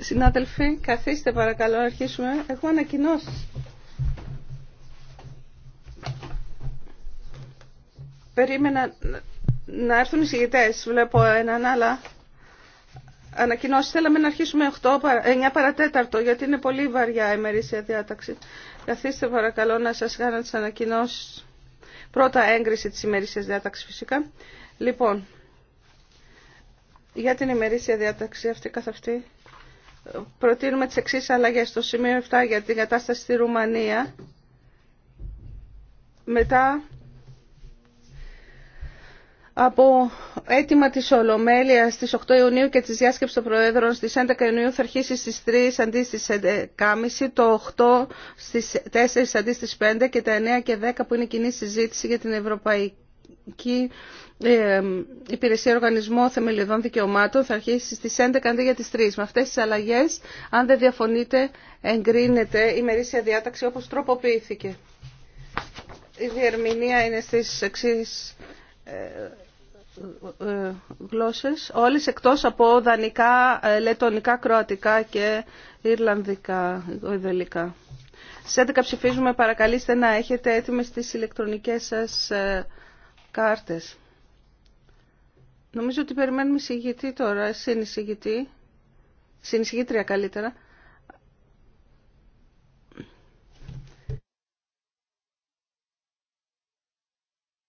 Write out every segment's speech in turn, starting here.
Συνάδελφοι, καθίστε παρακαλώ, να αρχίσουμε. Έχω ανακοινώσει. Περίμενα να έρθουν οι συγητές. Βλέπω έναν άλλα. Ανακοινώσει θέλαμε να αρχίσουμε 9 παρατέταρτο, γιατί είναι πολύ βαριά η μερίσια διάταξη. Καθίστε παρακαλώ να σας κάνω τις ανακοινώσεις. Πρώτα έγκριση της ημερήσιας διάταξης φυσικά. Λοιπόν, για την ημερήσια διάταξη αυτή καθ' αυτή προτείνουμε τις εξής αλλαγές στο σημείο 7 για την κατάσταση στη Ρουμανία. Μετά από αίτημα της Ολομέλειας στις 8 Ιουνίου και της διάσκεψης των Προέδρων στις 11 Ιουνίου θα αρχίσει στις 3 αντί στις 11.30, το 8 στις 4 αντί στις 5 και τα 9 και 10 που είναι κοινή συζήτηση για την Ευρωπαϊκή η ε, Υπηρεσία Οργανισμό Θεμελιωδών Δικαιωμάτων θα αρχίσει στις 11 αντί για τις 3. Με αυτές τις αλλαγές, αν δεν διαφωνείτε, εγκρίνεται η μερίσια διάταξη όπως τροποποιήθηκε. Η διερμηνία είναι στις εξής ε, ε, γλώσσες, όλες εκτός από δανικά, λετονικά, κροατικά και ιρλανδικά, ιδελικά. Σε 11 ψηφίζουμε, παρακαλείστε να έχετε έτοιμες τις ηλεκτρονικές σας κάρτες. Νομίζω ότι περιμένουμε συγγητή τώρα, συνεισηγητή, συνεισηγήτρια καλύτερα.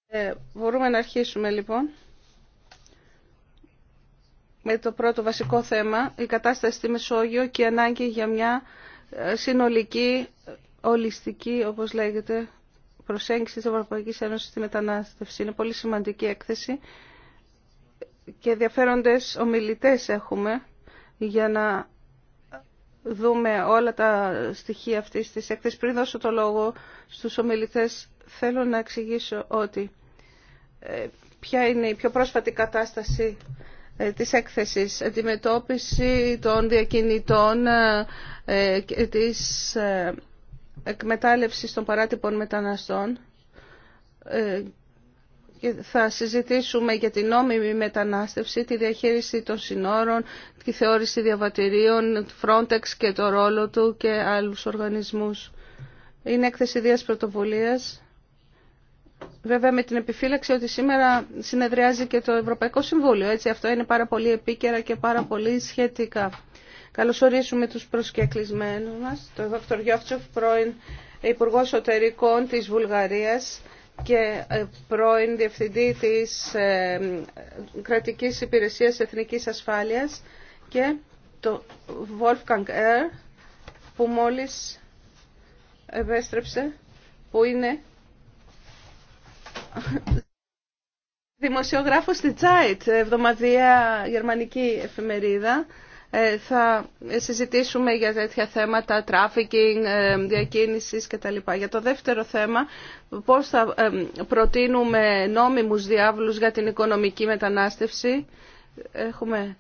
Ε, μπορούμε να αρχίσουμε λοιπόν με το πρώτο βασικό θέμα, η κατάσταση στη Μεσόγειο και η ανάγκη για μια ε, συνολική, ολιστική, όπως λέγεται, προσέγγιση της Ευρωπαϊκής Ένωσης στη μετανάστευση. Είναι πολύ σημαντική έκθεση και ενδιαφέροντες ομιλητές έχουμε για να δούμε όλα τα στοιχεία αυτής της έκθεσης. Πριν δώσω το λόγο στους ομιλητές, θέλω να εξηγήσω ότι ε, ποια είναι η πιο πρόσφατη κατάσταση ε, της έκθεσης, αντιμετώπιση των διακινητών ε, της Εκμετάλλευση των παράτυπων μεταναστών ε, και θα συζητήσουμε για την νόμιμη μετανάστευση, τη διαχείριση των συνόρων, τη θεώρηση διαβατηρίων, Frontex και το ρόλο του και άλλους οργανισμούς. Είναι έκθεση δίας πρωτοβουλίας. Βέβαια με την επιφύλαξη ότι σήμερα συνεδριάζει και το Ευρωπαϊκό Συμβούλιο. Έτσι, αυτό είναι πάρα πολύ επίκαιρα και πάρα πολύ σχετικά. Καλωσορίσουμε τους προσκεκλισμένους μας, τον Δ. Γιώφτσοφ, πρώην Υπουργό Σωτερικών της Βουλγαρίας και ε, πρώην Διευθυντή της ε, Κρατικής Υπηρεσίας Εθνικής Ασφάλειας και το Wolfgang Ερ, που μόλις ευέστρεψε, που είναι δημοσιογράφος στη Zeit, εβδομαδιαία γερμανική εφημερίδα. Ε, θα συζητήσουμε για τέτοια θέματα, τράφικινγκ, ε, διακίνησης κτλ. Για το δεύτερο θέμα, πώς θα ε, προτείνουμε νόμιμους διάβλους για την οικονομική μετανάστευση. Έχουμε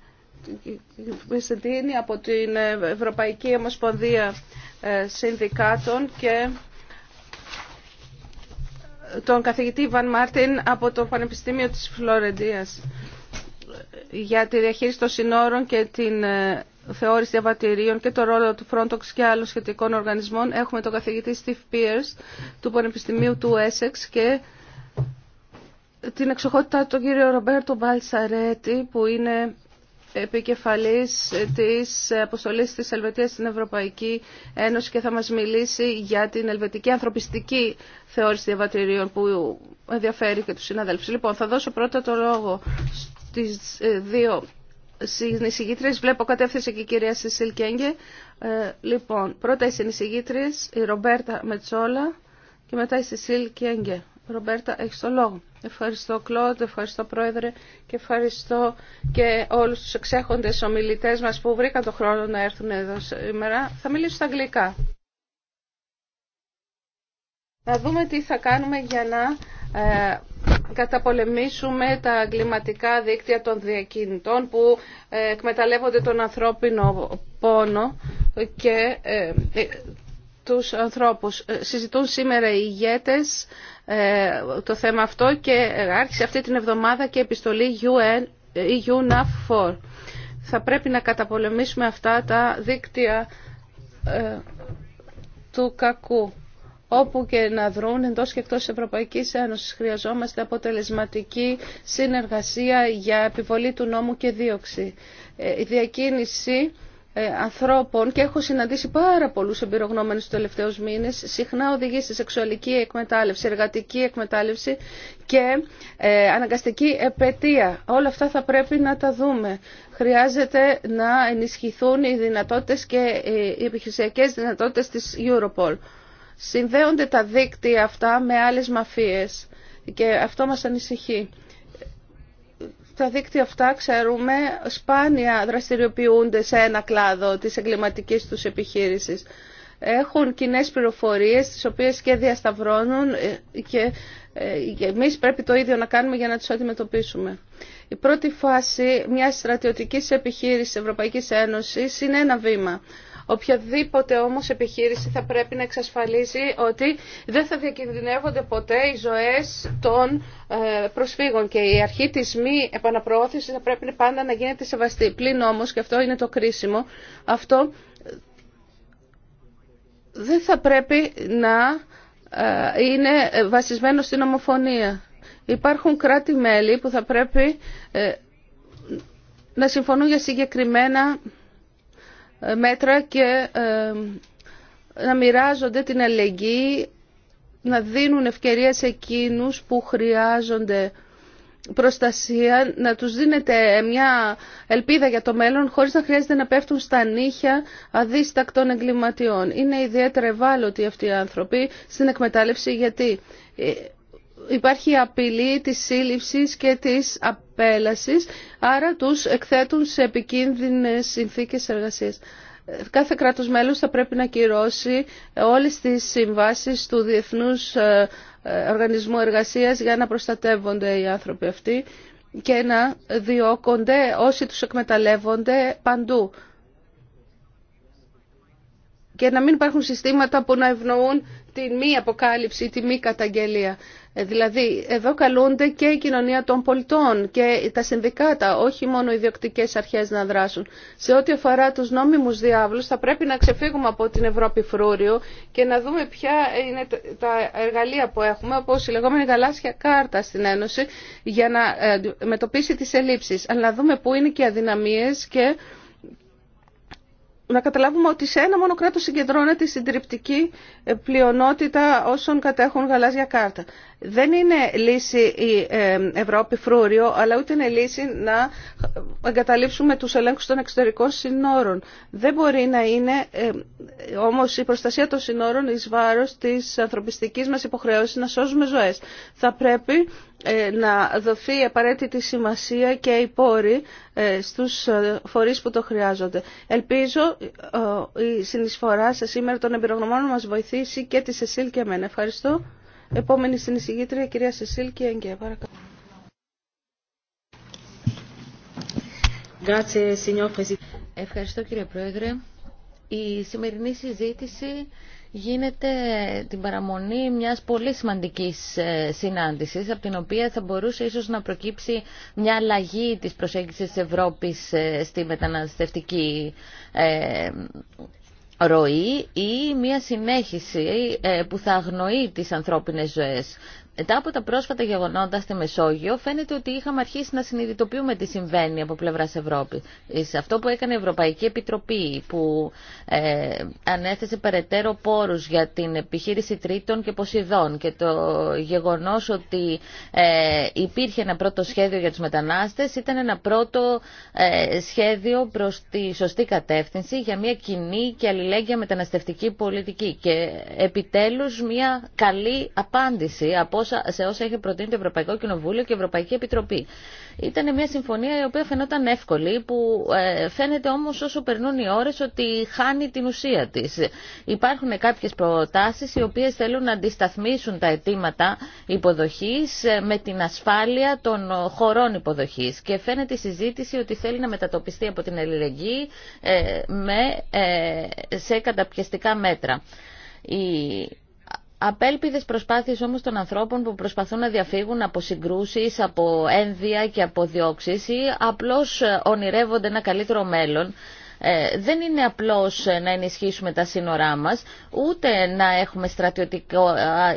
από την Ευρωπαϊκή Ομοσπονδία Συνδικάτων και τον καθηγητή Βαν Μάρτιν από το Πανεπιστήμιο της Φλωρεντίας για τη διαχείριση των συνόρων και την ε, θεώρηση διαβατηρίων και το ρόλο του Frontox και άλλων σχετικών οργανισμών έχουμε τον καθηγητή Steve Pierce του Πανεπιστημίου του Essex και την εξοχότητα του κύριο Ρομπέρτο Μπαλσαρέτη που είναι επικεφαλής της αποστολής της Ελβετίας στην Ευρωπαϊκή Ένωση και θα μας μιλήσει για την ελβετική ανθρωπιστική θεώρηση διαβατηρίων που ενδιαφέρει και τους συναδέλφους. Λοιπόν, θα δώσω πρώτα το λόγο τις ε, δύο συνεισηγήτρες. Βλέπω κατεύθυνση και η κυρία Σισίλ Κέγγε. Ε, λοιπόν, πρώτα οι συνεισηγήτρες, η Ρομπέρτα Μετσόλα και μετά η Σισίλ Κέγγε. Ρομπέρτα, έχει το λόγο. Ευχαριστώ Κλόντ, ευχαριστώ Πρόεδρε και ευχαριστώ και όλους τους εξέχοντες ομιλητές μας που βρήκαν το χρόνο να έρθουν εδώ σήμερα. Θα μιλήσω στα αγγλικά. Να δούμε τι θα κάνουμε για να ε, καταπολεμήσουμε τα εγκληματικά δίκτυα των διακινητών που ε, εκμεταλλεύονται τον ανθρώπινο πόνο και ε, ε, τους ανθρώπους. Συζητούν σήμερα οι ηγέτες το θέμα αυτό και άρχισε αυτή την εβδομάδα και επιστολή UN, unaf 4 Θα πρέπει να καταπολεμήσουμε αυτά τα δίκτυα του κακού όπου και να δρούν εντός και εκτός Ευρωπαϊκή Ευρωπαϊκής Ένωσης. Χρειαζόμαστε αποτελεσματική συνεργασία για επιβολή του νόμου και δίωξη. Ε, η διακίνηση ε, ανθρώπων και έχω συναντήσει πάρα πολλού εμπειρογνώμενου του τελευταίου μήνε, συχνά οδηγεί σε σεξουαλική εκμετάλλευση, εργατική εκμετάλλευση και ε, αναγκαστική επαιτία. Όλα αυτά θα πρέπει να τα δούμε. Χρειάζεται να ενισχυθούν οι δυνατότητε και οι επιχειρησιακέ δυνατότητε τη Europol συνδέονται τα δίκτυα αυτά με άλλες μαφίες και αυτό μας ανησυχεί. Τα δίκτυα αυτά, ξέρουμε, σπάνια δραστηριοποιούνται σε ένα κλάδο της εγκληματικής τους επιχείρησης. Έχουν κοινέ πληροφορίες, τις οποίες και διασταυρώνουν ε, ε, και εμείς πρέπει το ίδιο να κάνουμε για να τις αντιμετωπίσουμε. Η πρώτη φάση μιας στρατιωτικής επιχείρησης Ευρωπαϊκής Ένωσης είναι ένα βήμα. Οποιαδήποτε όμως επιχείρηση θα πρέπει να εξασφαλίζει ότι δεν θα διακινδυνεύονται ποτέ οι ζωές των ε, προσφύγων και η αρχή της μη επαναπροώθησης θα πρέπει πάντα να γίνεται σεβαστή. Πλην όμως, και αυτό είναι το κρίσιμο, αυτό δεν θα πρέπει να ε, είναι βασισμένο στην ομοφωνία. Υπάρχουν κράτη-μέλη που θα πρέπει ε, να συμφωνούν για συγκεκριμένα μέτρα και ε, να μοιράζονται την αλληλεγγύη, να δίνουν ευκαιρία σε εκείνους που χρειάζονται προστασία, να τους δίνεται μια ελπίδα για το μέλλον χωρίς να χρειάζεται να πέφτουν στα νύχια αδίστακτων εγκληματιών. Είναι ιδιαίτερα ευάλωτοι αυτοί οι άνθρωποι στην εκμετάλλευση γιατί ε, υπάρχει απειλή της σύλληψης και της απέλασης, άρα τους εκθέτουν σε επικίνδυνες συνθήκες εργασίας. Κάθε κράτος μέλος θα πρέπει να κυρώσει όλες τις συμβάσεις του Διεθνούς ε, ε, Οργανισμού Εργασίας για να προστατεύονται οι άνθρωποι αυτοί και να διώκονται όσοι τους εκμεταλλεύονται παντού και να μην υπάρχουν συστήματα που να ευνοούν τη μη αποκάλυψη, τη μη καταγγελία. Ε, δηλαδή, εδώ καλούνται και η κοινωνία των πολιτών και τα συνδικάτα, όχι μόνο οι ιδιοκτικέ αρχέ να δράσουν. Σε ό,τι αφορά του νόμιμους διάβλου, θα πρέπει να ξεφύγουμε από την Ευρώπη φρούριο και να δούμε ποια είναι τα εργαλεία που έχουμε, όπω η λεγόμενη γαλάσια κάρτα στην Ένωση, για να ε, μετωπίσει τι ελλείψει. Αλλά να δούμε πού είναι και οι αδυναμίε και να καταλάβουμε ότι σε ένα μόνο κράτος συγκεντρώνεται η συντριπτική πλειονότητα όσων κατέχουν γαλάζια κάρτα. Δεν είναι λύση η ε, Ευρώπη φρούριο, αλλά ούτε είναι λύση να εγκαταλείψουμε τους ελέγχους των εξωτερικών συνόρων. Δεν μπορεί να είναι ε, όμως η προστασία των συνόρων εις βάρος της ανθρωπιστικής μας υποχρεώσης να σώζουμε ζωές. Θα πρέπει ε, να δοθεί απαραίτητη σημασία και οι πόροι στους φορείς που το χρειάζονται. Ελπίζω η συνεισφορά σε σήμερα των εμπειρογνωμών να μας βοηθήσει και τη Σεσίλ και εμένα. Ευχαριστώ. Επόμενη συνεισηγήτρια, κυρία Σεσίλ Αγγέ, παρακαλώ. Ευχαριστώ κύριε Πρόεδρε. Η σημερινή συζήτηση γίνεται την παραμονή μιας πολύ σημαντικής ε, συνάντησης από την οποία θα μπορούσε ίσως να προκύψει μια αλλαγή της προσέγγισης της Ευρώπης ε, στη μεταναστευτική ε, ροή ή μια συνέχιση ε, που θα αγνοεί τις ανθρώπινες ζωές. Μετά από τα πρόσφατα γεγονότα στη Μεσόγειο, φαίνεται ότι είχαμε αρχίσει να συνειδητοποιούμε τι συμβαίνει από πλευρά Ευρώπη. Σε αυτό που έκανε η Ευρωπαϊκή Επιτροπή, που ε, ανέθεσε περαιτέρω πόρου για την επιχείρηση Τρίτων και Ποσειδών και το γεγονό ότι ε, υπήρχε ένα πρώτο σχέδιο για του μετανάστε, ήταν ένα πρώτο ε, σχέδιο προ τη σωστή κατεύθυνση για μια κοινή και αλληλέγγυα μεταναστευτική πολιτική. Και επιτέλου μια καλή απάντηση από σε όσα είχε προτείνει το Ευρωπαϊκό Κοινοβούλιο και η Ευρωπαϊκή Επιτροπή. Ήταν μια συμφωνία η οποία φαινόταν εύκολη, που ε, φαίνεται όμω όσο περνούν οι ώρε ότι χάνει την ουσία τη. Υπάρχουν κάποιε προτάσει οι οποίε θέλουν να αντισταθμίσουν τα αιτήματα υποδοχή ε, με την ασφάλεια των χωρών υποδοχή. Και φαίνεται η συζήτηση ότι θέλει να μετατοπιστεί από την ελληνική ε, με, σε καταπιαστικά μέτρα. Η Απέλπιδες προσπάθειες όμως των ανθρώπων που προσπαθούν να διαφύγουν από συγκρούσεις, από ένδια και από διώξεις ή απλώς ονειρεύονται ένα καλύτερο μέλλον ε, δεν είναι απλώς ε, να ενισχύσουμε τα σύνορά μας, ούτε να έχουμε στρατιωτική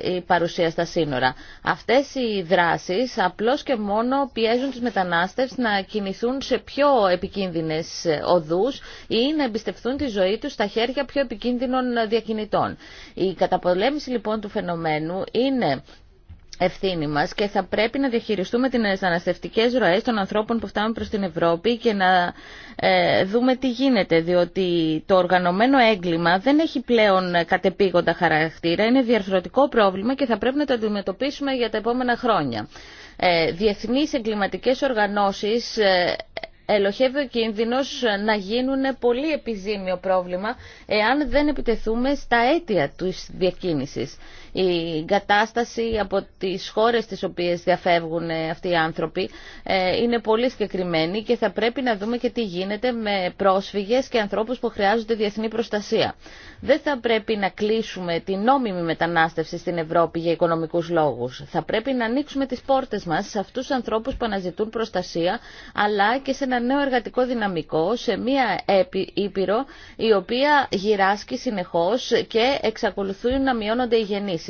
ε, παρουσία στα σύνορα. Αυτές οι δράσεις απλώς και μόνο πιέζουν τους μετανάστες να κινηθούν σε πιο επικίνδυνες οδούς ή να εμπιστευτούν τη ζωή τους στα χέρια πιο επικίνδυνων διακινητών. Η καταπολέμηση λοιπόν του φαινομένου είναι ευθύνη μας και θα πρέπει να διαχειριστούμε τι αναστευτικέ ροέ των ανθρώπων που φτάνουν προ την Ευρώπη και να ε, δούμε τι γίνεται. Διότι το οργανωμένο έγκλημα δεν έχει πλέον κατεπήγοντα χαρακτήρα, είναι διαρθρωτικό πρόβλημα και θα πρέπει να το αντιμετωπίσουμε για τα επόμενα χρόνια. Ε, διεθνείς εγκληματικές οργανώσεις ε, ελοχεύει ο κίνδυνος να γίνουν πολύ επιζήμιο πρόβλημα εάν δεν επιτεθούμε στα αίτια της διακίνησης. Η κατάσταση από τις χώρες τις οποίες διαφεύγουν ε, αυτοί οι άνθρωποι ε, είναι πολύ συγκεκριμένη και θα πρέπει να δούμε και τι γίνεται με πρόσφυγες και ανθρώπους που χρειάζονται διεθνή προστασία. Δεν θα πρέπει να κλείσουμε την νόμιμη μετανάστευση στην Ευρώπη για οικονομικούς λόγους. Θα πρέπει να ανοίξουμε τις πόρτες μας σε αυτούς τους ανθρώπους που αναζητούν προστασία, αλλά και σε ένα νέο εργατικό δυναμικό, σε μία ήπειρο η οποία γυράσκει συνεχώς και εξακολουθούν να μειώνονται οι γεννήσεις.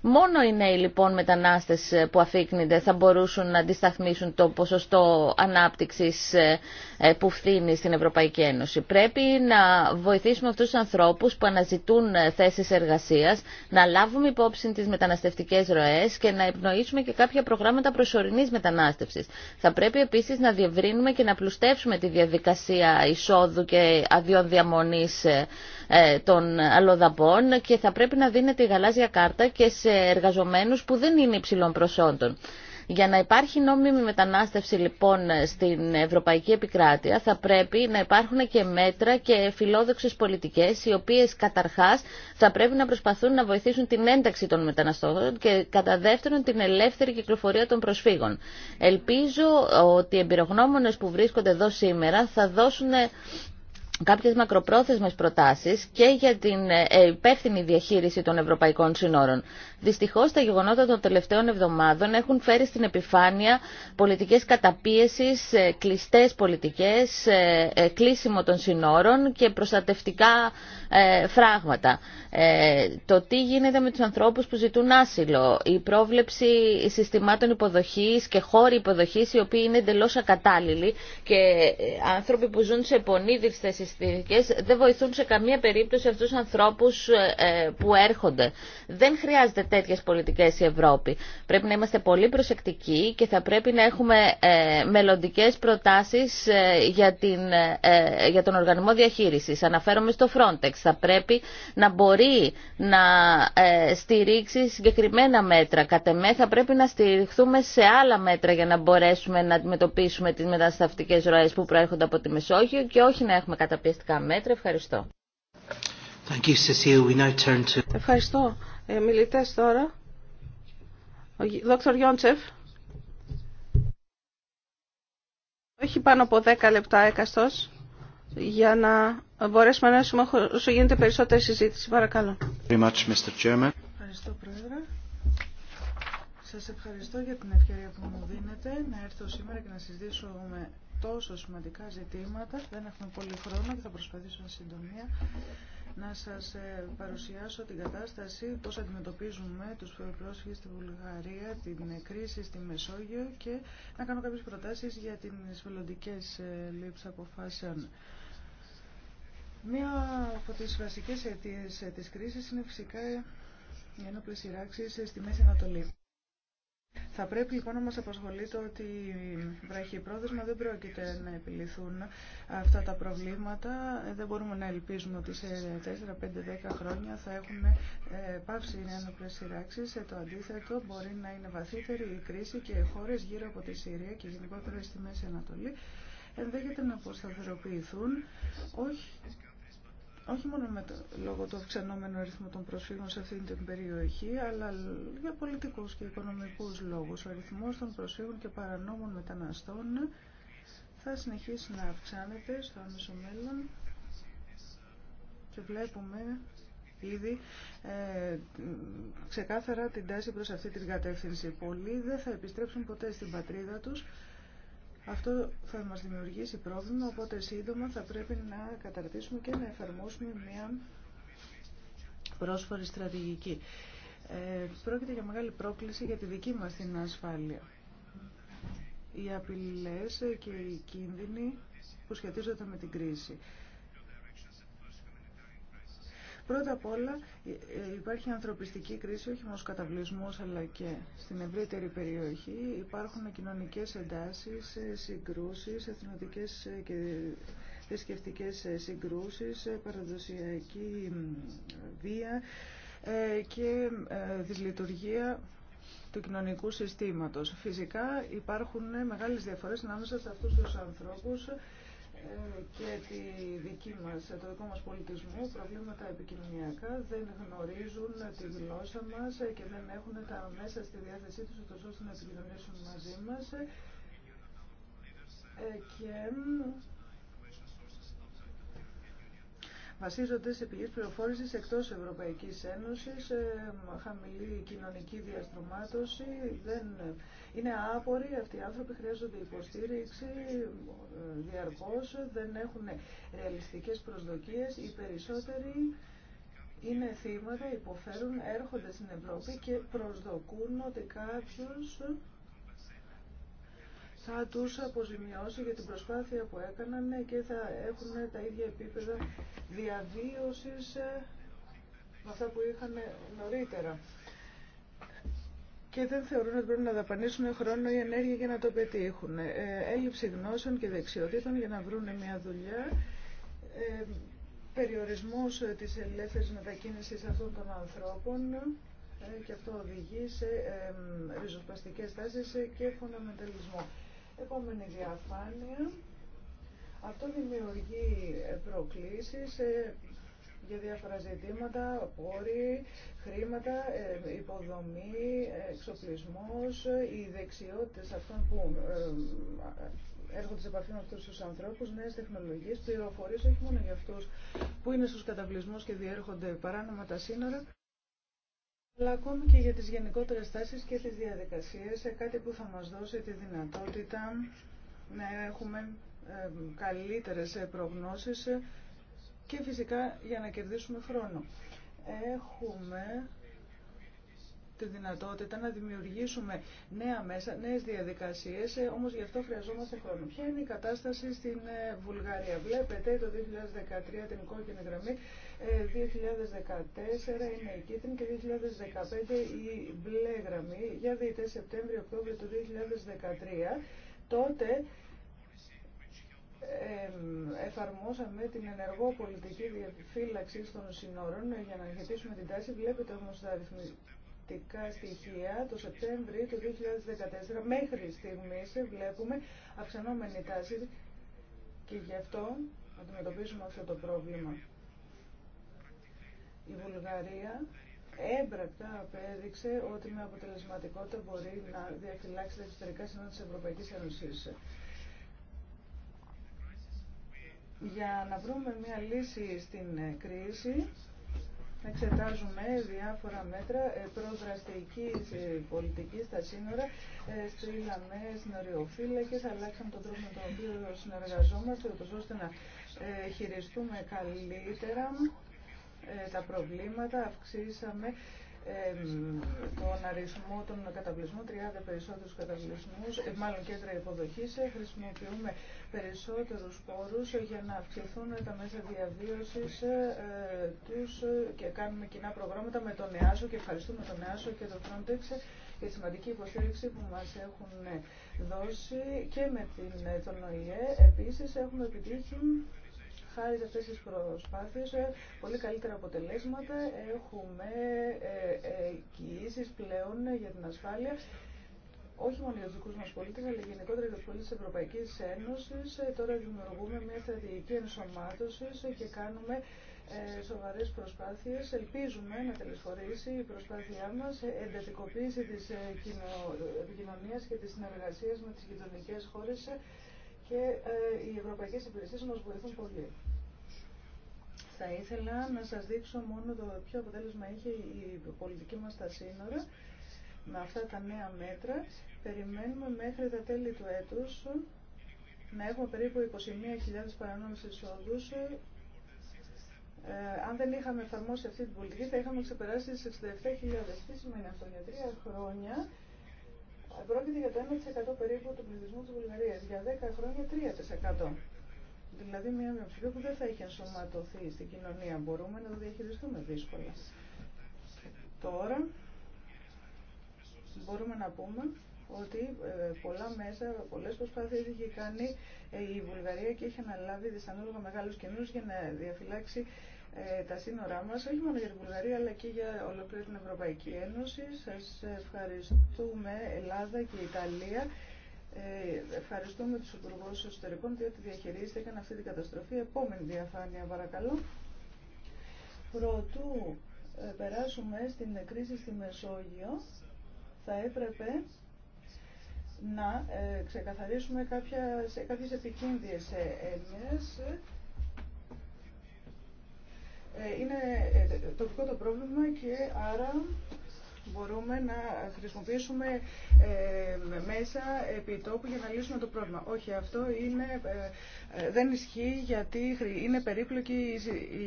Μόνο οι νέοι λοιπόν μετανάστες ε, που αφήκνονται θα μπορούσαν να αντισταθμίσουν το ποσοστό ανάπτυξης ε, ε, που φθήνει στην Ευρωπαϊκή Ένωση. Πρέπει να βοηθήσουμε αυτούς τους ανθρώπους που αναζητούν θέσεις εργασία, να λάβουμε υπόψη τις μεταναστευτικές ροές και να ευνοήσουμε και κάποια προγράμματα προσωρινής μετανάστευσης. Θα πρέπει επίσης να διευρύνουμε και να πλουστεύσουμε τη διαδικασία εισόδου και αδειών διαμονή. Ε, των αλλοδαπών και θα πρέπει να δίνεται η γαλάζια κάρτα και σε εργαζομένους που δεν είναι υψηλών προσόντων. Για να υπάρχει νόμιμη μετανάστευση λοιπόν στην Ευρωπαϊκή Επικράτεια θα πρέπει να υπάρχουν και μέτρα και φιλόδοξες πολιτικές οι οποίες καταρχάς θα πρέπει να προσπαθούν να βοηθήσουν την ένταξη των μεταναστών και κατά δεύτερον την ελεύθερη κυκλοφορία των προσφύγων. Ελπίζω ότι οι εμπειρογνώμονες που βρίσκονται εδώ σήμερα θα δώσουν κάποιες μακροπρόθεσμες προτάσεις και για την ε, ε, υπεύθυνη διαχείριση των ευρωπαϊκών συνόρων. Δυστυχώς τα γεγονότα των τελευταίων εβδομάδων έχουν φέρει στην επιφάνεια πολιτικές καταπίεσης, ε, κλειστές πολιτικές, κλείσιμο των συνόρων και προστατευτικά φράγματα. Το τι γίνεται με τους ανθρώπους που ζητούν άσυλο, η πρόβλεψη συστημάτων υποδοχής και χώροι υποδοχής οι οποίοι είναι εντελώς ακατάλληλοι και άνθρωποι που ζουν σε δεν βοηθούν σε καμία περίπτωση αυτούς τους ανθρώπους ε, ε, που έρχονται. Δεν χρειάζεται τέτοιε πολιτικέ η Ευρώπη. Πρέπει να είμαστε πολύ προσεκτικοί και θα πρέπει να έχουμε ε, μελλοντικές προτάσεις για, για τον οργανισμό διαχείριση. Αναφέρομαι στο Frontex. Θα πρέπει να μπορεί να στηρίξει συγκεκριμένα μέτρα. Κατ' εμέ θα πρέπει να στηριχθούμε σε άλλα μέτρα για να μπορέσουμε να αντιμετωπίσουμε τι μετασταυτικέ ροέ που προέρχονται από τη Μεσόγειο και όχι να έχουμε κατά μέτρα. Ευχαριστώ. Ευχαριστώ. Ε, μιλητές τώρα. Ο Δόκτωρ Γιόντσεφ. Έχει πάνω από 10 λεπτά έκαστος για να μπορέσουμε να έχουμε όσο γίνεται περισσότερη συζήτηση. Παρακαλώ. Ευχαριστώ, Πρόεδρε. Σας ευχαριστώ για την ευκαιρία που μου δίνετε να έρθω σήμερα και να συζητήσω με τόσο σημαντικά ζητήματα. Δεν έχουμε πολύ χρόνο και θα προσπαθήσω να συντομία να σας ε, παρουσιάσω την κατάσταση, πώς αντιμετωπίζουμε τους πρόσφυγες στη Βουλγαρία, την κρίση στη Μεσόγειο και να κάνω κάποιες προτάσεις για τις μελλοντικές ε, λήψεις αποφάσεων. Μία από τις βασικές αιτίες ε, της κρίσης είναι φυσικά οι ένοπλες σειράξεις στη Μέση Ανατολή. Θα πρέπει λοιπόν να μας απασχολεί το ότι βραχυπρόθεσμα δεν πρόκειται να επιληθούν αυτά τα προβλήματα. Ε, δεν μπορούμε να ελπίζουμε ότι σε 4, 5, 10 χρόνια θα έχουμε ε, πάυση ένοπλες σε ε, Το αντίθετο μπορεί να είναι βαθύτερη η κρίση και οι χώρες γύρω από τη Συρία και γενικότερα στη Μέση Ανατολή ενδέχεται να αποσταθεροποιηθούν όχι όχι μόνο με το, λόγω του αυξανόμενου αριθμού των προσφύγων σε αυτήν την περιοχή, αλλά για πολιτικούς και οικονομικούς λόγους. Ο αριθμός των προσφύγων και παρανόμων μεταναστών θα συνεχίσει να αυξάνεται στο άμεσο μέλλον και βλέπουμε ήδη ε, ξεκάθαρα την τάση προς αυτή την κατεύθυνση. Πολλοί δεν θα επιστρέψουν ποτέ στην πατρίδα τους αυτό θα μας δημιουργήσει πρόβλημα, οπότε σύντομα θα πρέπει να καταρτήσουμε και να εφαρμόσουμε μια πρόσφορη στρατηγική. Ε, πρόκειται για μεγάλη πρόκληση για τη δική μας την ασφάλεια. Οι απειλές και οι κίνδυνοι που σχετίζονται με την κρίση. Πρώτα απ' όλα ε, ε, υπάρχει ανθρωπιστική κρίση όχι μόνο καταβλισμός αλλά και στην ευρύτερη περιοχή. Υπάρχουν κοινωνικές εντάσεις, ε, συγκρούσεις, εθνοτικές και θρησκευτικέ συγκρούσεις, παραδοσιακή βία και δυσλειτουργία του κοινωνικού συστήματος. Φυσικά υπάρχουν μεγάλες διαφορές ανάμεσα σε αυτούς τους ανθρώπους και τη δική μας, το δικό μας πολιτισμό, προβλήματα επικοινωνιακά, δεν γνωρίζουν τη γλώσσα μας και δεν έχουν τα μέσα στη διάθεσή τους, ούτως ώστε να επικοινωνήσουν μαζί μας. Ε, και βασίζονται σε πηγές πληροφόρησης εκτός Ευρωπαϊκής Ένωσης, ε, χαμηλή κοινωνική διαστρωμάτωση, δεν... είναι άποροι αυτοί οι άνθρωποι, χρειάζονται υποστήριξη ε, διαρκώς, δεν έχουν ρεαλιστικές προσδοκίες, οι περισσότεροι είναι θύματα, υποφέρουν, έρχονται στην Ευρώπη και προσδοκούν ότι κάποιος θα τους αποζημιώσει για την προσπάθεια που έκαναν και θα έχουν τα ίδια επίπεδα διαβίωσης ε, με αυτά που είχαν νωρίτερα. Και δεν θεωρούν ότι πρέπει να δαπανίσουν χρόνο ή ενέργεια για να το πετύχουν. Ε, έλλειψη γνώσεων και δεξιοτήτων για να βρουν μια δουλειά ε, περιορισμός της ελεύθερης μετακίνησης αυτών των ανθρώπων και αυτό οδηγεί σε ριζοσπαστικές τάσεις και φωναμενταλισμό. Επόμενη διαφάνεια. Αυτό δημιουργεί ε, προκλήσεις ε, για διάφορα ζητήματα, πόροι, χρήματα, ε, υποδομή, εξοπλισμός, οι δεξιότητες αυτών που έρχονται σε επαφή με αυτούς τους ανθρώπους, νέες τεχνολογίες, πληροφορίες όχι μόνο για αυτούς που είναι στους καταβλισμούς και διέρχονται παράνομα τα σύνορα αλλά ακόμη και για τις γενικότερες τάσεις και τις διαδικασίες, ε, κάτι που θα μας δώσει τη δυνατότητα να έχουμε καλύτερες ε, προγνώσεις και φυσικά για να κερδίσουμε χρόνο. Έχουμε τη δυνατότητα να δημιουργήσουμε νέα μέσα, νέες διαδικασίες, ε, όμως γι' αυτό χρειαζόμαστε χρόνο. Ποια είναι η κατάσταση στην Βουλγαρία. Βλέπετε το 2013 την κόκκινη γραμμή 2014 ε, είναι η κίτρινη και 2015 η μπλε γραμμή. Για δείτε, Σεπτέμβριο-Οκτώβριο του 2013, τότε εφαρμόσαμε την ενεργό πολιτική διαφύλαξη των συνόρων ε, για να αρχιτήσουμε την τάση. Βλέπετε όμως τα αριθμητικά στοιχεία το Σεπτέμβριο του 2014 μέχρι στιγμής βλέπουμε αυξανόμενη τάση και γι' αυτό αντιμετωπίζουμε αυτό το πρόβλημα. Η Βουλγαρία έμπρακτα απέδειξε ότι με αποτελεσματικότητα μπορεί να διαφυλάξει τα εξωτερικά σύνορα της Ευρωπαϊκής Ένωσης. Για να βρούμε μια λύση στην κρίση, εξετάζουμε διάφορα μέτρα ε, προδραστική ε, πολιτική στα σύνορα. Ε, Στείλαμε συνοριοφύλακες, αλλάξαμε τον τρόπο με τον οποίο συνεργαζόμαστε, ώστε να χειριστούμε καλύτερα ε, τα προβλήματα, αυξήσαμε τον αριθμό των καταβλισμών, 30 περισσότερους καταβλισμούς, ε, μάλλον κέντρα υποδοχής, ε, χρησιμοποιούμε περισσότερους πόρους για να αυξηθούν τα μέσα διαβίωσης τους και κάνουμε κοινά προγράμματα με τον ΕΑΣΟ και ευχαριστούμε τον ΕΑΣΟ και τον Frontex για τη σημαντική υποστήριξη που μας έχουν δώσει και με την, τον ΟΗΕ. Επίσης έχουμε επιτύχει χάρη σε αυτές τις προσπάθειες ε, πολύ καλύτερα αποτελέσματα. Έχουμε κοιήσεις ε, ε, πλέον για την ασφάλεια όχι μόνο για του δικού μα πολίτε, αλλά γενικότερα για του πολίτε τη Ευρωπαϊκή Ένωση. Τώρα δημιουργούμε μια στρατηγική ενσωμάτωση και κάνουμε ε, σοβαρέ προσπάθειε. Ελπίζουμε να τελεσφορήσει η προσπάθειά μα, εντατικοποίηση τη ε, και τη συνεργασία με τι γειτονικέ χώρε και ε, οι ευρωπαϊκές υπηρεσίες μας βοηθούν πολύ. Θα ήθελα να σας δείξω μόνο το ποιο αποτέλεσμα είχε η πολιτική μας τα σύνορα με αυτά τα νέα μέτρα. Περιμένουμε μέχρι τα τέλη του έτους να έχουμε περίπου 21.000 παρανόμες εισόδους. Ε, αν δεν είχαμε εφαρμόσει αυτή την πολιτική θα είχαμε ξεπεράσει τις 67.000. Τι σημαίνει αυτό για τρία χρόνια Πρόκειται για το 1% περίπου του πληθυσμού της Βουλγαρίας, για 10 χρόνια 3%. Δηλαδή μια μειοψηφία που δεν θα έχει ενσωματωθεί στην κοινωνία. Μπορούμε να το διαχειριστούμε δύσκολα. Τώρα μπορούμε να πούμε ότι ε, πολλά μέσα, πολλές προσπάθειες είχε κάνει ε, η Βουλγαρία και έχει αναλάβει δυσανάλογα μεγάλους κινδύνους για να διαφυλάξει ε, τα σύνορά μας, όχι μόνο για την Βουλγαρία, αλλά και για ολόκληρη την Ευρωπαϊκή Ένωση. Σας ευχαριστούμε, Ελλάδα και Ιταλία. Ε, ευχαριστούμε τους Υπουργούς Εσωτερικών, διότι διαχειρίστηκαν αυτή την καταστροφή. Επόμενη διαφάνεια, παρακαλώ. Προτού ε, περάσουμε στην κρίση στη Μεσόγειο, θα έπρεπε να ξεκαθαρίσουμε κάποια, σε κάποιες επικίνδυες ε, είναι ε, τοπικό το πρόβλημα και άρα μπορούμε να χρησιμοποιήσουμε ε, μέσα επί τόπου για να λύσουμε το πρόβλημα. Όχι, αυτό είναι, δεν ισχύει γιατί είναι περίπλοκη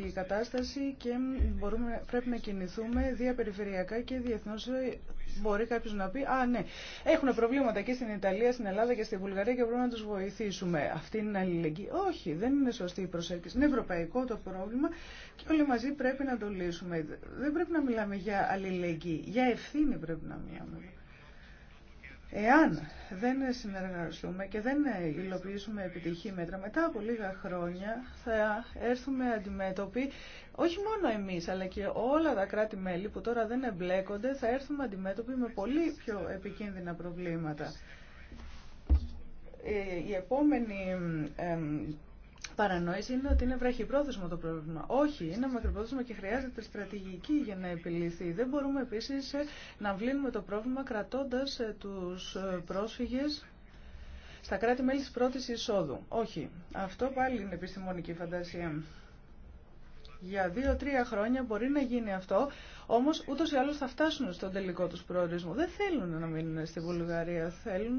η κατάσταση και μπορούμε, πρέπει να κινηθούμε διαπεριφερειακά και διεθνώς μπορεί κάποιο να πει «Α, ναι, έχουν προβλήματα και στην Ιταλία, στην Ελλάδα και στη Βουλγαρία και μπορούμε να τους βοηθήσουμε». Αυτή είναι αλληλεγγύη. Όχι, δεν είναι σωστή η προσέγγιση. Είναι ευρωπαϊκό το πρόβλημα Όλοι μαζί πρέπει να το λύσουμε. Δεν πρέπει να μιλάμε για αλληλεγγύη, για ευθύνη πρέπει να μιλάμε. Εάν δεν συνεργαστούμε και δεν υλοποιήσουμε επιτυχή μέτρα, μετά από λίγα χρόνια θα έρθουμε αντιμέτωποι, όχι μόνο εμείς, αλλά και όλα τα κράτη-μέλη που τώρα δεν εμπλέκονται, θα έρθουμε αντιμέτωποι με πολύ πιο επικίνδυνα προβλήματα. Ε, η επόμενη παρανόηση είναι ότι είναι βραχυπρόθεσμο το πρόβλημα. Όχι, είναι μακροπρόθεσμο και χρειάζεται στρατηγική για να επιλυθεί. Δεν μπορούμε επίση ε, να βλύνουμε το πρόβλημα κρατώντα ε, του ε, πρόσφυγε στα κράτη-μέλη τη πρώτη εισόδου. Όχι, αυτό πάλι είναι επιστημονική φαντασία. Για δύο-τρία χρόνια μπορεί να γίνει αυτό, Όμω ούτω ή άλλω θα φτάσουν στον τελικό του προορισμό. Δεν θέλουν να μείνουν στη Βουλγαρία, θέλουν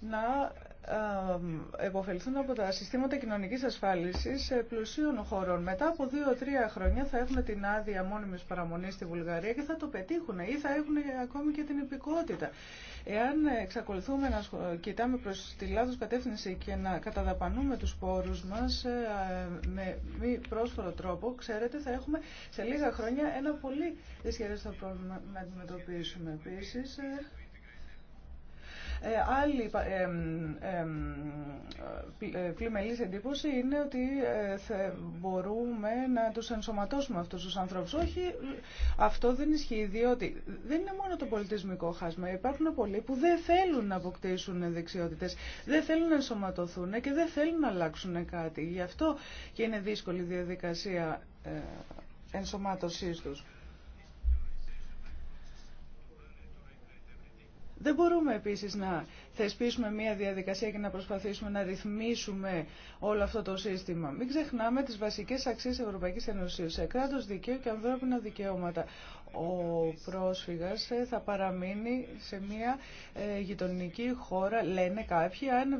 να ε, ε, εποφελθούν από τα συστήματα κοινωνικής ασφάλισης πλουσίων χωρών. Μετά από δύο-τρία χρόνια θα έχουν την άδεια μόνιμης παραμονής στη Βουλγαρία και θα το πετύχουν ή θα έχουν ακόμη και την υπηκότητα. Εάν εξακολουθούμε να κοιτάμε προς τη λάθος κατεύθυνση και να καταδαπανούμε τους πόρους μας ε, με μη πρόσφορο τρόπο, ξέρετε, θα έχουμε σε λίγα χρόνια ένα πολύ δυσχερές πρόβλημα να αντιμετωπίσουμε. Επίσης, ε, άλλη ε, πλημελής εντύπωση είναι ότι ε, μπορούμε να τους ενσωματώσουμε αυτούς τους ανθρώπους. Όχι, αυτό δεν ισχύει, διότι δεν είναι μόνο το πολιτισμικό χάσμα. Υπάρχουν πολλοί που δεν θέλουν να αποκτήσουν δεξιότητες, δεν θέλουν να ενσωματωθούν και δεν θέλουν να αλλάξουν κάτι. Γι' αυτό και είναι δύσκολη η διαδικασία ενσωμάτωσής τους. Δεν μπορούμε επίσης να θεσπίσουμε μια διαδικασία και να προσπαθήσουμε να ρυθμίσουμε όλο αυτό το σύστημα. Μην ξεχνάμε τις βασικές αξίες Ευρωπαϊκής Ενωσίου σε κράτος δικαίου και ανθρώπινα δικαιώματα. Ο πρόσφυγας ε, θα παραμείνει σε μια ε, γειτονική χώρα, λένε κάποιοι, αν ε,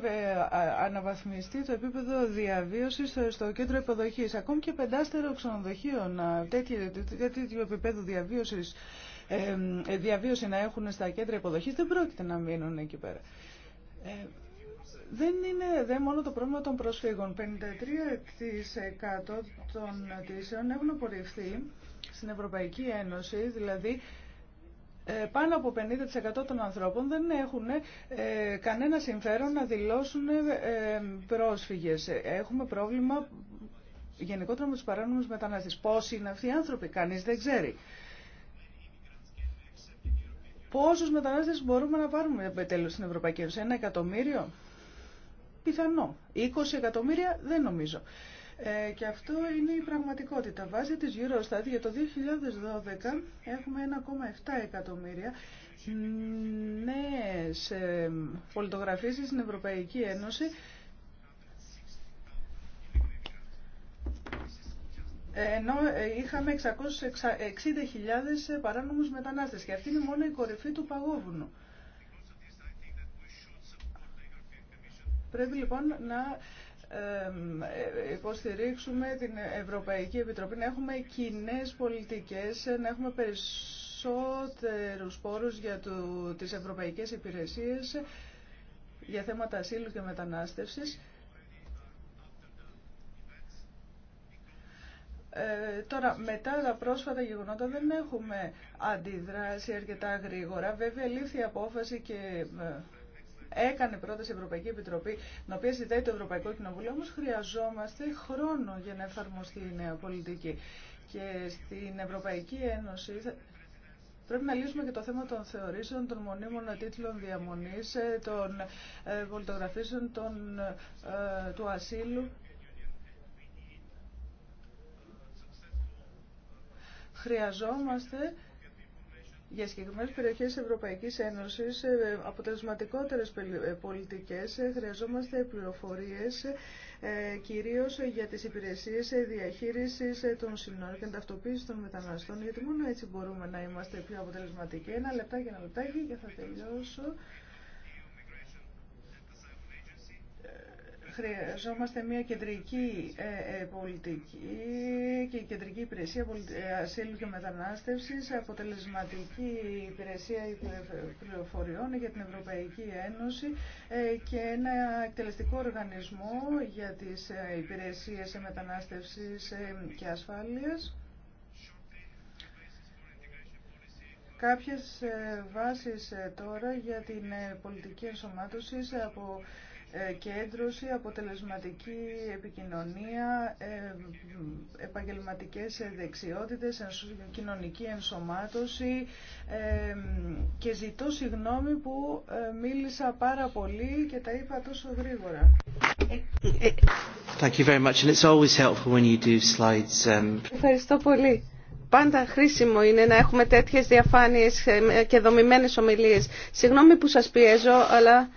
αναβαθμιστεί το επίπεδο διαβίωσης στο κέντρο υποδοχής. Ακόμη και πεντάστερο ξενοδοχείο, τέτοιο, τέτοιο επίπεδο διαβίωσης ε, διαβίωση να έχουν στα κέντρα υποδοχής δεν πρόκειται να μείνουν εκεί πέρα. Ε, δεν είναι δε μόνο το πρόβλημα των προσφύγων. 53% των αιτήσεων έχουν απορριφθεί στην Ευρωπαϊκή Ένωση, δηλαδή ε, πάνω από 50% των ανθρώπων δεν έχουν κανένα συμφέρον να δηλώσουν πρόσφυγες. Έχουμε πρόβλημα γενικότερα με τους παράνομους μετανάστες. Πόσοι είναι αυτοί οι άνθρωποι, κανείς δεν ξέρει. Πόσους μετανάστες μπορούμε να πάρουμε επιτέλους στην Ευρωπαϊκή Ένωση, ένα εκατομμύριο, πιθανό. 20 εκατομμύρια δεν νομίζω. Ε, και αυτό είναι η πραγματικότητα. Βάσει της Eurostat για το 2012 έχουμε 1,7 εκατομμύρια νέες ε, πολιτογραφίσεις στην Ευρωπαϊκή Ένωση ενώ ε, είχαμε 660.000 ε, παράνομους μετανάστες και αυτή είναι μόνο η κορυφή του παγόβουνου. Πρέπει λοιπόν να ε, υποστηρίξουμε την Ευρωπαϊκή Επιτροπή, να έχουμε κοινέ πολιτικές, να έχουμε περισσότερους πόρους για το, τις ευρωπαϊκές υπηρεσίες, για θέματα ασύλου και μετανάστευσης. Ε, τώρα, μετά τα πρόσφατα γεγονότα δεν έχουμε αντιδράσει αρκετά γρήγορα. Βέβαια, λήφθη η απόφαση και ε, έκανε πρόταση η Ευρωπαϊκή Επιτροπή, την οποία ζητάει το Ευρωπαϊκό Κοινοβούλιο, όμω χρειαζόμαστε χρόνο για να εφαρμοστεί η νέα πολιτική. Και στην Ευρωπαϊκή Ένωση Πρέπει να λύσουμε και το θέμα των θεωρήσεων, των μονίμων τίτλων διαμονής, ε, των πολιτογραφήσεων, ε, του ασύλου Χρειαζόμαστε για συγκεκριμένες περιοχές Ευρωπαϊκής Ένωσης, ε, αποτελεσματικότερες ε, πολιτικές, ε, χρειαζόμαστε πληροφορίες, κυρίως για τις υπηρεσίες διαχείρισης των συνόρων και ταυτοποίηση των μεταναστών, γιατί μόνο έτσι μπορούμε να είμαστε πιο αποτελεσματικοί. Ένα λεπτάκι, ένα λεπτάκι και θα τελειώσω. χρειαζόμαστε μια κεντρική ε, ε, πολιτική και κεντρική υπηρεσία ε, ασύλου και μετανάστευσης, αποτελεσματική υπηρεσία πληροφοριών για την Ευρωπαϊκή Ένωση και ένα εκτελεστικό οργανισμό για τις υπηρεσίες μετανάστευσης και ασφάλειας. Κάποιες βάσεις τώρα για την πολιτική ενσωμάτωση από ε, κέντρωση, αποτελεσματική επικοινωνία, ε, επαγγελματικές ε, δεξιότητες, κοινωνική ενσωμάτωση και ζητώ συγγνώμη που μίλησα πάρα πολύ και τα είπα τόσο γρήγορα. Thank you very much um, Ευχαριστώ πολύ. Πάντα χρήσιμο είναι να έχουμε τέτοιες διαφάνειες και δομημένες ομιλίες. Συγγνώμη που σας πιέζω, αλλά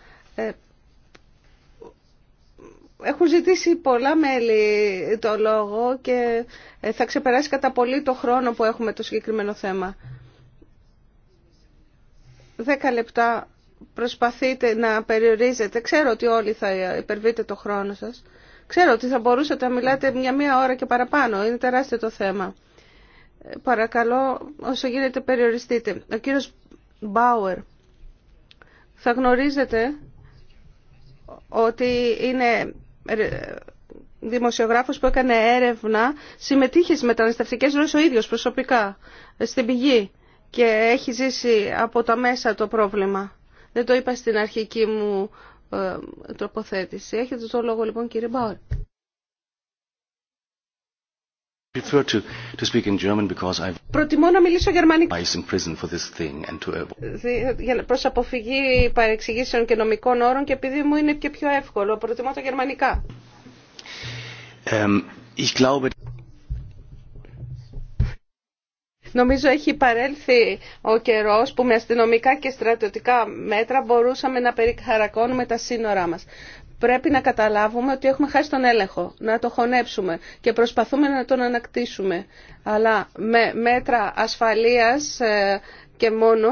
έχουν ζητήσει πολλά μέλη το λόγο και ε, θα ξεπεράσει κατά πολύ το χρόνο που έχουμε το συγκεκριμένο θέμα. Δέκα λεπτά προσπαθείτε να περιορίζετε. Ξέρω ότι όλοι θα υπερβείτε το χρόνο σας. Ξέρω ότι θα μπορούσατε να μιλάτε μια μία ώρα και παραπάνω. Είναι τεράστιο το θέμα. Ε, παρακαλώ, όσο γίνεται περιοριστείτε. Ο κύριος Μπάουερ, θα γνωρίζετε ότι είναι δημοσιογράφος που έκανε έρευνα συμμετείχε στις μεταναστευτικές ροές ο ίδιος προσωπικά στην πηγή και έχει ζήσει από τα μέσα το πρόβλημα. Δεν το είπα στην αρχική μου ε, τοποθέτηση. Έχετε το λόγο λοιπόν κύριε Μπάουρ. Προτιμώ να μιλήσω γερμανικά προς αποφυγή παρεξηγήσεων και νομικών όρων και επειδή μου είναι και πιο εύκολο. Προτιμώ τα γερμανικά. Um, Νομίζω έχει παρέλθει ο καιρός που με αστυνομικά και στρατιωτικά μέτρα μπορούσαμε να περικαρακώνουμε τα σύνορά μας πρέπει να καταλάβουμε ότι έχουμε χάσει τον έλεγχο, να το χωνέψουμε και προσπαθούμε να τον ανακτήσουμε. Αλλά με μέτρα ασφαλείας ε, και μόνο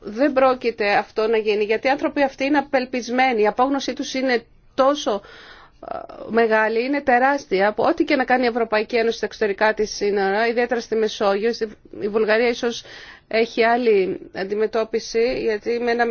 δεν πρόκειται αυτό να γίνει, γιατί οι άνθρωποι αυτοί είναι απελπισμένοι, η απόγνωσή τους είναι τόσο ε, μεγάλη, είναι τεράστια. Από ό,τι και να κάνει η Ευρωπαϊκή Ένωση στα εξωτερικά της σύνορα, ιδιαίτερα στη Μεσόγειο, η Βουλγαρία ίσως έχει άλλη αντιμετώπιση γιατί με ένα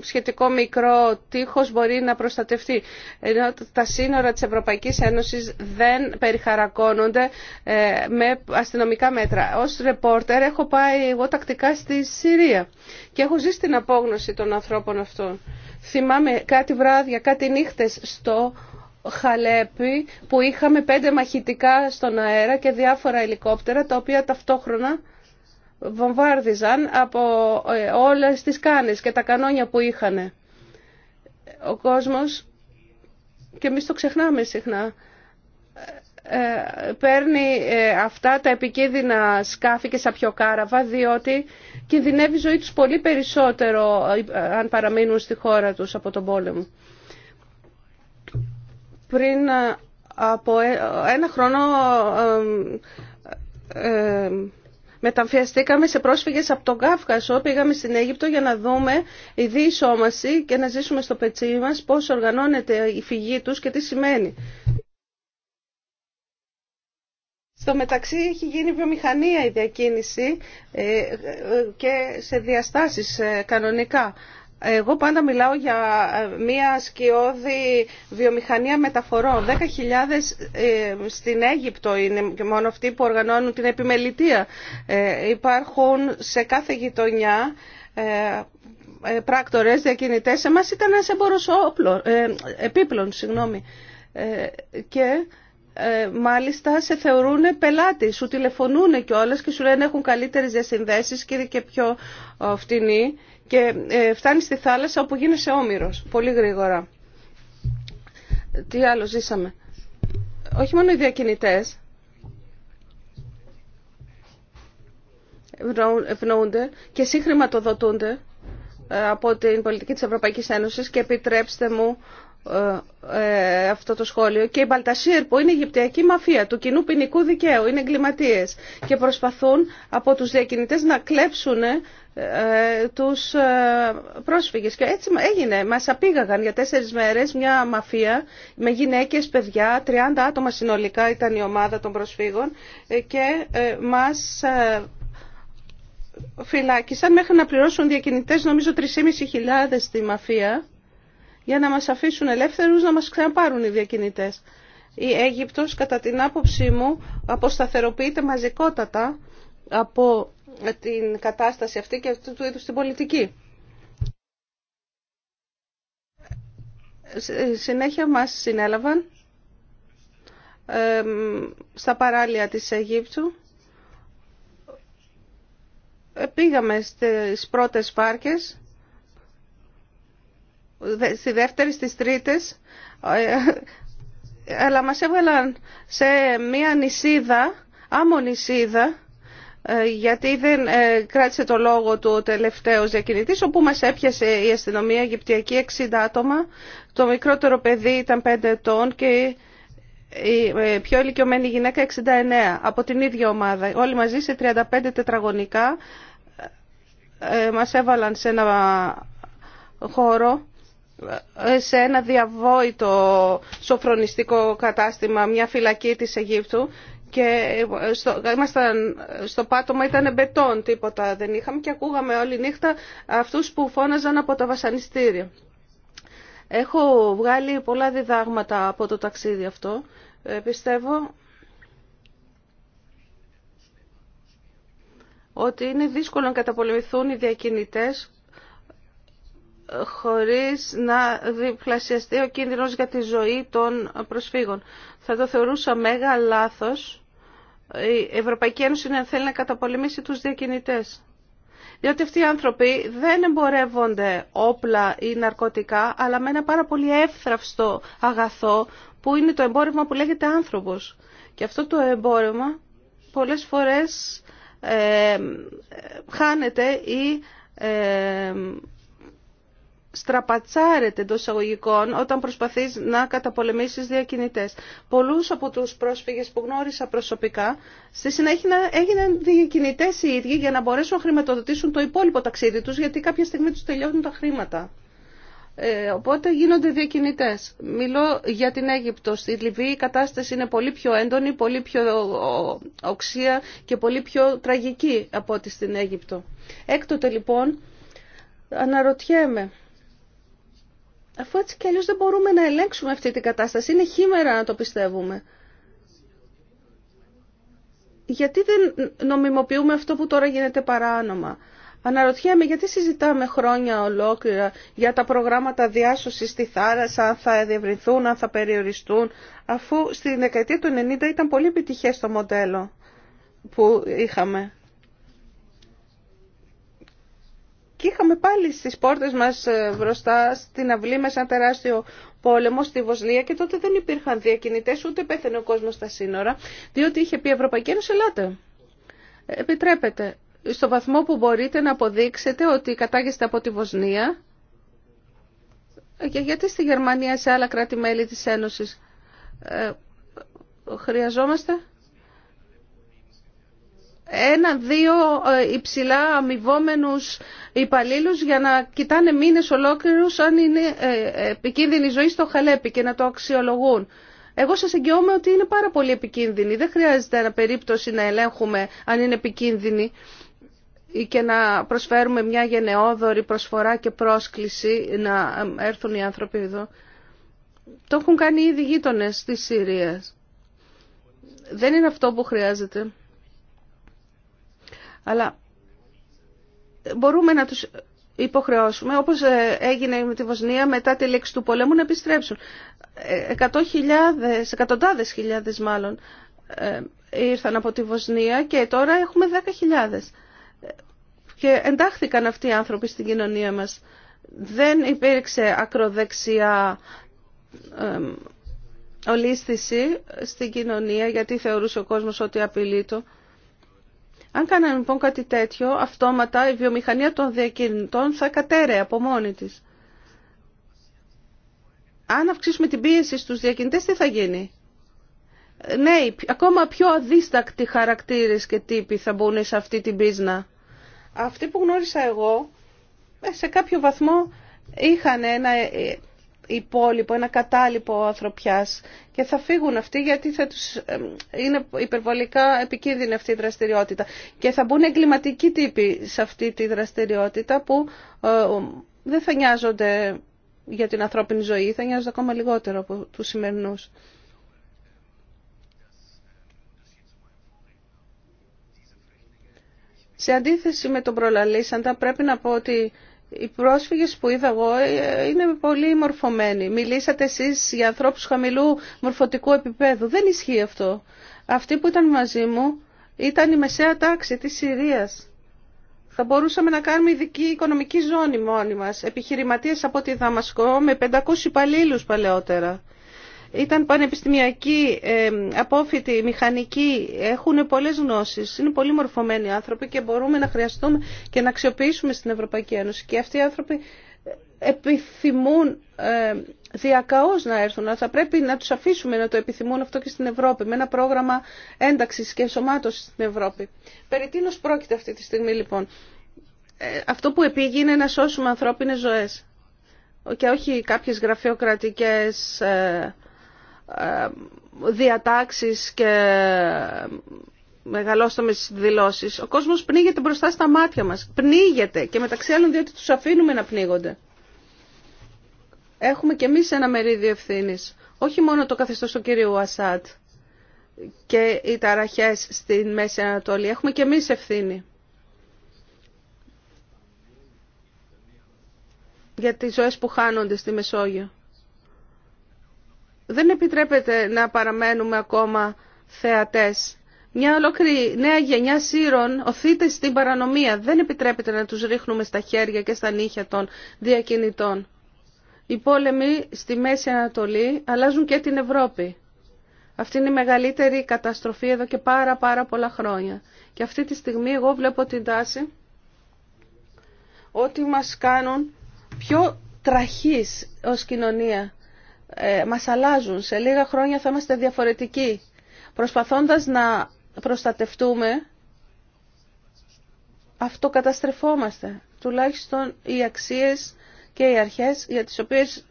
σχετικό μικρό τείχος μπορεί να προστατευτεί. Ενώ τα σύνορα της Ευρωπαϊκής Ένωσης δεν περιχαρακώνονται ε, με αστυνομικά μέτρα. Ως ρεπόρτερ έχω πάει εγώ τακτικά στη Συρία και έχω ζήσει την απόγνωση των ανθρώπων αυτών. Θυμάμαι κάτι βράδια, κάτι νύχτες στο Χαλέπι που είχαμε πέντε μαχητικά στον αέρα και διάφορα ελικόπτερα τα οποία ταυτόχρονα βομβάρδιζαν από ε, όλες τις κάνες και τα κανόνια που είχαν. Ο κόσμος, και εμείς το ξεχνάμε συχνά, ε, ε, παίρνει αυτά τα επικίνδυνα σκάφη και σαπιοκάραβα διότι κινδυνεύει η ζωή τους πολύ περισσότερο αν παραμείνουν στη χώρα τους από τον πόλεμο. Πριν από ένα χρόνο μεταμφιαστήκαμε σε πρόσφυγες από τον Κάφκασο, πήγαμε στην Αίγυπτο για να δούμε η διεισόμαση και να ζήσουμε στο πετσί μας πώς οργανώνεται η φυγή τους και τι σημαίνει. Στο μεταξύ έχει γίνει βιομηχανία η διακίνηση ε, ε, ε, και σε διαστάσεις κανονικά. Εγώ πάντα μιλάω για ε, μια σκιώδη βιομηχανία μεταφορών. 10.000 ε, στην Αίγυπτο είναι και μόνο αυτοί που οργανώνουν την επιμελητεία. Ε, υπάρχουν σε κάθε γειτονιά πράκτορες, διακινητές. Εμάς ήταν ένας εμπόρος επίπλων, συγγνώμη. Και μάλιστα σε θεωρούν πελάτη, σου τηλεφωνούν κιόλα και σου λένε έχουν καλύτερες διασυνδέσεις και και πιο φτηνή και ε, φτάνει στη θάλασσα όπου γίνεσαι όμοιρος πολύ γρήγορα. Τι άλλο ζήσαμε. Όχι μόνο οι διακινητές ευνοούνται και συγχρηματοδοτούνται ε, από την πολιτική της Ευρωπαϊκής Ένωσης και επιτρέψτε μου ε, ε, αυτό το σχόλιο και η Μπαλτασίρ που είναι η Αιγυπτιακή μαφία του κοινού ποινικού δικαίου, είναι εγκληματίε και προσπαθούν από τους διακινητές να κλέψουν ε, τους ε, πρόσφυγες και έτσι έγινε, μας απήγαγαν για τέσσερις μέρες μια μαφία με γυναίκες, παιδιά, 30 άτομα συνολικά ήταν η ομάδα των προσφύγων και μας φυλάκισαν μέχρι να πληρώσουν διακινητές νομίζω 3.500 στη μαφία για να μας αφήσουν ελεύθερους να μας ξαναπάρουν οι διακινητές. Η Αίγυπτος, κατά την άποψή μου, αποσταθεροποιείται μαζικότατα από την κατάσταση αυτή και αυτού του είδους την πολιτική. Συνέχεια μας συνέλαβαν στα παράλια της Αιγύπτου. Πήγαμε στις πρώτες πάρκες στη δεύτερη, στις τρίτες, ε, αλλά μας έβαλαν σε μία νησίδα, άμμο νησίδα, ε, γιατί δεν ε, κράτησε το λόγο του ο τελευταίος διακινητής, όπου μας έπιασε η αστυνομία Αιγυπτιακή 60 άτομα. Το μικρότερο παιδί ήταν 5 ετών και η πιο ηλικιωμένη γυναίκα 69 από την ίδια ομάδα. Όλοι μαζί σε 35 τετραγωνικά μας έβαλαν σε ένα χώρο σε ένα διαβόητο σοφρονιστικό κατάστημα, μια φυλακή της Αιγύπτου και ε, στο, ε, στο πάτωμα ήταν μπετόν, τίποτα δεν είχαμε και ακούγαμε όλη νύχτα αυτούς που φώναζαν από τα βασανιστήρια. Έχω βγάλει πολλά διδάγματα από το ταξίδι αυτό. Ε, πιστεύω ότι είναι δύσκολο να καταπολεμηθούν οι διακινητές χωρίς να διπλασιαστεί ο κίνδυνος για τη ζωή των προσφύγων. Θα το θεωρούσα μέγα λάθος η Ευρωπαϊκή Ένωση να θέλει να καταπολεμήσει τους διακινητές. Διότι αυτοί οι άνθρωποι δεν εμπορεύονται όπλα ή ναρκωτικά, αλλά με ένα πάρα πολύ εύθραυστο αγαθό που είναι το εμπόρευμα που λέγεται άνθρωπος. Και αυτό το εμπόρευμα πολλές φορές ε, χάνεται ή ε, στραπατσάρεται εντό εισαγωγικών όταν προσπαθεί να καταπολεμήσει διακινητές. Πολλού από του πρόσφυγες που γνώρισα προσωπικά, στη συνέχεια έγιναν διακινητές οι ίδιοι για να μπορέσουν να χρηματοδοτήσουν το υπόλοιπο ταξίδι του γιατί κάποια στιγμή του τελειώνουν τα χρήματα. Ε, οπότε γίνονται διακινητές. Μιλώ για την Αίγυπτο. Στη Λιβύη η κατάσταση είναι πολύ πιο έντονη, πολύ πιο οξία και πολύ πιο τραγική από ό,τι στην Αίγυπτο. Έκτοτε λοιπόν αναρωτιέμαι Αφού έτσι κι αλλιώς δεν μπορούμε να ελέγξουμε αυτή την κατάσταση. Είναι χήμερα να το πιστεύουμε. Γιατί δεν νομιμοποιούμε αυτό που τώρα γίνεται παράνομα. Αναρωτιέμαι γιατί συζητάμε χρόνια ολόκληρα για τα προγράμματα διάσωσης στη θάλασσα, αν θα διευρυνθούν, αν θα περιοριστούν, αφού στη δεκαετία του 90 ήταν πολύ επιτυχές το μοντέλο που είχαμε. Και είχαμε πάλι στις πόρτες μας ε, μπροστά στην αυλή μας ένα τεράστιο πόλεμο στη Βοσνία και τότε δεν υπήρχαν διακινητές, ούτε πέθανε ο κόσμος στα σύνορα, διότι είχε πει η Ευρωπαϊκή Ένωση, ελάτε. Επιτρέπετε, στο βαθμό που μπορείτε να αποδείξετε ότι κατάγεστε από τη Βοσνία, και γιατί στη Γερμανία, σε άλλα κράτη-μέλη της Ένωσης, ε, χρειαζόμαστε ένα-δύο ε, υψηλά αμοιβόμενου υπαλλήλου για να κοιτάνε μήνες ολόκληρους αν είναι ε, ε, επικίνδυνη ζωή στο χαλέπι και να το αξιολογούν. Εγώ σας εγγυώμαι ότι είναι πάρα πολύ επικίνδυνη. Δεν χρειάζεται ένα περίπτωση να ελέγχουμε αν είναι επικίνδυνη και να προσφέρουμε μια γενναιόδορη προσφορά και πρόσκληση να έρθουν οι άνθρωποι εδώ. Το έχουν κάνει ήδη γείτονε της Συρίας. Δεν είναι αυτό που χρειάζεται αλλά μπορούμε να τους υποχρεώσουμε, όπως ε, έγινε με τη Βοσνία μετά τη λήξη του πολέμου, να επιστρέψουν. Ε, εκατοντάδες, εκατοντάδες χιλιάδες μάλλον ε, ήρθαν από τη Βοσνία και τώρα έχουμε δέκα χιλιάδες. Και εντάχθηκαν αυτοί οι άνθρωποι στην κοινωνία μας. Δεν υπήρξε ακροδεξιά ολίσθηση στην κοινωνία γιατί θεωρούσε ο κόσμος ότι απειλεί το. Αν κάναμε λοιπόν κάτι τέτοιο, αυτόματα η βιομηχανία των διακινητών θα κατέρεε από μόνη της. Αν αυξήσουμε την πίεση στους διακινητές, τι θα γίνει. Ναι, ακόμα πιο αδίστακτοι χαρακτήρες και τύποι θα μπουν σε αυτή την πίσνα. Αυτοί που γνώρισα εγώ, ε, σε κάποιο βαθμό είχαν ένα ε, υπόλοιπο, ένα κατάλοιπο ανθρωπιάς και θα φύγουν αυτοί γιατί θα τους, είναι υπερβολικά επικίνδυνη αυτή η δραστηριότητα και θα μπουν εγκληματικοί τύποι σε αυτή τη δραστηριότητα που ε, δεν θα νοιάζονται για την ανθρώπινη ζωή, θα νοιάζονται ακόμα λιγότερο από τους σημερινούς. Σε αντίθεση με τον προλαλήσαντα πρέπει να πω ότι οι πρόσφυγες που είδα εγώ ε, είναι πολύ μορφωμένοι. Μιλήσατε εσείς για ανθρώπους χαμηλού μορφωτικού επίπεδου. Δεν ισχύει αυτό. Αυτοί που ήταν μαζί μου ήταν η μεσαία τάξη της Συρίας. Θα μπορούσαμε να κάνουμε ειδική οικονομική ζώνη μόνοι μας. Επιχειρηματίες από τη Δαμασκό με 500 υπαλλήλου παλαιότερα. Ήταν πανεπιστημιακοί, ε, απόφοιτοι, μηχανικοί, έχουν πολλές γνώσεις, είναι πολύ μορφωμένοι άνθρωποι και μπορούμε να χρειαστούμε και να αξιοποιήσουμε στην Ευρωπαϊκή Ένωση. Και αυτοί οι άνθρωποι ε, επιθυμούν ε, διακαώς να έρθουν, αλλά θα πρέπει να τους αφήσουμε να το επιθυμούν αυτό και στην Ευρώπη, με ένα πρόγραμμα ένταξης και ενσωμάτωσης στην Ευρώπη. Περί τίνος πρόκειται αυτή τη στιγμή λοιπόν. Αυτό που επήγει είναι να σώσουμε ανθρώπινε ζωές και όχι κάποιες γραφειοκρατικές ε, διατάξεις και μεγαλόστομες δηλώσεις. Ο κόσμος πνίγεται μπροστά στα μάτια μας. Πνίγεται και μεταξύ άλλων διότι τους αφήνουμε να πνίγονται. Έχουμε και εμείς ένα μερίδιο ευθύνη. Όχι μόνο το καθεστώς του κυρίου Ασάτ και οι ταραχές στην Μέση Ανατολή. Έχουμε και εμείς ευθύνη. Για τις ζωές που χάνονται στη Μεσόγειο δεν επιτρέπεται να παραμένουμε ακόμα θεατές. Μια ολόκληρη νέα γενιά σύρων οθείται στην παρανομία. Δεν επιτρέπεται να τους ρίχνουμε στα χέρια και στα νύχια των διακινητών. Οι πόλεμοι στη Μέση Ανατολή αλλάζουν και την Ευρώπη. Αυτή είναι η μεγαλύτερη καταστροφή εδώ και πάρα πάρα πολλά χρόνια. Και αυτή τη στιγμή εγώ βλέπω την τάση ότι μας κάνουν πιο τραχείς ως κοινωνία ε, μας αλλάζουν. Σε λίγα χρόνια θα είμαστε διαφορετικοί. Προσπαθώντας να προστατευτούμε, αυτοκαταστρεφόμαστε. Τουλάχιστον οι αξίες και οι αρχές για τις οποίες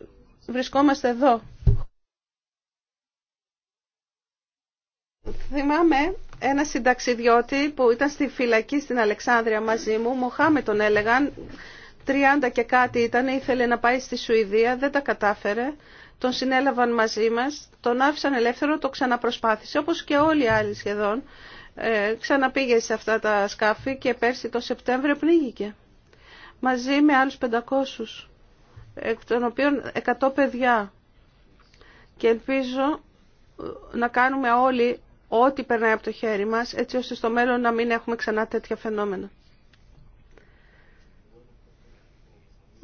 βρισκόμαστε εδώ. Θυμάμαι ένα συνταξιδιώτη που ήταν στη φυλακή στην Αλεξάνδρεια μαζί μου, Μοχάμε τον έλεγαν, 30 και κάτι ήταν, ήθελε να πάει στη Σουηδία, δεν τα κατάφερε τον συνέλαβαν μαζί μας, τον άφησαν ελεύθερο, το ξαναπροσπάθησε, όπως και όλοι οι άλλοι σχεδόν. Ε, ξαναπήγε σε αυτά τα σκάφη και πέρσι το Σεπτέμβριο πνίγηκε. Μαζί με άλλους 500, εκ των οποίων 100 παιδιά. Και ελπίζω ε, να κάνουμε όλοι ό,τι περνάει από το χέρι μας, έτσι ώστε στο μέλλον να μην έχουμε ξανά τέτοια φαινόμενα.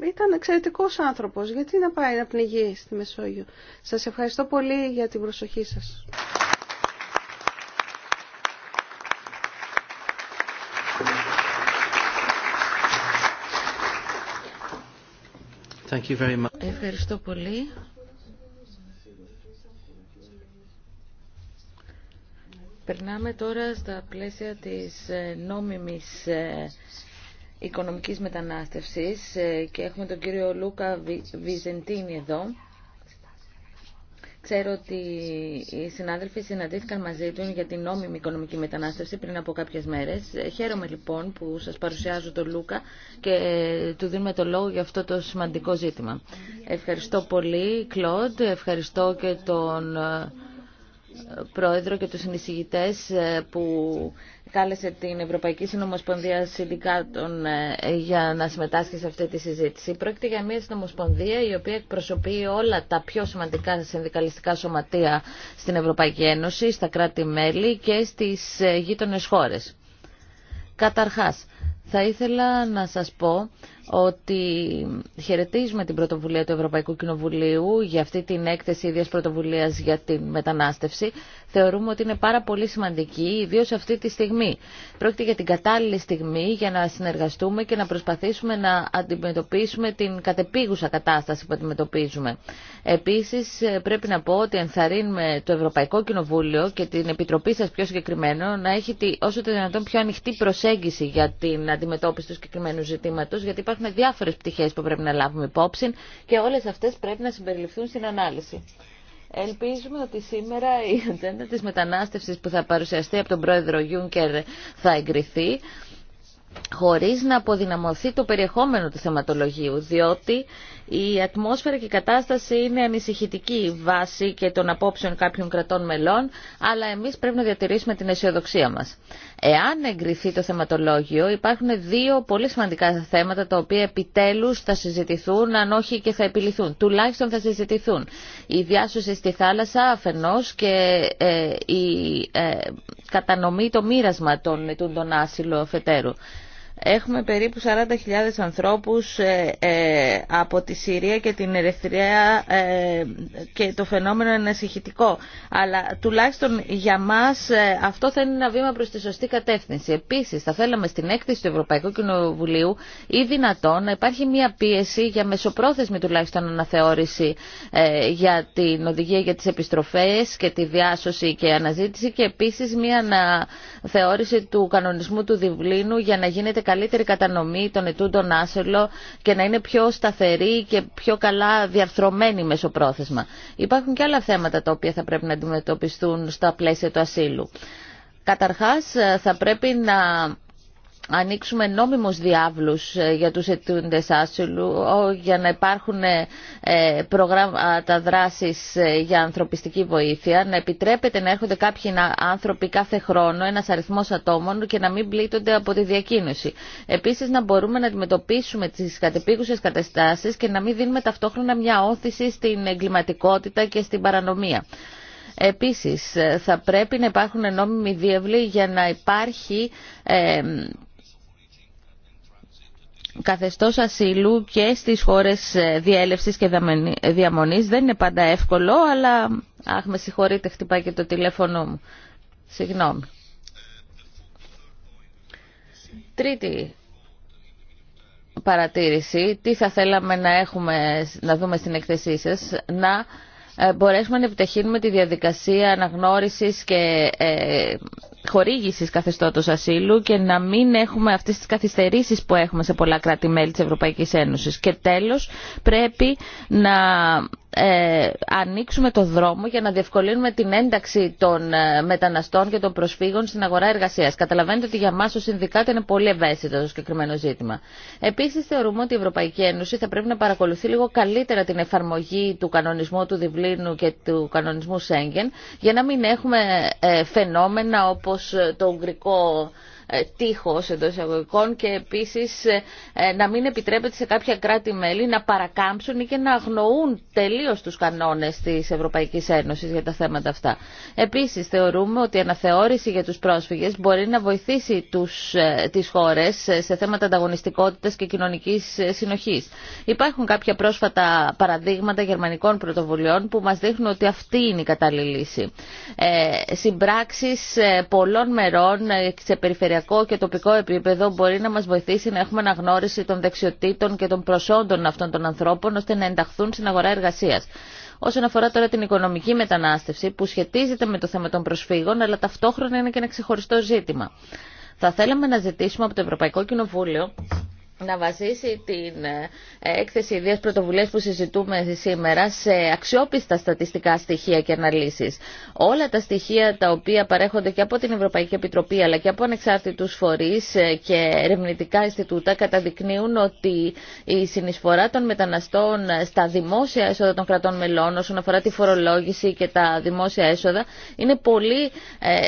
ήταν εξαιρετικό άνθρωπος. Γιατί να πάει να πνιγεί στη Μεσόγειο. Σας ευχαριστώ πολύ για την προσοχή σας. Ευχαριστώ πολύ. Περνάμε τώρα στα πλαίσια της ε, νόμιμης ε, οικονομικής μετανάστευσης ε, και έχουμε τον κύριο Λούκα Βιζεντίνη εδώ. Ξέρω ότι οι συνάδελφοι συναντήθηκαν μαζί του για την νόμιμη οικονομική μετανάστευση πριν από κάποιες μέρες. Ε, χαίρομαι λοιπόν που σας παρουσιάζω τον Λούκα και ε, του δίνουμε το λόγο για αυτό το σημαντικό ζήτημα. Ευχαριστώ πολύ, Κλοντ. Ευχαριστώ και τον Πρόεδρο και τους συνεισηγητές ε, που κάλεσε την Ευρωπαϊκή Συνομοσπονδία Συνδικάτων ε, για να συμμετάσχει σε αυτή τη συζήτηση. Πρόκειται για μια συνομοσπονδία η οποία εκπροσωπεί όλα τα πιο σημαντικά συνδικαλιστικά σωματεία στην Ευρωπαϊκή Ένωση, στα κράτη-μέλη και στις ε, γείτονες χώρες. Καταρχάς, θα ήθελα να σας πω ότι χαιρετίζουμε την πρωτοβουλία του Ευρωπαϊκού Κοινοβουλίου για αυτή την έκθεση ίδια πρωτοβουλία για την μετανάστευση. Θεωρούμε ότι είναι πάρα πολύ σημαντική, ιδίω αυτή τη στιγμή. Πρόκειται για την κατάλληλη στιγμή για να συνεργαστούμε και να προσπαθήσουμε να αντιμετωπίσουμε την κατεπίγουσα κατάσταση που αντιμετωπίζουμε. Επίση, πρέπει να πω ότι ενθαρρύνουμε το Ευρωπαϊκό Κοινοβούλιο και την Επιτροπή σα πιο συγκεκριμένο να έχει όσο το δυνατόν πιο ανοιχτή προσέγγιση για την αντιμετώπιση του συγκεκριμένου ζητήματο. γιατί υπάρχουν διάφορες πτυχέ που πρέπει να λάβουμε υπόψη και όλες αυτές πρέπει να συμπεριληφθούν στην ανάλυση. Ελπίζουμε ότι σήμερα η ατζέντα τη μετανάστευση που θα παρουσιαστεί από τον πρόεδρο Γιούνκερ θα εγκριθεί χωρίς να αποδυναμωθεί το περιεχόμενο του θεματολογίου, διότι η ατμόσφαιρα και η κατάσταση είναι ανησυχητική βάση και των απόψεων κάποιων κρατών μελών, αλλά εμείς πρέπει να διατηρήσουμε την αισιοδοξία μας. Εάν εγκριθεί το θεματολόγιο, υπάρχουν δύο πολύ σημαντικά θέματα τα οποία επιτέλους θα συζητηθούν, αν όχι και θα επιληθούν. Τουλάχιστον θα συζητηθούν. Η διάσωση στη θάλασσα αφενός και ε, η ε, κατανομή, το μοίρασμα των, τον άσυλο αφετέρου. Έχουμε περίπου 40.000 ανθρώπους ε, ε, από τη Συρία και την Ερυθρέα ε, και το φαινόμενο είναι ασυχητικό. Αλλά τουλάχιστον για μας αυτό θα είναι ένα βήμα προς τη σωστή κατεύθυνση. Επίσης θα θέλαμε στην έκθεση του Ευρωπαϊκού Κοινοβουλίου ή δυνατόν να υπάρχει μια πίεση για μεσοπρόθεσμη τουλάχιστον αναθεώρηση για την οδηγία για τις επιστροφές και τη διάσωση και αναζήτηση και επίσης μια αναθεώρηση του κανονισμού του Διβλίνου για να γίνεται καλύτερη κατανομή των ετούντων άσελο και να είναι πιο σταθερή και πιο καλά διαρθρωμένη μεσοπρόθεσμα. Υπάρχουν και άλλα θέματα τα οποία θα πρέπει να αντιμετωπιστούν στα πλαίσια του ασύλου. Καταρχάς θα πρέπει να ανοίξουμε νόμιμους διάβλους ε, για τους αιτούντες άσυλου, για να υπάρχουν ε, ε, προγράμματα δράσης για ανθρωπιστική βοήθεια, να επιτρέπεται να έρχονται κάποιοι άνθρωποι κάθε χρόνο, ένας αριθμός ατόμων και να μην πλήττονται από τη διακίνηση. Επίσης να μπορούμε να αντιμετωπίσουμε τις κατεπίγουσες καταστάσεις και να μην δίνουμε ταυτόχρονα μια όθηση στην εγκληματικότητα και στην παρανομία. Επίσης, θα πρέπει να υπάρχουν νόμιμοι διευλοί για να υπάρχει καθεστώς ασύλου και στις χώρες ε, διέλευσης και διαμονής δεν είναι πάντα εύκολο, αλλά αχ με συγχωρείτε χτυπάει και το τηλέφωνο μου. Συγγνώμη. Τρίτη παρατήρηση, τι θα θέλαμε να, έχουμε, να δούμε στην εκθεσή σας, να ε, μπορέσουμε να επιτεχύνουμε τη διαδικασία αναγνώρισης και ε, χορήγηση καθεστώτο ασύλου και να μην έχουμε αυτέ τι καθυστερήσει που έχουμε σε πολλά κράτη-μέλη τη Ευρωπαϊκή Ένωση. Και τέλο, πρέπει να ε, ανοίξουμε το δρόμο για να διευκολύνουμε την ένταξη των ε, μεταναστών και των προσφύγων στην αγορά εργασία. Καταλαβαίνετε ότι για μας ως συνδικάτα είναι πολύ ευαίσθητο το συγκεκριμένο ζήτημα. Επίση, θεωρούμε ότι η Ευρωπαϊκή Ένωση θα πρέπει να παρακολουθεί λίγο καλύτερα την εφαρμογή του κανονισμού του Διβλίνου και του κανονισμού Σέγγεν για να μην έχουμε ε, φαινόμενα όπω όπως ε, το Ουγγρικό ε, τείχος εντό εισαγωγικών και επίσης ε, ε, να μην επιτρέπεται σε κάποια κράτη-μέλη να παρακάμψουν ή και να αγνοούν τελείως τους κανόνες της Ευρωπαϊκής Ένωσης για τα θέματα αυτά. Επίσης θεωρούμε ότι η αναθεώρηση για τους πρόσφυγες μπορεί να βοηθήσει τους, τις χώρες σε θέματα ανταγωνιστικότητας και κοινωνικής συνοχής. Υπάρχουν κάποια πρόσφατα παραδείγματα γερμανικών πρωτοβουλειών που μας δείχνουν ότι αυτή είναι η κατάλληλη λύση. Ε, πολλών μερών σε περιφερειακή περιφερειακό και τοπικό επίπεδο μπορεί να μας βοηθήσει να έχουμε αναγνώριση των δεξιοτήτων και των προσόντων αυτών των ανθρώπων ώστε να ενταχθούν στην αγορά εργασίας. Όσον αφορά τώρα την οικονομική μετανάστευση που σχετίζεται με το θέμα των προσφύγων αλλά ταυτόχρονα είναι και ένα ξεχωριστό ζήτημα. Θα θέλαμε να ζητήσουμε από το Ευρωπαϊκό Κοινοβούλιο να βασίσει την ε, έκθεση ιδίας πρωτοβουλίας που συζητούμε σήμερα σε αξιόπιστα στατιστικά στοιχεία και αναλύσεις. Όλα τα στοιχεία τα οποία παρέχονται και από την Ευρωπαϊκή Επιτροπή αλλά και από ανεξάρτητους φορείς ε, και ερευνητικά Ινστιτούτα καταδεικνύουν ότι η συνεισφορά των μεταναστών ε, στα δημόσια έσοδα των κρατών μελών όσον αφορά τη φορολόγηση και τα δημόσια έσοδα είναι πολύ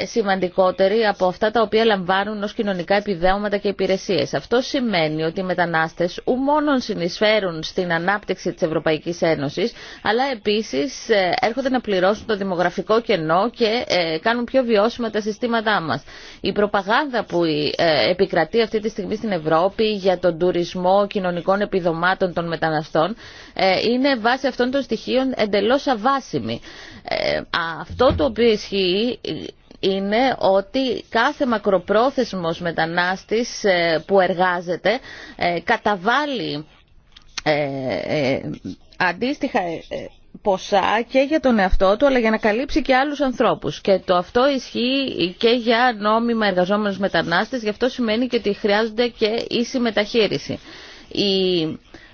σημαντικότερη από αυτά τα οποία λαμβάνουν ως κοινωνικά επιδέωματα και υπηρεσίες. Αυτό σημαίνει ότι ότι οι μετανάστες ου μόνον συνεισφέρουν στην ανάπτυξη της Ευρωπαϊκής Ένωσης, αλλά επίσης ε, έρχονται να πληρώσουν το δημογραφικό κενό και ε, κάνουν πιο βιώσιμα τα συστήματά μας. Η προπαγάνδα που ε, επικρατεί αυτή τη στιγμή στην Ευρώπη για τον τουρισμό κοινωνικών επιδομάτων των μεταναστών είναι βάσει αυτών των στοιχείων εντελώς αβάσιμη. Αυτό το οποίο ισχύει είναι ότι κάθε μακροπρόθεσμος μετανάστης ε, που εργάζεται ε, καταβάλει ε, αντίστοιχα ποσά και για τον εαυτό του αλλά για να καλύψει και άλλους ανθρώπους και το αυτό ισχύει και για νόμιμα εργαζόμενους μετανάστες γι' αυτό σημαίνει και ότι χρειάζονται και ίση μεταχείριση. Η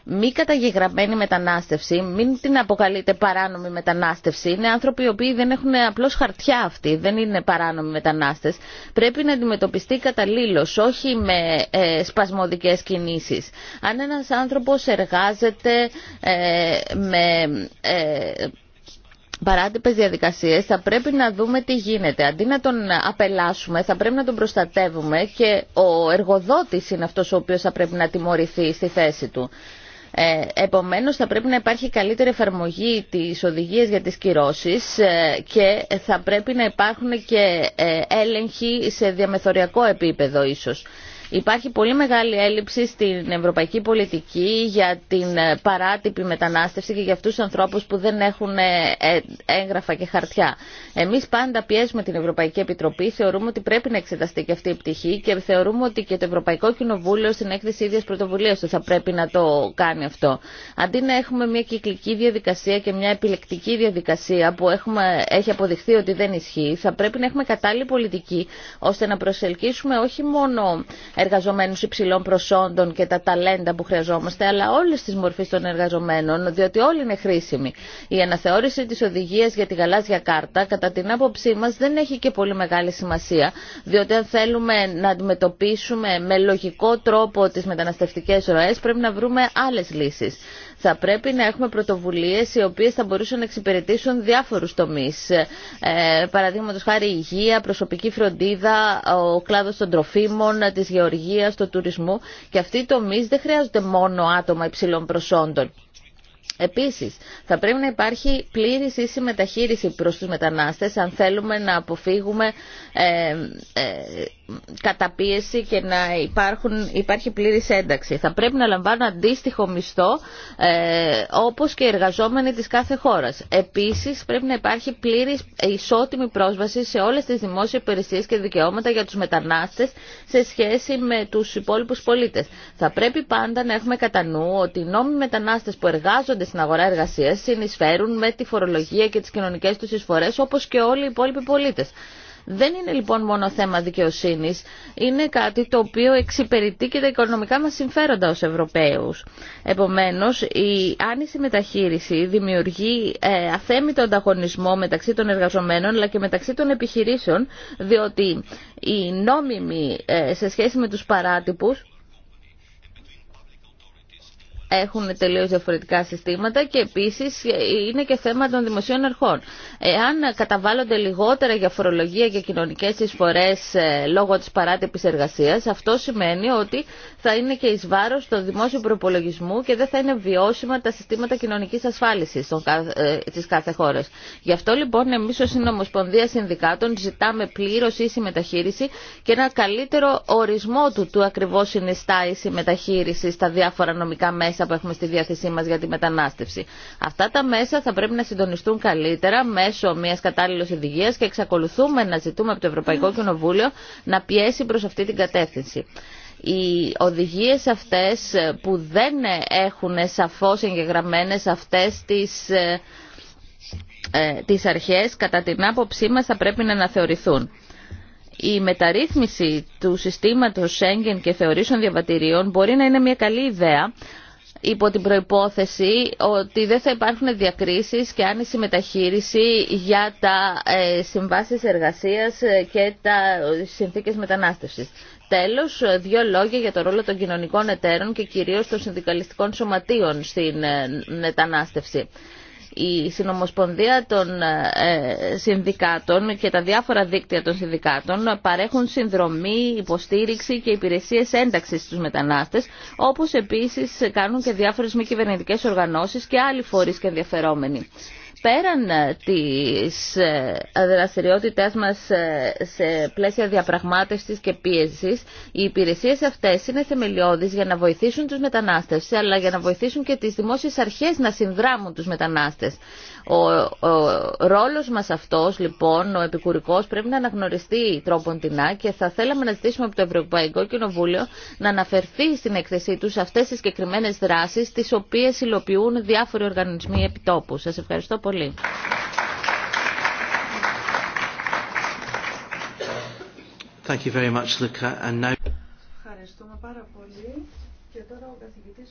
μη καταγεγραμμένη μετανάστευση, μην την αποκαλείτε παράνομη μετανάστευση. Είναι άνθρωποι οι οποίοι δεν έχουν απλώ χαρτιά αυτοί, δεν είναι παράνομοι μετανάστε. Πρέπει να αντιμετωπιστεί καταλήλω, όχι με ε, σπασμωδικέ κινήσει. Αν ένα άνθρωπο εργάζεται ε, με. Ε, παράτυπε διαδικασίε, θα πρέπει να δούμε τι γίνεται. Αντί να τον απελάσουμε, θα πρέπει να τον προστατεύουμε και ο εργοδότη είναι αυτό ο οποίο θα πρέπει να τιμωρηθεί στη θέση του. Ε, επομένως θα πρέπει να υπάρχει καλύτερη εφαρμογή τη οδηγίας για τις κυρώσεις ε, και θα πρέπει να υπάρχουν και ε, έλεγχοι σε διαμεθοριακό επίπεδο ίσως. Υπάρχει πολύ μεγάλη έλλειψη στην ευρωπαϊκή πολιτική για την ε, παράτυπη μετανάστευση και για αυτούς τους ανθρώπους που δεν έχουν ε, ε, έγγραφα και χαρτιά. Εμείς πάντα πιέζουμε την Ευρωπαϊκή Επιτροπή, θεωρούμε ότι πρέπει να εξεταστεί και αυτή η πτυχή και θεωρούμε ότι και το Ευρωπαϊκό Κοινοβούλιο στην έκθεση ίδια Πρωτοβουλία του θα πρέπει να το κάνει αυτό. Αντί να έχουμε μια κυκλική διαδικασία και μια επιλεκτική διαδικασία που έχουμε, έχει αποδειχθεί ότι δεν ισχύει, θα πρέπει να έχουμε κατάλληλη πολιτική ώστε να προσελκύσουμε όχι μόνο εργαζομένους υψηλών προσόντων και τα ταλέντα που χρειαζόμαστε, αλλά όλες τις μορφές των εργαζομένων, διότι όλοι είναι χρήσιμοι. Η αναθεώρηση της οδηγίας για τη γαλάζια κάρτα, κατά την άποψή μας, δεν έχει και πολύ μεγάλη σημασία, διότι αν θέλουμε να αντιμετωπίσουμε με λογικό τρόπο τις μεταναστευτικές ροές, πρέπει να βρούμε άλλες λύσεις. Θα πρέπει να έχουμε πρωτοβουλίε οι οποίες θα μπορούσαν να εξυπηρετήσουν διάφορους τομείς. Ε, Παραδείγματος χάρη υγεία, προσωπική φροντίδα, ο κλάδος των τροφίμων, της γεωργίας, του τουρισμού. Και αυτοί οι τομεί δεν χρειάζονται μόνο άτομα υψηλών προσόντων. Επίσης, θα πρέπει να υπάρχει πλήρης ίση μεταχείριση προ του μετανάστε αν θέλουμε να αποφύγουμε ε, ε καταπίεση και να υπάρχουν, υπάρχει πλήρης ένταξη. Θα πρέπει να λαμβάνουν αντίστοιχο μισθό ε, όπως και οι εργαζόμενοι της κάθε χώρας. Επίσης πρέπει να υπάρχει πλήρη ισότιμη πρόσβαση σε όλες τις δημόσιες υπηρεσίε και δικαιώματα για τους μετανάστες σε σχέση με τους υπόλοιπους πολίτες. Θα πρέπει πάντα να έχουμε κατά νου ότι οι νόμοι μετανάστες που εργάζονται στην αγορά εργασίας συνεισφέρουν με τη φορολογία και τις κοινωνικές τους εισφορές όπως και όλοι οι υπόλοιποι πολίτες. Δεν είναι λοιπόν μόνο θέμα δικαιοσύνης, είναι κάτι το οποίο εξυπηρετεί και τα οικονομικά μας συμφέροντα ως Ευρωπαίους. Επομένως, η άνηση μεταχείριση δημιουργεί ε, αθέμητο ανταγωνισμό μεταξύ των εργαζομένων αλλά και μεταξύ των επιχειρήσεων, διότι οι νόμιμοι ε, σε σχέση με τους παράτυπους έχουν τελείως διαφορετικά συστήματα και επίσης είναι και θέμα των δημοσίων αρχών. Εάν καταβάλλονται λιγότερα για φορολογία και κοινωνικές εισφορές ε, λόγω της παράτυπης εργασίας, αυτό σημαίνει ότι θα είναι και εις βάρος του δημόσιου προπολογισμού και δεν θα είναι βιώσιμα τα συστήματα κοινωνικής ασφάλισης ε, της κάθε χώρας. Γι' αυτό λοιπόν εμείς ως Συνομοσπονδία Συνδικάτων ζητάμε πλήρως ίση μεταχείριση και ένα καλύτερο ορισμό του του ακριβώς συνιστά ίση στα διάφορα νομικά μέσα μέσα που έχουμε στη διάθεσή μα για τη μετανάστευση. Αυτά τα μέσα θα πρέπει να συντονιστούν καλύτερα μέσω μια κατάλληλη οδηγία και εξακολουθούμε να ζητούμε από το Ευρωπαϊκό Κοινοβούλιο να πιέσει προ αυτή την κατεύθυνση οι οδηγίες αυτές που δεν έχουν σαφώς εγγεγραμμένες αυτές τις, ε, ε, τις αρχές κατά την άποψή μας θα πρέπει να αναθεωρηθούν. Η μεταρρύθμιση του συστήματος Schengen και θεωρήσεων διαβατηρίων μπορεί να είναι μια καλή ιδέα, υπό την προϋπόθεση ότι δεν θα υπάρχουν διακρίσεις και άνηση μεταχείριση για τα ε, συμβάσεις εργασίας ε, και τα συνθήκες μετανάστευσης. Τέλος, ε, δύο λόγια για το ρόλο των κοινωνικών εταίρων και κυρίως των συνδικαλιστικών σωματείων στην μετανάστευση η Συνομοσπονδία των ε, Συνδικάτων και τα διάφορα δίκτυα των συνδικάτων παρέχουν συνδρομή, υποστήριξη και υπηρεσίες ένταξης στους μετανάστες, όπως επίσης κάνουν και διάφορες μη κυβερνητικές οργανώσεις και άλλοι φορείς και ενδιαφερόμενοι πέραν ε, της ε, δραστηριότητάς μας ε, σε πλαίσια διαπραγμάτευσης και πίεσης, οι υπηρεσίες αυτές είναι θεμελιώδεις για να βοηθήσουν τους μετανάστες, αλλά για να βοηθήσουν και τις δημόσιες αρχές να συνδράμουν τους μετανάστες. Ο, ο, ρόλος μας αυτός, λοιπόν, ο επικουρικός, πρέπει να αναγνωριστεί τρόπον τεινά και θα θέλαμε να ζητήσουμε από το Ευρωπαϊκό Κοινοβούλιο να αναφερθεί στην έκθεσή του σε αυτές τις συγκεκριμένε δράσεις, τις οποίες υλοποιούν διάφοροι οργανισμοί επιτόπου. Σας ευχαριστώ πολύ. Thank you very much, Luca. And now... πάρα πολύ. Και τώρα ο καθηγητής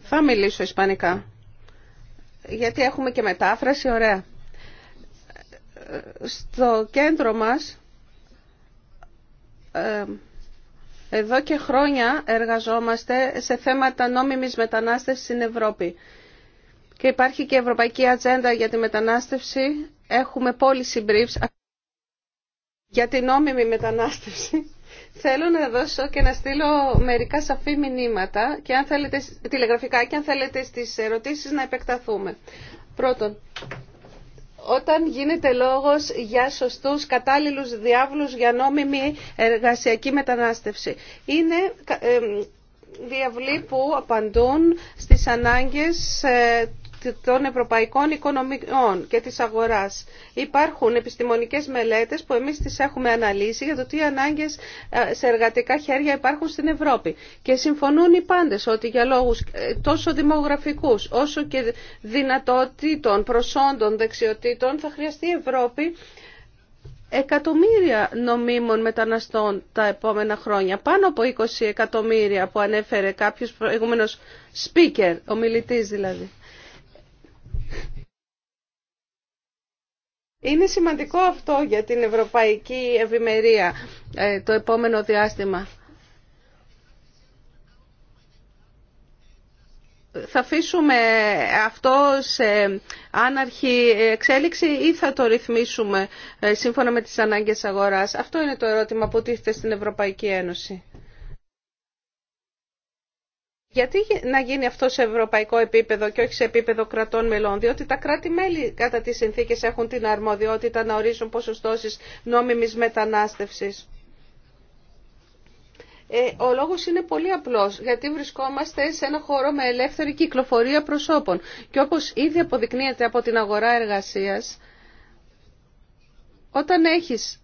θα μιλήσω ισπανικά. Γιατί έχουμε και μετάφραση, ωραία. Στο κέντρο μας, ε, εδώ και χρόνια εργαζόμαστε σε θέματα νόμιμης μετανάστευσης στην Ευρώπη. Και υπάρχει και Ευρωπαϊκή Ατζέντα για τη μετανάστευση. Έχουμε policy briefs για την νόμιμη μετανάστευση Θέλω να δώσω και να στείλω μερικά σαφή μηνύματα και αν θέλετε, τηλεγραφικά και αν θέλετε στις ερωτήσεις να επεκταθούμε. Πρώτον, όταν γίνεται λόγος για σωστούς κατάλληλους διάβλους για νόμιμη εργασιακή μετανάστευση. Είναι ε, διαβλή που απαντούν στις ανάγκες ε, των ευρωπαϊκών οικονομικών και της αγοράς. Υπάρχουν επιστημονικές μελέτες που εμείς τις έχουμε αναλύσει για το τι ανάγκες ε, σε εργατικά χέρια υπάρχουν στην Ευρώπη. Και συμφωνούν οι πάντες ότι για λόγους ε, τόσο δημογραφικούς όσο και δυνατοτήτων, προσόντων, δεξιοτήτων θα χρειαστεί η Ευρώπη εκατομμύρια νομίμων μεταναστών τα επόμενα χρόνια. Πάνω από 20 εκατομμύρια που ανέφερε κάποιος προηγούμενος speaker, ομιλητής δηλαδή. Είναι σημαντικό αυτό για την ευρωπαϊκή ευημερία ε, το επόμενο διάστημα. Θα αφήσουμε αυτό σε άναρχη εξέλιξη ή θα το ρυθμίσουμε ε, σύμφωνα με τις ανάγκες αγοράς. Αυτό είναι το ερώτημα που τίθεται στην Ευρωπαϊκή Ένωση. Γιατί να γίνει αυτό σε ευρωπαϊκό επίπεδο και όχι σε επίπεδο κρατών μελών, διότι τα κράτη-μέλη κατά τις συνθήκες έχουν την αρμοδιότητα να ορίζουν ποσοστώσεις νόμιμης μετανάστευσης. Ε, ο λόγος είναι πολύ απλός, γιατί βρισκόμαστε σε ένα χώρο με ελεύθερη κυκλοφορία προσώπων. Και όπως ήδη αποδεικνύεται από την αγορά εργασίας, όταν έχεις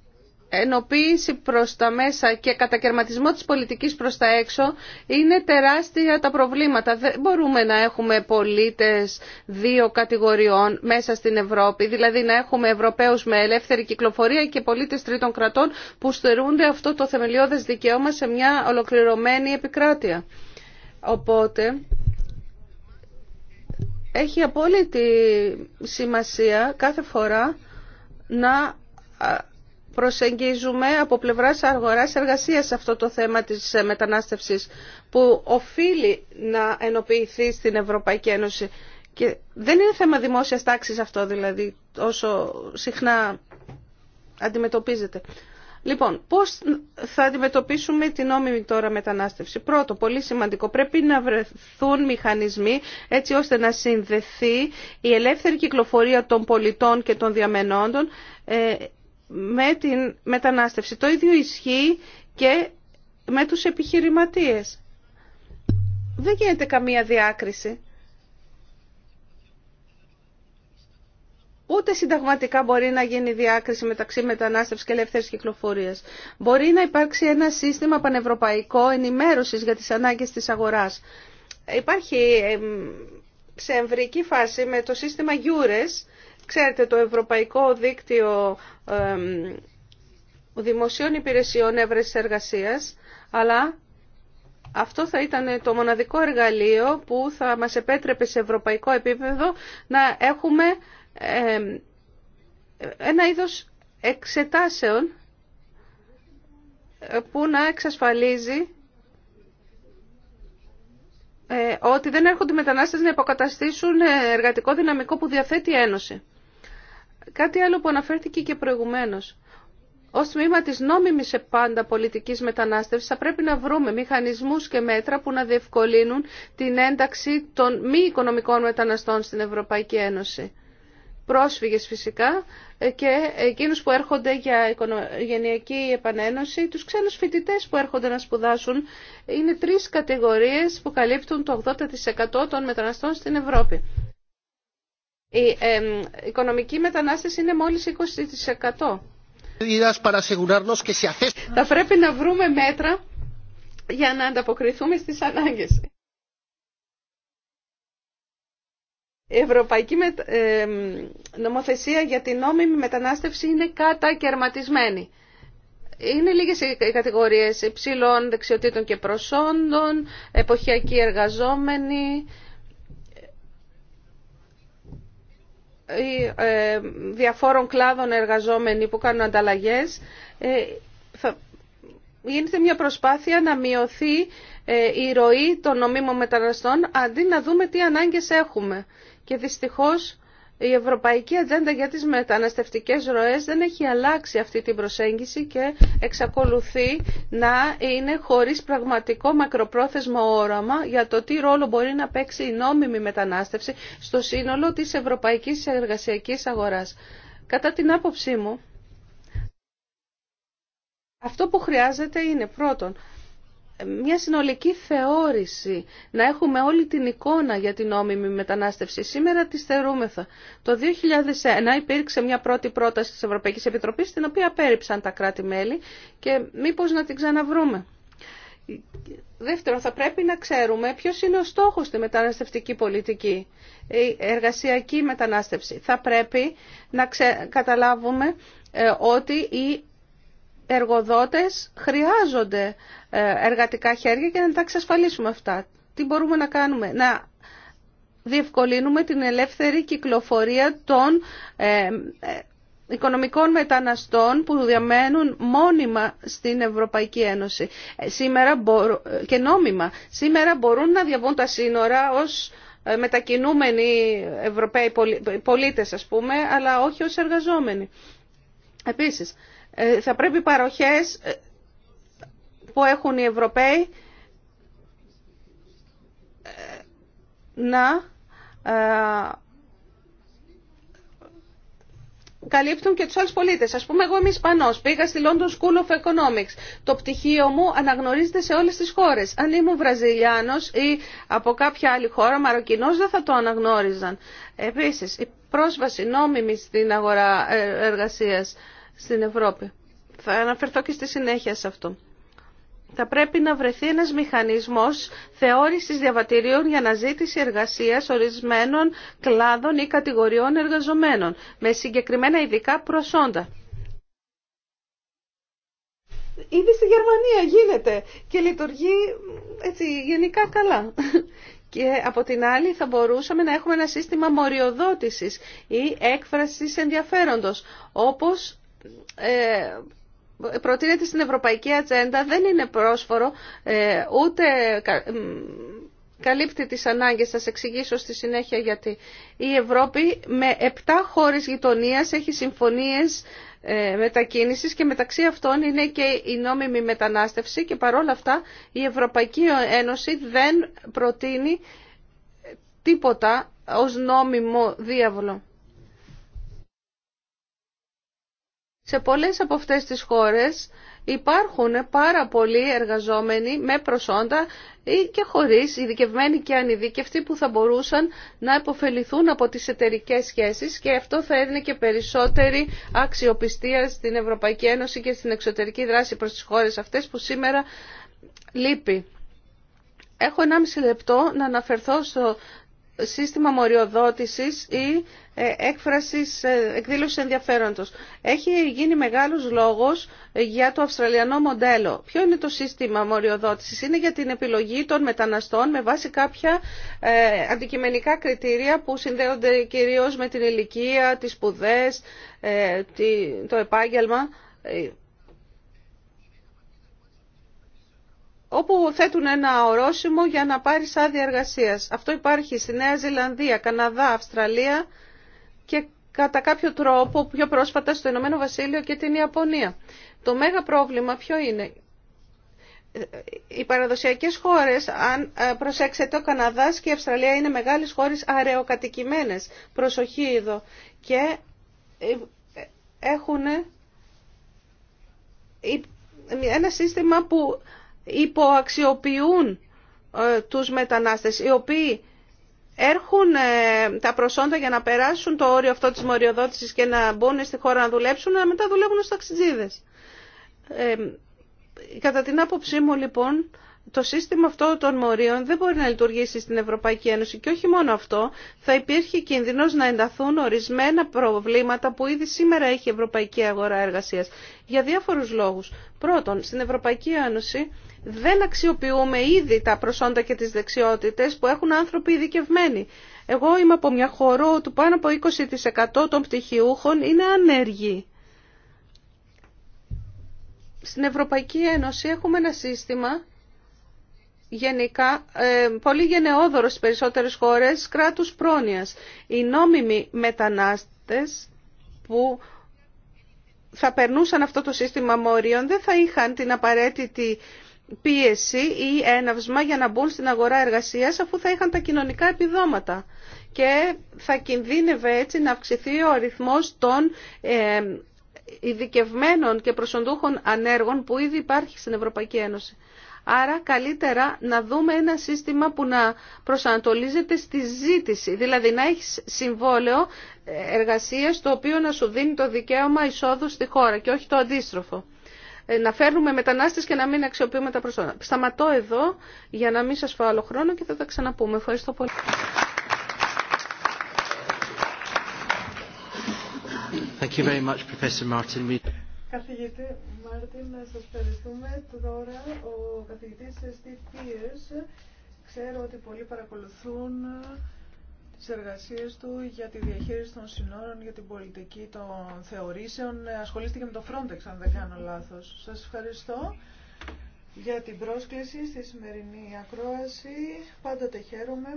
ενοποίηση προς τα μέσα και κατακαιρματισμό της πολιτικής προς τα έξω είναι τεράστια τα προβλήματα. Δεν μπορούμε να έχουμε πολίτες δύο κατηγοριών μέσα στην Ευρώπη, δηλαδή να έχουμε Ευρωπαίους με ελεύθερη κυκλοφορία και πολίτες τρίτων κρατών που στερούνται αυτό το θεμελιώδες δικαίωμα σε μια ολοκληρωμένη επικράτεια. Οπότε... Έχει απόλυτη σημασία κάθε φορά να προσεγγίζουμε από πλευράς αγοράς εργασίας αυτό το θέμα της ε, μετανάστευσης που οφείλει να ενοποιηθεί στην Ευρωπαϊκή Ένωση. Και δεν είναι θέμα δημόσιας τάξης αυτό δηλαδή όσο συχνά αντιμετωπίζεται. Λοιπόν, πώς θα αντιμετωπίσουμε την νόμιμη τώρα μετανάστευση. Πρώτο, πολύ σημαντικό, πρέπει να βρεθούν μηχανισμοί έτσι ώστε να συνδεθεί η ελεύθερη κυκλοφορία των πολιτών και των διαμενόντων ε, με την μετανάστευση. Το ίδιο ισχύει και με τους επιχειρηματίες. Δεν γίνεται καμία διάκριση. Ούτε συνταγματικά μπορεί να γίνει διάκριση μεταξύ μετανάστευση και ελεύθερη κυκλοφορία. Μπορεί να υπάρξει ένα σύστημα πανευρωπαϊκό ενημέρωση για τι ανάγκε τη αγορά. Υπάρχει σε εμβρική φάση με το σύστημα «Γιούρες» Ξέρετε, το Ευρωπαϊκό Δίκτυο Δημοσίων Υπηρεσιών Εύρεση Εργασίας, αλλά αυτό θα ήταν το μοναδικό εργαλείο που θα μας επέτρεπε σε ευρωπαϊκό επίπεδο να έχουμε ένα είδος εξετάσεων που να εξασφαλίζει ε, ότι δεν έρχονται μετανάστες να υποκαταστήσουν ε, εργατικό δυναμικό που διαθέτει η Ένωση. Κάτι άλλο που αναφέρθηκε και προηγουμένως. Ω τμήμα τη νόμιμη πάντα πολιτική μετανάστευση θα πρέπει να βρούμε μηχανισμού και μέτρα που να διευκολύνουν την ένταξη των μη οικονομικών μεταναστών στην Ευρωπαϊκή Ένωση. Πρόσφυγε φυσικά και εκείνους που έρχονται για οικογενειακή επανένωση, του ξένου φοιτητέ που έρχονται να σπουδάσουν. Είναι τρει κατηγορίε που καλύπτουν το 80% των μεταναστών στην Ευρώπη. Η οικονομική μετανάστευση είναι μόλις 20%. Θα πρέπει να βρούμε μέτρα για να ανταποκριθούμε στις ανάγκες. Η ευρωπαϊκή νομοθεσία για την νόμιμη μετανάστευση είναι κατακαιρματισμένη. Είναι λίγες οι κατηγορίες υψηλών δεξιοτήτων και προσόντων, εποχιακοί εργαζόμενοι, Ε, διαφόρων κλάδων εργαζόμενοι που κάνουν ανταλλαγές ε, θα γίνεται μια προσπάθεια να μειωθεί ε, η ροή των νομίμων μεταναστών αντί να δούμε τι ανάγκες έχουμε. Και δυστυχώς η Ευρωπαϊκή Ατζέντα για τις μεταναστευτικές ροές δεν έχει αλλάξει αυτή την προσέγγιση και εξακολουθεί να είναι χωρίς πραγματικό μακροπρόθεσμο όραμα για το τι ρόλο μπορεί να παίξει η νόμιμη μετανάστευση στο σύνολο της ευρωπαϊκής εργασιακής αγοράς. Κατά την άποψή μου, αυτό που χρειάζεται είναι πρώτον μια συνολική θεώρηση, να έχουμε όλη την εικόνα για την νόμιμη μετανάστευση. Σήμερα τη θεωρούμεθα. Το 2001 υπήρξε μια πρώτη πρόταση της Ευρωπαϊκής Επιτροπής, την οποία απέρριψαν τα κράτη-μέλη και μήπως να την ξαναβρούμε. Δεύτερον, θα πρέπει να ξέρουμε ποιος είναι ο στόχος στη μεταναστευτική πολιτική, η εργασιακή μετανάστευση. Θα πρέπει να καταλάβουμε ε, ότι οι εργοδότες χρειάζονται ε, εργατικά χέρια και να τα εξασφαλίσουμε αυτά. Τι μπορούμε να κάνουμε. Να διευκολύνουμε την ελεύθερη κυκλοφορία των ε, ε, οικονομικών μεταναστών που διαμένουν μόνιμα στην Ευρωπαϊκή Ένωση Σήμερα και νόμιμα. Σήμερα μπορούν να διαβούν τα σύνορα ως μετακινούμενοι Ευρωπαίοι πολίτες ας πούμε, αλλά όχι ως εργαζόμενοι. Επίσης, θα πρέπει οι που έχουν οι Ευρωπαίοι ε, να ε, καλύπτουν και τους άλλους πολίτες. Ας πούμε, εγώ είμαι Ισπανός, πήγα στη London School of Economics. Το πτυχίο μου αναγνωρίζεται σε όλες τις χώρες. Αν ήμουν Βραζιλιάνος ή από κάποια άλλη χώρα, Μαροκινός, δεν θα το αναγνώριζαν. Επίσης, η πρόσβαση νόμιμη στην αγορά ε, εργασίας στην Ευρώπη. Θα αναφερθώ και στη συνέχεια σε αυτό θα πρέπει να βρεθεί ένας μηχανισμός θεώρησης διαβατηρίων για αναζήτηση εργασίας ορισμένων κλάδων ή κατηγοριών εργαζομένων, με συγκεκριμένα ειδικά προσόντα. Ήδη στη Γερμανία γίνεται και λειτουργεί έτσι, γενικά καλά. Και από την άλλη θα μπορούσαμε να έχουμε ένα σύστημα μοριοδότησης ή έκφρασης ενδιαφέροντος, όπως ε, προτείνεται στην Ευρωπαϊκή Ατζέντα δεν είναι πρόσφορο ε, ούτε καλύπτει τις ανάγκες. Θα σας εξηγήσω στη συνέχεια γιατί. Η Ευρώπη με 7 χώρες γειτονίας έχει συμφωνίες ε, μετακίνησης και μεταξύ αυτών είναι και η νόμιμη μετανάστευση και παρόλα αυτά η Ευρωπαϊκή Ένωση δεν προτείνει τίποτα ως νόμιμο διάβολο. σε πολλές από αυτές τις χώρες υπάρχουν πάρα πολλοί εργαζόμενοι με προσόντα ή και χωρίς ειδικευμένοι και ανειδικευτοί που θα μπορούσαν να υποφεληθούν από τις εταιρικέ σχέσεις και αυτό θα έδινε και περισσότερη αξιοπιστία στην Ευρωπαϊκή Ένωση και στην εξωτερική δράση προς τις χώρες αυτές που σήμερα λείπει. Έχω 1,5 λεπτό να αναφερθώ στο σύστημα μοριοδότησης ή ε, Έκφραση ε, εκδήλωση ενδιαφέροντος. Έχει γίνει μεγάλος λόγος για το αυστραλιανό μοντέλο. Ποιο είναι το σύστημα μοριοδότησης. Είναι για την επιλογή των μεταναστών με βάση κάποια ε, αντικειμενικά κριτήρια που συνδέονται κυρίως με την ηλικία, τις σπουδέ, το επάγγελμα όπου θέτουν ένα ορόσημο για να πάρει άδεια εργασίας. Αυτό υπάρχει στη Νέα Ζηλανδία, Καναδά, Αυστραλία και κατά κάποιο τρόπο πιο πρόσφατα στο Ηνωμένο Βασίλειο και την Ιαπωνία. Το μέγα πρόβλημα ποιο είναι. Οι παραδοσιακές χώρες, αν ε, προσέξετε, ο Καναδάς και η Αυστραλία είναι μεγάλες χώρες αραιοκατοικημένες. Προσοχή εδώ. Και ε, έχουν ε, ένα σύστημα που υποαξιοποιούν τους μετανάστες, οι οποίοι έρχουν ε, τα προσόντα για να περάσουν το όριο αυτό της μοριοδότησης και να μπουν στη χώρα να δουλέψουν, αλλά μετά δουλεύουν ως ταξιτζίδες. Ε, κατά την άποψή μου λοιπόν, το σύστημα αυτό των μορίων δεν μπορεί να λειτουργήσει στην Ευρωπαϊκή Ένωση και όχι μόνο αυτό, θα υπήρχε κίνδυνος να ενταθούν ορισμένα προβλήματα που ήδη σήμερα έχει η Ευρωπαϊκή Αγορά Εργασίας για διάφορους λόγους. Πρώτον, στην Ευρωπαϊκή Ένωση δεν αξιοποιούμε ήδη τα προσόντα και τις δεξιότητες που έχουν άνθρωποι ειδικευμένοι. Εγώ είμαι από μια χώρα του πάνω από 20% των πτυχιούχων είναι ανέργοι. Στην Ευρωπαϊκή Ένωση έχουμε ένα σύστημα γενικά ε, πολύ γενναιόδωρο στις περισσότερες χώρες κράτους πρόνοιας. Οι νόμιμοι μετανάστες που θα περνούσαν αυτό το σύστημα μόριων δεν θα είχαν την απαραίτητη πίεση ή έναυσμα για να μπουν στην αγορά εργασίας αφού θα είχαν τα κοινωνικά επιδόματα και θα κινδύνευε έτσι να αυξηθεί ο αριθμός των ε, ειδικευμένων και προσοντούχων ανέργων που ήδη υπάρχει στην Ευρωπαϊκή Ένωση. Άρα καλύτερα να δούμε ένα σύστημα που να προσανατολίζεται στη ζήτηση, δηλαδή να έχει συμβόλαιο ε, εργασίας το οποίο να σου δίνει το δικαίωμα εισόδου στη χώρα και όχι το αντίστροφο. Ε, να φέρνουμε μετανάστε και να μην αξιοποιούμε τα προσόντα. Σταματώ εδώ για να μην σα φάω άλλο χρόνο και θα τα ξαναπούμε. Ευχαριστώ πολύ. Thank you very much, Professor Martin. Καθηγητή Μάρτιν, να σας ευχαριστούμε. Τώρα ο καθηγητής Steve Pierce, ξέρω ότι πολλοί παρακολουθούν τις εργασίες του για τη διαχείριση των συνόρων, για την πολιτική των θεωρήσεων. Ε, Ασχολήθηκε με το Frontex, αν δεν κάνω λάθος. Σας ευχαριστώ για την πρόσκληση στη σημερινή ακρόαση. Πάντοτε χαίρομαι.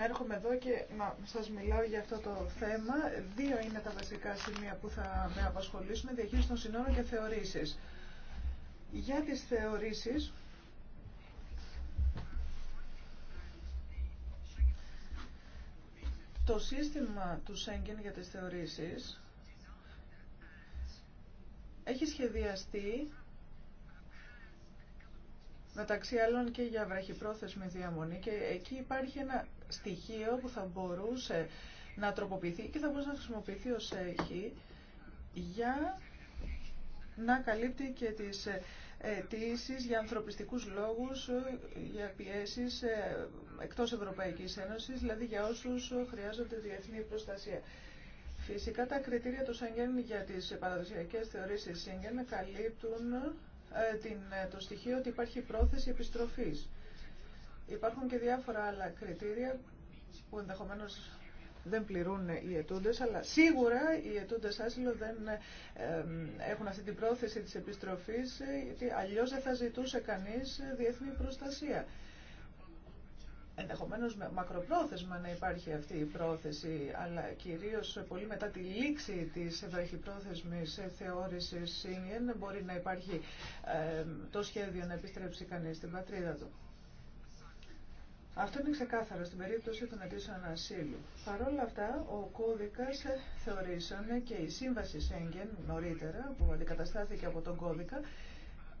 Έρχομαι εδώ και να σας μιλάω για αυτό το θέμα. Δύο είναι τα βασικά σημεία που θα με απασχολήσουν, διαχείριση των συνόρων και θεωρήσεις. Για τις θεωρήσεις, Το σύστημα του Σέγγεν για τις θεωρήσεις έχει σχεδιαστεί μεταξύ άλλων και για βραχυπρόθεσμη διαμονή και εκεί υπάρχει ένα στοιχείο που θα μπορούσε να τροποποιηθεί και θα μπορούσε να χρησιμοποιηθεί ως έχει για να καλύπτει και τις ε, αιτήσει για ανθρωπιστικούς λόγους, ε, για πιέσεις ε, εκτός Ευρωπαϊκής Ένωσης, δηλαδή για όσους χρειάζονται διεθνή προστασία. Φυσικά τα κριτήρια του Σέγγεν για τις παραδοσιακές θεωρήσεις Σέγγεν καλύπτουν ε, το στοιχείο ότι υπάρχει πρόθεση επιστροφής. Υπάρχουν και διάφορα άλλα κριτήρια που ενδεχομένως δεν πληρούν οι ετούντες, αλλά σίγουρα οι ετούντες άσυλο δεν ε, έχουν αυτή την πρόθεση της επιστροφής, γιατί αλλιώς δεν θα ζητούσε κανείς διεθνή προστασία. Ενδεχομένως μακροπρόθεσμα να υπάρχει αυτή η πρόθεση, αλλά κυρίως πολύ μετά τη λήξη της βραχυπρόθεσμης θεώρηση ΣΥΝΙΕΝ μπορεί να υπάρχει ε, το σχέδιο να επιστρέψει κανείς στην πατρίδα του. Αυτό είναι ξεκάθαρο στην περίπτωση των αιτήσεων ασύλου. Παρ' όλα αυτά, ο κώδικα θεωρήσεων και η σύμβαση Σέγγεν νωρίτερα, που αντικαταστάθηκε από τον κώδικα,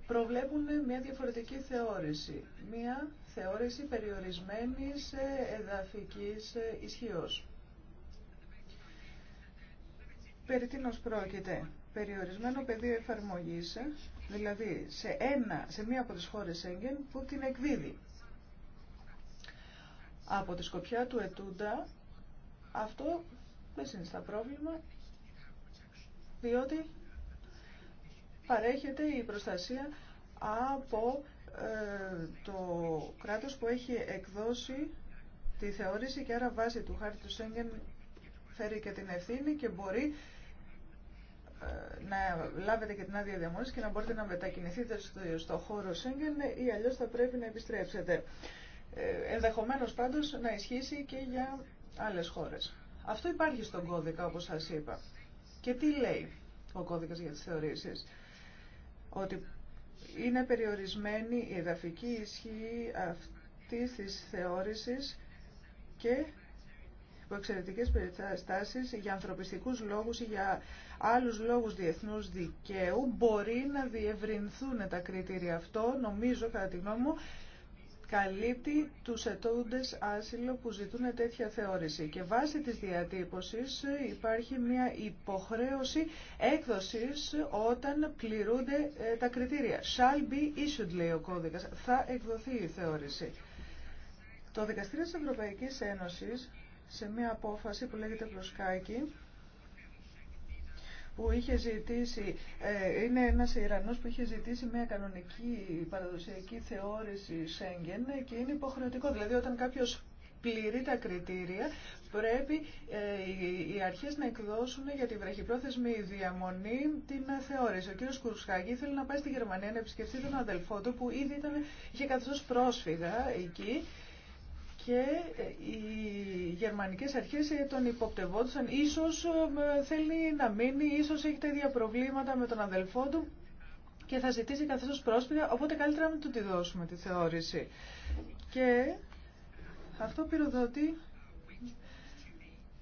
προβλέπουν μια διαφορετική θεώρηση. Μια θεώρηση περιορισμένη εδαφική ισχύω. Περί τίνος πρόκειται περιορισμένο πεδίο εφαρμογής, δηλαδή σε, ένα, σε μία από τις χώρες Σέγγεν που την εκδίδει. Από τη σκοπιά του Ετούντα αυτό δεν συνιστά πρόβλημα διότι παρέχεται η προστασία από ε, το κράτος που έχει εκδώσει τη θεώρηση και άρα βάση του χάρτη του Σέγγεν φέρει και την ευθύνη και μπορεί ε, να λάβετε και την άδεια διαμονής και να μπορείτε να μετακινηθείτε στο χώρο Σέγγεν ή αλλιώς θα πρέπει να επιστρέψετε. Ε, ενδεχομένως πάντως να ισχύσει και για άλλες χώρες. Αυτό υπάρχει στον κώδικα όπως σας είπα. Και τι λέει ο κώδικας για τις θεωρήσεις. Ότι είναι περιορισμένη η εδαφική ισχύ αυτής της θεώρησης και υπό εξαιρετικέ περιστάσει για ανθρωπιστικού λόγου ή για άλλου λόγου διεθνού δικαίου μπορεί να διευρυνθούν τα κριτήρια αυτό, νομίζω κατά τη γνώμη μου, καλύπτει τους ετούντες άσυλο που ζητούν τέτοια θεώρηση. Και βάσει της διατύπωσης ε, υπάρχει μια υποχρέωση έκδοσης όταν πληρούνται ε, τα κριτήρια. Shall be issued, λέει ο κώδικας. Θα εκδοθεί η θεώρηση. Το Δικαστήριο της Ευρωπαϊκής Ένωσης, σε μια απόφαση που λέγεται Προσκάκη, που είχε ζητήσει, ε, είναι ένας Ιρανός που είχε ζητήσει μια κανονική παραδοσιακή θεώρηση Σέγγεν και είναι υποχρεωτικό. Δηλαδή όταν κάποιος πληρεί τα κριτήρια, πρέπει ε, οι αρχές να εκδώσουν για τη βραχυπρόθεσμη διαμονή την θεώρηση. Ο κύριος Κουρσχάκη ήθελε να πάει στη Γερμανία να επισκεφτεί τον αδελφό του που ήδη ήταν, είχε καθώς πρόσφυγα εκεί και οι γερμανικές αρχές τον υποπτευόντουσαν. Ίσως ε, θέλει να μείνει, ίσως έχει τα ίδια προβλήματα με τον αδελφό του και θα ζητήσει καθώς πρόσφυγα, οπότε καλύτερα να του τη δώσουμε τη θεώρηση. Και αυτό πυροδοτεί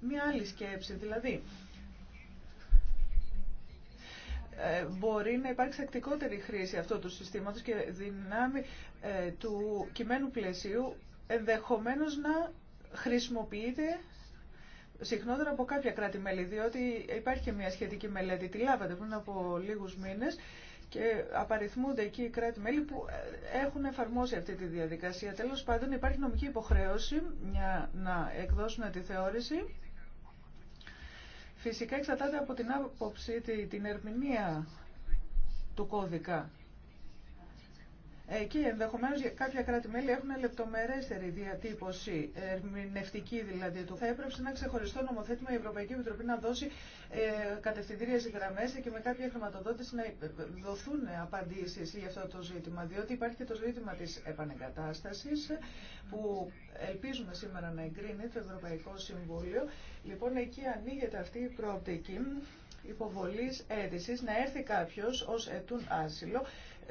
μια άλλη σκέψη, δηλαδή ε, μπορεί να υπάρξει ακτικότερη χρήση αυτού του συστήματος και δυνάμει ε, του κειμένου πλαισίου ενδεχομένως να χρησιμοποιείται συχνότερα από κάποια κράτη-μέλη, διότι υπάρχει και μια σχετική μελέτη, τη λάβατε πριν από λίγους μήνες, και απαριθμούνται εκεί οι κράτη-μέλη που ε, έχουν εφαρμόσει αυτή τη διαδικασία. Τέλος πάντων υπάρχει νομική υποχρέωση για να εκδώσουν τη θεώρηση. Φυσικά εξατάται από την άποψη, την ερμηνεία του κώδικα Εκεί ενδεχομένως κάποια κράτη-μέλη έχουν λεπτομερέστερη διατύπωση, ερμηνευτική δηλαδή του. Θα έπρεπε σε ένα ξεχωριστό νομοθέτημα η Ευρωπαϊκή Επιτροπή να δώσει ε, κατευθυντήριε γραμμέ και με κάποια χρηματοδότηση να ε, δοθούν απαντήσει για αυτό το ζήτημα. Διότι υπάρχει και το ζήτημα τη επανεγκατάσταση που ελπίζουμε σήμερα να εγκρίνει το Ευρωπαϊκό Συμβούλιο. Λοιπόν, εκεί ανοίγεται αυτή η προοπτική υποβολής αίτησης να έρθει κάποιο ως ετούν άσυλο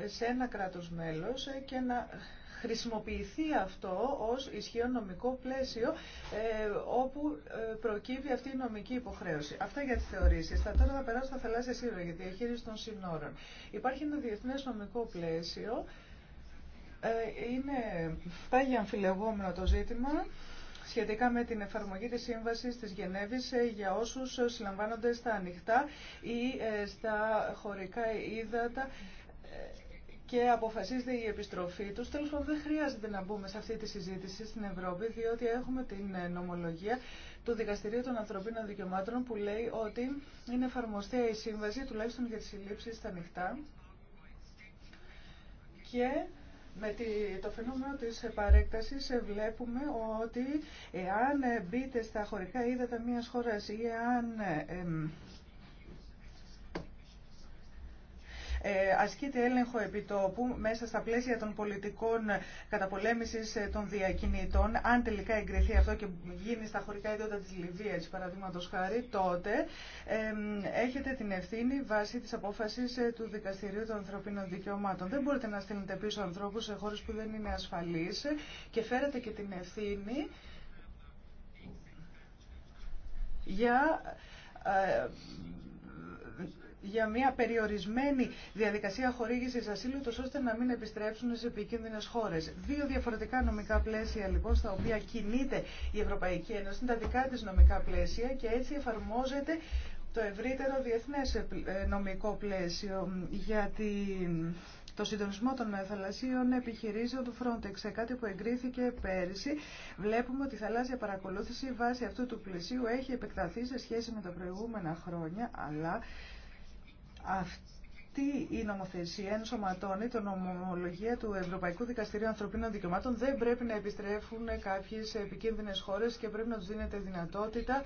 σε ένα κράτος μέλος και να χρησιμοποιηθεί αυτό ως ισχύον νομικό πλαίσιο ε, όπου ε, προκύβει αυτή η νομική υποχρέωση. Αυτά για τις θεωρήσεις. Θα τώρα θα περάσω στα θαλάσσια σύνορα για τη διαχείριση των συνόρων. Υπάρχει ένα διεθνές νομικό πλαίσιο. Ε, είναι πάγια αμφιλεγόμενο το ζήτημα σχετικά με την εφαρμογή της Σύμβασης της Γενέβης για όσους συλλαμβάνονται στα ανοιχτά ή στα χωρικά ύδατα και αποφασίζεται η επιστροφή τους. Τέλος πάντων δεν χρειάζεται να μπούμε σε αυτή τη συζήτηση στην Ευρώπη διότι έχουμε την ε, νομολογία του Δικαστηρίου των Ανθρωπίνων Δικαιωμάτων που λέει ότι είναι εφαρμοστή η σύμβαση τουλάχιστον για τις συλλήψεις στα νυχτά και με το φαινόμενο της παρέκτασης ε, βλέπουμε ότι εάν ε, μπείτε στα χωρικά είδατα μιας χώρας ή εάν Ε, ασκείται έλεγχο επιτόπου μέσα στα πλαίσια των πολιτικών καταπολέμηση ε, των διακινητών. Αν τελικά εγκριθεί αυτό και γίνει στα χωρικά ιδιότητα της Λιβύης, Παραδείγματο χάρη, τότε έχετε την ευθύνη βάσει της απόφασης ε, του Δικαστηρίου των Ανθρωπίνων Δικαιωμάτων. Δεν μπορείτε να στείλετε πίσω ανθρώπου σε χώρε που δεν είναι ασφαλεί και φέρετε και την ευθύνη για για μια περιορισμένη διαδικασία χορήγηση ασύλου, τόσο ώστε να μην επιστρέψουν σε επικίνδυνε χώρε. Δύο διαφορετικά νομικά πλαίσια λοιπόν στα οποία κινείται η Ευρωπαϊκή Ένωση, είναι τα δικά τη νομικά πλαίσια και έτσι εφαρμόζεται το ευρύτερο διεθνέ ε, ε, νομικό πλαίσιο για Το συντονισμό των θαλασσίων επιχειρήσεων του Frontex, κάτι που εγκρίθηκε πέρυσι, βλέπουμε ότι η θαλάσσια παρακολούθηση βάσει αυτού του πλαισίου έχει επεκταθεί σε σχέση με τα προηγούμενα χρόνια, αλλά αυτή η νομοθεσία ενσωματώνει την ομολογία του Ευρωπαϊκού Δικαστηρίου Ανθρωπίνων Δικαιωμάτων. Δεν πρέπει να επιστρέφουν κάποιες επικίνδυνες χώρες και πρέπει να τους δίνεται δυνατότητα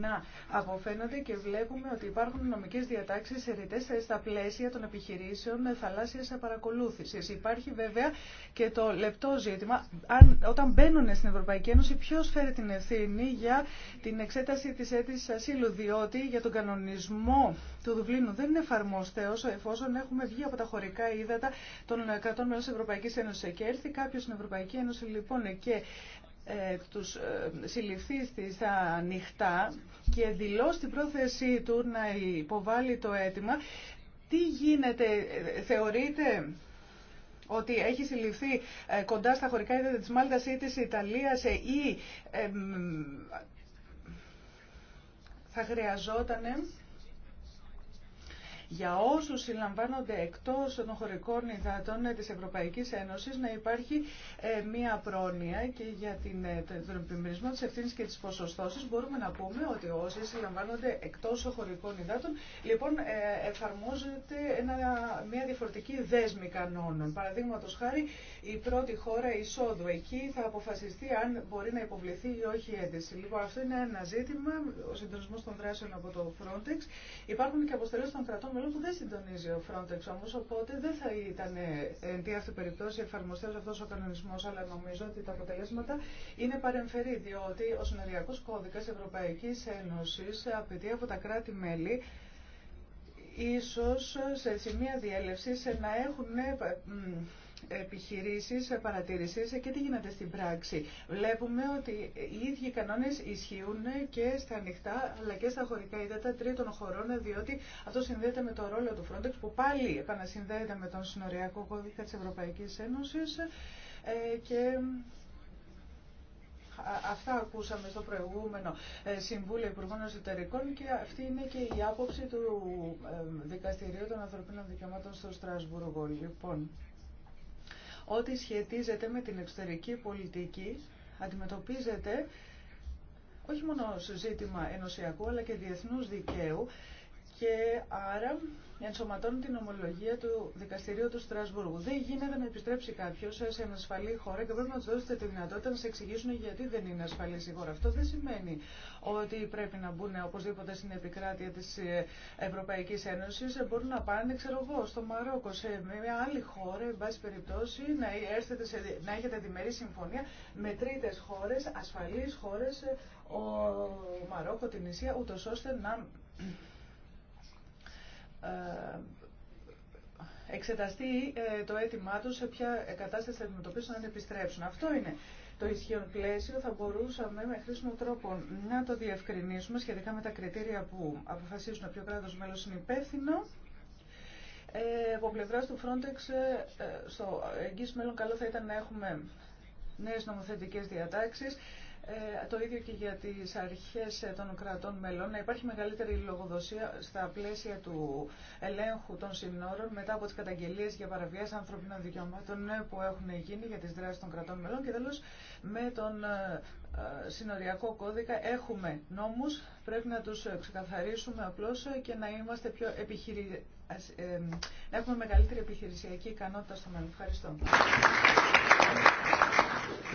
να αποφαίνονται και βλέπουμε ότι υπάρχουν νομικές διατάξεις ερητέ στα πλαίσια των επιχειρήσεων θαλάσσιας παρακολούθηση. Υπάρχει βέβαια και το λεπτό ζήτημα, αν, όταν μπαίνουν στην Ευρωπαϊκή Ένωση, ποιο φέρει την ευθύνη για την εξέταση τη αίτηση ασύλου, διότι για τον κανονισμό του Δουβλίνου δεν είναι όσο εφόσον έχουμε βγει από τα χωρικά ύδατα των κρατών μέλων τη Ευρωπαϊκή Ένωση και έρθει κάποιο στην Ευρωπαϊκή Ένωση λοιπόν και ε, τους ε, συλληφθείς στα ανοιχτά και δηλώσει την πρόθεσή του να υποβάλει το αίτημα, τι γίνεται, θεωρείτε ότι έχει συλληφθεί ε, κοντά στα χωρικά είδατα της Μάλτας ή της Ιταλίας ή θα χρειαζότανε για όσους συλλαμβάνονται εκτός των χωρικών υδάτων της Ευρωπαϊκής Ένωσης να υπάρχει ε, μία πρόνοια και για την, ε, τον επιμερισμό της ευθύνη και της ποσοστώσης μπορούμε να πούμε ότι όσοι συλλαμβάνονται εκτός των χωρικών υδάτων λοιπόν ε, εφαρμόζεται ένα, μία διαφορετική δέσμη κανόνων. Παραδείγματο χάρη η πρώτη χώρα εισόδου εκεί θα αποφασιστεί αν μπορεί να υποβληθεί ή όχι αίτηση. Λοιπόν αυτό είναι ένα ζήτημα, ο συντονισμό των δράσεων από το Frontex. Υπάρχουν και αποστολέ των κρατών που δεν συντονίζει ο Frontex όμω, οπότε δεν θα ήταν ε, εν τη αυτή περιπτώσει εφαρμοστεί αυτό ο κανονισμό, αλλά νομίζω ότι τα αποτελέσματα είναι παρεμφερή, διότι ο Συνοριακό Κώδικα Ευρωπαϊκή Ένωση απαιτεί από τα κράτη-μέλη ίσως σε σημεία διέλευση να έχουν ε, επιχειρήσεις παρατήρησεις και τι γίνεται στην πράξη. Βλέπουμε ότι οι ίδιοι κανόνες ισχύουν και στα ανοιχτά αλλά και στα χωρικά ύδατα τρίτων χωρών διότι αυτό συνδέεται με το ρόλο του Frontex που πάλι επανασυνδέεται με τον συνοριακό κώδικα της Ευρωπαϊκής Ένωσης ε, και Αυτά ακούσαμε στο προηγούμενο ε, Συμβούλιο Υπουργών Εσωτερικών και αυτή είναι και η άποψη του ε, Δικαστηρίου των Ανθρωπίνων Δικαιωμάτων στο Στρασβούργο. Λοιπόν, ό,τι σχετίζεται με την εξωτερική πολιτική αντιμετωπίζεται όχι μόνο σε ζήτημα ενωσιακού αλλά και διεθνούς δικαίου και άρα ενσωματώνει την ομολογία του δικαστηρίου του Στρασβούργου. Δεν γίνεται να επιστρέψει κάποιο σε ασφαλή χώρα και πρέπει να του δώσετε τη δυνατότητα να σε εξηγήσουν γιατί δεν είναι ασφαλή η χώρα. Αυτό δεν σημαίνει ότι πρέπει να μπουν οπωσδήποτε στην επικράτεια τη ε, Ευρωπαϊκή Ένωση. Μπορούν να πάνε, ξέρω εγώ, στο Μαρόκο, σε μια άλλη χώρα, εν πάση περιπτώσει, να, σε, να έχετε διμερή συμφωνία με τρίτε χώρε, ασφαλεί χώρε, ε, ο Μαρόκο, την Ισία, ούτω ώστε να ε, εξεταστεί ε, το αίτημά του σε ποια κατάσταση θα αντιμετωπίσουν αν επιστρέψουν. Αυτό είναι το ισχύον πλαίσιο. Θα μπορούσαμε με χρήσιμο τρόπο να το διευκρινίσουμε σχετικά με τα κριτήρια που αποφασίζουν ποιο κράτος μέλος είναι υπεύθυνο. Ε, από πλευρά του Frontex, ε, στο εγγύς μέλλον καλό θα ήταν να έχουμε νέε νομοθετικέ διατάξει. Ε, το ίδιο και για τις αρχές ε, των κρατών μελών, να υπάρχει μεγαλύτερη λογοδοσία στα πλαίσια του ελέγχου των συνόρων μετά από τις καταγγελίες για παραβιάσεις ανθρωπίνων δικαιωμάτων ε, που έχουν γίνει για τις δράσεις των κρατών μελών και τέλος με τον συνοριακό κώδικα έχουμε νόμους, πρέπει να τους ξεκαθαρίσουμε απλώς και να είμαστε πιο να έχουμε μεγαλύτερη επιχειρησιακή ικανότητα στο μέλλον. Ευχαριστώ.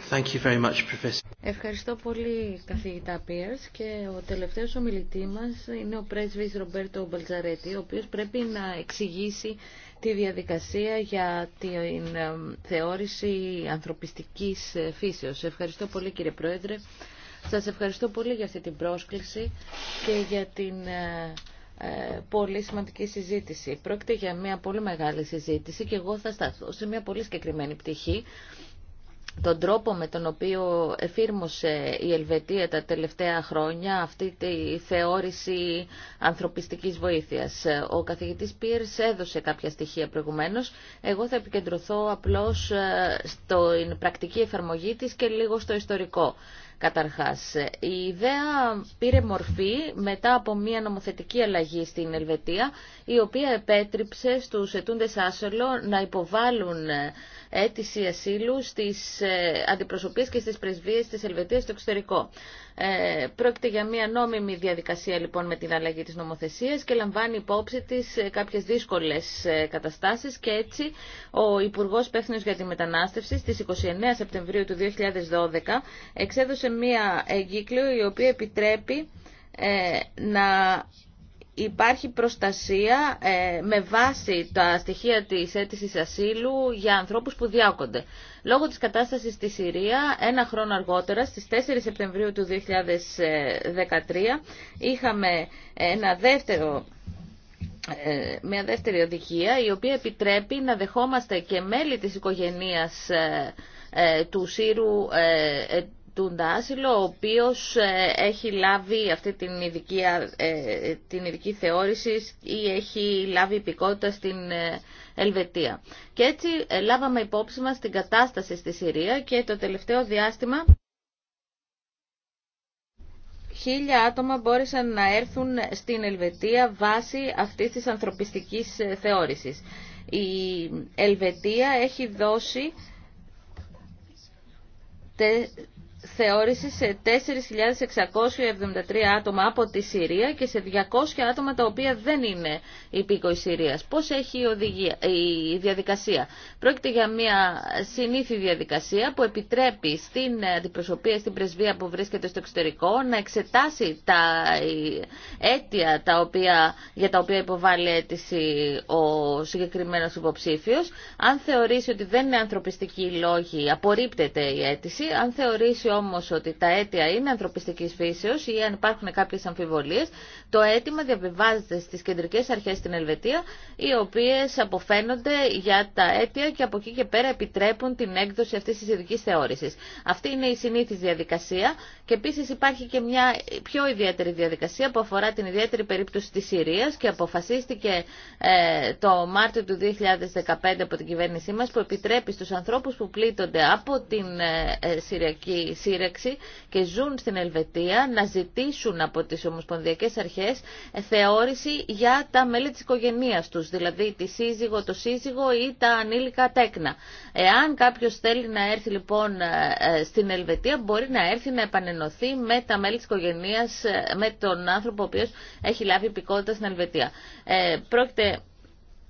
Thank you very much, Professor. Ευχαριστώ πολύ καθηγητά Πίερς και ο τελευταίος ομιλητή μας είναι ο πρέσβης Ρομπέρτο Μπαλτζαρέτη ο οποίος πρέπει να εξηγήσει τη διαδικασία για την ε, θεώρηση ανθρωπιστικής ε, φύσεως. Ευχαριστώ πολύ κύριε Πρόεδρε. Σας ευχαριστώ πολύ για αυτή την πρόσκληση και για την ε, πολύ σημαντική συζήτηση. Πρόκειται για μια πολύ μεγάλη συζήτηση και εγώ θα σταθώ σε μια πολύ συγκεκριμένη πτυχή τον τρόπο με τον οποίο εφήρμοσε η Ελβετία τα τελευταία χρόνια αυτή τη θεώρηση ανθρωπιστικής βοήθειας. Ο καθηγητής Πίερς έδωσε κάποια στοιχεία προηγουμένως. Εγώ θα επικεντρωθώ απλώς ε, στην πρακτική εφαρμογή της και λίγο στο ιστορικό. Καταρχάς, η ιδέα πήρε μορφή μετά από μια νομοθετική αλλαγή στην Ελβετία, η οποία επέτριψε στους ετούντες άσολο να υποβάλουν ε, αίτηση ασύλου στις ε, αντιπροσωπείες και στις πρεσβείες της Ελβετίας στο εξωτερικό. Ε, πρόκειται για μια νόμιμη διαδικασία λοιπόν με την αλλαγή της νομοθεσίας και λαμβάνει υπόψη της ε, κάποιες δύσκολες καταστάσεις και έτσι ο Υπουργός Πέθνος για τη Μετανάστευση στις 29 Σεπτεμβρίου του 2012 εξέδωσε μια εγκύκλιο η οποία επιτρέπει να Υπάρχει προστασία ε, με βάση τα στοιχεία της αίτησης ασύλου για ανθρώπους που διάκονται. Λόγω της κατάστασης στη Συρία, ένα χρόνο αργότερα, στις 4 Σεπτεμβρίου του 2013, είχαμε ένα δεύτερο ε, μια δεύτερη οδηγία η οποία επιτρέπει να δεχόμαστε και μέλη της οικογένειας ε, του Σύρου ζητούντα άσυλο, ο οποίος ε, έχει λάβει αυτή την ειδική, ε, την ειδική θεώρηση ή έχει λάβει υπηκότητα στην ε, Ελβετία. Και έτσι λάβαμε υπόψη μα την κατάσταση στη Συρία και το τελευταίο διάστημα χίλια άτομα μπόρεσαν να έρθουν στην Ελβετία βάσει αυτής της ανθρωπιστικής θεώρησης. Η Ελβετία έχει δώσει θεώρηση σε 4.673 άτομα από τη Συρία και σε 200 άτομα τα οποία δεν είναι υπήκοοι Συρίας. Πώς έχει η, η διαδικασία. Πρόκειται για μια συνήθη διαδικασία που επιτρέπει στην αντιπροσωπεία, στην πρεσβεία που βρίσκεται στο εξωτερικό να εξετάσει τα αίτια τα οποία, για τα οποία υποβάλλει αίτηση ο συγκεκριμένος υποψήφιος. Αν θεωρήσει ότι δεν είναι ανθρωπιστική λόγη, απορρίπτεται η αίτηση. Αν θεωρήσει όμως ότι τα αίτια είναι ανθρωπιστικής φύσεως ή αν υπάρχουν κάποιες αμφιβολίες, το αίτημα διαβιβάζεται στις κεντρικές αρχές στην Ελβετία, οι οποίες αποφαίνονται για τα αίτια και από εκεί και πέρα επιτρέπουν την έκδοση αυτής της ειδική θεώρησης. Αυτή είναι η συνήθις διαδικασία και επίσης υπάρχει και μια πιο ιδιαίτερη διαδικασία που αφορά την ιδιαίτερη περίπτωση της Συρίας και αποφασίστηκε ε, το Μάρτιο του 2015 από την κυβέρνησή μας που επιτρέπει στους ανθρώπους που πλήττονται από την ε, ε, Συριακή σύρεξη και ζουν στην Ελβετία να ζητήσουν από τις ομοσπονδιακές αρχές θεώρηση για τα μέλη της οικογένειας τους, δηλαδή τη σύζυγο, το σύζυγο ή τα ανήλικα τέκνα. Εάν κάποιος θέλει να έρθει λοιπόν ε, ε, στην Ελβετία μπορεί να έρθει να επανενωθεί με τα μέλη της οικογένειας, ε, με τον άνθρωπο ο οποίος έχει λάβει υπηκότητα στην Ελβετία. Ε, πρόκειται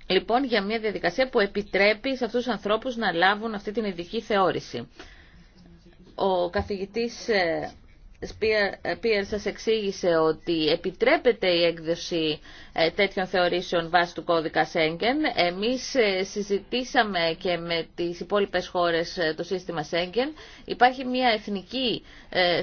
λοιπόν για μια διαδικασία που επιτρέπει σε αυτούς τους ανθρώπους να λάβουν αυτή την ειδική θεώρηση ο καθηγητής ε, Πίερ σας εξήγησε ότι επιτρέπεται η έκδοση ε, τέτοιων θεωρήσεων βάσει του κώδικα Σέγγεν. Εμείς ε, συζητήσαμε και με τις υπόλοιπες χώρες ε, το σύστημα Σέγγεν. Υπάρχει μια εθνική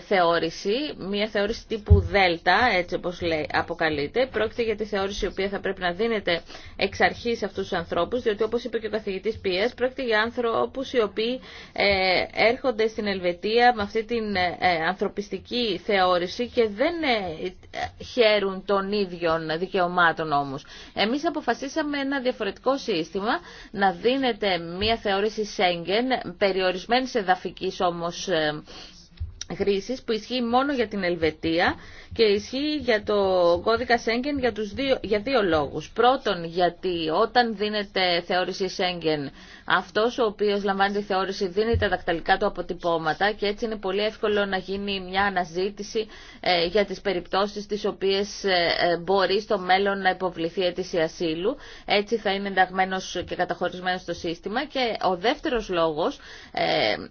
θεώρηση, μια θεώρηση τύπου Δέλτα, έτσι όπως λέει, αποκαλείται. Πρόκειται για τη θεώρηση η οποία θα πρέπει να δίνεται εξ αρχής σε αυτούς τους ανθρώπους, διότι όπως είπε και ο καθηγητής Πίας, πρόκειται για ανθρώπους οι οποίοι έρχονται στην Ελβετία με αυτή την ανθρωπιστική διαφορετική θεώρηση και δεν ε, χαίρουν των ίδιων δικαιωμάτων όμως. Εμείς αποφασίσαμε ένα διαφορετικό σύστημα να δίνεται μια θεώρηση Σέγγεν, περιορισμένη σε δαφικής όμως ε, χρήσης που ισχύει μόνο για την Ελβετία και ισχύει για το κώδικα Σέγγεν για, τους δύο, για δύο λόγους. Πρώτον, γιατί όταν δίνεται θεώρηση Σέγγεν αυτός ο οποίος λαμβάνει τη θεώρηση δίνει τα δακταλικά του αποτυπώματα και έτσι είναι πολύ εύκολο να γίνει μια αναζήτηση ε, για τις περιπτώσεις τις οποίες ε, ε, μπορεί στο μέλλον να υποβληθεί αίτηση ασύλου. Έτσι θα είναι ενταγμένος και καταχωρισμένος στο σύστημα. Και ο δεύτερος λόγος,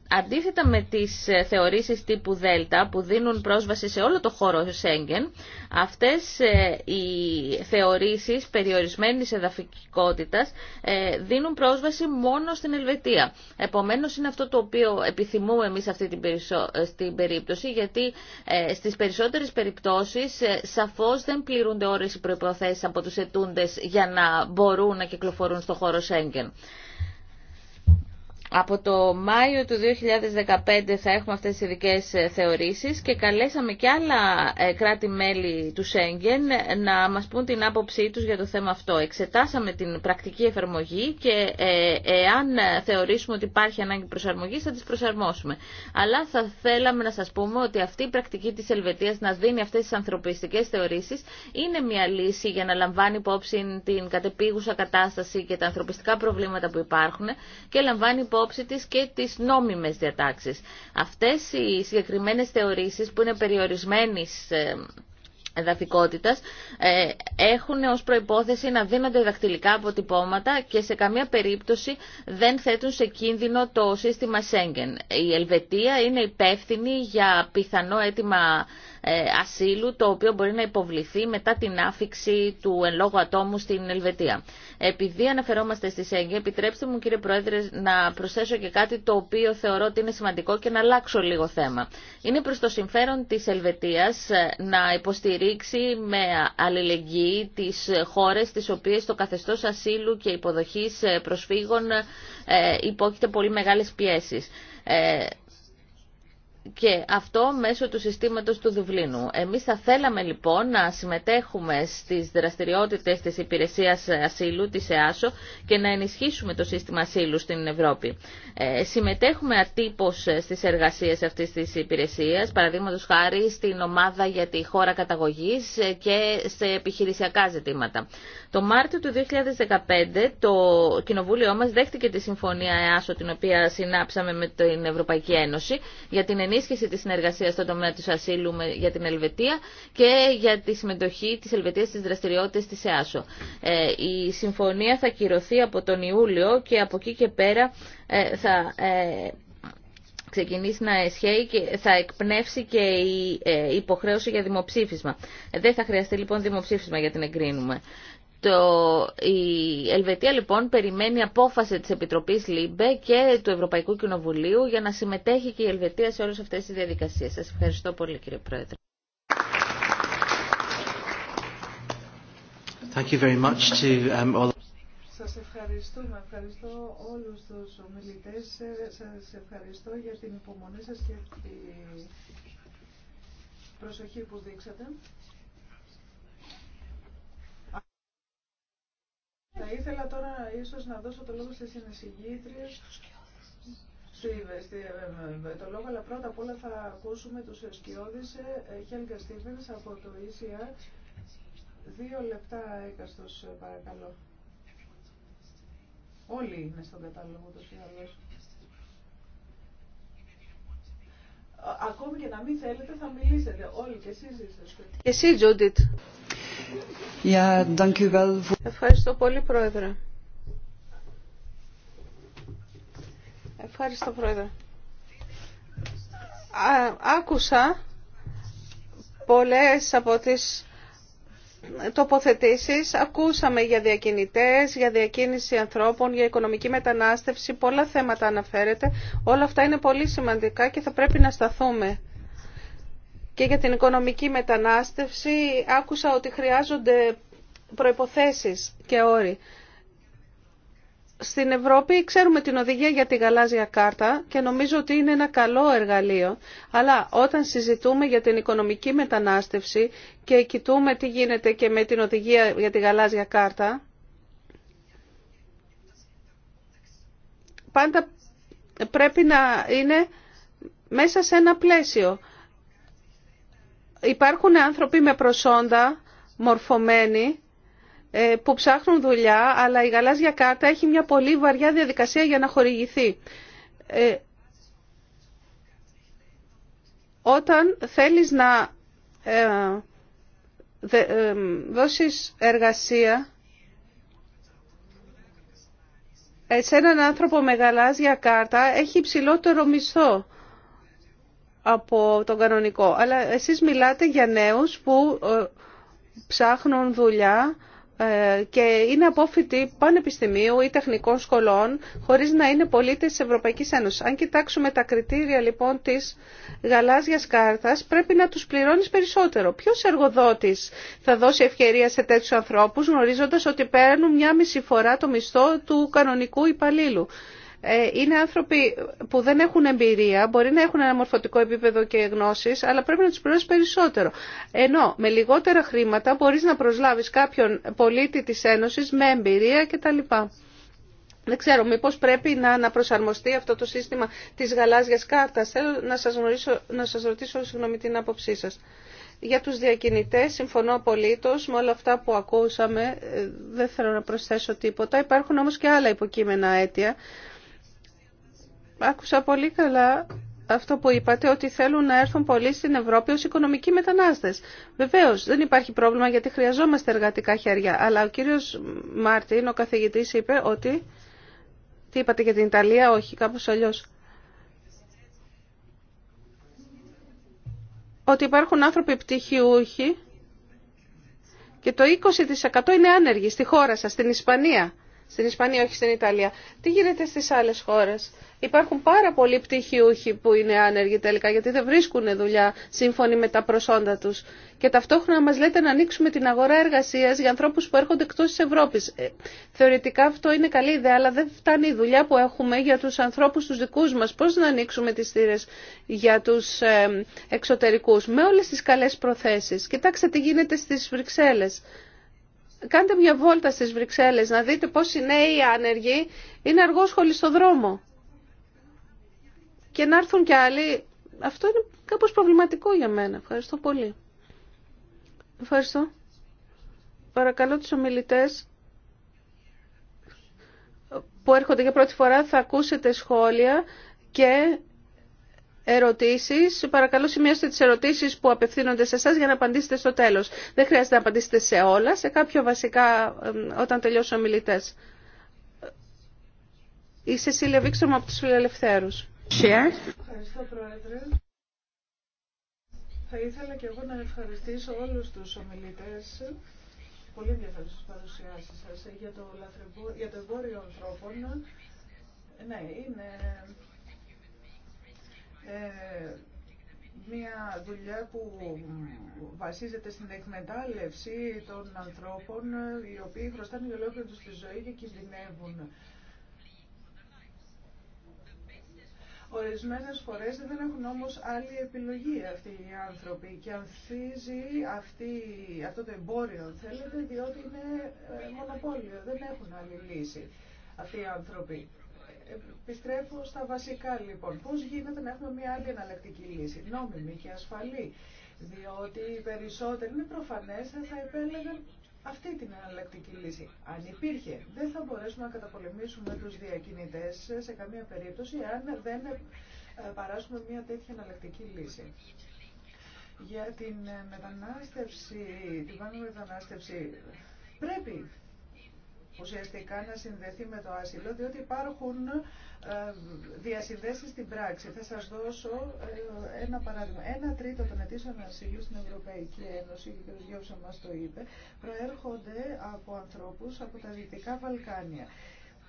αντίθετα με τις θεωρήσεις τύπου ΔΕΛΤΑ που δίνουν πρόσβαση σε όλο το χώρο Σέγγεν, αυτές οι θεωρήσεις περιορισμένης εδαφικότητας δίνουν πρόσβαση μόνο Επομένω, στην Ελβετία. Επομένως είναι αυτό το οποίο επιθυμούμε εμεί αυτή την, ε, στην περίπτωση γιατί ε, στις περισσότερες περιπτώσεις ε, σαφώς δεν πληρούνται ώρες οι προϋποθέσεις από τους ετούντε για να μπορούν να κυκλοφορούν στο χώρο Σέγγεν. Από το Μάιο του 2015 θα έχουμε αυτές τις ειδικέ ε, θεωρήσεις και καλέσαμε και άλλα ε, κράτη-μέλη του Σέγγεν ε, να μας πούν την άποψή τους για το θέμα αυτό. Εξετάσαμε την πρακτική εφαρμογή και εάν θεωρήσουμε ότι υπάρχει ανάγκη προσαρμογής θα τις προσαρμόσουμε. Αλλά θα θέλαμε να σας πούμε ότι αυτή η πρακτική της Ελβετίας να δίνει αυτές τις ανθρωπιστικές θεωρήσεις είναι μια λύση για να λαμβάνει υπόψη την κατεπίγουσα κατάσταση και τα ανθρωπιστικά προβλήματα που υπάρχουν και λαμβάνει υπόψη υπόψη της και τις νόμιμες διατάξεις. Αυτές οι συγκεκριμένες θεωρήσεις που είναι περιορισμένης ε, εδαφικότητας ε, έχουν ως προϋπόθεση να δίνονται δακτυλικά αποτυπώματα και σε καμία περίπτωση δεν θέτουν σε κίνδυνο το σύστημα Σέγγεν. Η Ελβετία είναι υπεύθυνη για πιθανό αίτημα ε, ασύλου το οποίο μπορεί να υποβληθεί μετά την άφηξη του εν λόγω ατόμου στην Ελβετία. Επειδή αναφερόμαστε στη ΣΕΓΕ, επιτρέψτε μου κύριε Πρόεδρε να προσθέσω και κάτι το οποίο θεωρώ ότι είναι σημαντικό και να αλλάξω λίγο θέμα. Είναι προς το συμφέρον της Ελβετίας ε, να υποστηρίξει με αλληλεγγύη τις χώρες τις οποίες το καθεστώς ασύλου και υποδοχής ε, προσφύγων υπόκειται πολύ μεγάλες πιέσεις και αυτό μέσω του συστήματος του Δουβλίνου. Εμείς θα θέλαμε λοιπόν να συμμετέχουμε στις δραστηριότητες της Υπηρεσίας Ασύλου, της ΕΑΣΟ και να ενισχύσουμε το σύστημα ασύλου στην Ευρώπη. Ε, συμμετέχουμε ατύπως ε, στις εργασίες αυτής της υπηρεσίας, παραδείγματο χάρη στην ομάδα για τη χώρα καταγωγής ε, και σε επιχειρησιακά ζητήματα. Το Μάρτιο του 2015 το κοινοβούλιο μας δέχτηκε τη συμφωνία ΕΑΣΟ την οποία συνάψαμε με την Ευρωπαϊκή Ένωση για την ενίσχυση της συνεργασίας στον τομέα του ασύλου για την Ελβετία και για τη συμμετοχή της Ελβετίας στις δραστηριότητες της ΕΑΣΟ. Ε, η συμφωνία θα κυρωθεί από τον Ιούλιο και από εκεί και πέρα ε, θα ε, ξεκινήσει να εσχέει και θα εκπνεύσει και η υποχρέωση για δημοψήφισμα. Δεν θα χρειαστεί λοιπόν δημοψήφισμα για την εγκρίνουμε. Το, η Ελβετία λοιπόν περιμένει απόφαση της Επιτροπής ΛΥΜΠΕ και του Ευρωπαϊκού Κοινοβουλίου για να συμμετέχει και η Ελβετία σε όλες αυτές τις διαδικασίες. Σας ευχαριστώ πολύ κύριε Πρόεδρε. Thank you very much to, um, all... Σας ευχαριστούμε. Ευχαριστώ όλους τους ομιλητές. Σας ευχαριστώ για την υπομονή σας και την προσοχή που δείξατε. Θα ήθελα τώρα ίσω να δώσω το λόγο στις συνεισηγήτριες. Το λόγο, αλλά πρώτα απ' όλα θα ακούσουμε τους σκιώδης ε, Χέλγκα Στίβενς από το ECR. Δύο λεπτά έκαστος ε, παρακαλώ. Όλοι είναι στον κατάλογο το άλλως. Ακόμη και να μην θέλετε θα μιλήσετε όλοι και εσείς είστε. Και εσύ Τζούντιτ. Ευχαριστώ πολύ Πρόεδρε. Ευχαριστώ Πρόεδρε. Άκουσα πολλές από τις τοποθετήσεις ακούσαμε για διακινητές, για διακίνηση ανθρώπων, για οικονομική μετανάστευση, πολλά θέματα αναφέρεται. Όλα αυτά είναι πολύ σημαντικά και θα πρέπει να σταθούμε. Και για την οικονομική μετανάστευση άκουσα ότι χρειάζονται προϋποθέσεις και όροι. Στην Ευρώπη ξέρουμε την οδηγία για τη γαλάζια κάρτα και νομίζω ότι είναι ένα καλό εργαλείο. Αλλά όταν συζητούμε για την οικονομική μετανάστευση και κοιτούμε τι γίνεται και με την οδηγία για τη γαλάζια κάρτα, πάντα πρέπει να είναι μέσα σε ένα πλαίσιο. Υπάρχουν άνθρωποι με προσόντα, μορφωμένοι, ε, που ψάχνουν δουλειά, αλλά η γαλάζια κάρτα έχει μια πολύ βαριά διαδικασία για να χορηγηθεί. Ε, όταν θέλεις να ε, δώσεις εργασία σε έναν άνθρωπο με γαλάζια κάρτα, έχει υψηλότερο μισθό από τον κανονικό. Αλλά εσείς μιλάτε για νέους που ψάχνουν δουλειά ε, και είναι απόφοιτοι πανεπιστημίου ή τεχνικών σχολών χωρίς να είναι πολίτες της Ευρωπαϊκής Ένωσης. Αν κοιτάξουμε τα κριτήρια λοιπόν της γαλάζιας κάρτας πρέπει να τους πληρώνεις περισσότερο. Ποιος εργοδότης θα δώσει ευκαιρία σε τέτοιους ανθρώπους γνωρίζοντας ότι παίρνουν μια μισή φορά το μισθό του κανονικού υπαλλήλου. Ε, είναι άνθρωποι που δεν έχουν εμπειρία, μπορεί να έχουν ένα μορφωτικό επίπεδο και γνώσεις, αλλά πρέπει να τους προσλάβεις περισσότερο. Ενώ με λιγότερα χρήματα μπορείς να προσλάβεις κάποιον πολίτη της Ένωσης με εμπειρία κτλ. Δεν ξέρω, μήπω πρέπει να, να προσαρμοστεί αυτό το σύστημα της γαλάζιας κάρτας. Θέλω να σας, γνωρίσω, να σας ρωτήσω συγγνώμη, την άποψή σας. Για τους διακινητές συμφωνώ απολύτως με όλα αυτά που ακούσαμε. Ε, δεν θέλω να προσθέσω τίποτα. Υπάρχουν όμως και άλλα υποκείμενα αίτια Άκουσα πολύ καλά αυτό που είπατε, ότι θέλουν να έρθουν πολλοί στην Ευρώπη ως οικονομικοί μετανάστες. Βεβαίως, δεν υπάρχει πρόβλημα γιατί χρειαζόμαστε εργατικά χέρια. Αλλά ο κύριος Μάρτιν, ο καθηγητής, είπε ότι... Τι είπατε για την Ιταλία, όχι, κάπως Ότι υπάρχουν άνθρωποι πτυχιούχοι και το 20% είναι άνεργοι στη χώρα σας, στην Ισπανία. Στην Ισπανία, όχι στην Ιταλία. Τι γίνεται στις άλλες χώρες. Υπάρχουν πάρα πολλοί πτυχιούχοι που είναι άνεργοι τελικά γιατί δεν βρίσκουν δουλειά σύμφωνοι με τα προσόντα τους. Και ταυτόχρονα μας λέτε να ανοίξουμε την αγορά εργασίας για ανθρώπους που έρχονται εκτός της Ευρώπης. Ε, θεωρητικά αυτό είναι καλή ιδέα, αλλά δεν φτάνει η δουλειά που έχουμε για τους ανθρώπους του δικού μας. Πώς να ανοίξουμε τις θύρες για τους εξωτερικούς με όλε τι καλές προθέσεις. Κοιτάξτε τι γίνεται στις Βρυξέλλες. Κάντε μια βόλτα στις Βρυξέλλες να δείτε πώς οι νέοι άνεργοι είναι αργόσχολοι στο δρόμο. Και να έρθουν κι άλλοι. Αυτό είναι κάπως προβληματικό για μένα. Ευχαριστώ πολύ. Ευχαριστώ. Παρακαλώ τους ομιλητές που έρχονται για πρώτη φορά θα ακούσετε σχόλια και ερωτήσεις. Παρακαλώ σημειώστε τις ερωτήσεις που απευθύνονται σε εσά για να απαντήσετε στο τέλος. Δεν χρειάζεται να απαντήσετε σε όλα, σε κάποιο βασικά όταν τελειώσουν οι μιλητές. Η Σεσίλια Βίξτρομ από τους Φιλελευθέρους. Ευχαριστώ, Πρόεδρε. Θα ήθελα και εγώ να ευχαριστήσω όλους τους ομιλητές πολύ ενδιαφέρουσε παρουσιάσει σα για, το λαθρεμπό... για το εμπόριο ανθρώπων. Ναι, είναι ε, μια δουλειά που βασίζεται στην εκμετάλλευση των ανθρώπων οι οποίοι χρωστάνε για ολόκληρη τους τη ζωή και κινδυνεύουν. Ορισμένες φορές δεν έχουν όμως άλλη επιλογή αυτοί οι άνθρωποι και ανθίζει αυτή, αυτό το εμπόριο, θέλετε, διότι είναι ε, μονοπόλιο, δεν έχουν άλλη λύση αυτοί οι άνθρωποι. Επιστρέφω στα βασικά λοιπόν. Πώς γίνεται να έχουμε μια άλλη εναλλακτική λύση, νόμιμη και ασφαλή. Διότι οι περισσότεροι είναι προφανές θα επέλεγαν αυτή την εναλλακτική λύση. Αν υπήρχε, δεν θα μπορέσουμε να καταπολεμήσουμε τους διακινητές σε καμία περίπτωση, αν δεν ε, παράσουμε μια τέτοια εναλλακτική λύση. Για την μετανάστευση, την πάνω μετανάστευση, πρέπει ουσιαστικά να συνδεθεί με το άσυλο, διότι υπάρχουν ε, διασυνδέσεις στην πράξη. Θα σας δώσω ε, ένα παράδειγμα. Ένα τρίτο των αιτήσεων ασύλου στην Ευρωπαϊκή Ένωση, και ο κ. μας το είπε, προέρχονται από ανθρώπους από τα Δυτικά Βαλκάνια.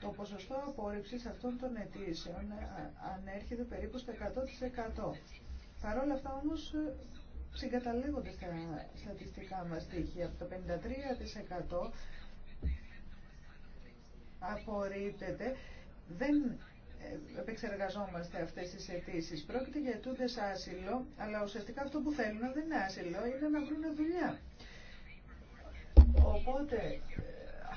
Το ποσοστό απόρριψης αυτών των αιτήσεων ε, ανέρχεται περίπου στο 100%. Παρ' όλα αυτά όμως συγκαταλέγονται στα στατιστικά μας στοιχεία. Από το 53% απορρίπτεται. Δεν ε, επεξεργαζόμαστε αυτές τις αιτήσει. Πρόκειται για αιτούντες άσυλο, αλλά ουσιαστικά αυτό που θέλουν δεν είναι άσυλο, είναι να βρουν δουλειά. Οπότε, ε,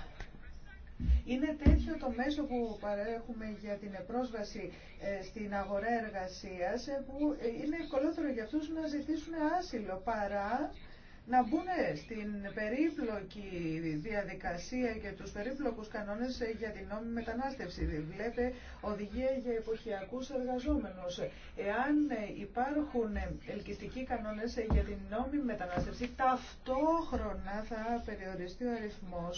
είναι τέτοιο το μέσο που παρέχουμε για την πρόσβαση ε, στην αγορά εργασίας που είναι ευκολότερο για αυτούς να ζητήσουν άσυλο παρά να μπουν στην περίπλοκη διαδικασία και τους περίπλοκους κανόνες για την νόμιμη μετανάστευση. Βλέπε οδηγία για εποχιακούς εργαζόμενους. Εάν υπάρχουν ελκυστικοί κανόνες για την νόμιμη μετανάστευση, ταυτόχρονα θα περιοριστεί ο αριθμός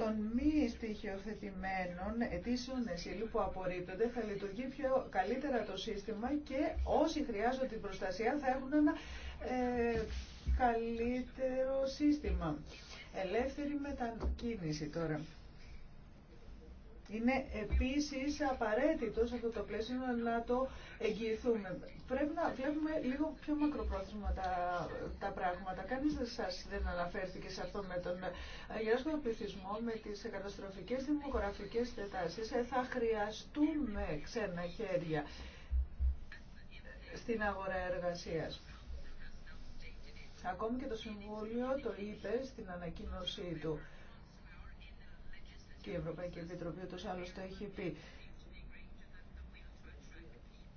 των μη στοιχειοθετημένων αιτήσεων εσύλου που απορρίπτονται. Θα λειτουργεί πιο καλύτερα το σύστημα και όσοι χρειάζονται την προστασία θα έχουν ένα ε, καλύτερο σύστημα. Ελεύθερη μετακίνηση τώρα. Είναι επίσης απαραίτητο σε αυτό το πλαίσιο να το εγγυηθούμε. Πρέπει να βλέπουμε λίγο πιο μακροπρόθεσμα τα, τα πράγματα. Κανείς δεν σας δεν αναφέρθηκε σε αυτό με τον ε, γυράσκοντα πληθυσμό, με τις καταστροφικές δημογραφικέ τετάσει. Ε, θα χρειαστούμε ξένα χέρια στην αγορά εργασίας. Ακόμη και το Συμβούλιο το είπε στην ανακοίνωσή του. Και η Ευρωπαϊκή Επιτροπή ούτως άλλως το έχει πει.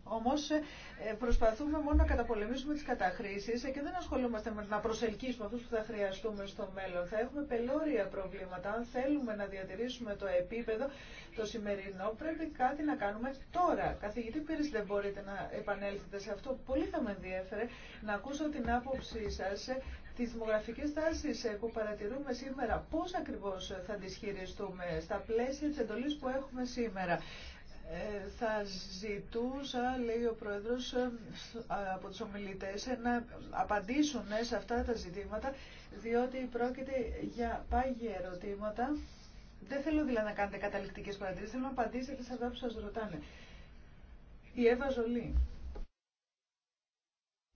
Όμως ε, προσπαθούμε μόνο να καταπολεμήσουμε τις καταχρήσεις ε, και δεν ασχολούμαστε με να προσελκύσουμε αυτούς που θα χρειαστούμε στο μέλλον. Θα έχουμε πελώρια προβλήματα. Αν θέλουμε να διατηρήσουμε το επίπεδο το σημερινό πρέπει κάτι να κάνουμε τώρα. Καθηγητή Πύρης δεν μπορείτε να επανέλθετε σε αυτό. Πολύ θα με ενδιέφερε να ακούσω την άποψή σας ε, τι δημογραφικέ τάσει που παρατηρούμε σήμερα, πώ ακριβώ θα τι χειριστούμε στα πλαίσια τη εντολή που έχουμε σήμερα. Ε, θα ζητούσα, λέει ο Πρόεδρος, ε, από τους ομιλητές ε, να απαντήσουν σε αυτά τα ζητήματα, διότι πρόκειται για πάγια ερωτήματα. Δεν θέλω δηλαδή να κάνετε καταληκτικές παρατηρήσεις, θέλω να απαντήσετε σε αυτά που σας ρωτάνε. Η Εύα Ζολή.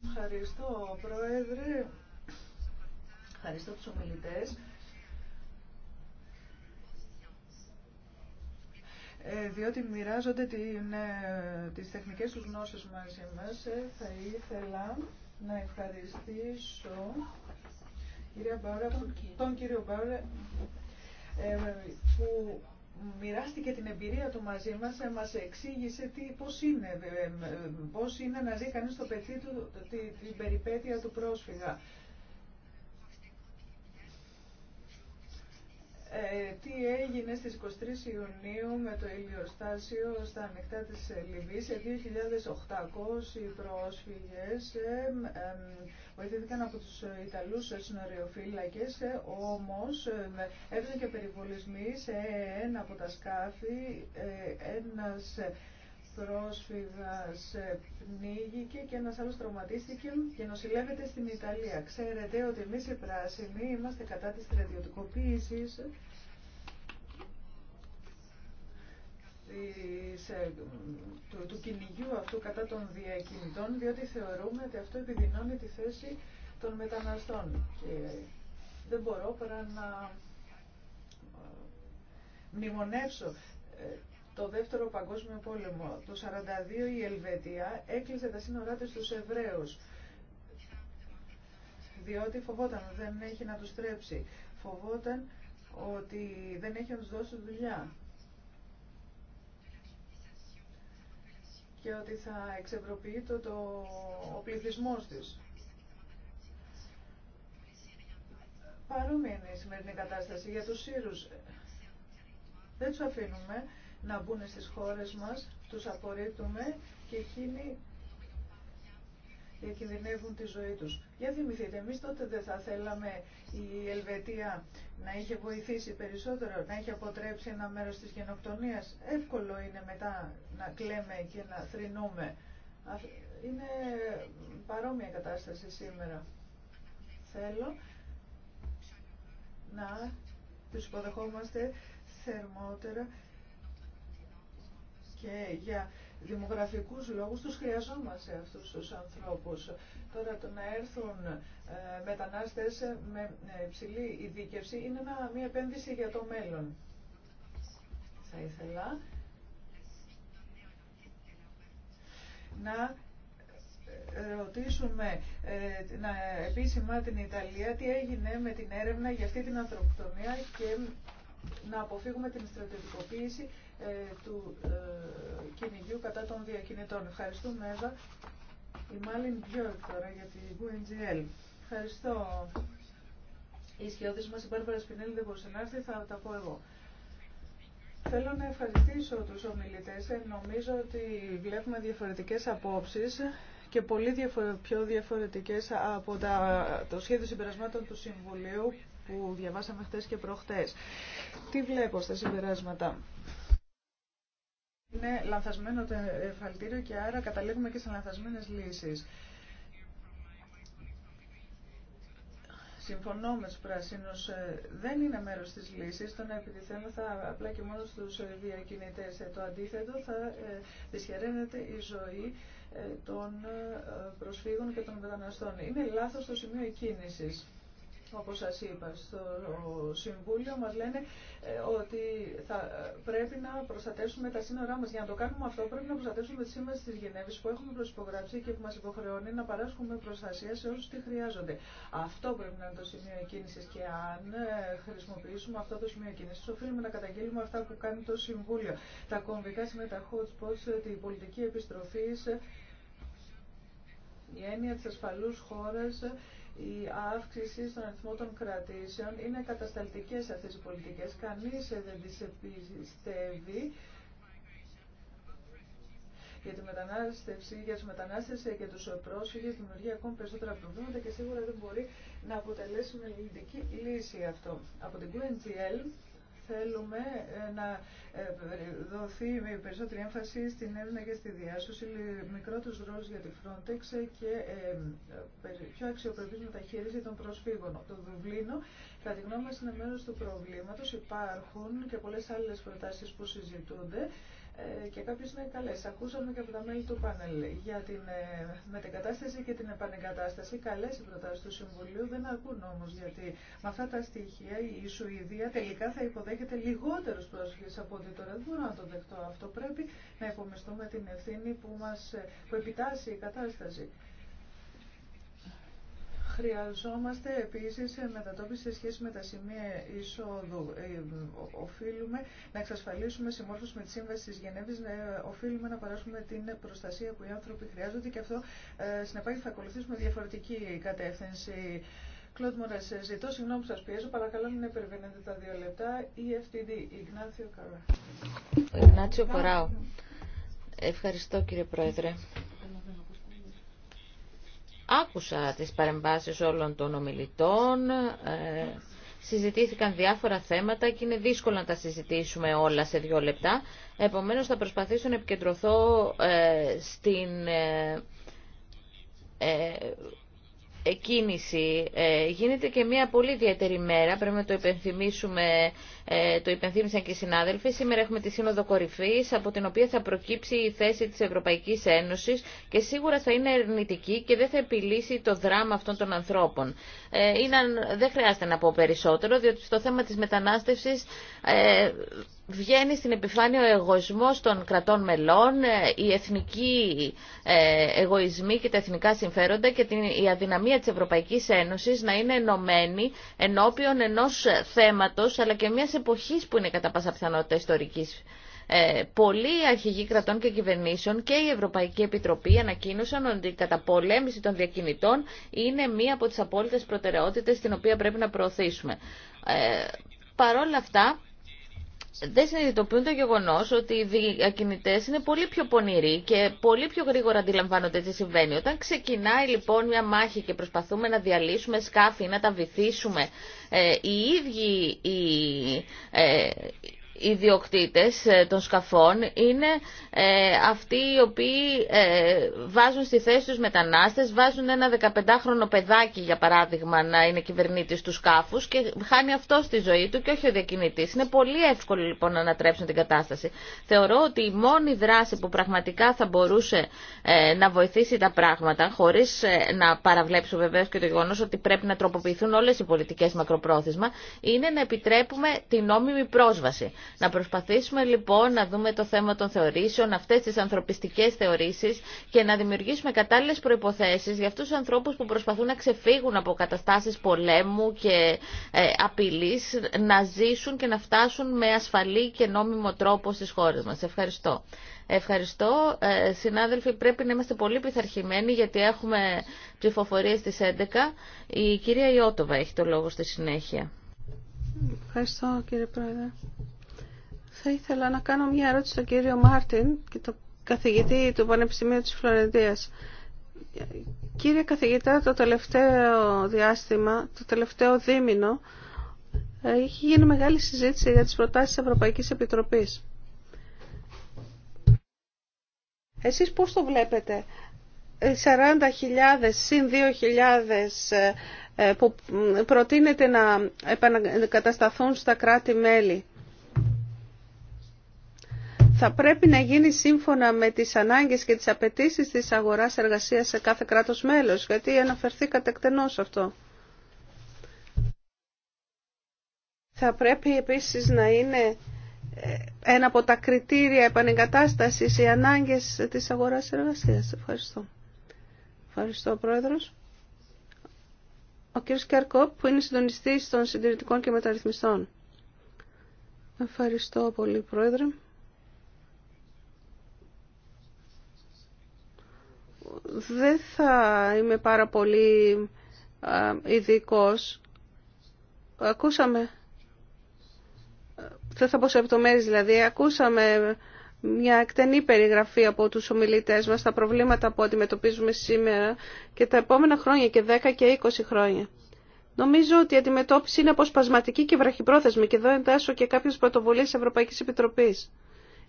Ευχαριστώ, Πρόεδρε. Ευχαριστώ τους ομιλητές. Ε, διότι μοιράζονται την, ε, τις τεχνικές τους γνώσεις μαζί μας. Ε, θα ήθελα να ευχαριστήσω τον κύριο Μπάουρα που μοιράστηκε την εμπειρία του μαζί μας, μας εξήγησε τι, πώς, είναι, πώς είναι να ζει κανείς στο παιδί του την περιπέτεια του πρόσφυγα. Ε, τι έγινε στις 23 Ιουνίου με το ηλιοστάσιο στα ανοιχτά της Λιβύης. 2.800 πρόσφυγες ε, ε, βοηθήθηκαν από τους Ιταλούς συνοριοφύλακες, όμως έφτασαν και περιβολισμοί σε ένα από τα σκάφη, ένας πρόσφυγας πνίγηκε και ένας άλλος τραυματίστηκε και νοσηλεύεται στην Ιταλία. Ξέρετε ότι εμείς οι πράσινοι είμαστε κατά της στρατιωτικοποίησης ε, του, του κυνηγιού αυτού κατά των διακινητών, διότι θεωρούμε ότι αυτό επιδεινώνει τη θέση των μεταναστών. Και δεν μπορώ παρά να ε, μνημονεύσω ε, το δεύτερο παγκόσμιο πόλεμο. Το 1942 η Ελβετία έκλεισε τα σύνορά της στους Εβραίους, διότι φοβόταν, δεν έχει να τους τρέψει. Φοβόταν ότι δεν έχει να τους δώσει δουλειά. και ότι θα εξευρωποιεί το, το, ο πληθυσμό της. Παρόμοια είναι η σημερινή κατάσταση για τους Σύρους. Δεν τους αφήνουμε να μπουν στις χώρες μας, τους απορρίπτουμε και εκείνοι διακινδυνεύουν τη ζωή τους. Για θυμηθείτε, εμείς τότε δεν θα θέλαμε η Ελβετία να είχε βοηθήσει περισσότερο, να είχε αποτρέψει ένα μέρος της γενοκτονίας. Εύκολο είναι μετά να κλαίμε και να θρυνούμε. Είναι παρόμοια κατάσταση σήμερα. Θέλω να τους υποδεχόμαστε θερμότερα και για δημογραφικούς λόγους τους χρειαζόμαστε αυτούς τους ανθρώπους. Τώρα το να έρθουν ε, μετανάστες με ε, ψηλή ειδίκευση είναι μια επένδυση για το μέλλον. Θα ήθελα να ε, ρωτήσουμε ε, να, επίσημα την Ιταλία τι έγινε με την έρευνα για αυτή την ανθρωποκτονία και να αποφύγουμε την στρατιωτικοποίηση ε, του ε, κυνηγιού κατά των διακινητών. Ευχαριστούμε, Εύα. Η Μάλιν Μπιόρκ τώρα για τη UNGL. Ευχαριστώ. Η ισχυρότητα μας η Μπάρμπαρα Σπινέλη δεν μπορούσε να έρθει, θα τα πω εγώ. Θέλω να ευχαριστήσω τους ομιλητές. Ε, νομίζω ότι βλέπουμε διαφορετικές απόψεις και πολύ πιο διαφορετικές από τα... το σχέδιο συμπερασμάτων του Συμβουλίου που διαβάσαμε χτες και προχτές. Τι βλέπω στα συμπεράσματα είναι λανθασμένο το εφαλτήριο και άρα καταλήγουμε και σε λανθασμένες λύσεις. Συμφωνώ με τους πράσινους, ε, δεν είναι μέρος της λύσης το να θα απλά και μόνο στους ε, διακινητές. Ε, το αντίθετο θα δυσχεραίνεται η ζωή των προσφύγων και των μεταναστών. Είναι λάθος το σημείο εκκίνησης όπως σας είπα, στο Συμβούλιο μας λένε ε, ότι θα ε, πρέπει να προστατεύσουμε τα σύνορά μας. Για να το κάνουμε αυτό πρέπει να προστατεύσουμε τη σύμβαση της Γενέβης που έχουμε προσυπογράψει και που μας υποχρεώνει να παράσχουμε προστασία σε όσους τη χρειάζονται. Αυτό πρέπει να είναι το σημείο κίνησης και αν ε, χρησιμοποιήσουμε αυτό το σημείο κίνησης οφείλουμε να καταγγείλουμε αυτά που κάνει το Συμβούλιο. Τα κομβικά σημεία, hot spots, την πολιτική επιστροφή, η έννοια της ασφαλούς χώρας, η αύξηση στον αριθμό των κρατήσεων είναι σε αυτές οι πολιτικές. Κανείς δεν τις πιστεύει για τη μετανάστευση, για τους μετανάστευση και τους πρόσφυγες δημιουργεί ακόμη περισσότερα προβλήματα και σίγουρα δεν μπορεί να αποτελέσει μελλοντική λύση αυτό. Από την QNGL θέλουμε ε, να ε, δοθεί με περισσότερη έμφαση στην έρευνα και στη διάσωση, μικρότερους ρόλους για τη Frontex και ε, πιο αξιοπρεπής μεταχείριση των προσφύγων. Το Δουβλίνο, κατά τη γνώμη μας, είναι μέρος του προβλήματος. Υπάρχουν και πολλές άλλες προτάσεις που συζητούνται. Ε, και κάποιε είναι καλέ. Ακούσαμε και από τα μέλη του πάνελ για την ε, μετεγκατάσταση και την επανεγκατάσταση. Καλέ οι προτάσει του Συμβουλίου δεν ακούν όμω γιατί με αυτά τα στοιχεία η Σουηδία τελικά θα υποδέχεται λιγότερου πρόσφυγε από ό,τι τώρα. Δεν μπορώ να το δεχτώ αυτό. Πρέπει να υπομειστούμε την ευθύνη που, μας, ε, που επιτάσσει η κατάσταση. Χρειαζόμαστε επίσης μετατόπιση σε σχέση με τα σημεία εισόδου. Ε, οφείλουμε να εξασφαλίσουμε συμμόρφωση με τη Σύμβαση της Γενέβης, να ε, οφείλουμε να παράσουμε την προστασία που οι άνθρωποι χρειάζονται και αυτό ε, συνεπάγει θα ακολουθήσουμε διαφορετική κατεύθυνση. Κλοντ σε ζητώ συγγνώμη που σας πιέζω, παρακαλώ να υπερβαίνετε τα δύο λεπτά. Ιγνάτσιο e Καρά. Ευχαριστώ κύριε Πρόεδρε. Άκουσα τις παρεμβάσεις όλων των ομιλητών, ε, συζητήθηκαν διάφορα θέματα και είναι δύσκολο να τα συζητήσουμε όλα σε δύο λεπτά. Επομένως θα προσπαθήσω να επικεντρωθώ ε, στην... Ε, ε, κίνηση. Ε, γίνεται και μια πολύ ιδιαίτερη μέρα, πρέπει να το υπενθυμίσουμε, ε, το υπενθύμισαν και οι συνάδελφοι. Σήμερα έχουμε τη Σύνοδο Κορυφής, από την οποία θα προκύψει η θέση της Ευρωπαϊκής Ένωσης και σίγουρα θα είναι ερνητική και δεν θα επιλύσει το δράμα αυτών των ανθρώπων. Ε, είναι, δεν χρειάζεται να πω περισσότερο, διότι στο θέμα της μετανάστευσης βγαίνει στην επιφάνεια ο εγωισμός των κρατών μελών, ε, οι εθνικοί ε, εγωισμοί και τα εθνικά συμφέροντα και η αδυναμία της Ευρωπαϊκής Ένωσης να είναι ενωμένη ενώπιον ενός θέματος αλλά και μιας εποχής που είναι κατά πάσα πιθανότητα ιστορικής. Ε, πολλοί αρχηγοί κρατών και κυβερνήσεων και η Ευρωπαϊκή Επιτροπή ανακοίνωσαν ότι η καταπολέμηση των διακινητών είναι μία από τις απόλυτες προτεραιότητες την οποία πρέπει να προωθήσουμε. Ε, αυτά, δεν συνειδητοποιούν το γεγονό ότι οι διακινητέ είναι πολύ πιο πονηροί και πολύ πιο γρήγορα αντιλαμβάνονται τι συμβαίνει. Όταν ξεκινάει λοιπόν μια μάχη και προσπαθούμε να διαλύσουμε σκάφη ή να τα βυθίσουμε, ε, οι ίδιοι ε, οι ιδιοκτήτες ε, των σκαφών είναι ε, αυτοί οι οποίοι ε, βάζουν στη θέση τους μετανάστες, βάζουν ένα 15χρονο παιδάκι για παράδειγμα να είναι κυβερνήτης του σκάφους και χάνει αυτό στη ζωή του και όχι ο διακινητής. Είναι πολύ εύκολο λοιπόν να ανατρέψουν την κατάσταση. Θεωρώ ότι η μόνη δράση που πραγματικά θα μπορούσε να βοηθήσει τα πράγματα, χωρίς να παραβλέψω βεβαίως και το γεγονό ότι πρέπει να τροποποιηθούν όλες οι πολιτικές μακροπρόθεσμα, είναι να επιτρέπουμε την νόμιμη πρόσβαση. Να προσπαθήσουμε λοιπόν να δούμε το θέμα των θεωρήσεων, αυτέ τι ανθρωπιστικέ θεωρήσει και να δημιουργήσουμε κατάλληλε προποθέσει για αυτού τους ανθρώπους που προσπαθούν να ξεφύγουν από καταστάσει πολέμου και ε, απειλής, να ζήσουν και να φτάσουν με ασφαλή και νόμιμο τρόπο στι χώρε μα. Ευχαριστώ. Ευχαριστώ. Ε, συνάδελφοι, πρέπει να είμαστε πολύ πειθαρχημένοι γιατί έχουμε ψηφοφορίες στι 11. Η κυρία Ιώτοβα έχει το λόγο στη συνέχεια. Ευχαριστώ κύριε Πρόεδρε. Θα ήθελα να κάνω μια ερώτηση στον κύριο Μάρτιν και τον καθηγητή του Πανεπιστημίου της Φλωρεντίας. Κύριε καθηγητά, το τελευταίο διάστημα, το τελευταίο δίμηνο, έχει γίνει μεγάλη συζήτηση για τις προτάσεις της Ευρωπαϊκής Επιτροπής. Εσείς πώς το βλέπετε, 40.000 συν 2.000 ε, που προτείνεται να επανακατασταθούν στα κράτη-μέλη θα πρέπει να γίνει σύμφωνα με τις ανάγκες και τις απαιτήσεις της αγοράς εργασίας σε κάθε κράτος μέλος, γιατί αναφερθήκατε εκτενώς αυτό. Θα πρέπει επίσης να είναι ε, ένα από τα κριτήρια επανεγκατάστασης οι ανάγκες της αγοράς εργασίας. Ευχαριστώ. Ευχαριστώ, Πρόεδρος. Ο κ. Κέρκοπ, που είναι συντονιστής των συντηρητικών και μεταρρυθμιστών. Ευχαριστώ πολύ, Πρόεδρε. δεν θα είμαι πάρα πολύ ειδικό. Ακούσαμε, δεν θα πω σε δηλαδή, ακούσαμε μια εκτενή περιγραφή από τους ομιλητές μας, τα προβλήματα που αντιμετωπίζουμε σήμερα και τα επόμενα χρόνια και 10 και 20 χρόνια. Νομίζω ότι η αντιμετώπιση είναι αποσπασματική και βραχυπρόθεσμη και εδώ εντάσσω και κάποιες πρωτοβουλίες Ευρωπαϊκής Επιτροπής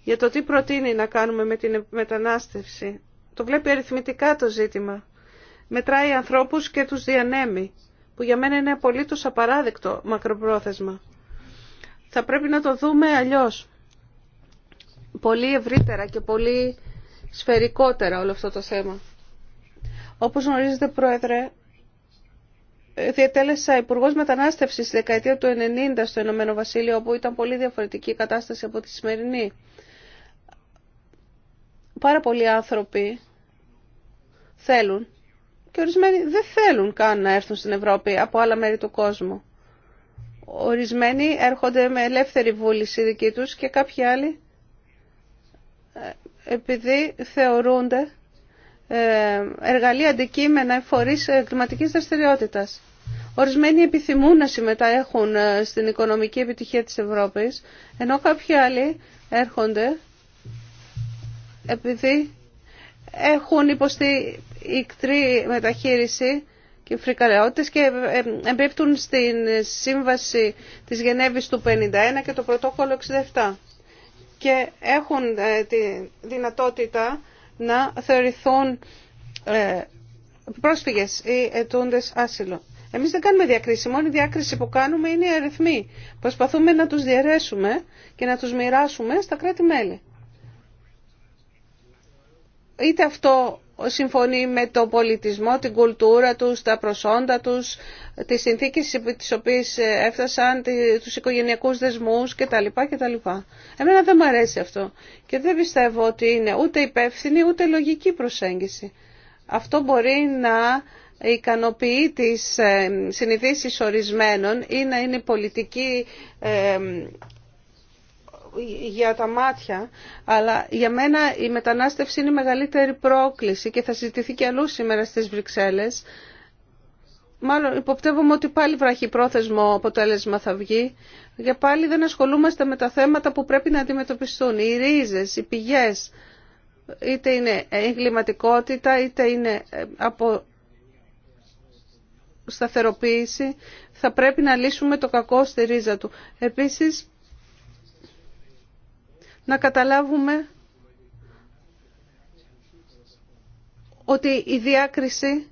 για το τι προτείνει να κάνουμε με την μετανάστευση το βλέπει αριθμητικά το ζήτημα. Μετράει ανθρώπους και τους διανέμει, που για μένα είναι απολύτως απαράδεκτο μακροπρόθεσμα. Θα πρέπει να το δούμε αλλιώς. Πολύ ευρύτερα και πολύ σφαιρικότερα όλο αυτό το θέμα. Όπως γνωρίζετε, Πρόεδρε, διατέλεσα υπουργό μετανάστευση στη δεκαετία του 90 στο Ηνωμένο Βασίλειο, όπου ήταν πολύ διαφορετική η κατάσταση από τη σημερινή πάρα πολλοί άνθρωποι θέλουν και ορισμένοι δεν θέλουν καν να έρθουν στην Ευρώπη από άλλα μέρη του κόσμου. Ορισμένοι έρχονται με ελεύθερη βούληση δική τους και κάποιοι άλλοι ε, επειδή θεωρούνται ε, εργαλεία αντικείμενα φορείς κλιματικής δραστηριότητας. Ορισμένοι επιθυμούν να συμμετέχουν ε, στην οικονομική επιτυχία της Ευρώπης, ενώ κάποιοι άλλοι έρχονται επειδή έχουν υποστεί ικτρή μεταχείριση και φρικαλαιότητες και ε, εμπίπτουν στην σύμβαση της Γενέβης του 51 και το πρωτόκολλο 67 και έχουν ε, τη δυνατότητα να θεωρηθούν ε, πρόσφυγες ή ετούντες άσυλο. Εμείς δεν κάνουμε διακρίση, η διάκριση που κάνουμε είναι οι αριθμοί. Προσπαθούμε να τους διαιρέσουμε και να τους μοιράσουμε στα κράτη-μέλη είτε αυτό συμφωνεί με τον πολιτισμό, την κουλτούρα τους, τα προσόντα τους, τις συνθήκες τις οποίες έφτασαν, τους οικογενειακούς δεσμούς κτλ. κτλ. Εμένα δεν μου αρέσει αυτό και δεν πιστεύω ότι είναι ούτε υπεύθυνη ούτε λογική προσέγγιση. Αυτό μπορεί να ικανοποιεί τις ε, συνειδήσεις ορισμένων ή να είναι πολιτική ε, για τα μάτια, αλλά για μένα η μετανάστευση είναι η μεγαλύτερη πρόκληση και θα συζητηθεί και αλλού σήμερα στις Βρυξέλλες. Μάλλον υποπτεύομαι ότι πάλι βραχυπρόθεσμο αποτέλεσμα θα βγει. Για πάλι δεν ασχολούμαστε με τα θέματα που πρέπει να αντιμετωπιστούν. Οι ρίζες, οι πηγές, είτε είναι εγκληματικότητα, είτε είναι ε, από σταθεροποίηση, θα πρέπει να λύσουμε το κακό στη ρίζα του. Επίσης, να καταλάβουμε ότι η διάκριση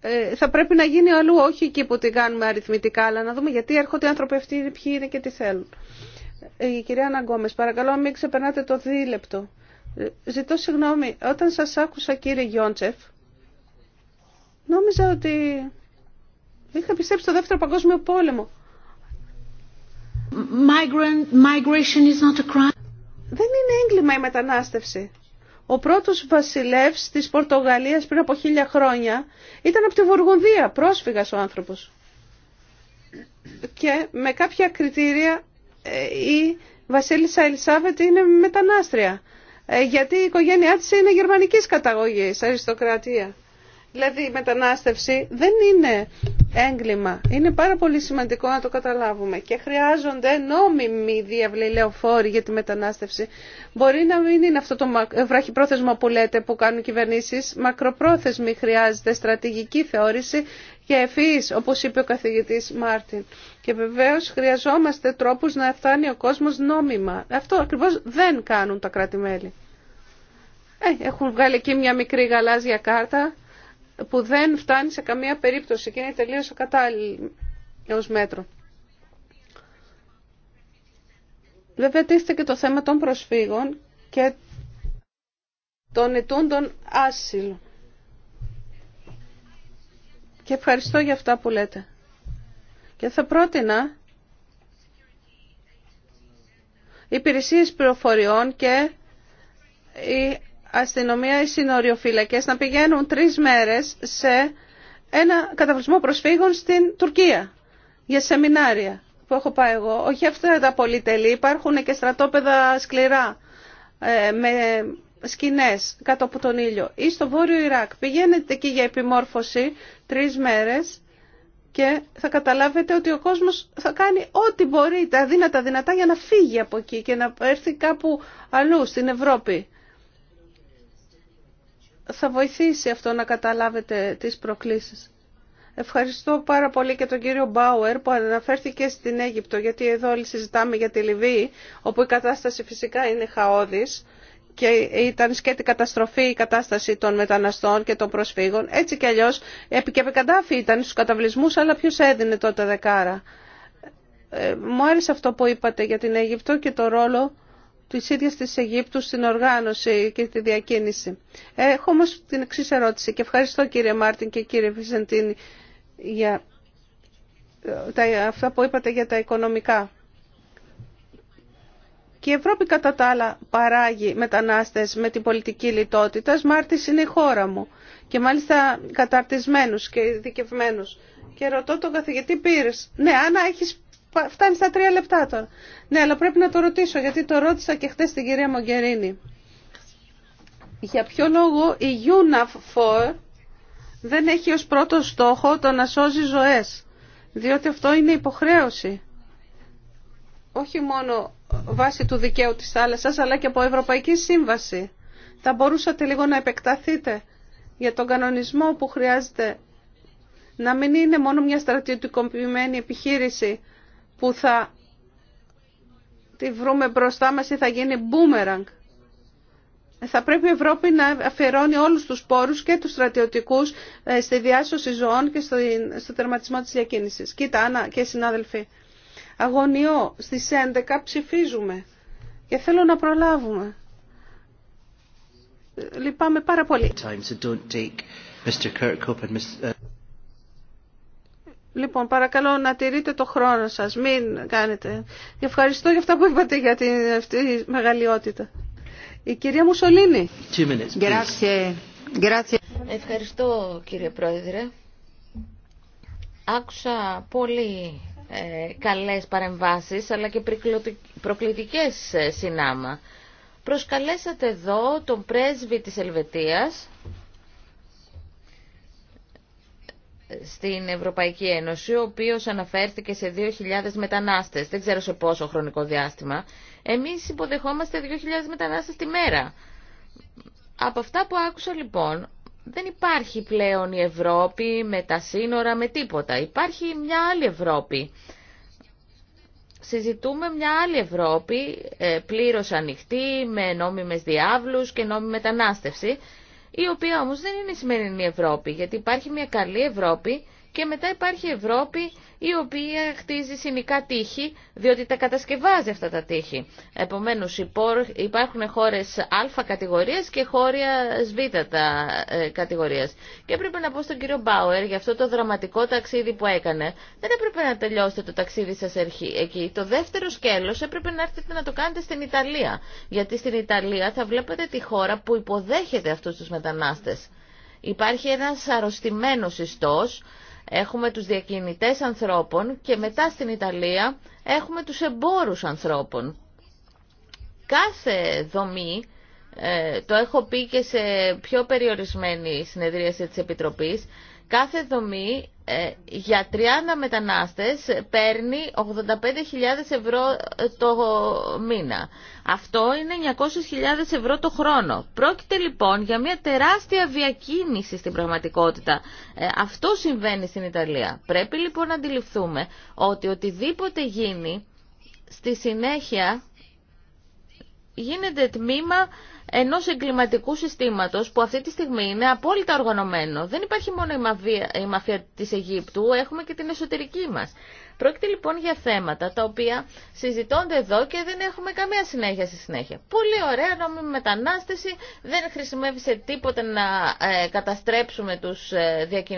ε, θα πρέπει να γίνει αλλού, όχι εκεί που την κάνουμε αριθμητικά, αλλά να δούμε γιατί έρχονται οι άνθρωποι αυτοί, ποιοι είναι και τι θέλουν. Ε, η κυρία Αναγκόμες, παρακαλώ μην ξεπερνάτε το δίλεπτο. Ε, ζητώ συγγνώμη, όταν σας άκουσα κύριε Γιόντσεφ, νόμιζα ότι είχα πιστέψει το δεύτερο παγκόσμιο πόλεμο migration is not a crime. Δεν είναι έγκλημα η μετανάστευση. Ο πρώτος βασιλεύς της Πορτογαλίας πριν από χίλια χρόνια ήταν από τη Βουργουνδία, πρόσφυγας ο άνθρωπος. Και με κάποια κριτήρια ε, η βασίλισσα Ελισάβετ είναι μετανάστρια. Ε, γιατί η οικογένειά της είναι γερμανικής καταγωγής, αριστοκρατία. Δηλαδή η μετανάστευση δεν είναι έγκλημα. Είναι πάρα πολύ σημαντικό να το καταλάβουμε. Και χρειάζονται νόμιμοι διαβληλεοφόροι για τη μετανάστευση. Μπορεί να μην είναι αυτό το βραχυπρόθεσμο που λέτε που κάνουν κυβερνήσει. Μακροπρόθεσμη χρειάζεται στρατηγική θεώρηση και ευφυής, όπω είπε ο Καθηγητή Μάρτιν. Και βεβαίω χρειαζόμαστε τρόπου να φτάνει ο κόσμο νόμιμα. Αυτό ακριβώ δεν κάνουν τα κράτη-μέλη. Ε, έχουν βγάλει εκεί μια μικρή γαλάζια κάρτα που δεν φτάνει σε καμία περίπτωση και είναι τελείως ακατάλληλη ως μέτρο. Βέβαια τίθεται και το θέμα των προσφύγων και των ετούντων άσυλου. Και ευχαριστώ για αυτά που λέτε. Και θα πρότεινα υπηρεσίες πληροφοριών και οι αστυνομία ή συνοριοφύλακες να πηγαίνουν τρεις μέρες σε ένα καταβλισμό προσφύγων στην Τουρκία για σεμινάρια που έχω πάει εγώ. Όχι αυτά τα πολυτελή, υπάρχουν και στρατόπεδα σκληρά ε, με σκηνές κάτω από τον ήλιο. Ή στο Βόρειο Ιράκ πηγαίνετε εκεί για επιμόρφωση τρεις μέρες και θα καταλάβετε ότι ο κόσμος θα κάνει ό,τι μπορεί τα δύνατα δυνατά για να φύγει από εκεί και να έρθει κάπου αλλού στην Ευρώπη θα βοηθήσει αυτό να καταλάβετε τις προκλήσεις. Ευχαριστώ πάρα πολύ και τον κύριο Μπάουερ που αναφέρθηκε στην Αίγυπτο, γιατί εδώ όλοι συζητάμε για τη Λιβύη, όπου η κατάσταση φυσικά είναι χαόδης και ήταν σκέτη καταστροφή η κατάσταση των μεταναστών και των προσφύγων. Έτσι κι αλλιώς και επικαντάφη ήταν στους καταβλισμούς, αλλά ποιο έδινε τότε δεκάρα. Ε, μου άρεσε αυτό που είπατε για την Αίγυπτο και το ρόλο Τη ίδια της Αιγύπτου στην οργάνωση και τη διακίνηση. Έχω όμω την εξή ερώτηση και ευχαριστώ κύριε Μάρτιν και κύριε Βυζαντίνη για ε, αυτά που είπατε για τα οικονομικά. Και η Ευρώπη κατά τα άλλα παράγει μετανάστες με την πολιτική λιτότητα. Μάρτις είναι η χώρα μου και μάλιστα καταρτισμένους και ειδικευμένους. Και ρωτώ τον καθηγητή πήρες. ναι, Άννα, έχεις Φτάνει στα τρία λεπτά τώρα. Ναι, αλλά πρέπει να το ρωτήσω, γιατί το ρώτησα και χθε την κυρία Μογκερίνη. Για ποιο λόγο η unaf δεν έχει ως πρώτο στόχο το να σώζει ζωές, διότι αυτό είναι υποχρέωση. Όχι μόνο βάσει του δικαίου της θάλασσας, αλλά και από Ευρωπαϊκή Σύμβαση. Θα μπορούσατε λίγο να επεκταθείτε για τον κανονισμό που χρειάζεται να μην είναι μόνο μια στρατιωτικοποιημένη επιχείρηση, που θα τη βρούμε μπροστά μας ή θα γίνει μπούμεραγκ. Θα πρέπει η θα γινει boomerang. θα πρεπει η ευρωπη να αφιερώνει όλους τους πόρους και τους στρατιωτικούς ε, στη διάσωση ζωών και στο τερματισμό της διακίνησης. Κοίτα, Άννα και συνάδελφοι, αγωνιώ στις 11 ψηφίζουμε και θέλω να προλάβουμε. Λυπάμαι πάρα πολύ. Λοιπόν, παρακαλώ να τηρείτε το χρόνο σας, μην κάνετε. Ευχαριστώ για αυτά που είπατε για την αυτή μεγαλειότητα. Η κυρία Μουσολίνη. Ευχαριστώ κύριε Πρόεδρε. Άκουσα πολύ ε, καλές παρεμβάσεις αλλά και προκλητικές ε, συνάμα. Προσκαλέσατε εδώ τον πρέσβη της Ελβετίας στην Ευρωπαϊκή Ένωση, ο οποίος αναφέρθηκε σε 2.000 μετανάστες, δεν ξέρω σε πόσο χρονικό διάστημα. Εμείς υποδεχόμαστε 2.000 μετανάστες τη μέρα. Από αυτά που άκουσα λοιπόν, δεν υπάρχει πλέον η Ευρώπη με τα σύνορα, με τίποτα. Υπάρχει μια άλλη Ευρώπη. Συζητούμε μια άλλη Ευρώπη ε, πλήρως ανοιχτή, με νόμιμες διάβλους και νόμιμη μετανάστευση η οποία όμως δεν είναι η σημερινή Ευρώπη, γιατί υπάρχει μια καλή Ευρώπη και μετά υπάρχει Ευρώπη η οποία χτίζει συνικά τείχη, διότι τα κατασκευάζει αυτά τα τείχη. Επομένως υπάρχουν χώρες α κατηγορίας και χώρια β ε, κατηγορίας. Και έπρεπε να πω στον κύριο Μπάουερ για αυτό το δραματικό ταξίδι που έκανε. Δεν έπρεπε να τελειώσετε το ταξίδι σας εκεί. Το δεύτερο σκέλος έπρεπε να έρθετε να το κάνετε στην Ιταλία. Γιατί στην Ιταλία θα βλέπετε τη χώρα που υποδέχεται αυτούς τους μετανάστες. Υπάρχει ένας αρρωστημένος ιστός Έχουμε τους διακινητές ανθρώπων και μετά στην Ιταλία έχουμε τους εμπόρους ανθρώπων. Κάθε δομή, ε, το έχω πει και σε πιο περιορισμένη συνεδρίαση της Επιτροπής, Κάθε δομή ε, για 30 μετανάστες παίρνει 85.000 ευρώ ε, το μήνα. Αυτό είναι 900.000 ευρώ το χρόνο. Πρόκειται λοιπόν για μια τεράστια διακίνηση στην πραγματικότητα. Ε, αυτό συμβαίνει στην Ιταλία. Πρέπει λοιπόν να αντιληφθούμε ότι οτιδήποτε γίνει στη συνέχεια γίνεται τμήμα ενός εγκληματικού συστήματος που αυτή τη στιγμή είναι απόλυτα οργανωμένο. Δεν υπάρχει μόνο η μαφία, η της Αιγύπτου, έχουμε και την εσωτερική μας. Πρόκειται λοιπόν για θέματα τα οποία συζητώνται εδώ και δεν έχουμε καμία συνέχεια στη συνέχεια. Πολύ ωραία νόμιμη μετανάστευση, δεν χρησιμεύει σε τίποτα να ε, καταστρέψουμε του ε,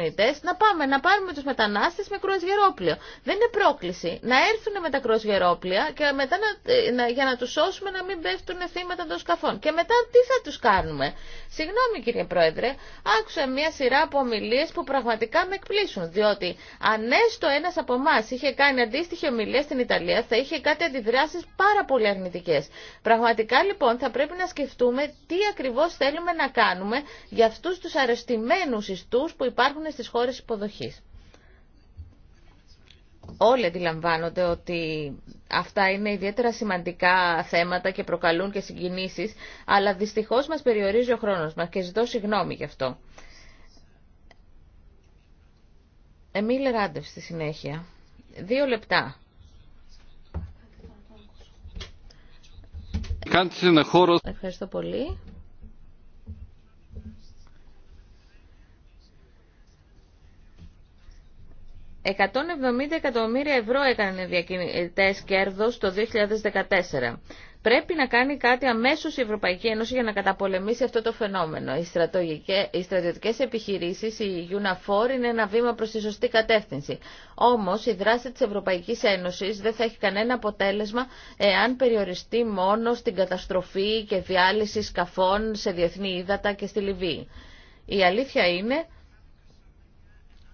Να πάμε, να πάρουμε του μετανάστε με κρουαζιερόπλαιο. Δεν είναι πρόκληση να έρθουν με τα κρουαζιερόπλαια και μετά να, ε, να, για να του σώσουμε να μην πέφτουν θύματα των σκαφών. Και μετά τι θα του κάνουμε. Συγγνώμη κύριε Πρόεδρε, άκουσα μια σειρά από ομιλίε που πραγματικά με εκπλήσουν, διότι αν έστω από εμά είχε είχε κάνει αντίστοιχη ομιλία στην Ιταλία θα είχε κάτι αντιδράσεις πάρα πολύ αρνητικές. Πραγματικά λοιπόν θα πρέπει να σκεφτούμε τι ακριβώς θέλουμε να κάνουμε για αυτούς τους αρεστημένους ιστούς που υπάρχουν στις χώρες υποδοχής. Όλοι αντιλαμβάνονται ότι αυτά είναι ιδιαίτερα σημαντικά θέματα και προκαλούν και συγκινήσεις, αλλά δυστυχώς μας περιορίζει ο χρόνος μας και ζητώ συγγνώμη γι' αυτό. Εμίλ Ράντευ στη συνέχεια. Δύο λεπτά. Ευχαριστώ πολύ. «170 εκατομμύρια ευρώ έκανε οι διακινητές κέρδος το 2014. Πρέπει να κάνει κάτι αμέσως η Ευρωπαϊκή Ένωση για να καταπολεμήσει αυτό το φαινόμενο. Οι στρατιωτικές επιχειρήσεις, η UNAFOR, είναι ένα βήμα προς τη σωστή κατεύθυνση. Όμως η δράση της Ευρωπαϊκής Ένωσης δεν θα έχει κανένα αποτέλεσμα εάν περιοριστεί μόνο στην καταστροφή και διάλυση σκαφών σε διεθνή ύδατα και στη Λιβύη. Η αλήθεια είναι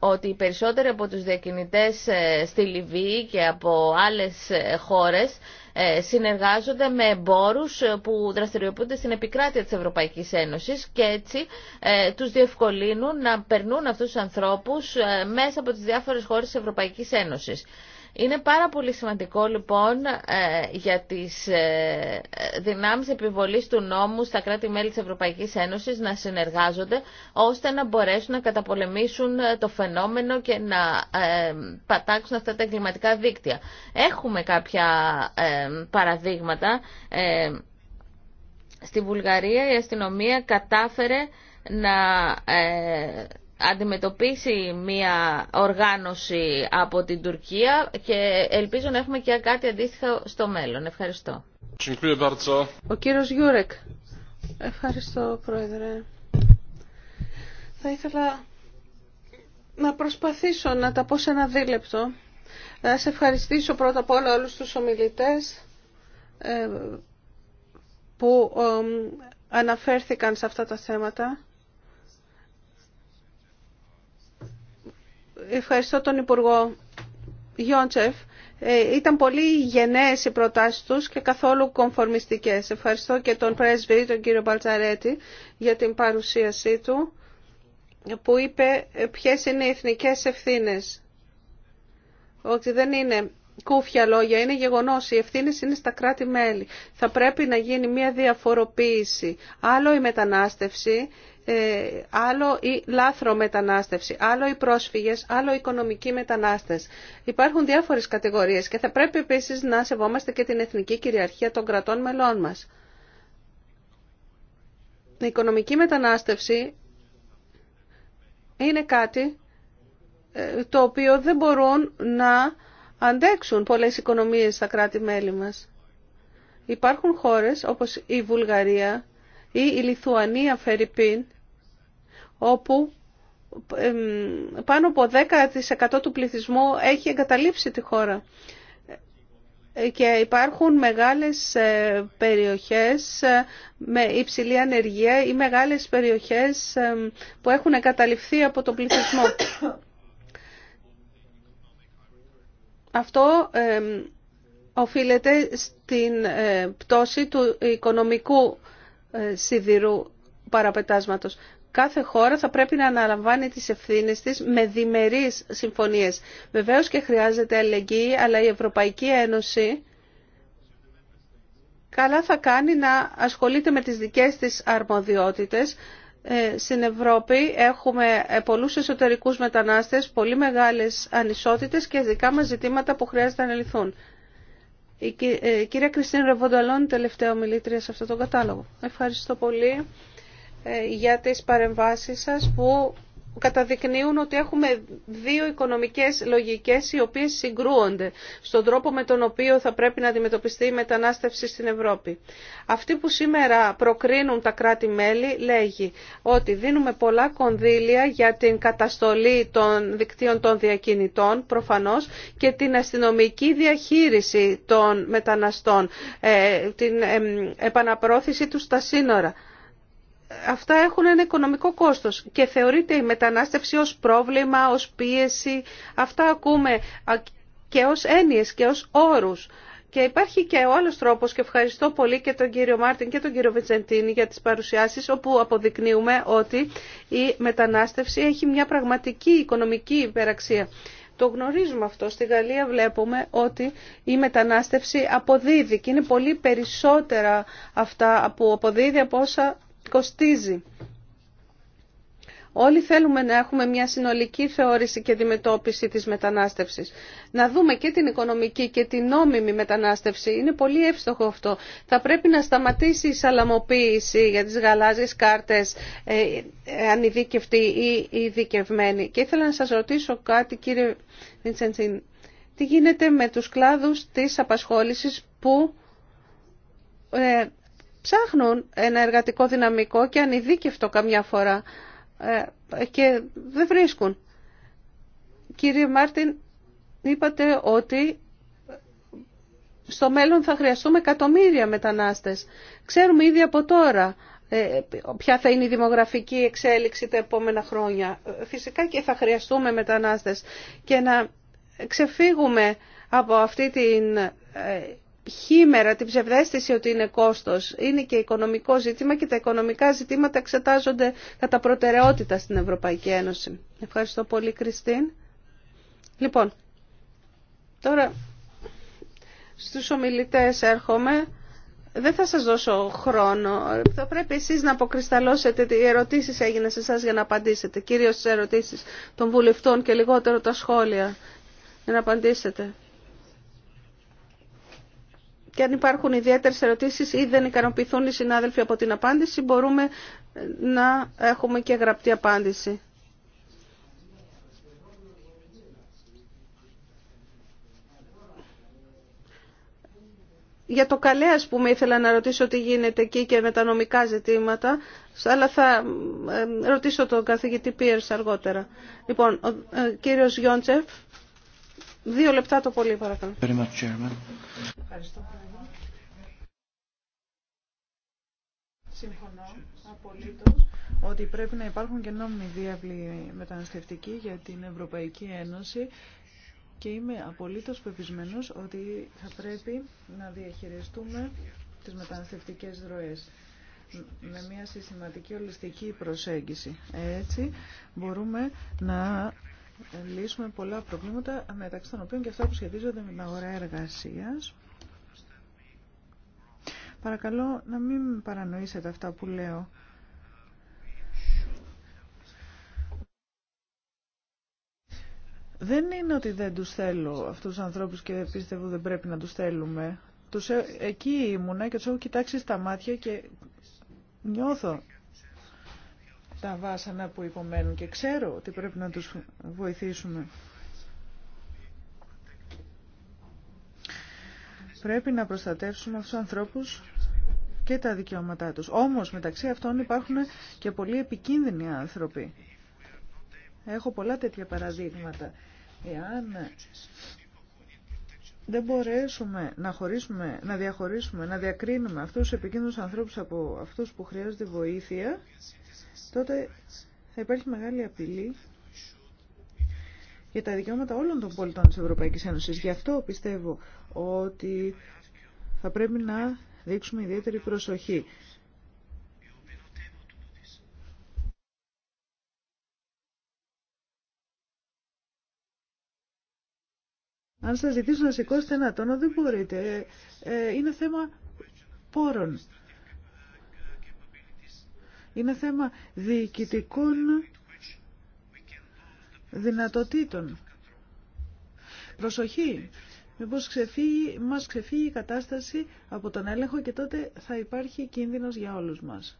ότι οι περισσότεροι από τους διακινητές ε, στη Λιβύη και από άλλες ε, χώρες ε, συνεργάζονται με εμπόρους ε, που δραστηριοποιούνται στην επικράτεια της Ευρωπαϊκής Ένωσης και έτσι ε, τους διευκολύνουν να περνούν αυτούς τους ανθρώπους μέσα από τις διάφορες χώρες τη Ευρωπαϊκής Ένωσης. Είναι πάρα πολύ σημαντικό λοιπόν ε, για τις ε, δυνάμεις επιβολής του νόμου στα κράτη-μέλη της Ευρωπαϊκής Ένωσης να συνεργάζονται ώστε να μπορέσουν να καταπολεμήσουν ε, το φαινόμενο και να πατάξουν αυτά τα εγκληματικά δίκτυα. Έχουμε κάποια παραδείγματα. Στη Βουλγαρία η αστυνομία κατάφερε να αντιμετωπίσει μια οργάνωση από την Τουρκία και ελπίζω να έχουμε και κάτι αντίστοιχο στο μέλλον. Ευχαριστώ. Ο κύριος Γιούρεκ. Ευχαριστώ, Πρόεδρε. Θα ήθελα να προσπαθήσω να τα πω σε ένα δίλεπτο. Να σε ευχαριστήσω πρώτα απ' όλα όλους τους ομιλητές ε, που ε, αναφέρθηκαν σε αυτά τα θέματα. Ευχαριστώ τον Υπουργό Γιόντσεφ. Ε, ήταν πολύ γενναίες οι προτάσεις τους και καθόλου κομφορμιστικές. Ευχαριστώ και τον πρέσβη, τον κύριο Μπαλτσαρέτη, για την παρουσίασή του, που είπε ε, ποιες είναι οι εθνικές ευθύνες. Ότι δεν είναι κούφια λόγια, είναι γεγονός, οι ευθύνε είναι στα κράτη-μέλη. Θα πρέπει να γίνει μια διαφοροποίηση. Άλλο η μετανάστευση ε, άλλο η λάθρο μετανάστευση, άλλο οι πρόσφυγες, άλλο οι οικονομικοί μετανάστες. Υπάρχουν διάφορες κατηγορίες και θα πρέπει επίσης να σεβόμαστε και την εθνική κυριαρχία των κρατών μελών μας. Η οικονομική μετανάστευση είναι κάτι ε, το οποίο δεν μπορούν να αντέξουν πολλές οικονομίες στα κράτη-μέλη μας. Υπάρχουν χώρες όπως η Βουλγαρία ή η Λιθουανία Φερρυπίν όπου πάνω από 10% του πληθυσμού έχει εγκαταλείψει τη χώρα. Και υπάρχουν μεγάλες ε, περιοχές ε, με υψηλή ανεργία ή μεγάλες περιοχές ε, που έχουν εγκαταλειφθεί από τον πληθυσμό. Αυτό οφείλεται στην πτώση του οικονομικού σιδηρού παραπετάσματος κάθε χώρα θα πρέπει να αναλαμβάνει τις ευθύνες της με διμερείς συμφωνίες. Βεβαίως και χρειάζεται αλληλεγγύη, αλλά η Ευρωπαϊκή Ένωση καλά θα κάνει να ασχολείται με τις δικές της αρμοδιότητες. Ε, στην Ευρώπη έχουμε ε, πολλούς εσωτερικούς μετανάστες, πολύ μεγάλες ανισότητες και δικά μας ζητήματα που χρειάζεται να λυθούν. Η ε, κυρία Κριστίν Ρεβονταλόν, τελευταία ομιλήτρια σε αυτό τον κατάλογο. Ευχαριστώ πολύ. Ε, για τις παρεμβάσεις σας που καταδεικνύουν ότι έχουμε δύο οικονομικές λογικές οι οποίες συγκρούονται στον τρόπο με τον οποίο θα πρέπει να αντιμετωπιστεί η μετανάστευση στην Ευρώπη. Αυτοί που σήμερα προκρίνουν τα κράτη-μέλη λέγει ότι δίνουμε πολλά κονδύλια για την καταστολή των δικτύων των διακινητών προφανώς και την αστυνομική διαχείριση των μεταναστών, ε, την ε, επαναπρόθεση τους στα σύνορα αυτά έχουν ένα οικονομικό κόστος και θεωρείται η μετανάστευση ως πρόβλημα, ως πίεση. Αυτά ακούμε και ως έννοιες και ως όρους. Και υπάρχει και ο άλλος τρόπος και ευχαριστώ πολύ και τον κύριο Μάρτιν και τον κύριο Βετζεντίνη για τις παρουσιάσεις όπου αποδεικνύουμε ότι η μετανάστευση έχει μια πραγματική οικονομική υπεραξία. Το γνωρίζουμε αυτό. Στη Γαλλία βλέπουμε ότι η μετανάστευση αποδίδει και είναι πολύ περισσότερα αυτά που αποδίδει από όσα κοστίζει. Όλοι θέλουμε να έχουμε μια συνολική θεώρηση και αντιμετώπιση της μετανάστευσης. Να δούμε και την οικονομική και την νόμιμη μετανάστευση. Είναι πολύ εύστοχο αυτό. Θα πρέπει να σταματήσει η σαλαμοποίηση για τις γαλάζιες κάρτες ε, ε ανειδίκευτοι ή ειδικευμένοι. Και ήθελα να σας ρωτήσω κάτι κύριε Βιντσεντσίν. Τι γίνεται με τους κλάδους της απασχόλησης που ε, ψάχνουν ένα εργατικό δυναμικό και ανειδίκευτο καμιά φορά ε, και δεν βρίσκουν. Κύριε Μάρτιν, είπατε ότι στο μέλλον θα χρειαστούμε εκατομμύρια μετανάστες. Ξέρουμε ήδη από τώρα ε, ποια θα είναι η δημογραφική εξέλιξη τα επόμενα χρόνια. Φυσικά και θα χρειαστούμε μετανάστες και να ξεφύγουμε από αυτή την ε, χήμερα την ψευδέστηση ότι είναι κόστος. Είναι και οικονομικό ζήτημα και τα οικονομικά ζητήματα εξετάζονται κατά προτεραιότητα στην Ευρωπαϊκή Ένωση. Ευχαριστώ πολύ Κριστίν. Λοιπόν, τώρα στους ομιλητές έρχομαι. Δεν θα σας δώσω χρόνο. Θα πρέπει εσείς να αποκρισταλώσετε τι ερωτήσεις έγινε σε εσάς για να απαντήσετε. Κυρίως τις ερωτήσεις των βουλευτών και λιγότερο τα σχόλια για να απαντήσετε. Και αν υπάρχουν ιδιαίτερες ερωτήσεις ή δεν ικανοποιηθούν οι συνάδελφοι από την απάντηση, μπορούμε να έχουμε και γραπτή απάντηση. για το καλέ ας πούμε ήθελα να ρωτήσω τι γίνεται εκεί και με τα νομικά ζητήματα αλλά θα ρωτήσω τον καθηγητή Πίερς αργότερα. Λοιπόν, ο ε, κύριος Γιόντσεφ δύο λεπτά το πολύ παρακαλώ. Ευχαριστώ. Συμφωνώ απολύτως ότι πρέπει να υπάρχουν και νόμιμοι διάβλοι μεταναστευτικοί για την Ευρωπαϊκή Ένωση και είμαι απολύτως πεπισμένο ότι θα πρέπει να διαχειριστούμε τις μεταναστευτικέ ροέ. με μια συστηματική ολιστική προσέγγιση. Έτσι μπορούμε να λύσουμε πολλά προβλήματα μεταξύ των οποίων και αυτά που σχετίζονται με την αγορά εργασίας. Παρακαλώ να μην παρανοήσετε αυτά που λέω. Δεν είναι ότι δεν τους θέλω αυτούς τους ανθρώπους και πιστεύω δεν πρέπει να τους θέλουμε. Τους, ε, εκεί ήμουνα και τους έχω κοιτάξει στα μάτια και νιώθω τα βάσανα που υπομένουν και ξέρω ότι πρέπει να τους βοηθήσουμε. Πρέπει να προστατεύσουμε αυτούς τους ανθρώπους και τα δικαιώματά τους. Όμως μεταξύ αυτών υπάρχουν και πολύ επικίνδυνοι άνθρωποι. Έχω πολλά τέτοια παραδείγματα. Εάν δεν μπορέσουμε να, χωρίσουμε, να διαχωρίσουμε, να διακρίνουμε αυτούς τους επικίνδυνους ανθρώπους από αυτούς που χρειάζονται βοήθεια, τότε θα υπάρχει μεγάλη απειλή για τα δικαιώματα όλων των πολιτών της Ευρωπαϊκής Ένωσης. Γι' αυτό πιστεύω ότι θα πρέπει να δείξουμε ιδιαίτερη προσοχή. Αν σας ζητήσω να σηκώσετε ένα τόνο, δεν μπορείτε. Ε, είναι θέμα πόρων. Είναι θέμα διοικητικών δυνατοτήτων. Προσοχή Μήπως ξεφύγει, μας ξεφύγει η κατάσταση από τον έλεγχο και τότε θα υπάρχει κίνδυνος για όλους μας.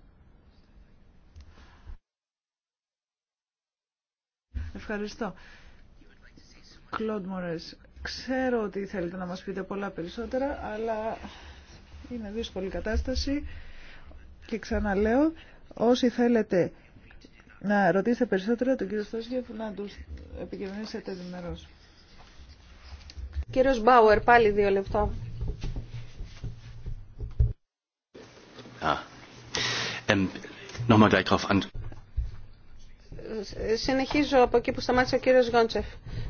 Ευχαριστώ. Κλοντ Μορές, ξέρω ότι θέλετε να μας πείτε πολλά περισσότερα, αλλά είναι δύσκολη κατάσταση και ξαναλέω, όσοι θέλετε να ρωτήσετε περισσότερα τον κύριο Στόσγεφ, να τους επικοινωνήσετε δημερός. Κύριος Μπάουερ, πάλι δύο λεπτά. Συνεχίζω από εκεί που σταμάτησε ο κύριος Γόντσεφ.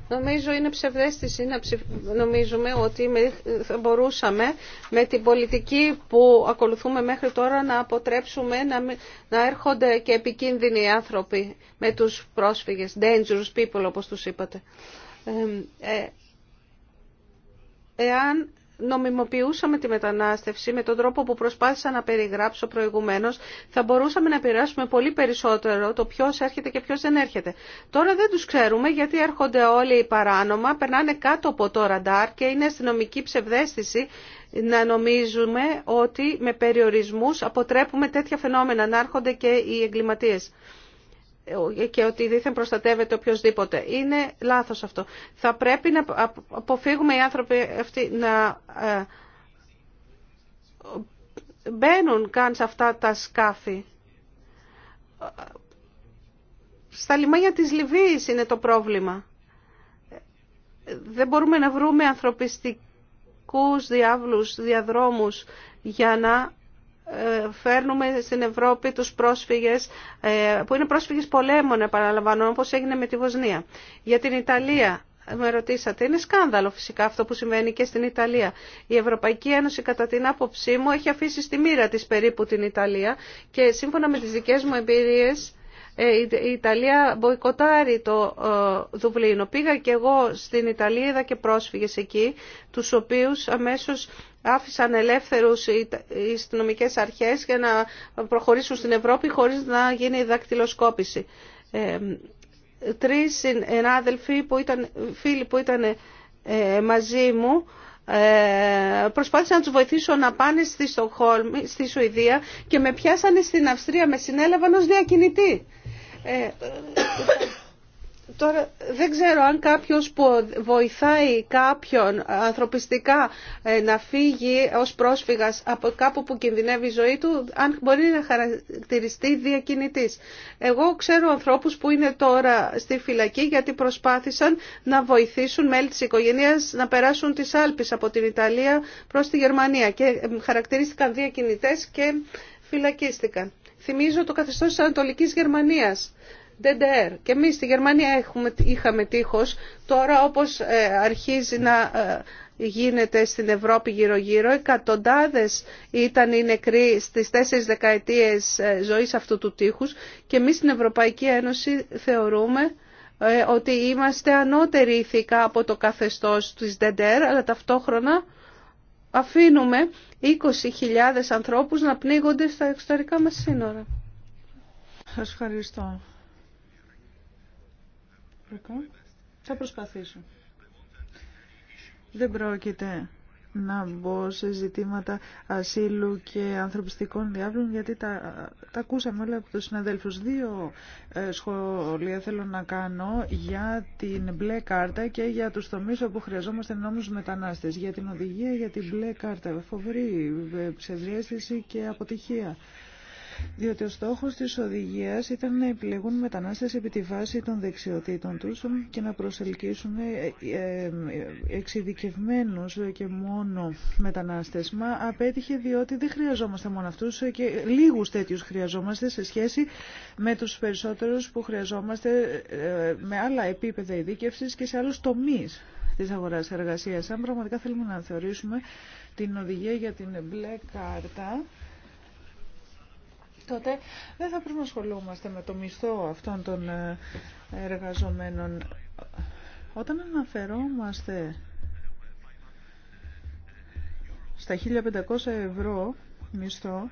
Νομίζω είναι ψευδέστηση να ψηφ... νομίζουμε ότι θα μπορούσαμε με την πολιτική που ακολουθούμε μέχρι τώρα να αποτρέψουμε να, να έρχονται και επικίνδυνοι άνθρωποι με τους πρόσφυγες, dangerous people όπως τους είπατε. Ε, ε, εάν νομιμοποιούσαμε τη μετανάστευση με τον τρόπο που προσπάθησα να περιγράψω προηγουμένως, θα μπορούσαμε να επηρεάσουμε πολύ περισσότερο το ποιος έρχεται και ποιος δεν έρχεται. Τώρα δεν τους ξέρουμε γιατί έρχονται όλοι οι παράνομα, περνάνε κάτω από το ραντάρ και είναι αστυνομική ψευδέστηση να νομίζουμε ότι με περιορισμούς αποτρέπουμε τέτοια φαινόμενα να έρχονται και οι εγκληματίες και ότι δήθεν προστατεύεται οποιοδήποτε. Είναι λάθος αυτό. Θα πρέπει να αποφύγουμε οι άνθρωποι αυτοί να ε, μπαίνουν καν σε αυτά τα σκάφη. Στα λιμάνια της Λιβύης είναι το πρόβλημα. Δεν μπορούμε να βρούμε ανθρωπιστικούς διάβλους, διαδρόμους για να φέρνουμε στην Ευρώπη τους πρόσφυγες, ε, που είναι πρόσφυγες πολέμων, επαναλαμβάνω, όπως έγινε με τη Βοσνία. Για την Ιταλία, με ρωτήσατε, είναι σκάνδαλο φυσικά αυτό που συμβαίνει και στην Ιταλία. Η Ευρωπαϊκή Ένωση, κατά την άποψή μου, έχει αφήσει στη μοίρα της περίπου την Ιταλία και σύμφωνα με τις δικές μου εμπειρίες, ε, η Ιταλία μποϊκοτάρει το ε, Δουβλίνο. Πήγα και εγώ στην Ιταλία, είδα και πρόσφυγες εκεί, τους οποίους αμέσως άφησαν ελεύθερους οι αστυνομικέ αρχές για να προχωρήσουν στην Ευρώπη χωρίς να γίνει δακτυλοσκόπηση. Ε, τρεις συνάδελφοι που ήταν, φίλοι που ήταν ε, μαζί μου ε, προσπάθησαν να τους βοηθήσω να πάνε στη Στοχόλμη, στη Σουηδία και με πιάσανε στην Αυστρία, με συνέλαβαν ως διακινητή. Ε, Τώρα δεν ξέρω αν κάποιος που βοηθάει κάποιον ανθρωπιστικά ε, να φύγει ως πρόσφυγας από κάπου που κινδυνεύει η ζωή του, αν μπορεί να χαρακτηριστεί διακινητής. Εγώ ξέρω ανθρώπους που είναι τώρα στη φυλακή γιατί προσπάθησαν να βοηθήσουν μέλη της οικογένειας να περάσουν τις Άλπεις από την Ιταλία προς τη Γερμανία και ε, χαρακτηρίστηκαν διακινητές και φυλακίστηκαν. Θυμίζω το καθεστώς της Ανατολικής Γερμανίας DDR. Και εμεί στη Γερμανία έχουμε, είχαμε τείχο. Τώρα όπως ε, αρχίζει να ε, γίνεται στην Ευρώπη γύρω-γύρω, εκατοντάδε ήταν οι νεκροί στις τέσσερις δεκαετίες ε, ζωής αυτού του τείχου. και εμεί στην Ευρωπαϊκή Ένωση θεωρούμε ότι είμαστε ανώτεροι ηθικά από το καθεστώς της DDR, αλλά ταυτόχρονα αφήνουμε 20.000 ανθρώπους να πνίγονται στα εξωτερικά μας σύνορα. Σας ευχαριστώ. Θα προσπαθήσω. Δεν πρόκειται να μπω σε ζητήματα ασύλου και ανθρωπιστικών διάβλων, γιατί τα, τα ακούσαμε όλα από τους συναδέλφους. Δύο ε, θέλω να κάνω για την μπλε κάρτα και για τους τομείς όπου χρειαζόμαστε νόμους μετανάστες. Για την οδηγία, για την μπλε κάρτα. Φοβερή ε, ψευδιέστηση και αποτυχία διότι ο στόχος της οδηγίας ήταν να επιλεγούν μετανάστες επί τη βάση των δεξιοτήτων τους και να προσελκύσουν ε, ε, εξειδικευμένους και μόνο μετανάστες. Μα απέτυχε διότι δεν χρειαζόμαστε μόνο αυτούς και λίγους τέτοιους χρειαζόμαστε σε σχέση με τους περισσότερους που χρειαζόμαστε ε, με άλλα επίπεδα ειδίκευσης και σε άλλους τομείς της αγοράς εργασίας. Αν πραγματικά θέλουμε να θεωρήσουμε την οδηγία για την μπλε κάρτα τότε δεν θα πρέπει να ασχολούμαστε με το μισθό αυτών των ε, εργαζομένων. Όταν αναφερόμαστε στα 1500 ευρώ μισθό,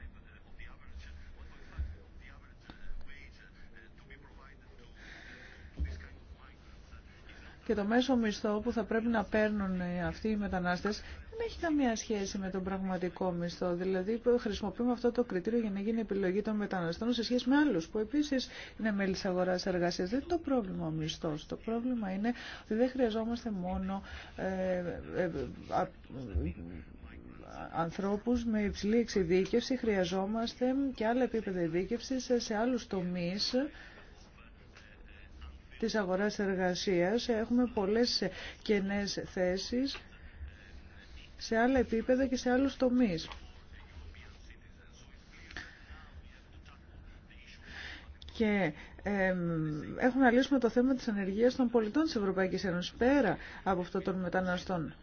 και το μέσο μισθό που θα πρέπει να παίρνουν αυτοί οι μετανάστες δεν έχει καμία σχέση με τον πραγματικό μισθό. Δηλαδή χρησιμοποιούμε αυτό το κριτήριο για να γίνει επιλογή των μεταναστών σε σχέση με άλλους που επίσης είναι μέλη της αγοράς εργασίας. Δεν είναι το πρόβλημα ο μισθός. Το πρόβλημα είναι ότι δεν χρειαζόμαστε μόνο ε, ε ανθρώπους με υψηλή εξειδίκευση, χρειαζόμαστε και άλλα επίπεδα ειδίκευσης σε άλλους τομείς της αγοράς εργασίας. Έχουμε πολλές κενές θέσεις σε άλλα επίπεδα και σε άλλους τομείς. Και έχουμε να λύσουμε το θέμα της ανεργίας των πολιτών της Ευρωπαϊκής Ένωσης πέρα από αυτό των μεταναστών.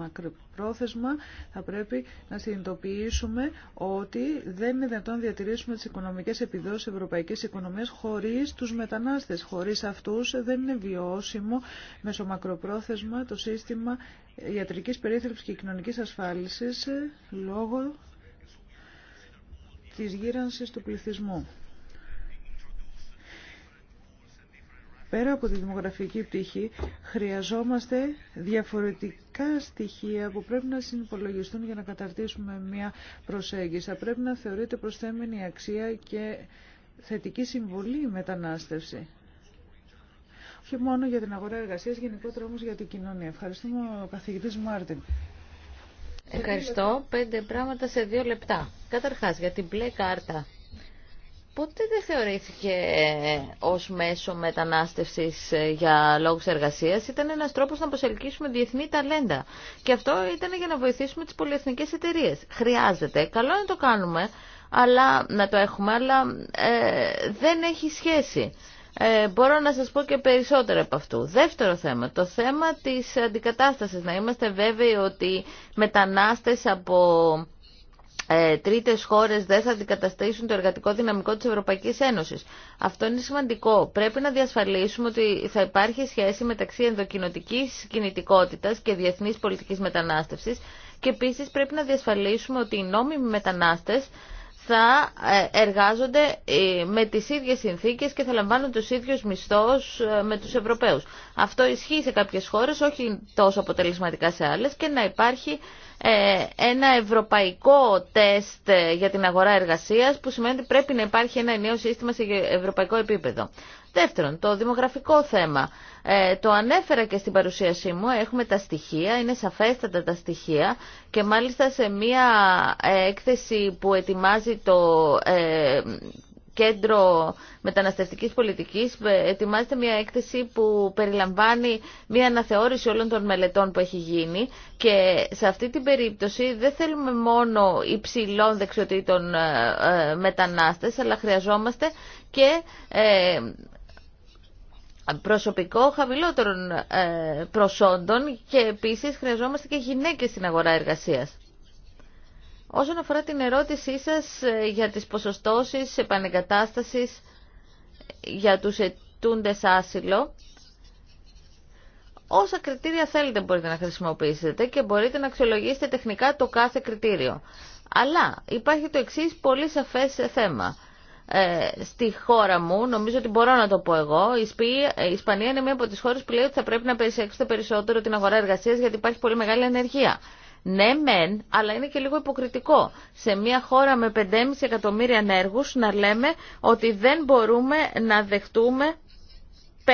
Μακροπρόθεσμα θα πρέπει να συνειδητοποιήσουμε ότι δεν είναι δυνατόν να διατηρήσουμε τις οικονομικές επιδόσεις της ευρωπαϊκής οικονομίας χωρίς τους μετανάστες. Χωρίς αυτούς δεν είναι βιώσιμο μακροπρόθεσμα το σύστημα ιατρικής περίθαλψης και κοινωνικής ασφάλισης λόγω της γύρανσης του πληθυσμού. Πέρα από τη δημογραφική πτύχη, χρειαζόμαστε διαφορετική βασικά στοιχεία που πρέπει να συνυπολογιστούν για να καταρτήσουμε μια προσέγγιση. Θα πρέπει να θεωρείται προσθέμενη αξία και θετική συμβολή η μετανάστευση. Όχι μόνο για την αγορά εργασίας, γενικότερα όμως για την κοινωνία. Ευχαριστούμε ο καθηγητής Μάρτιν. Ευχαριστώ. Πέντε πράγματα σε δύο λεπτά. Καταρχάς, για την μπλε κάρτα ποτέ δεν θεωρήθηκε ως μέσο μετανάστευσης ε, για λόγους εργασίας. Ήταν ένας τρόπος να προσελκύσουμε διεθνή ταλέντα. Και αυτό ήταν για να βοηθήσουμε τις πολυεθνικές εταιρείες. Χρειάζεται. Καλό είναι να το κάνουμε, αλλά να το έχουμε, αλλά ε, δεν έχει σχέση. Ε, μπορώ να σας πω και περισσότερα από αυτού. Δεύτερο θέμα, το θέμα της αντικατάστασης. Να είμαστε βέβαιοι ότι μετανάστες από ε, τρίτες χώρες δεν θα αντικαταστήσουν το εργατικό δυναμικό τη Ευρωπαϊκή Ένωση. Αυτό είναι σημαντικό. Πρέπει να διασφαλίσουμε ότι θα υπάρχει σχέση μεταξύ ενδοκινοτικής κινητικότητα και διεθνή πολιτική μετανάστευση. και επίση πρέπει να διασφαλίσουμε ότι οι νόμιμοι μετανάστες θα ε, εργάζονται ε, με τις ίδιες συνθήκες και θα λαμβάνουν τους ίδιους μισθούς ε, με τους Ευρωπαίους. Αυτό ισχύει σε κάποιες χώρες, όχι τόσο αποτελεσματικά σε άλλες και να υπάρχει ε, ένα ευρωπαϊκό τεστ για την αγορά εργασίας που σημαίνει ότι πρέπει να υπάρχει ένα νέο σύστημα σε ευρωπαϊκό επίπεδο. Δεύτερον, το δημογραφικό θέμα. Ε, το ανέφερα και στην παρουσίασή μου, έχουμε τα στοιχεία, είναι σαφέστατα τα στοιχεία και μάλιστα σε μία ε, έκθεση που ετοιμάζει το Κέντρο Μεταναστευτικής Πολιτικής ετοιμάζεται μια έκθεση που περιλαμβάνει μια αναθεώρηση όλων των μελετών που έχει γίνει και σε αυτή την περίπτωση δεν θέλουμε μόνο υψηλών δεξιοτήτων ε, ε, μετανάστες αλλά χρειαζόμαστε και ε, προσωπικό χαμηλότερων προσόντων και επίσης χρειαζόμαστε και γυναίκες στην αγορά εργασίας. Όσον αφορά την ερώτησή σας ε, για τις ποσοστώσεις επανεγκατάστασης για τους ετούντες άσυλο, όσα κριτήρια θέλετε μπορείτε να χρησιμοποιήσετε και μπορείτε να αξιολογήσετε τεχνικά το κάθε κριτήριο. Αλλά υπάρχει το εξή πολύ σαφές θέμα. Ε, στη χώρα μου, νομίζω ότι μπορώ να το πω εγώ, ε, η, Ισπανία είναι μία από τις χώρες που λέει ότι θα πρέπει να περισσέξετε περισσότερο την αγορά εργασίας γιατί υπάρχει πολύ μεγάλη ανεργία. Ναι, μεν, αλλά είναι και λίγο υποκριτικό σε μια χώρα με 5,5 εκατομμύρια ανέργους να λέμε ότι δεν μπορούμε να δεχτούμε 5.000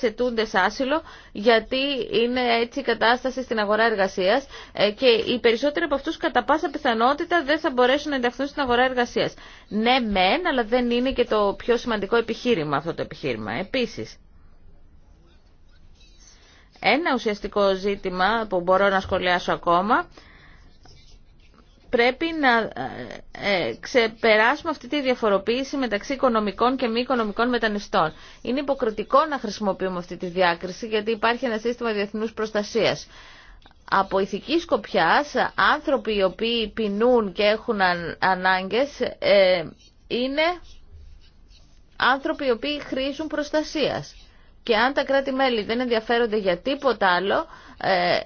ετούντες άσυλο γιατί είναι έτσι η κατάσταση στην αγορά εργασίας ε, και οι περισσότεροι από αυτούς κατά πάσα πιθανότητα δεν θα μπορέσουν να ενταχθούν στην αγορά εργασίας. Ναι μεν, αλλά δεν είναι και το πιο σημαντικό επιχείρημα αυτό το επιχείρημα. Επίσης, ένα ουσιαστικό ζήτημα που μπορώ να σχολιάσω ακόμα πρέπει να ε, ξεπεράσουμε αυτή τη διαφοροποίηση μεταξύ οικονομικών και μη οικονομικών μετανιστών. Είναι υποκριτικό να χρησιμοποιούμε αυτή τη διάκριση γιατί υπάρχει ένα σύστημα διεθνούς προστασίας. Από ηθική σκοπιά, άνθρωποι οι οποίοι πεινούν και έχουν ανάγκες ε, είναι άνθρωποι οι οποίοι χρήζουν προστασίας. Και αν τα κράτη-μέλη δεν ενδιαφέρονται για τίποτα άλλο, ε,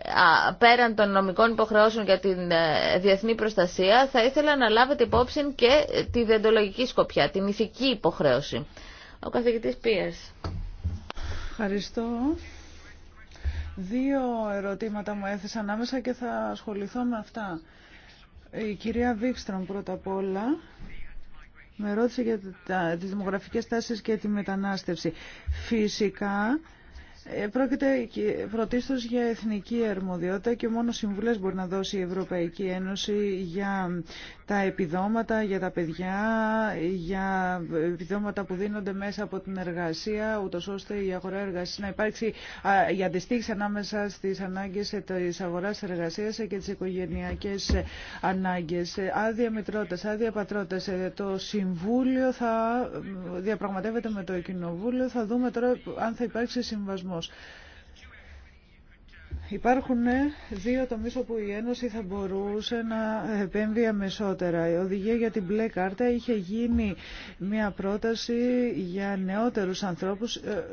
πέραν των νομικών υποχρεώσεων για την ε, διεθνή προστασία, θα ήθελα να λάβετε υπόψη και τη διεντολογική σκοπιά, την ηθική υποχρέωση. Ο καθηγητής Πίερς. Ευχαριστώ. Δύο ερωτήματα μου έθεσαν άμεσα και θα ασχοληθώ με αυτά. Η κυρία Βίξτρον πρώτα απ' όλα με ρώτησε για τις δημογραφικές τάσεις και τη μετανάστευση. Φυσικά ε, πρόκειται πρωτίστως για εθνική αρμοδιότητα και μόνο συμβουλές μπορεί να δώσει η Ευρωπαϊκή Ένωση για τα επιδόματα, για τα παιδιά, για επιδόματα που δίνονται μέσα από την εργασία, ούτως ώστε η αγορά εργασίας να υπάρξει η αντιστήξη ανάμεσα στις ανάγκες της αγοράς εργασίας και τις οικογενειακές ανάγκες. Άδεια μητρότητας, άδεια πατρότητας, ε, το Συμβούλιο θα διαπραγματεύεται με το Κοινοβούλιο, θα δούμε τώρα αν θα υπάρξει συμβασμό. Υπάρχουν ε, δύο τομεί όπου η Ένωση θα μπορούσε να επέμβει αμεσότερα. Η οδηγία για την μπλε κάρτα είχε γίνει μια πρόταση για νεότερους ανθρώπους. Ε,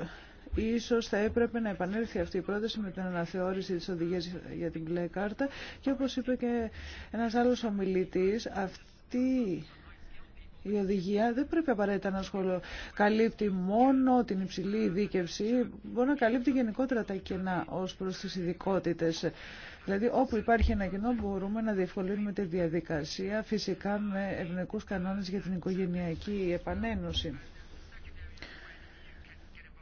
ίσως θα έπρεπε να επανέλθει αυτή η πρόταση με την αναθεώρηση της οδηγίας για την μπλε κάρτα και όπως είπε και ένας άλλος ομιλητής, αυτή η οδηγία δεν πρέπει απαραίτητα να καλύπτει μόνο την υψηλή ειδίκευση. μπορεί να καλύπτει γενικότερα τα κενά ως προς τις ειδικότητε. Δηλαδή όπου υπάρχει ένα κοινό μπορούμε να διευκολύνουμε τη διαδικασία φυσικά με ευνοϊκούς κανόνες για την οικογενειακή επανένωση.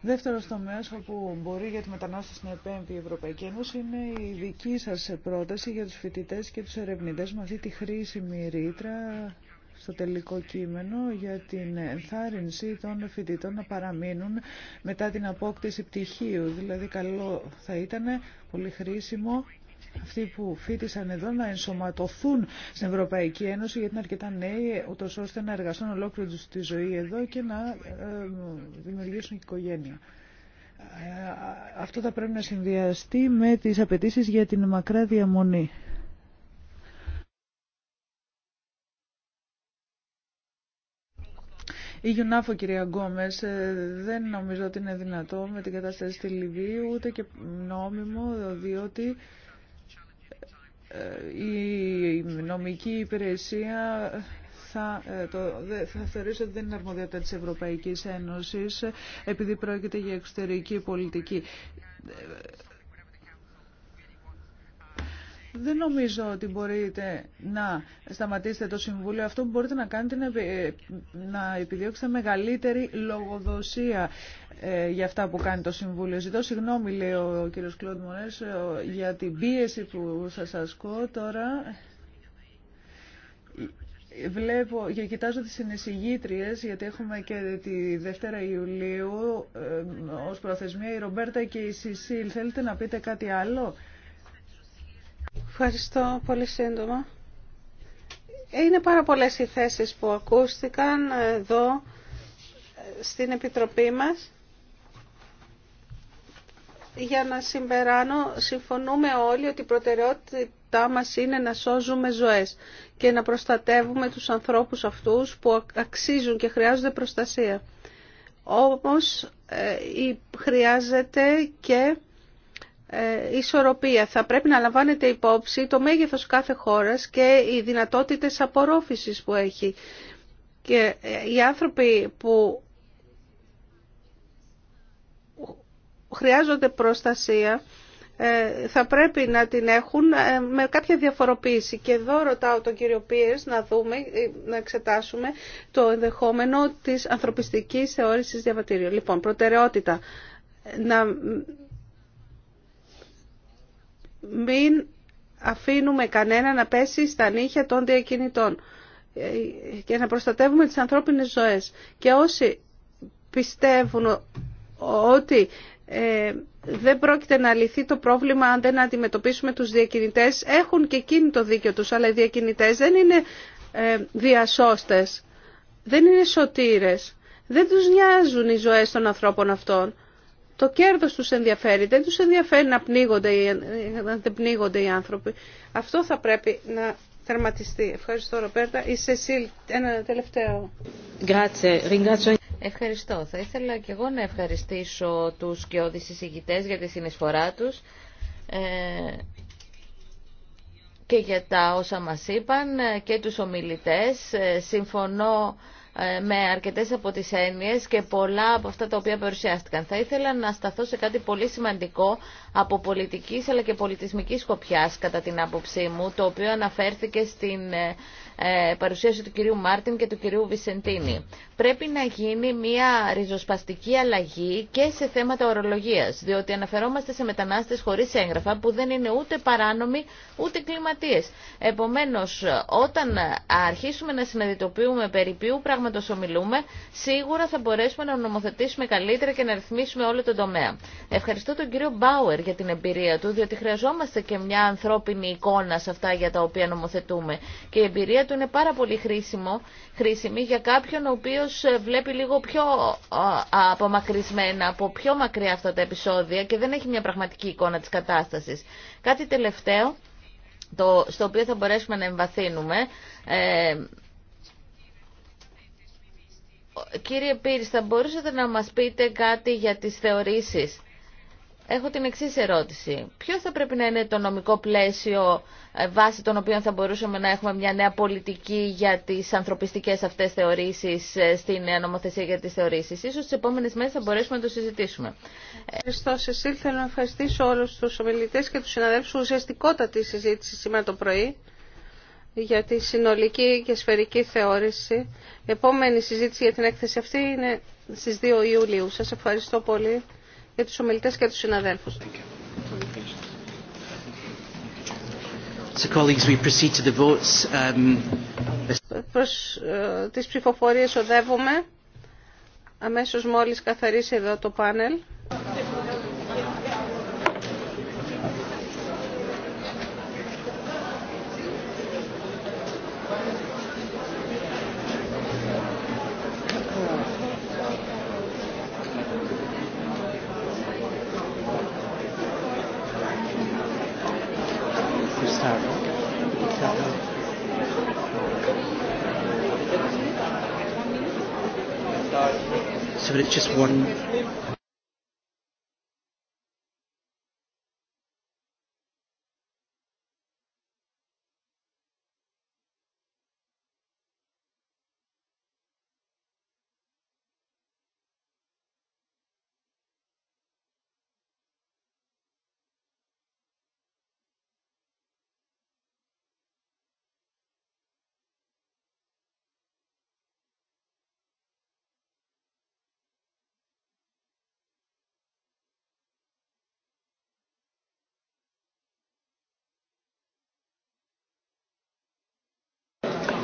Δεύτερο τομέας όπου μπορεί για τη μετανάστευση να επέμβει η Ευρωπαϊκή Ένωση είναι η δική σας πρόταση για τους φοιτητές και τους ερευνητές με αυτή τη χρήσιμη ρήτρα στο τελικό κείμενο για την ενθάρρυνση των φοιτητών να παραμείνουν μετά την απόκτηση πτυχίου. Δηλαδή καλό θα ήταν, πολύ χρήσιμο, αυτοί που φίτησαν εδώ να ενσωματωθούν στην Ευρωπαϊκή Ένωση γιατί είναι αρκετά νέοι ούτως ώστε να εργαστούν ολόκληρη τη ζωή εδώ και να ε, δημιουργήσουν οικογένεια. Ε, αυτό θα πρέπει να συνδυαστεί με τις απαιτήσεις για την μακρά διαμονή. Η Γιουνάφο, κυρία Γκόμε, ε, δεν νομίζω ότι είναι δυνατό με την κατάσταση στη Λιβύη, ούτε και νόμιμο, διότι ε, η νομική υπηρεσία θα, ε, το, θα ότι δεν είναι αρμοδιότητα της Ευρωπαϊκής Ένωσης επειδή πρόκειται για εξωτερική πολιτική. Δεν νομίζω ότι μπορείτε να σταματήσετε το Συμβούλιο. Αυτό που μπορείτε να κάνετε είναι να ε, επιδιώξετε μεγαλύτερη λογοδοσία ε, για αυτά που κάνει το Συμβούλιο. Ζητώ συγγνώμη, λέει ο κύριος Κλόντ Μονές, ε, για την πίεση που σας ασκώ τώρα. Βλέπω και κοιτάζω τις συνεισηγήτριες, γιατί έχουμε και τη Δευτέρα Ιουλίου ως προθεσμία η Ρομπέρτα και η Σισίλ. Θέλετε να πείτε κάτι άλλο. Ευχαριστώ πολύ σύντομα. Είναι πάρα πολλές οι θέσεις που ακούστηκαν εδώ στην Επιτροπή μας. Για να συμπεράνω, συμφωνούμε όλοι ότι η προτεραιότητά μας είναι να σώζουμε ζωές και να προστατεύουμε τους ανθρώπους αυτούς που αξίζουν και χρειάζονται προστασία. Όμως ε, χρειάζεται και ε, ισορροπία. Θα πρέπει να λαμβάνεται υπόψη το μέγεθος κάθε χώρας και οι δυνατότητες απορρόφησης που έχει. Και ε, οι άνθρωποι που χρειάζονται προστασία ε, θα πρέπει να την έχουν με κάποια διαφοροποίηση. Και εδώ ρωτάω τον κύριο Πίερς να δούμε, να εξετάσουμε το ενδεχόμενο της ανθρωπιστικής θεώρησης διαβατήριου. Λοιπόν, προτεραιότητα να μην αφήνουμε κανένα να πέσει στα νύχια των διακινητών και να προστατεύουμε τις ανθρώπινες ζωές. Και όσοι πιστεύουν ότι ε, δεν πρόκειται να λυθεί το πρόβλημα αν δεν αντιμετωπίσουμε τους διακινητές, έχουν και εκείνοι το δίκιο τους, αλλά οι διακινητές δεν είναι ε, διασώστες, δεν είναι σωτήρες, δεν τους νοιάζουν οι ζωές των ανθρώπων αυτών. Το κέρδος τους ενδιαφέρει. Δεν τους ενδιαφέρει να πνίγονται, να δεν πνίγονται οι άνθρωποι. Αυτό θα πρέπει να τερματιστεί. Ευχαριστώ, Ροπέρτα. Η Σεσίλ, ένα τελευταίο. Ευχαριστώ. Θα ήθελα και εγώ να ευχαριστήσω τους και συζητητέ για τη συνεισφορά τους ε, και για τα όσα μας είπαν ε, και τους ομιλητές. Ε, συμφωνώ ε, με αρκετές από τις έννοιες και πολλά από αυτά τα οποία παρουσιάστηκαν. Θα ήθελα να σταθώ σε κάτι πολύ σημαντικό από πολιτικής αλλά και πολιτισμικής σκοπιάς κατά την άποψή μου, το οποίο αναφέρθηκε στην ε, ε, παρουσίαση του κυρίου Μάρτιν και του κυρίου Βισεντίνη. Πρέπει να γίνει μια ριζοσπαστική αλλαγή και σε θέματα ορολογίας, διότι αναφερόμαστε σε μετανάστες χωρίς έγγραφα που δεν είναι ούτε παράνομοι ούτε κλιματίες. Επομένως, όταν αρχίσουμε να συνειδητοποιούμε περί ποιου πράγματος ομιλούμε, σίγουρα θα μπορέσουμε να νομοθετήσουμε καλύτερα και να ρυθμίσουμε όλο τον τομέα. Ευχαριστώ τον κύριο Μπάουερ για την εμπειρία του, διότι χρειαζόμαστε και μια ανθρώπινη εικόνα σε αυτά για τα οποία νομοθετούμε. Και η του είναι πάρα πολύ χρήσιμο, για κάποιον ο οποίος ε, βλέπει λίγο πιο ε, απομακρυσμένα, από πιο μακριά αυτά τα επεισόδια και δεν έχει μια πραγματική εικόνα της κατάστασης. Κάτι τελευταίο, το, στο οποίο θα μπορέσουμε να εμβαθύνουμε, ε, Κύριε Πύρης, θα μπορούσατε να μας πείτε κάτι για τις θεωρήσεις έχω την εξή ερώτηση. Ποιο θα πρέπει να είναι το νομικό πλαίσιο ε, βάσει των οποίων θα μπορούσαμε να έχουμε μια νέα πολιτική για τι ανθρωπιστικέ αυτέ θεωρήσει ε, στην νομοθεσία για τι θεωρήσει. σω τι επόμενε μέρε θα μπορέσουμε να το συζητήσουμε. Ευχαριστώ, Σεσίλ. Θέλω να ευχαριστήσω όλου του ομιλητέ και του συναδέλφου ουσιαστικότατη συζήτηση σήμερα το πρωί για τη συνολική και σφαιρική θεώρηση. Η επόμενη συζήτηση για την έκθεση αυτή είναι στις 2 Ιουλίου. Σα ευχαριστώ πολύ για τους ομιλητές και τους συναδέλφους. So colleagues, we proceed to the votes. Um... Προς uh, τις ψηφοφορίες οδεύουμε. Αμέσως μόλις καθαρίσει εδώ το πάνελ. one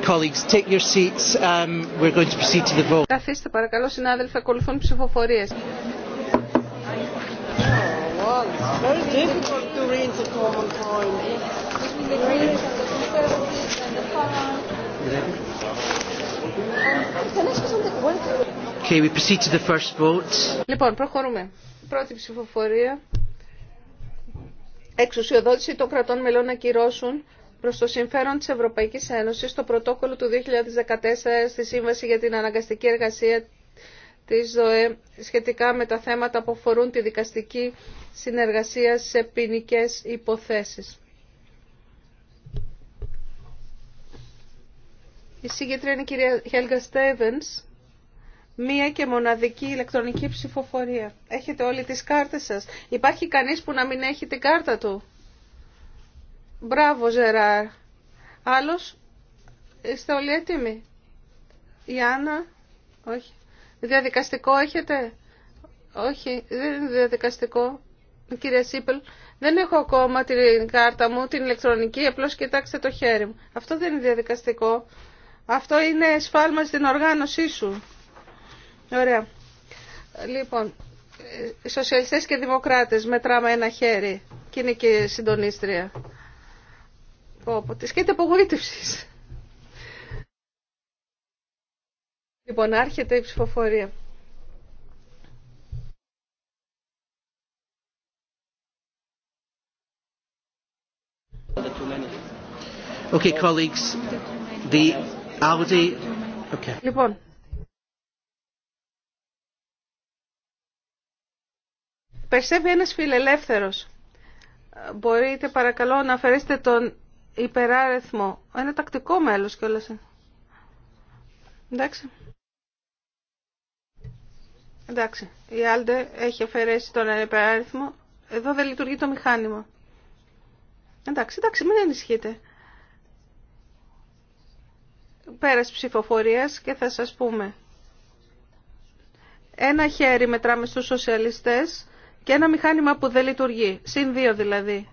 Colleagues, take your seats. Um, we're going to proceed to the vote. Καθίστε παρακαλώ συνάδελφοι, ακολουθούν ψηφοφορίες. Okay, we proceed to the first vote. Λοιπόν, προχωρούμε. Πρώτη ψηφοφορία. Εξουσιοδότηση των κρατών μελών να κυρώσουν Προ το συμφέρον τη Ευρωπαϊκή Ένωση, το πρωτόκολλο του 2014 στη Σύμβαση για την Αναγκαστική Εργασία τη ΔΟΕ σχετικά με τα θέματα που αφορούν τη δικαστική συνεργασία σε ποινικέ υποθέσει. Η σύγκεντρια είναι η κυρία Χέλγα Στέβενς. Μία και μοναδική ηλεκτρονική ψηφοφορία. Έχετε όλοι τις κάρτες σας. Υπάρχει κανείς που να μην έχει την κάρτα του. Μπράβο, Ζεράρ. Άλλος, είστε όλοι έτοιμοι. Η Άννα, όχι. Διαδικαστικό έχετε. Όχι, δεν είναι διαδικαστικό. Κυρία Σίπελ, δεν έχω ακόμα την κάρτα μου, την ηλεκτρονική, απλώς κοιτάξτε το χέρι μου. Αυτό δεν είναι διαδικαστικό. Αυτό είναι σφάλμα στην οργάνωσή σου. Ωραία. Λοιπόν, ε, σοσιαλιστές και δημοκράτες μετράμε ένα χέρι και είναι και συντονίστρια. Πω, τη σκέτη απογοήτευση. Λοιπόν, άρχεται η ψηφοφορία. Okay, colleagues, the Audi... Okay. Λοιπόν, περισσεύει ένας φιλελεύθερος. Μπορείτε παρακαλώ να αφαιρέσετε τον υπεράριθμο. Ένα τακτικό μέλος κιόλας. Εντάξει. Εντάξει. Η Άλντε έχει αφαιρέσει τον υπεράριθμο. Εδώ δεν λειτουργεί το μηχάνημα. Εντάξει, εντάξει, μην ενισχύετε. Πέρας ψηφοφορίας και θα σας πούμε. Ένα χέρι μετράμε στους σοσιαλιστές και ένα μηχάνημα που δεν λειτουργεί. Συν δύο δηλαδή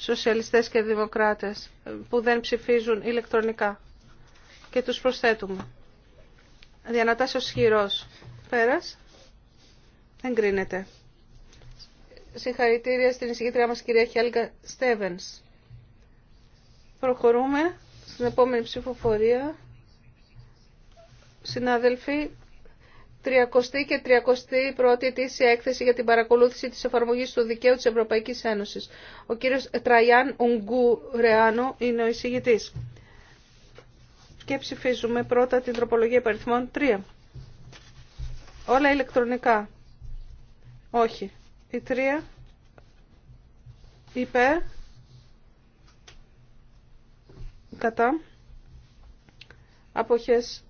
σοσιαλιστές και δημοκράτες που δεν ψηφίζουν ηλεκτρονικά και τους προσθέτουμε. Διανατάσσεως χειρός. Πέρας. Εγκρίνεται. Συγχαρητήρια στην εισηγήτριά μας κυρία Χέλγα Στέβενς. Προχωρούμε στην επόμενη ψηφοφορία. Συνάδελφοι, 30 και 31η ετήσια έκθεση για την παρακολούθηση της εφαρμογής του δικαίου της Ευρωπαϊκής Ένωσης. Ο κύριος Τραϊάν Ουγκού Ρεάνο είναι ο εισηγητής. Και ψηφίζουμε πρώτα την τροπολογία υπαριθμών 3. Όλα ηλεκτρονικά. Όχι. Η 3 υπέρ κατά αποχές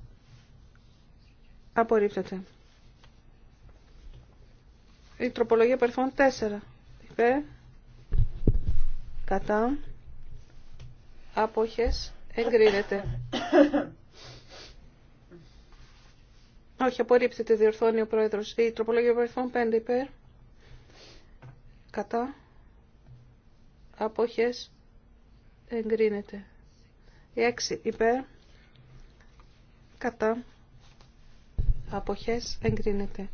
Απορρίπτεται. Η τροπολογία περιφών 4. Υπέρ. Κατά. Άποχες. Εγκρίνεται. Όχι, απορρίπτεται, διορθώνει ο πρόεδρος. Η τροπολογία περιφών 5. Υπέρ. Κατά. Άποχες. Εγκρίνεται. Η 6. Υπέρ. Κατά αποχές εγκρίνεται.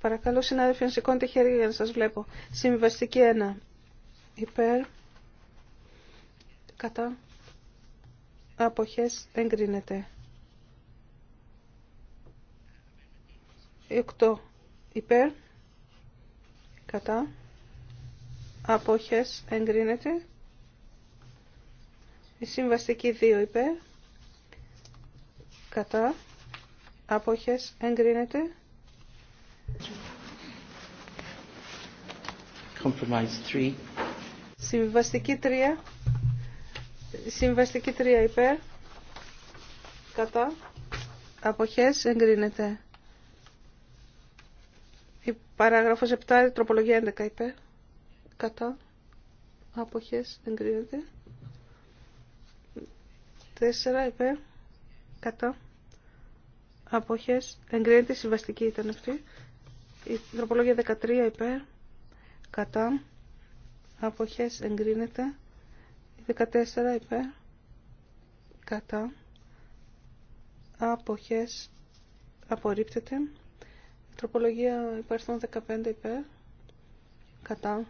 Παρακαλώ συνάδελφοι να σηκώνετε χέρια για να σας βλέπω. Συμβαστική 1. Υπέρ. Κατά. Αποχές εγκρίνεται. 8. Υπέρ. Κατά. Αποχές εγκρίνεται. Η συμβαστική 2 υπέρ. Κατά. Απόχες. Εγκρίνεται. 3. Συμβαστική 3. Συμβαστική 3 υπέρ. Κατά. Αποχές. Εγκρίνεται. Η παράγραφος 7, τροπολογία 11 υπέρ. Κατά. Αποχές. Εγκρίνεται. 4 υπέρ. Κατά απόχες, εγκρίνεται, συμβαστική ήταν αυτή. Η τροπολόγια 13 υπέρ, κατά, απόχες, εγκρίνεται. Η 14 υπέρ, κατά, απόχες, απορρίπτεται. Η τροπολογία υπέρ 15 υπέρ, κατά,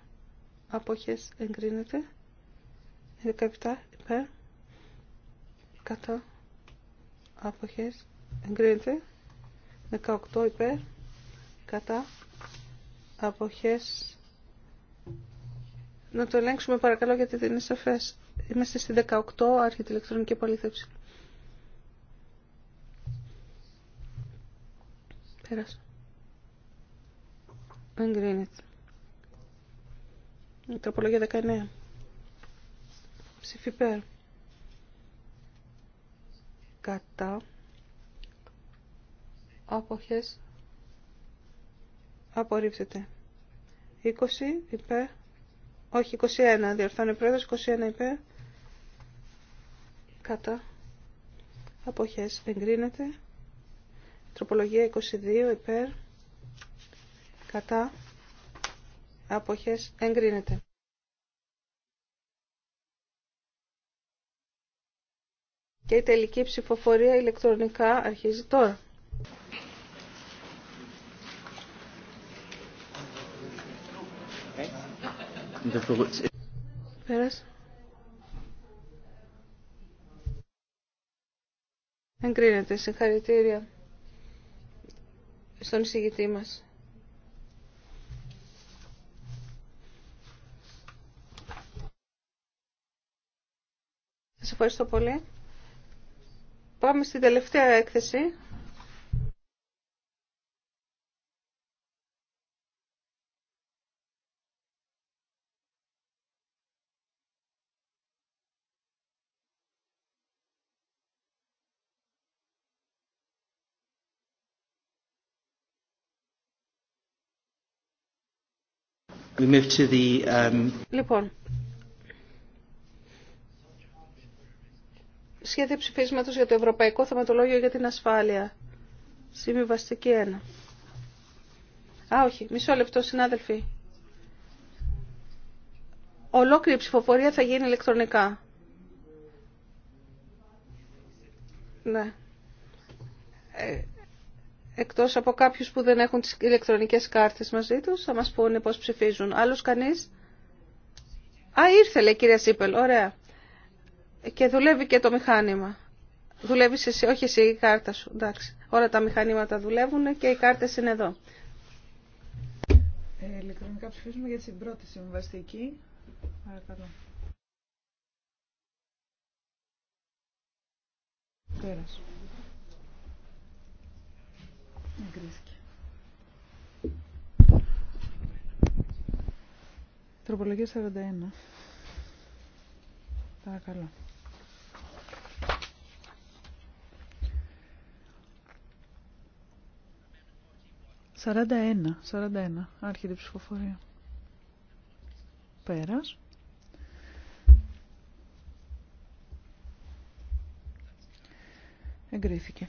απόχες, εγκρίνεται. Η 17 υπέρ, κατά, απόχες, εγκρίνεται 18 υπέρ κατά αποχές να το ελέγξουμε παρακαλώ γιατί δεν είναι σαφές είμαστε στη 18 άρχεται ηλεκτρονική επαλήθευση πέρασε εγκρίνεται τροπολογία 19 ψήφι υπέρ κατά άποχες απορρίπτεται 20 υπέρ όχι 21 διορθώνει πρόεδρος 21 ειπέ. κατά αποχές εγκρίνεται τροπολογία 22 υπέρ κατά αποχές εγκρίνεται και η τελική ψηφοφορία ηλεκτρονικά αρχίζει τώρα. Εγκρίνεται. Συγχαρητήρια στον εισηγητή μας. Σας ευχαριστώ πολύ. Πάμε στην τελευταία έκθεση. We move to the, um, Λοιπόν, σχέδιο ψηφίσματος για το Ευρωπαϊκό Θεματολόγιο για την Ασφάλεια. Συμβιβαστική 1. Α, όχι, μισό λεπτό, συνάδελφοι. Ολόκληρη ψηφοφορία θα γίνει ηλεκτρονικά. Ναι. Ε, εκτός από κάποιους που δεν έχουν τις ηλεκτρονικές κάρτες μαζί τους, θα μας πούνε πώς ψηφίζουν. Άλλος κανείς. Α, ήρθε λέει κυρία Σίπελ, ωραία. Και δουλεύει και το μηχάνημα. Δουλεύει εσύ, όχι εσύ η κάρτα σου. Εντάξει. Όλα τα μηχανήματα δουλεύουν και οι κάρτες είναι εδώ. Ε, ηλεκτρονικά ψηφίζουμε για την πρώτη συμβαστική. Παρακαλώ. Πέρασε. Τροπολογία 41. Παρακαλώ. 41. 41. σαράντα ένα, ψηφοφορία. Πέρας. Εγκρίθηκε.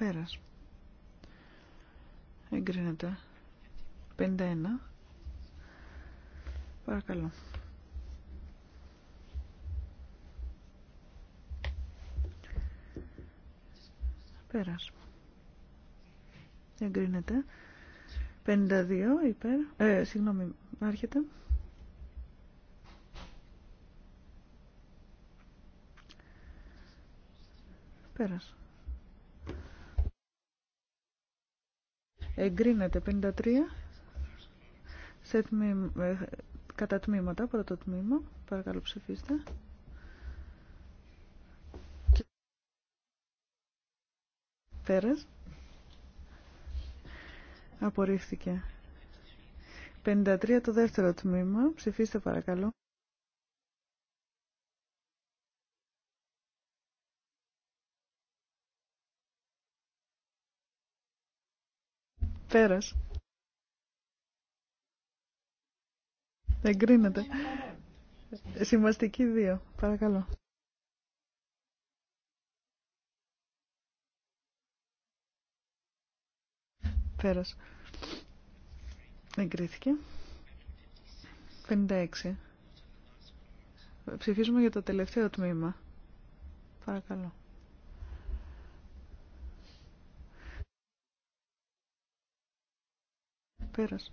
Πέρας. Εγκρίνεται. 51. Παρακαλώ. Πέρας. Εγκρίνεται. 52 υπέρ. Ε, συγγνώμη, άρχεται. Πέρας. Εγκρίνεται 53 σε τμήμα, ε, κατά τμήματα, πρώτο τμήμα. Παρακαλώ ψηφίστε. Πέρας. Απορρίφθηκε. 53 το δεύτερο τμήμα. Ψηφίστε παρακαλώ. Πέρας. Εγκρίνεται. Συμβαστική 2. Παρακαλώ. Πέρας. Εγκρίθηκε. 56. Ψηφίζουμε για το τελευταίο τμήμα. Παρακαλώ. Πέρας.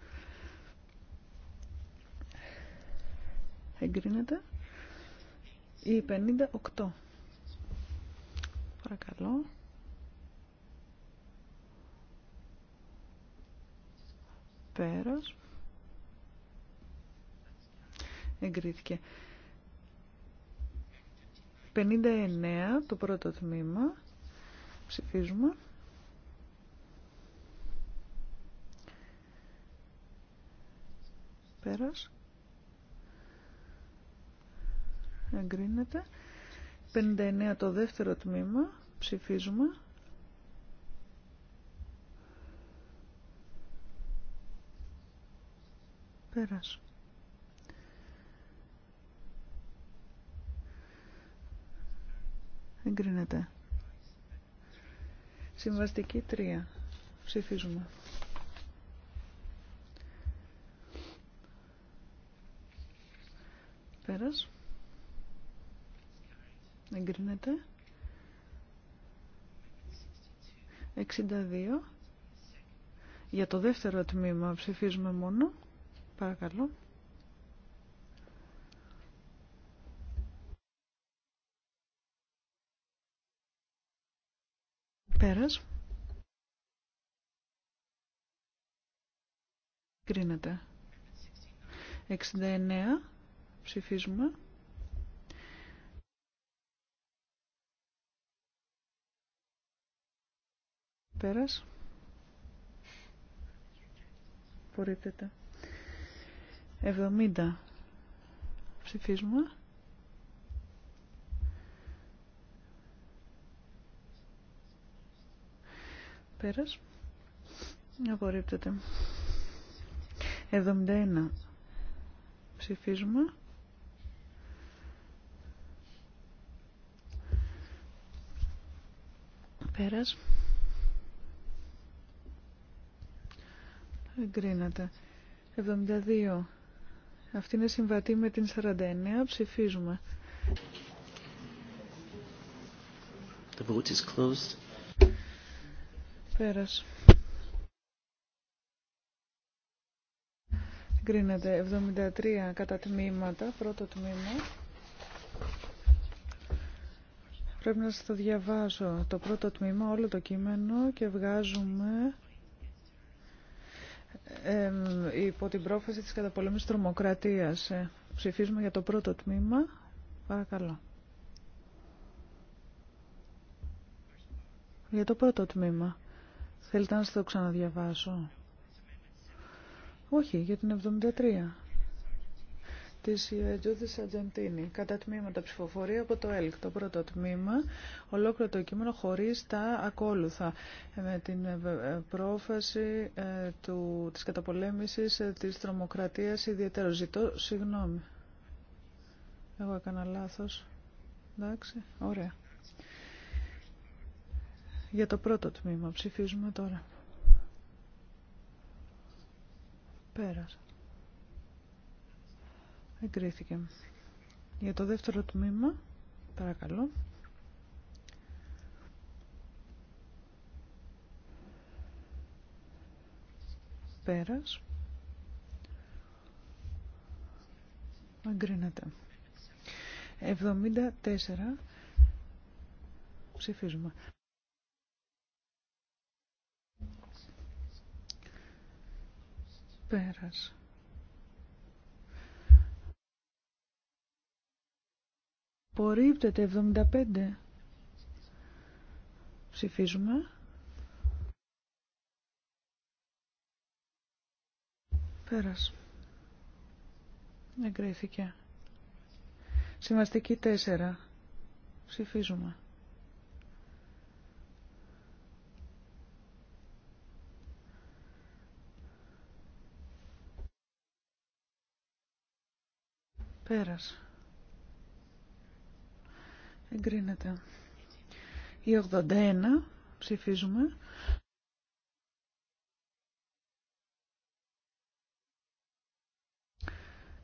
Εγκρίνεται. Η 58. Παρακαλώ. Πέρας. Εγκρίθηκε. 59 το πρώτο τμήμα. Ψηφίζουμε. Πέρας. Εγκρίνεται. 59 το δεύτερο τμήμα. Ψηφίζουμε. Πέρας. Εγκρίνεται. Συμβαστική 3. Ψηφίζουμε. Πέρας. Εγκρίνεται. 62. Για το δεύτερο τμήμα ψηφίζουμε μόνο. Παρακαλώ. Πέρας. Κρίνεται. 69. Ψηφίζουμε. Πέρας. Απορρίπτεται. 70. Ψηφίζουμε. Πέρας. Απορρίπτεται. 71. Ψηφίζουμε. Πέρας. Εγκρίνεται. 72. Αυτή είναι συμβατή με την 49. Ψηφίζουμε. The vote is closed. Πέρας. Εγκρίνεται. 73 κατά τμήματα. Πρώτο τμήμα. Πρέπει να σας το διαβάσω Το πρώτο τμήμα, όλο το κείμενο και βγάζουμε ε, υπό την πρόφαση της καταπολέμησης τρομοκρατίας. Ε, ψηφίζουμε για το πρώτο τμήμα. Παρακαλώ. Για το πρώτο τμήμα. Θέλετε να σας το ξαναδιαβάσω. Όχι, για την 73 της Τζούδης Ατζεντίνη. Κατά τμήματα ψηφοφορία από το ΕΛΚ. Το πρώτο τμήμα, ολόκληρο το κείμενο χωρίς τα ακόλουθα. Ε, με την ε, ε, πρόφαση του, της καταπολέμησης της τρομοκρατίας ιδιαίτερο. Ζητώ συγγνώμη. Εγώ έκανα λάθος. Εντάξει, ωραία. Για το πρώτο τμήμα ψηφίζουμε τώρα. Πέρασε. Εγκρίθηκε. Για το δεύτερο τμήμα, παρακαλώ. Πέρας. Εγκρίνεται. 74. Ψηφίζουμε. Πέρας. Απορρίπτεται 75. Ψηφίζουμε. Πέρας. Εγκρίθηκε. Συμβαστική 4. Ψηφίζουμε. Πέρασε. Εγκρίνεται. Η 81 ψηφίζουμε.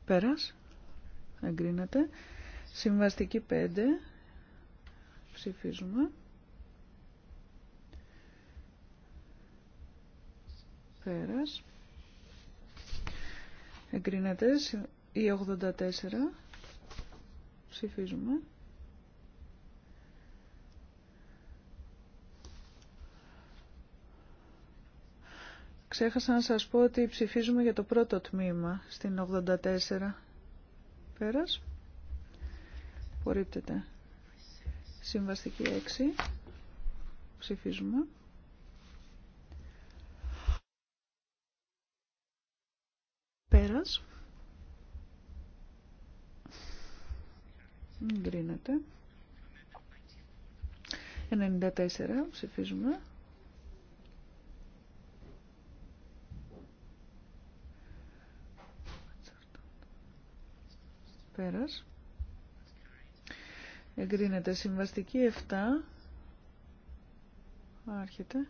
Πέρας. Εγκρίνεται. Συμβαστική 5 ψηφίζουμε. Πέρας. Εγκρίνεται. Η 84 ψηφίζουμε. Ξέχασα να σας πω ότι ψηφίζουμε για το πρώτο τμήμα στην 84. Πέρας. Απορρίπτεται. Συμβαστική 6. Ψηφίζουμε. Πέρας. Γκρίνεται. 94. Ψηφίζουμε. Πέρας. Εγκρίνεται. Συμβαστική 7. Άρχεται.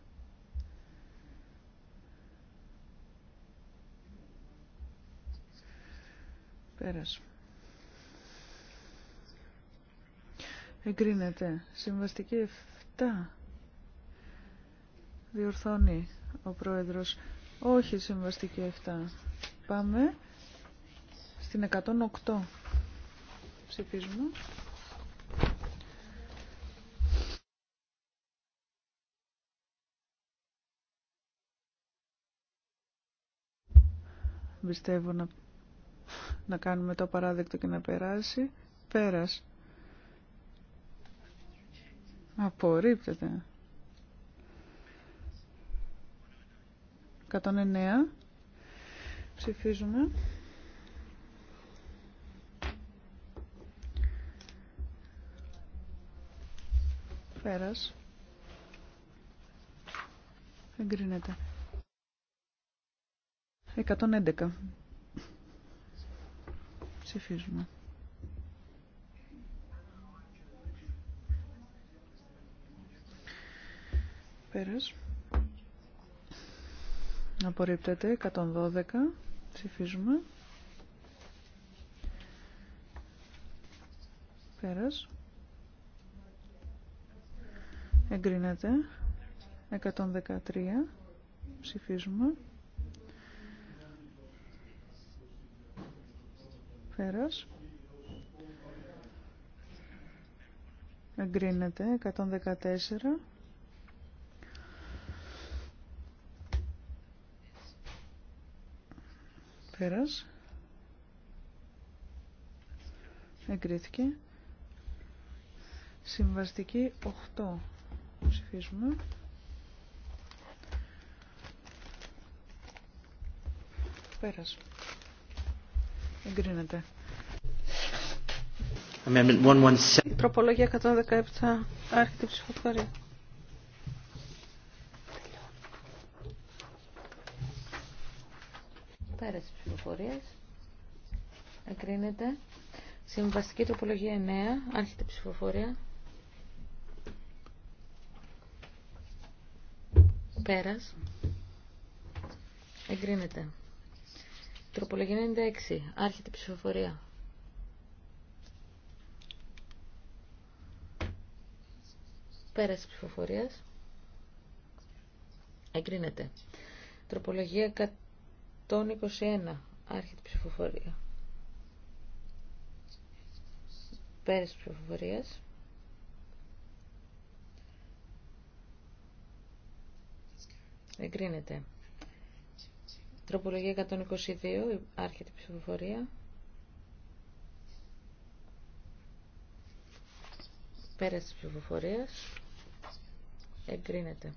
Πέρας. Εγκρίνεται. Συμβαστική 7. Διορθώνει ο πρόεδρος. Όχι συμβαστική 7. Πάμε στην 108. Ψηφίζουμε. Πιστεύω να, να κάνουμε το παράδεκτο και να περάσει. Πέρας. Απορρίπτεται. 109. Ψηφίζουμε. Πέρας. Εγκρίνεται. 111. Ψηφίζουμε. Πέρας. Απορρίπτεται. 112. Ψηφίζουμε. Πέρας. Εγκρίνεται. 113. Ψηφίζουμε. Πέρας. Εγκρίνεται. 114. Πέρας. Εγκρίθηκε. Συμβαστική 8. Ψηφίζουμε. Πέρασε. Εγκρίνεται. τροπολογία 117 άρχεται ψηφοφορία. Πέρα τη ψηφοφορία. Εγκρίνεται. Συμβαστική τροπολογία 9. Άρχεται ψηφοφορία. Πέρας. Εγκρίνεται. Τροπολογία 96. Άρχεται η ψηφοφορία. Πέρας ψηφοφορίας. Εγκρίνεται. Τροπολογία 121. Άρχεται η ψηφοφορία. Πέρας ψηφοφορίας. Εγκρίνεται. Τροπολογία 122, άρχεται η ψηφοφορία. Πέρασε της ψηφοφορίας. Εγκρίνεται.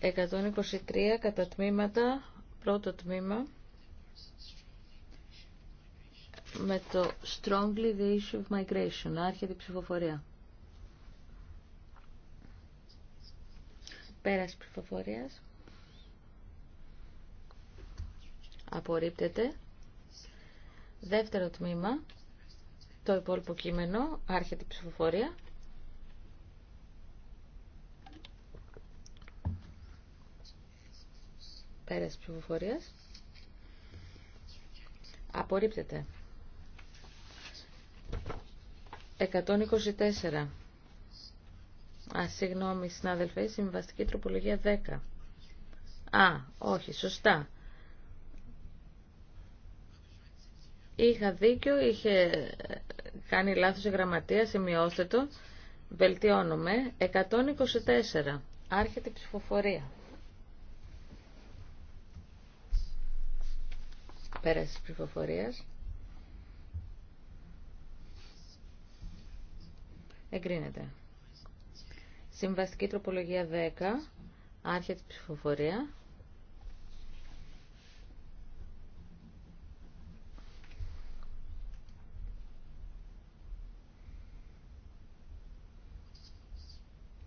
123 κατά τμήματα, πρώτο τμήμα. Με το Strongly the issue of migration, άρχεται η ψηφοφορία. Πέραση ψηφοφορίας. Απορρίπτεται. Δεύτερο τμήμα. Το υπόλοιπο κείμενο. Άρχεται η ψηφοφορία. Πέραση ψηφοφορίας. Απορρίπτεται. 124. Α, συγγνώμη συνάδελφε, συμβαστική τροπολογία 10. Α, όχι, σωστά. Είχα δίκιο, είχε κάνει λάθος η γραμματεία, σημειώστε το. Βελτιώνουμε. 124. Άρχεται η ψηφοφορία. Πέραση τη ψηφοφορία. Εγκρίνεται. Συμβαστική τροπολογία 10, άρχια της ψηφοφορία.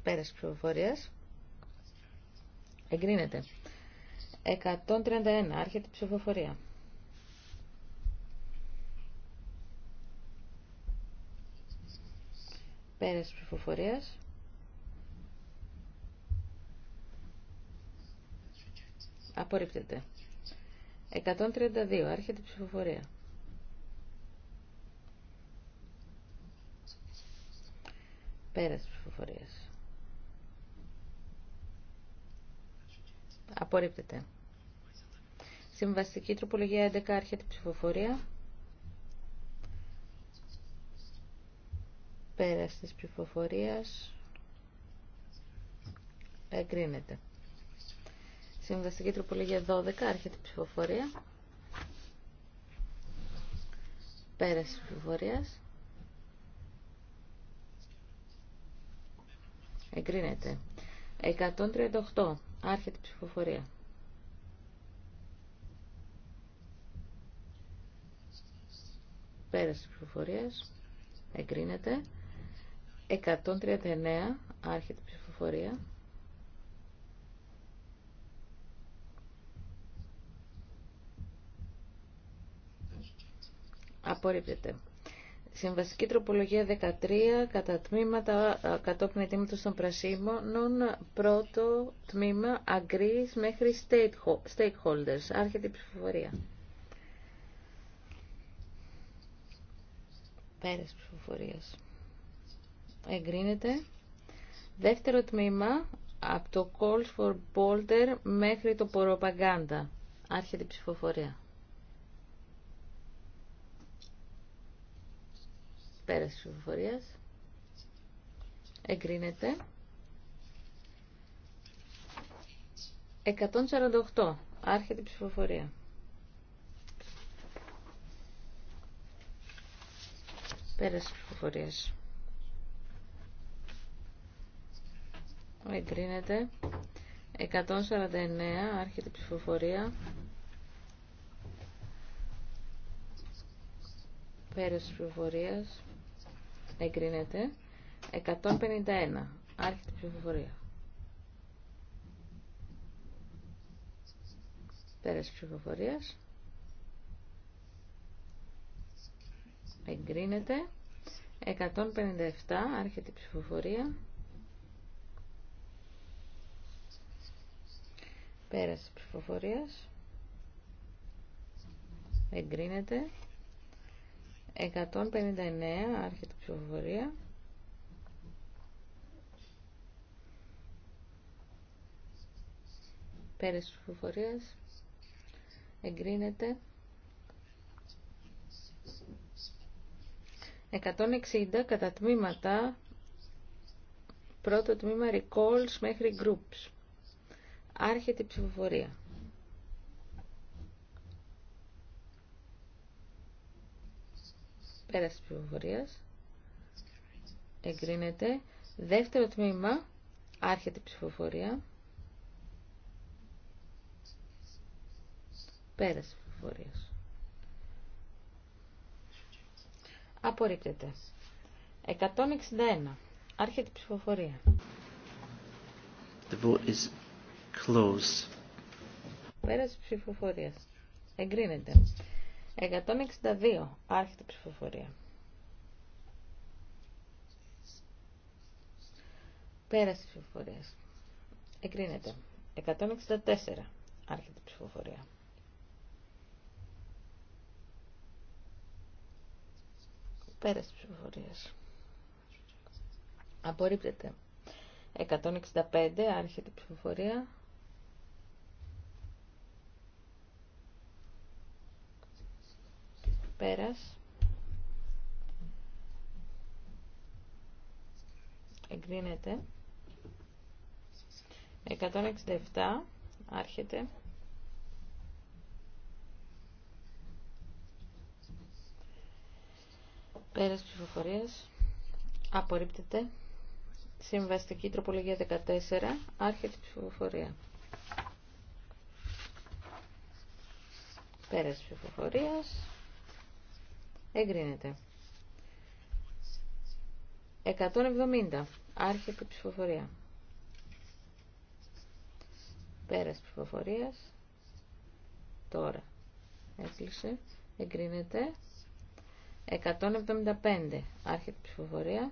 Πέρας ψηφοφορίας. Εγκρίνεται. 131, άρχεται η ψηφοφορία. Πέρας ψηφοφορίας. Απορρίπτεται. 132. Άρχεται η ψηφοφορία. Πέρας ψηφοφορίας. Απορρίπτεται. Συμβαστική τροπολογία 11. Άρχεται η ψηφοφορία. Πέρας της ψηφοφορίας. Εγκρίνεται. Συμβαστική τροπολογία 12, άρχεται η ψηφοφορία. Πέρασε η ψηφοφορία. Εγκρίνεται. 138, άρχεται η ψηφοφορία. Πέρασε η ψηφοφορία. Εγκρίνεται. 139, άρχεται η ψηφοφορία. Απορρίπτεται. Συμβαστική τροπολογία 13 κατά τμήματα κατόπιν αιτήματος των πρασίμων πρώτο τμήμα agrees μέχρι stakeholders. Άρχεται η ψηφοφορία. Πέρας ψηφοφορίας. Εγκρίνεται. Δεύτερο τμήμα από το calls for bolder μέχρι το propaganda. Άρχεται η ψηφοφορία. Πέραση της ψηφοφορίας. Εγκρίνεται. 148. Άρχεται η ψηφοφορία. Πέραση της ψηφοφορίας. Εγκρίνεται. 149. Άρχεται η ψηφοφορία. Πέραση της εγκρίνεται. 151. Άρχεται η ψηφοφορία. Πέρας ψηφοφορίας. Εγκρίνεται. 157. Άρχεται ψηφοφορία. Πέρας ψηφοφορίας. Εγκρίνεται. 159 άρχεται η ψηφοφορία. Πέρας της ψηφοφορίας εγκρίνεται 160 κατά τμήματα πρώτο τμήμα recalls μέχρι groups. Άρχεται η ψηφοφορία. Πέραση της ψηφοφορίας. Εγκρίνεται. Δεύτερο τμήμα. Άρχεται η ψηφοφορία. Πέραση ψηφοφορία. ψηφοφορίας. Απορρίπτεται. 161. Άρχεται η ψηφοφορία. The vote is closed. ψηφοφορίας. Εγκρίνεται. 162. Άρχεται ψηφοφορία. Πέραση ψηφοφορία. Εκρίνεται. 164. Άρχεται ψηφοφορία. Πέραση ψηφοφορία. Απορρίπτεται. 165. Άρχεται ψηφοφορία. Πέρας. Εγκρίνεται. 167. Άρχεται. Πέρας ψηφοφορίας. Απορρίπτεται. Συμβαστική τροπολογία 14. Άρχεται η ψηφοφορία. Πέρας ψηφοφορίας. Εγκρίνεται. 170. Άρχεται η ψηφοφορία. Πέρας ψηφοφορίας. Τώρα. Έκλεισε. Εγκρίνεται. 175. Άρχεται η ψηφοφορία.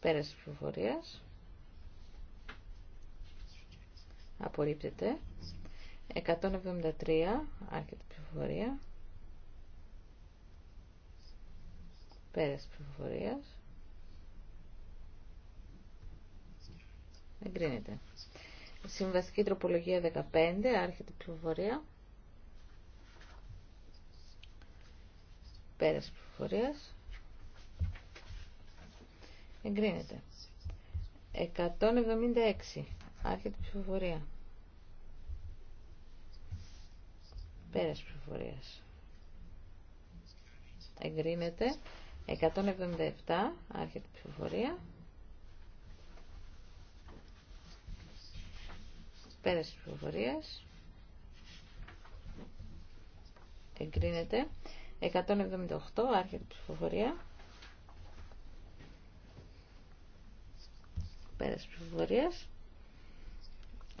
Πέρας ψηφοφορίας. Απορρίπτεται. 173, άρχεται η ψηφοφορία. Πέρας ψηφοφορία. Εγκρίνεται. Συμβαστική τροπολογία 15, άρχεται η ψηφοφορία. Πέρας ψηφοφορία. Εγκρίνεται. 176, άρχεται η ψηφοφορία. Πέρας πληροφορίας. Εγκρίνεται. 177. Άρχεται πληροφορία. ψηφοφορία. Πέρας πληροφορίας. Εγκρίνεται. 178. Άρχεται πληροφορία. ψηφοφορία. Πέρας πληροφορίας.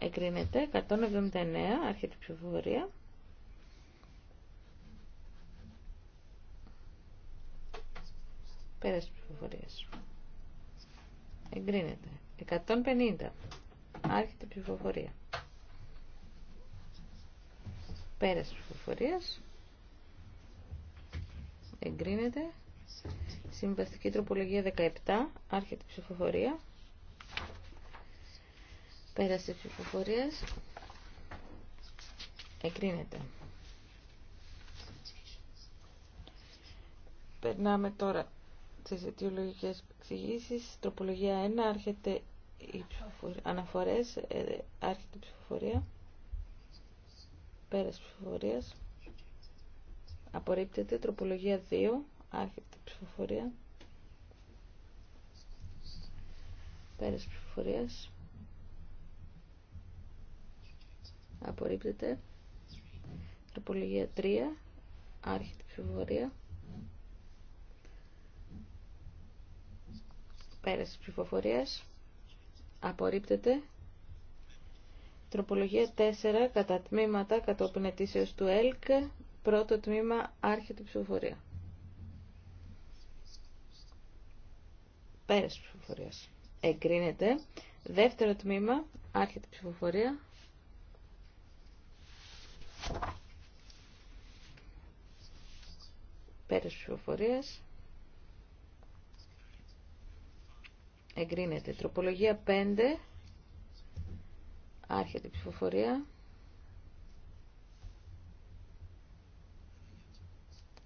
Εγκρίνεται. 179. Άρχεται η ψηφοφορία. Πέρας ψηφοφορία. Εγκρίνεται. 150. Άρχεται η ψηφοφορία. Πέρας ψηφοφορία. Εγκρίνεται. Συμβαστική τροπολογία 17. Άρχεται η ψηφοφορία. Πέρασε ψηφοφορία. Εγκρίνεται. Περνάμε τώρα Στι αιτιολογικέ εξηγήσει. Τροπολογία 1, άρχεται ψηφοφορία. αναφορέ άρχεται η ψηφοφορία. Πέρα ψηφοφορία. Απορρίπτεται. Τροπολογία 2, άρχεται η ψηφοφορία. Πέρα ψηφοφορία. Απορρίπτεται. Τροπολογία 3, άρχεται η ψηφοφορία. Πέραση ψηφοφορία. ψηφοφορίας. Απορρίπτεται. Τροπολογία 4 κατά τμήματα κατόπιν ετήσεως του ΕΛΚ. Πρώτο τμήμα άρχεται η ψηφοφορία. Πέρας ψηφοφορίας. Εγκρίνεται. Δεύτερο τμήμα άρχεται η ψηφοφορία. Πέρας ψηφοφορίας. Εγκρίνεται. Τροπολογία 5. Άρχεται η ψηφοφορία.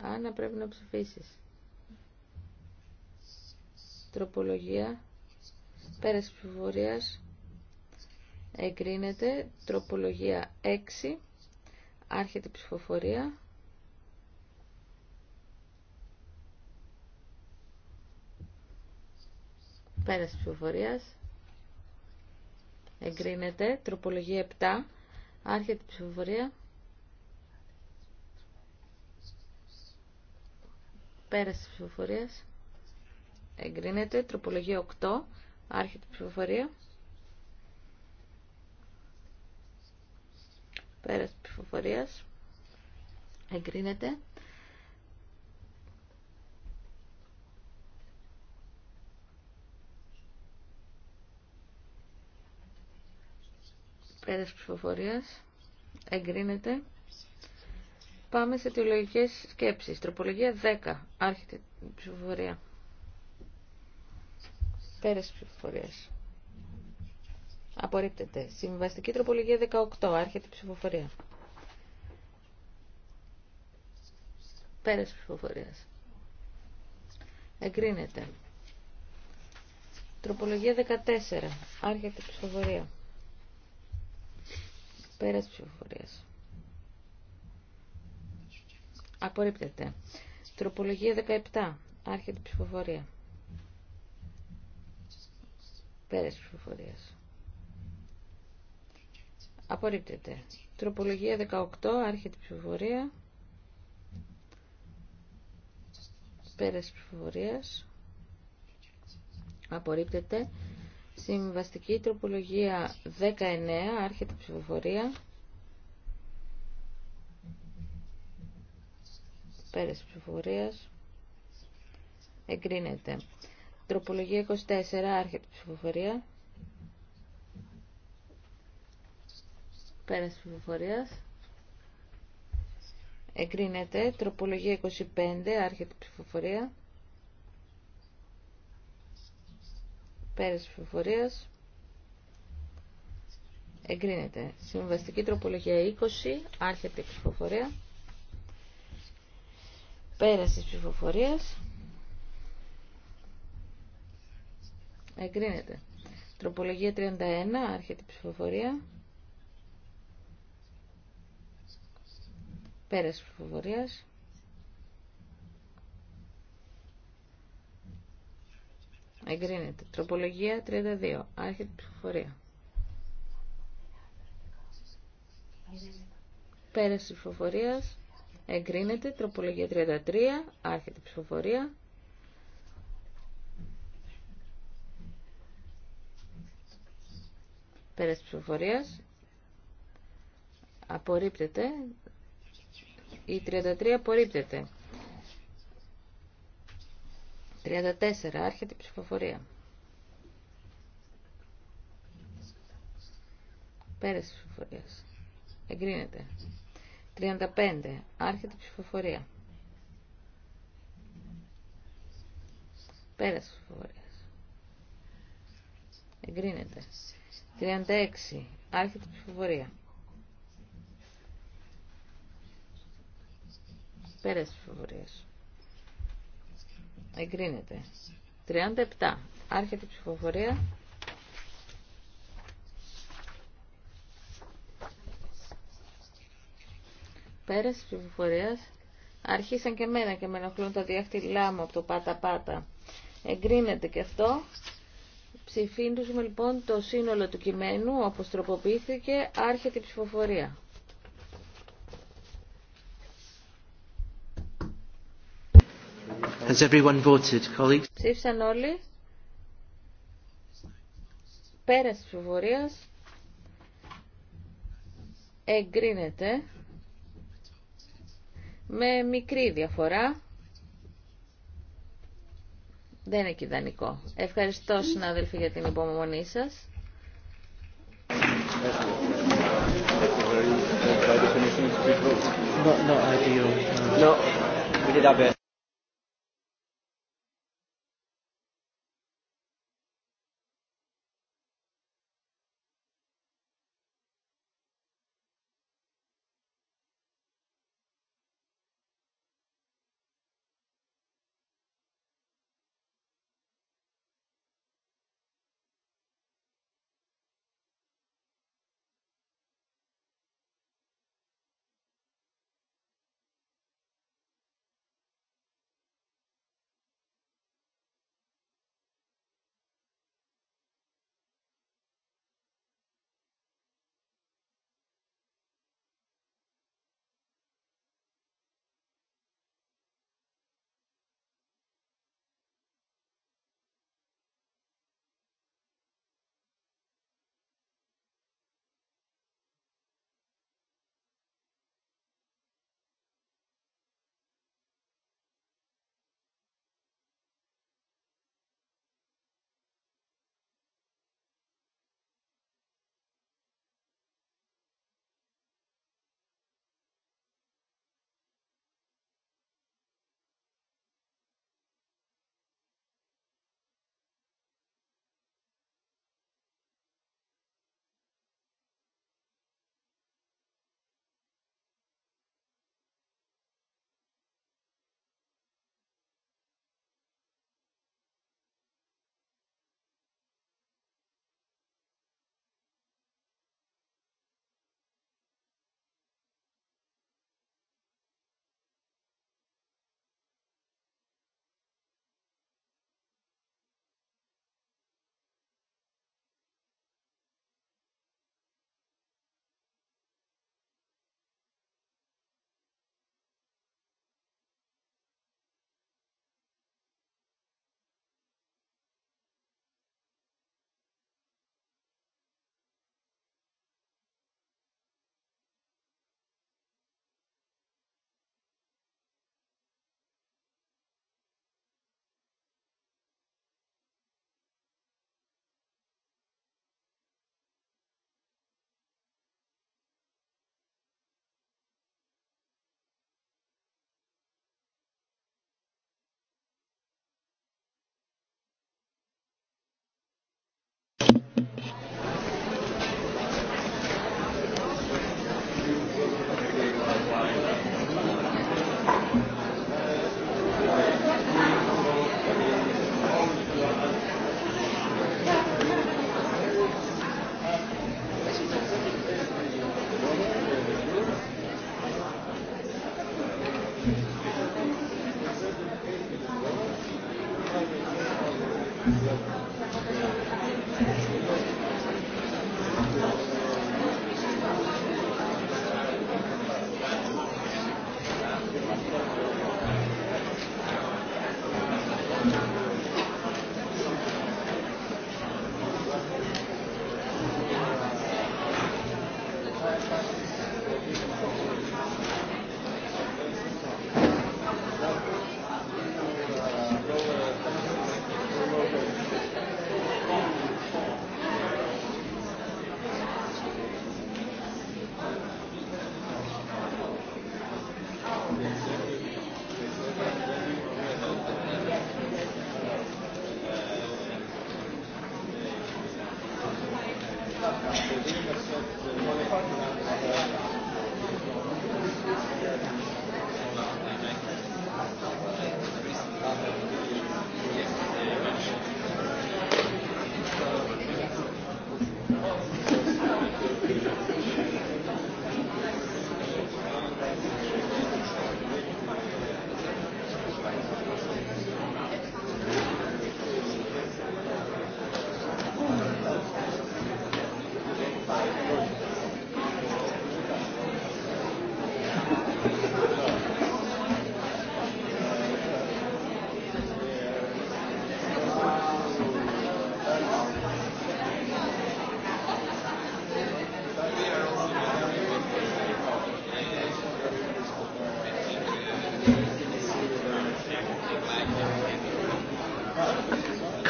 Άνα πρέπει να ψηφίσεις. Τροπολογία. Πέραση ψηφοφορίας. Εγκρίνεται. Τροπολογία 6. Άρχεται η ψηφοφορία. Πέραση ψηφοφορία. Εγκρίνεται. Τροπολογία 7. Άρχεται η ψηφοφορία. Πέραση ψηφοφορία. Εγκρίνεται. Τροπολογία 8. Άρχεται η ψηφοφορία. Πέραση ψηφοφορία. Εγκρίνεται. Πέρες ψηφοφορίας. Εγκρίνεται. Πάμε σε τηλεολογικές σκέψεις. Τροπολογία 10. Άρχεται η ψηφοφορία. Πέρας ψηφοφορίας. Απορρίπτεται. Συμβαστική τροπολογία 18. Άρχεται η ψηφοφορία. Πέρες ψηφοφορίας. Εγκρίνεται. Τροπολογία 14. Άρχεται η ψηφοφορία. Πέρας ψηφοφορία. Απορρίπτεται. Τροπολογία 17. Άρχεται ψηφοφορία. Πέρας ψηφοφορία. Απορρίπτεται. Τροπολογία 18. Άρχεται ψηφοφορία. Πέρας ψηφοφορία. Απορρίπτεται. Συμβαστική τροπολογία 19, άρχεται ψηφοφορία. Πέραση ψηφοφορίας. Εγκρίνεται. Τροπολογία 24, άρχεται ψηφοφορία. Πέραση ψηφοφορία. Εγκρίνεται. Τροπολογία 25, άρχεται ψηφοφορία. Πέρας ψηφοφορίας. Εγκρίνεται. Συμβαστική τροπολογία 20. Άρχεται η ψηφοφορία. Πέρας της ψηφοφορίας. Εγκρίνεται. Τροπολογία 31. Άρχεται η ψηφοφορία. Πέρας ψηφοφορίας. Εγκρίνεται. Τροπολογία 32. Άρχεται ψηφοφορία. Πέραση ψηφοφορία. Εγκρίνεται. Τροπολογία 33. Άρχεται ψηφοφορία. Πέραση ψηφοφορία. Απορρίπτεται. Η 33 απορρίπτεται. 34. Άρχεται η ψηφοφορία. Πέραση ψηφοφορία. Εγκρίνεται. 35. Άρχεται η ψηφοφορία. Πέραση ψηφοφορία. Εγκρίνεται. 36. Άρχεται η ψηφοφορία. Πέραση ψηφοφορία. Εγκρίνεται. 37. Άρχεται η ψηφοφορία. Πέραση ψηφοφορία. Αρχίσαν και εμένα και με ενοχλούν τα διάχτυλά μου από το πάτα-πάτα. Εγκρίνεται και αυτό. Ψηφίζουμε λοιπόν το σύνολο του κειμένου, όπως τροποποιήθηκε, άρχεται η ψηφοφορία. Has everyone Ψήφισαν όλοι. Πέρας της ψηφοφορίας. Εγκρίνεται. Με μικρή διαφορά. Δεν είναι κυδανικό. Ευχαριστώ συνάδελφοι για την υπομονή σας.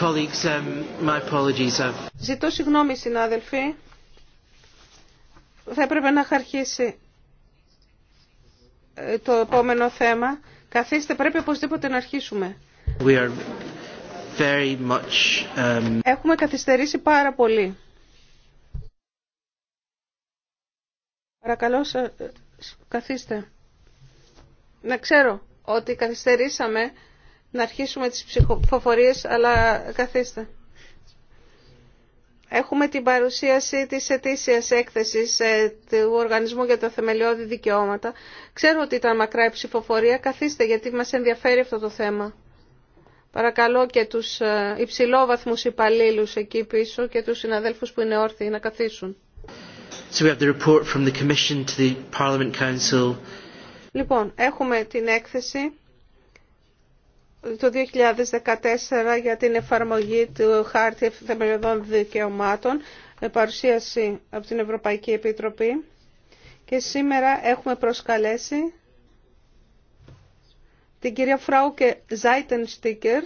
colleagues, um, my apologies. Ζητώ συγγνώμη, συνάδελφοι. Θα έπρεπε να αρχίσει ε, το επόμενο θέμα. Καθίστε, πρέπει οπωσδήποτε να αρχίσουμε. We are very much, um... Έχουμε καθυστερήσει πάρα πολύ. Παρακαλώ, ε, καθίστε. Να ξέρω ότι καθυστερήσαμε να αρχίσουμε τις ψηφοφορίες, αλλά καθίστε. Έχουμε την παρουσίαση της ετήσιας έκθεσης ε, του Οργανισμού για τα Θεμελιώδη Δικαιώματα. Ξέρω ότι ήταν μακρά η ψηφοφορία. Καθίστε γιατί μας ενδιαφέρει αυτό το θέμα. Παρακαλώ και τους ε, υψηλόβαθμους υπαλλήλους εκεί πίσω και τους συναδέλφους που είναι όρθιοι να καθίσουν. Λοιπόν, έχουμε την έκθεση το 2014 για την εφαρμογή του Χάρτη Θεμελιωδών Δικαιωμάτων, ε, παρουσίαση από την Ευρωπαϊκή Επιτροπή. Και σήμερα έχουμε προσκαλέσει την κυρία Φράουκε Ζάιτενστίκερ,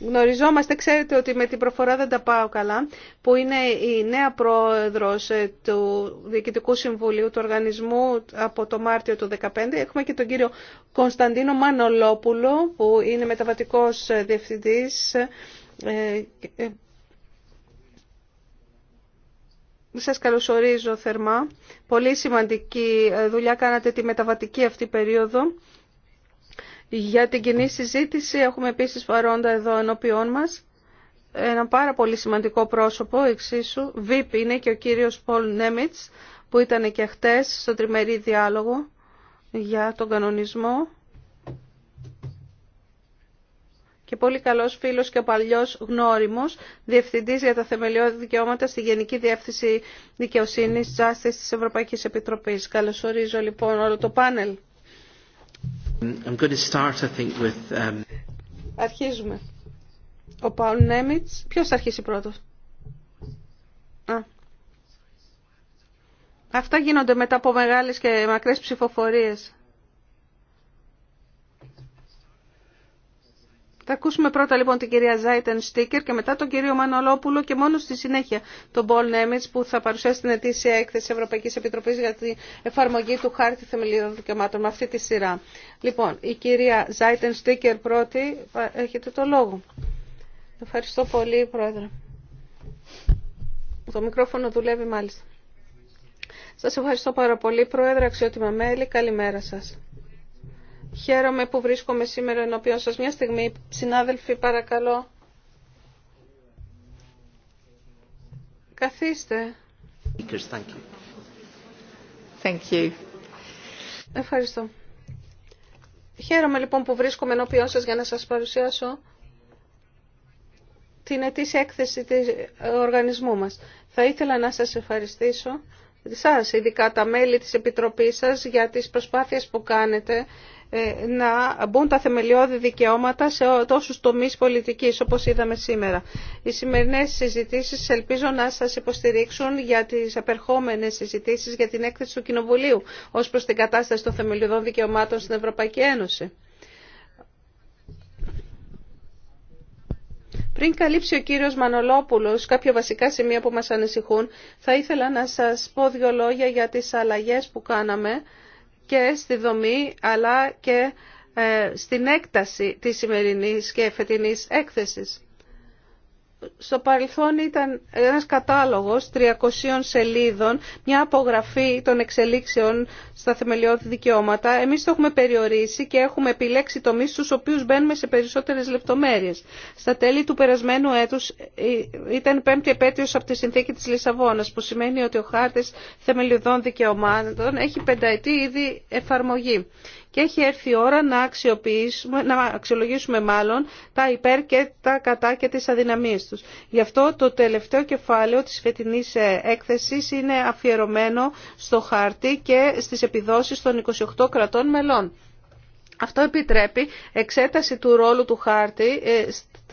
Γνωριζόμαστε, ξέρετε ότι με την προφορά δεν τα πάω καλά, που είναι η νέα πρόεδρος ε, του Διοικητικού Συμβουλίου του Οργανισμού από το Μάρτιο του 2015. Έχουμε και τον κύριο Κωνσταντίνο Μανολόπουλο, που είναι μεταβατικός ε, διευθυντής. Ε, Σας καλωσορίζω θερμά. Πολύ σημαντική δουλειά κάνατε τη μεταβατική αυτή περίοδο για την κοινή συζήτηση. Έχουμε επίσης παρόντα εδώ ενώπιόν μας ένα πάρα πολύ σημαντικό πρόσωπο εξίσου. VIP είναι και ο κύριος Πολ Νέμιτς που ήταν και χτες στο τριμερή διάλογο για τον κανονισμό. Και πολύ καλός φίλος και παλιός γνώριμος, διευθυντής για τα θεμελιώδη δικαιώματα στη Γενική Διεύθυνση Δικαιοσύνης Justice της Ευρωπαϊκής Επιτροπής. Καλωσορίζω λοιπόν όλο το πάνελ. I'm to start, I think, with, um... Αρχίζουμε. Ο Παουλ Νέμιτς. Ποιος θα αρχίσει πρώτος. Α. Αυτά γίνονται μετά από μεγάλες και μακρές ψηφοφορίες. Θα ακούσουμε πρώτα λοιπόν την κυρία Ζάιτεν Στίκερ και μετά τον κύριο Μανολόπουλο και μόνο στη συνέχεια τον Πολ Νέμιτς που θα παρουσιάσει την ετήσια έκθεση Ευρωπαϊκής Επιτροπής για την εφαρμογή του χάρτη θεμελιών δικαιωμάτων με αυτή τη σειρά. Λοιπόν, η κυρία Ζάιτεν Στίκερ πρώτη, έχετε το λόγο. Ευχαριστώ πολύ Πρόεδρε. Το μικρόφωνο δουλεύει μάλιστα. Σας ευχαριστώ πάρα πολύ Πρόεδρε, αξιότιμα μέλη, καλημέρα σας. Χαίρομαι που βρίσκομαι σήμερα ενώπιον σας. Μια στιγμή, συνάδελφοι, παρακαλώ. Καθίστε. Ευχαριστώ. Χαίρομαι λοιπόν που βρίσκομαι ενώπιον σας για να σας παρουσιάσω την ετήσια έκθεση του οργανισμού μας. Θα ήθελα να σας ευχαριστήσω σας, ειδικά τα μέλη της Επιτροπής σας, για τις προσπάθειες που κάνετε ε, να μπουν τα θεμελιώδη δικαιώματα σε τόσους τομείς πολιτικής, όπως είδαμε σήμερα. Οι σημερινές συζητήσεις ελπίζω να σας υποστηρίξουν για τις απερχόμενες συζητήσεις για την έκθεση του Κοινοβουλίου ως προς την κατάσταση των θεμελιωδών δικαιωμάτων στην Ευρωπαϊκή Ένωση. Πριν καλύψει ο κύριος Μανολόπουλος κάποια βασικά σημεία που μας ανησυχούν, θα ήθελα να σας πω δύο λόγια για τις αλλαγές που κάναμε και στη δομή αλλά και ε, στην έκταση της σημερινής και φετινής έκθεσης στο παρελθόν ήταν ένας κατάλογος 300 σελίδων, μια απογραφή των εξελίξεων στα θεμελιώδη δικαιώματα. Εμείς το έχουμε περιορίσει και έχουμε επιλέξει τομείς στους οποίους μπαίνουμε σε περισσότερες λεπτομέρειες. Στα τέλη του περασμένου έτους ε, ήταν η πέμπτη επέτειος από τη συνθήκη της Λισαβόνας, που σημαίνει ότι ο χάρτης θεμελιωδών δικαιωμάτων έχει πενταετή ήδη εφαρμογή και έχει έρθει η ώρα να, αξιοποιήσουμε, να αξιολογήσουμε μάλλον τα υπέρ και τα κατά και τις αδυναμίες τους. Γι' αυτό το τελευταίο κεφάλαιο της φετινής ε, έκθεσης είναι αφιερωμένο στο χάρτη και στις επιδόσεις των 28 κρατών μελών. Αυτό επιτρέπει εξέταση του ρόλου του χάρτη ε,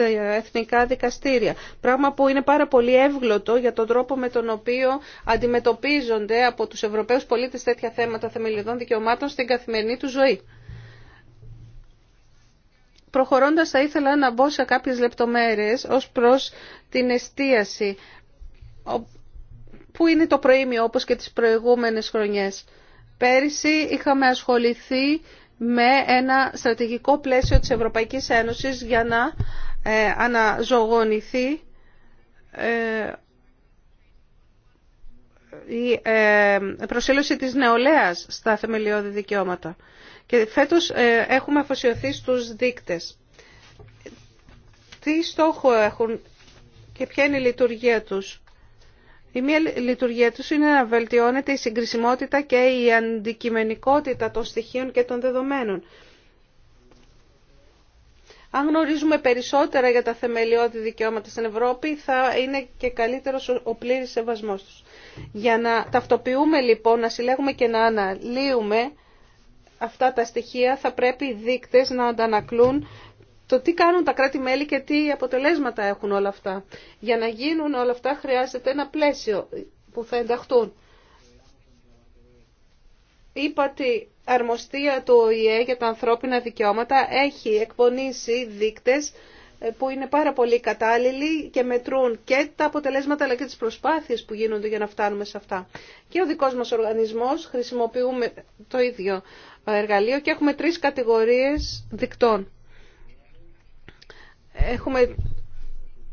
εθνικά δικαστήρια. Πράγμα που είναι πάρα πολύ εύγλωτο για τον τρόπο με τον οποίο αντιμετωπίζονται από τους Ευρωπαίους πολίτες τέτοια θέματα θεμελιωδών δικαιωμάτων στην καθημερινή του ζωή. Προχωρώντας θα ήθελα να μπω σε κάποιες λεπτομέρειες ως προς την εστίαση που είναι το προήμιο όπως και τις προηγούμενες χρονιές. Πέρυσι είχαμε ασχοληθεί με ένα στρατηγικό πλαίσιο της Ευρωπαϊκής Ένωσης για να ε, αναζωογονηθεί ε, η ε, προσήλωση της νεολαίας στα θεμελιώδη δικαιώματα. Και φέτος έχουμε αφοσιωθεί στους δείκτες. Τι στόχο έχουν και ποια είναι η λειτουργία τους. Η μία λειτουργία τους είναι να βελτιώνεται η συγκρισιμότητα και η αντικειμενικότητα των στοιχείων και των δεδομένων. Αν γνωρίζουμε περισσότερα για τα θεμελιώδη δικαιώματα στην Ευρώπη, θα είναι και καλύτερο ο πλήρη σεβασμό τους. Για να ταυτοποιούμε λοιπόν, να συλλέγουμε και να αναλύουμε αυτά τα στοιχεία, θα πρέπει οι δείκτες να αντανακλούν το τι κάνουν τα κράτη-μέλη και τι αποτελέσματα έχουν όλα αυτά. Για να γίνουν όλα αυτά χρειάζεται ένα πλαίσιο που θα ενταχθούν. Είπα ότι αρμοστία του ΟΗΕ για τα ανθρώπινα δικαιώματα έχει εκπονήσει δείκτες ε, που είναι πάρα πολύ κατάλληλοι και μετρούν και τα αποτελέσματα αλλά και τις προσπάθειες που γίνονται για να φτάνουμε σε αυτά. Και ο δικός μας οργανισμός χρησιμοποιούμε το ίδιο ε, εργαλείο και έχουμε τρεις κατηγορίες δικτών. Έχουμε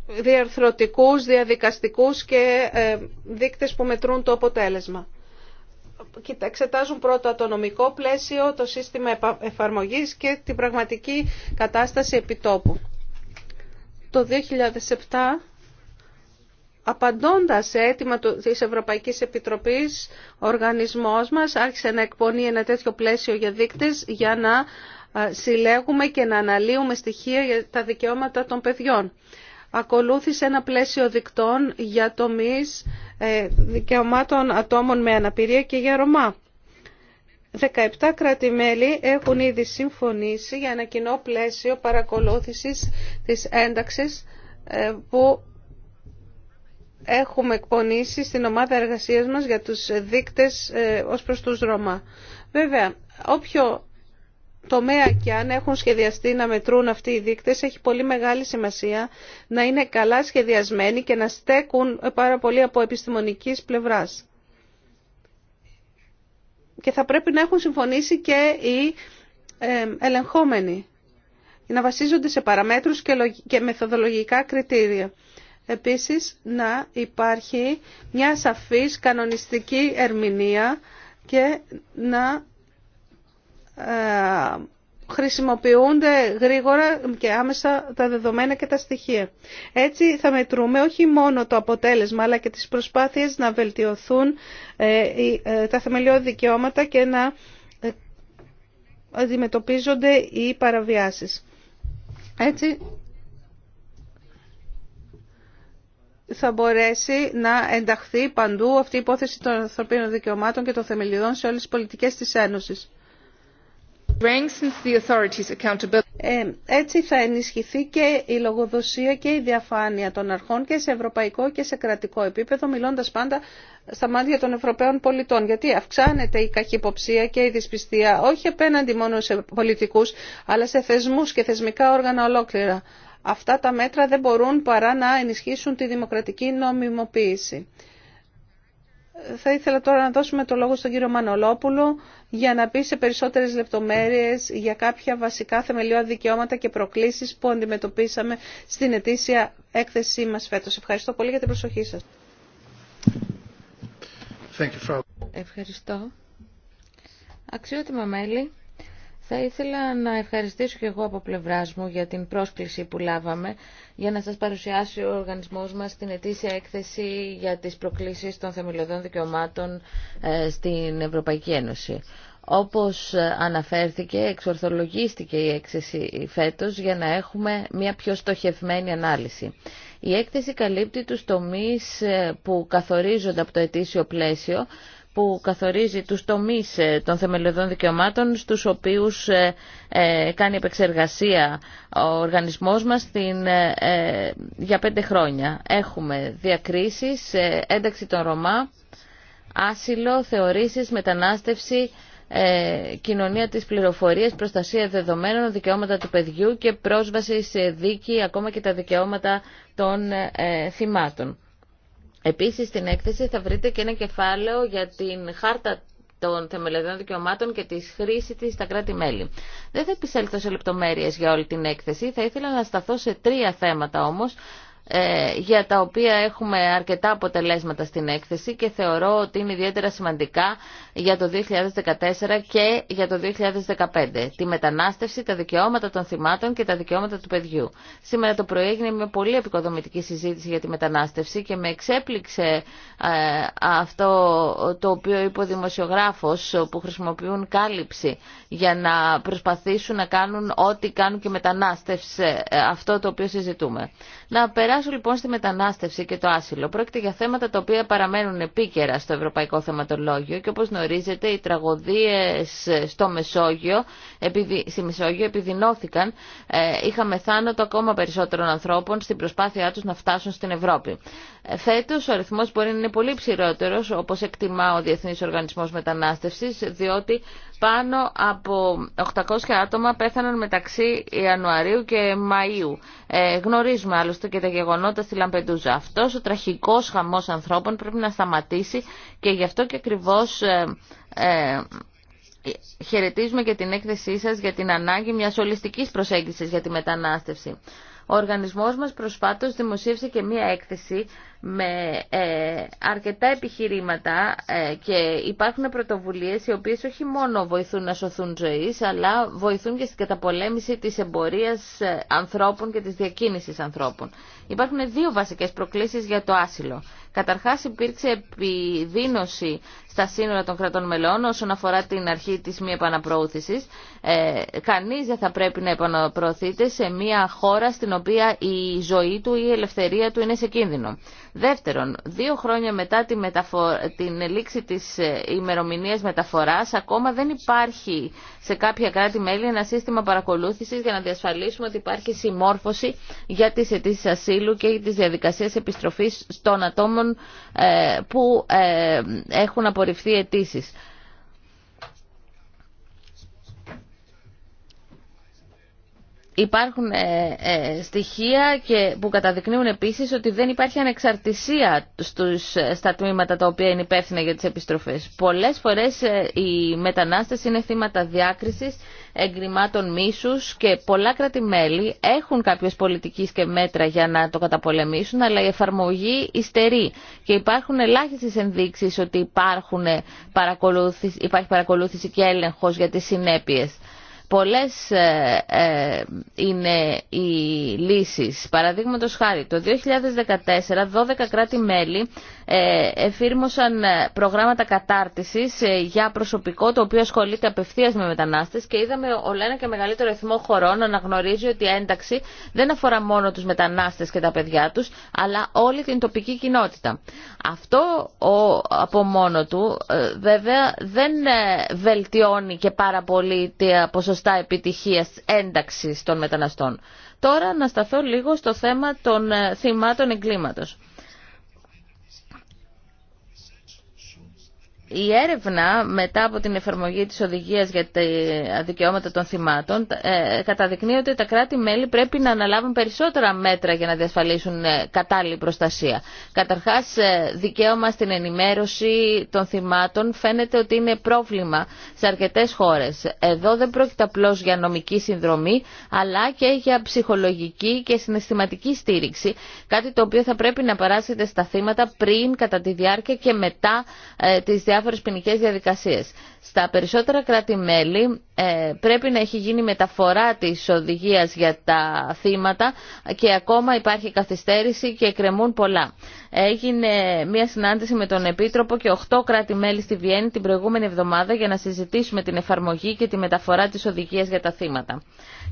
διαρθρωτικούς, διαδικαστικούς και ε, δείκτες που μετρούν το αποτέλεσμα εξετάζουν πρώτα το νομικό πλαίσιο, το σύστημα εφαρμογής και την πραγματική κατάσταση επιτόπου. Το 2007, απαντώντας σε αίτημα της Ευρωπαϊκής Επιτροπής, ο οργανισμός μας άρχισε να εκπονεί ένα τέτοιο πλαίσιο για δείκτες για να ε, συλλέγουμε και να αναλύουμε στοιχεία για τα δικαιώματα των παιδιών ακολούθησε ένα πλαίσιο δικτών για τομείς ε, δικαιωμάτων ατόμων με αναπηρία και για Ρωμά. 17 κράτη-μέλη έχουν ήδη συμφωνήσει για ένα κοινό πλαίσιο παρακολούθησης της ένταξης ε, που έχουμε εκπονήσει στην ομάδα εργασίας μας για τους δείκτες ε, ως προς τους Ρωμά. Βέβαια, όποιο τομέα και αν έχουν σχεδιαστεί να μετρούν αυτοί οι δείκτες, έχει πολύ μεγάλη σημασία να είναι καλά σχεδιασμένοι και να στέκουν πάρα πολύ από επιστημονικής πλευράς. Και θα πρέπει να έχουν συμφωνήσει και οι ε, ελεγχόμενοι, να βασίζονται σε παραμέτρους και μεθοδολογικά κριτήρια. Επίσης, να υπάρχει μια σαφής κανονιστική ερμηνεία και να ε, χρησιμοποιούνται γρήγορα και άμεσα τα δεδομένα και τα στοιχεία. Έτσι θα μετρούμε όχι μόνο το αποτέλεσμα αλλά και τις προσπάθειες να βελτιωθούν ε, ε, τα θεμελιώδη δικαιώματα και να αντιμετωπίζονται οι παραβιάσεις. Έτσι θα μπορέσει να ενταχθεί παντού αυτή η υπόθεση των ανθρωπίνων δικαιωμάτων και των θεμελιωδών σε όλες τις πολιτικές της Ένωσης. Ε, έτσι θα ενισχυθεί και η λογοδοσία και η διαφάνεια των αρχών και σε ευρωπαϊκό και σε κρατικό επίπεδο, μιλώντας πάντα στα μάτια των Ευρωπαίων πολιτών. Γιατί αυξάνεται η καχυποψία και η δυσπιστία, όχι απέναντι μόνο σε πολιτικούς, αλλά σε θεσμούς και θεσμικά όργανα ολόκληρα. Αυτά τα μέτρα δεν μπορούν παρά να ενισχύσουν τη δημοκρατική νομιμοποίηση. Θα ήθελα τώρα να δώσουμε το λόγο στον κύριο Μανολόπουλο για να πει σε περισσότερες λεπτομέρειες για κάποια βασικά θεμελιώδη δικαιώματα και προκλήσεις που αντιμετωπίσαμε στην ετήσια έκθεσή μας φέτος. Ευχαριστώ πολύ για την προσοχή σας. Ευχαριστώ. Αξιότιμα μέλη, θα ήθελα να ευχαριστήσω και εγώ από πλευρά μου για την πρόσκληση που λάβαμε για να σας παρουσιάσει ο οργανισμός μας την ετήσια έκθεση για τις προκλήσεις των θεμελιωδών δικαιωμάτων ε, στην Ευρωπαϊκή Ένωση. Όπως ε, αναφέρθηκε, εξορθολογίστηκε η έκθεση φέτος για να έχουμε μια πιο στοχευμένη ανάλυση. Η έκθεση καλύπτει τους τομείς ε, που καθορίζονται από το ετήσιο πλαίσιο που καθορίζει τους τομείς ε, των θεμελιωδών δικαιωμάτων στους οποίους ε, ε, κάνει επεξεργασία ο οργανισμός μας για πέντε χρόνια. Έχουμε διακρίσεις, ένταξη των Ρωμά, άσυλο, θεωρήσεις, μετανάστευση, κοινωνία της πληροφορίας, προστασία δεδομένων, δικαιώματα του παιδιού και πρόσβαση σε δίκη, ακόμα και τα δικαιώματα των θυμάτων. Επίσης στην έκθεση θα βρείτε και ένα κεφάλαιο για την χάρτα των θεμελιωδών δικαιωμάτων και τη χρήση τη στα κράτη-μέλη. Δεν θα επισέλθω σε λεπτομέρειε για όλη την έκθεση. Θα ήθελα να σταθώ σε τρία θέματα όμω, ε, για τα οποία έχουμε αρκετά αποτελέσματα στην έκθεση και θεωρώ ότι είναι ιδιαίτερα σημαντικά για το 2014 και για το 2015. Τη μετανάστευση, τα δικαιώματα των θυμάτων και τα δικαιώματα του παιδιού. Σήμερα το πρωί έγινε μια πολύ επικοδομητική συζήτηση για τη μετανάστευση και με εξέπληξε ε, αυτό το οποίο είπε ο δημοσιογράφος που χρησιμοποιούν κάλυψη για να προσπαθήσουν να κάνουν ό,τι κάνουν και μετανάστευση ε, αυτό το οποίο συζητούμε. Να Πλησιάζω λοιπόν στη μετανάστευση και το άσυλο. Πρόκειται για θέματα τα οποία παραμένουν επίκαιρα στο ευρωπαϊκό θεματολόγιο και όπως γνωρίζετε οι τραγωδίες στο Μεσόγειο, στη Μεσόγειο επιδεινώθηκαν. Ε, είχαμε θάνατο ακόμα περισσότερων ανθρώπων στην προσπάθειά τους να φτάσουν στην Ευρώπη. Ε, φέτος ο αριθμός μπορεί να είναι πολύ ψηρότερος, όπως εκτιμά ο Διεθνής Οργανισμός Μετανάστευσης διότι πάνω από 800 άτομα πέθαναν μεταξύ Ιανουαρίου και Μαΐου. Ε, γνωρίζουμε άλλωστε και τα γεγονότα στη Λαμπεντούζα. Αυτός ο τραχικός χαμός ανθρώπων πρέπει να σταματήσει και γι' αυτό και ακριβώς ε, ε, χαιρετίζουμε και την έκθεσή σας για την ανάγκη μιας ολιστικής προσέγγισης για τη μετανάστευση. Ο οργανισμός μας προσφάτως δημοσίευσε και μία έκθεση με ε, αρκετά επιχειρήματα ε, και υπάρχουν πρωτοβουλίες οι οποίες όχι μόνο βοηθούν να σωθούν ζωής αλλά βοηθούν και στην καταπολέμηση της εμπορίας ε, ανθρώπων και της διακίνησης ανθρώπων. Υπάρχουν δύο βασικές προκλήσεις για το άσυλο. Καταρχάς υπήρξε επιδίνωση στα σύνορα των κρατών μελών όσον αφορά την αρχή της μη επαναπροώθησης. Ε, κανείς δεν θα πρέπει να επαναπροωθείται σε μια χώρα στην οποία η ζωή του ή η ελευθερία του είναι σε κίνδυνο. Δεύτερον, δύο χρόνια μετά τη την λήξη της ε, ημερομηνία μεταφοράς, ακόμα δεν υπάρχει σε κάποια κράτη-μέλη ένα σύστημα παρακολούθησης για να διασφαλίσουμε ότι υπάρχει συμμόρφωση για τις αιτήσει ασύλου και για τις διαδικασίες επιστροφής των ατόμων ε, που ε, έχουν απορριφθεί αιτήσει. Υπάρχουν ε, ε, στοιχεία και που καταδεικνύουν επίσης ότι δεν υπάρχει ανεξαρτησία στους, ε, στα τμήματα τα οποία είναι υπεύθυνα για τις επιστροφές. Πολλές φορές οι μετανάστες είναι θύματα διάκρισης, εγκριμάτων μίσους και πολλά κράτη-μέλη έχουν κάποιες πολιτικές και μέτρα για να το καταπολεμήσουν, αλλά η εφαρμογή υστερεί και υπάρχουν ελάχιστες ενδείξεις ότι υπάρχουν, παρακολούθηση, υπάρχει παρακολούθηση και έλεγχος για τις συνέπειες. Πολλές ε, ε, είναι οι λύσεις. Παραδείγματος χάρη, το 2014 12 κράτη-μέλη ε, εφήρμοσαν ε, προγράμματα κατάρτισης ε, για προσωπικό το οποίο ασχολείται απευθείας με μετανάστες και είδαμε ολένα και μεγαλύτερο αριθμό χωρών να αναγνωρίζει ότι η ένταξη δεν αφορά μόνο τους μετανάστες και τα παιδιά τους, αλλά όλη την τοπική κοινότητα. Αυτό από μόνο του βέβαια δεν βελτιώνει και πάρα πολύ τα ποσοστά επιτυχίας ένταξης των μεταναστών. Τώρα να σταθώ λίγο στο θέμα των θυμάτων εγκλήματος. η έρευνα μετά από την εφαρμογή της οδηγίας για τα δικαιώματα των θυμάτων ε, καταδεικνύει ότι τα κράτη-μέλη πρέπει να αναλάβουν περισσότερα μέτρα για να διασφαλίσουν ε, κατάλληλη προστασία. Καταρχάς, ε, δικαίωμα στην ενημέρωση των θυμάτων φαίνεται ότι είναι πρόβλημα σε αρκετές χώρες. Εδώ δεν πρόκειται απλώ για νομική συνδρομή, αλλά και για ψυχολογική και συναισθηματική στήριξη, κάτι το οποίο θα πρέπει να παράσχεται στα θύματα πριν, κατά τη διάρκεια και μετά τις διάφορες ποινικέ διαδικασίες. Στα περισσότερα κράτη-μέλη ε, πρέπει να έχει γίνει μεταφορά της οδηγίας για τα θύματα και ακόμα υπάρχει καθυστέρηση και κρεμούν πολλά. Έγινε μια συνάντηση με τον Επίτροπο και 8 κράτη-μέλη στη Βιέννη την προηγούμενη εβδομάδα για να συζητήσουμε την εφαρμογή και τη μεταφορά της οδηγίας για τα θύματα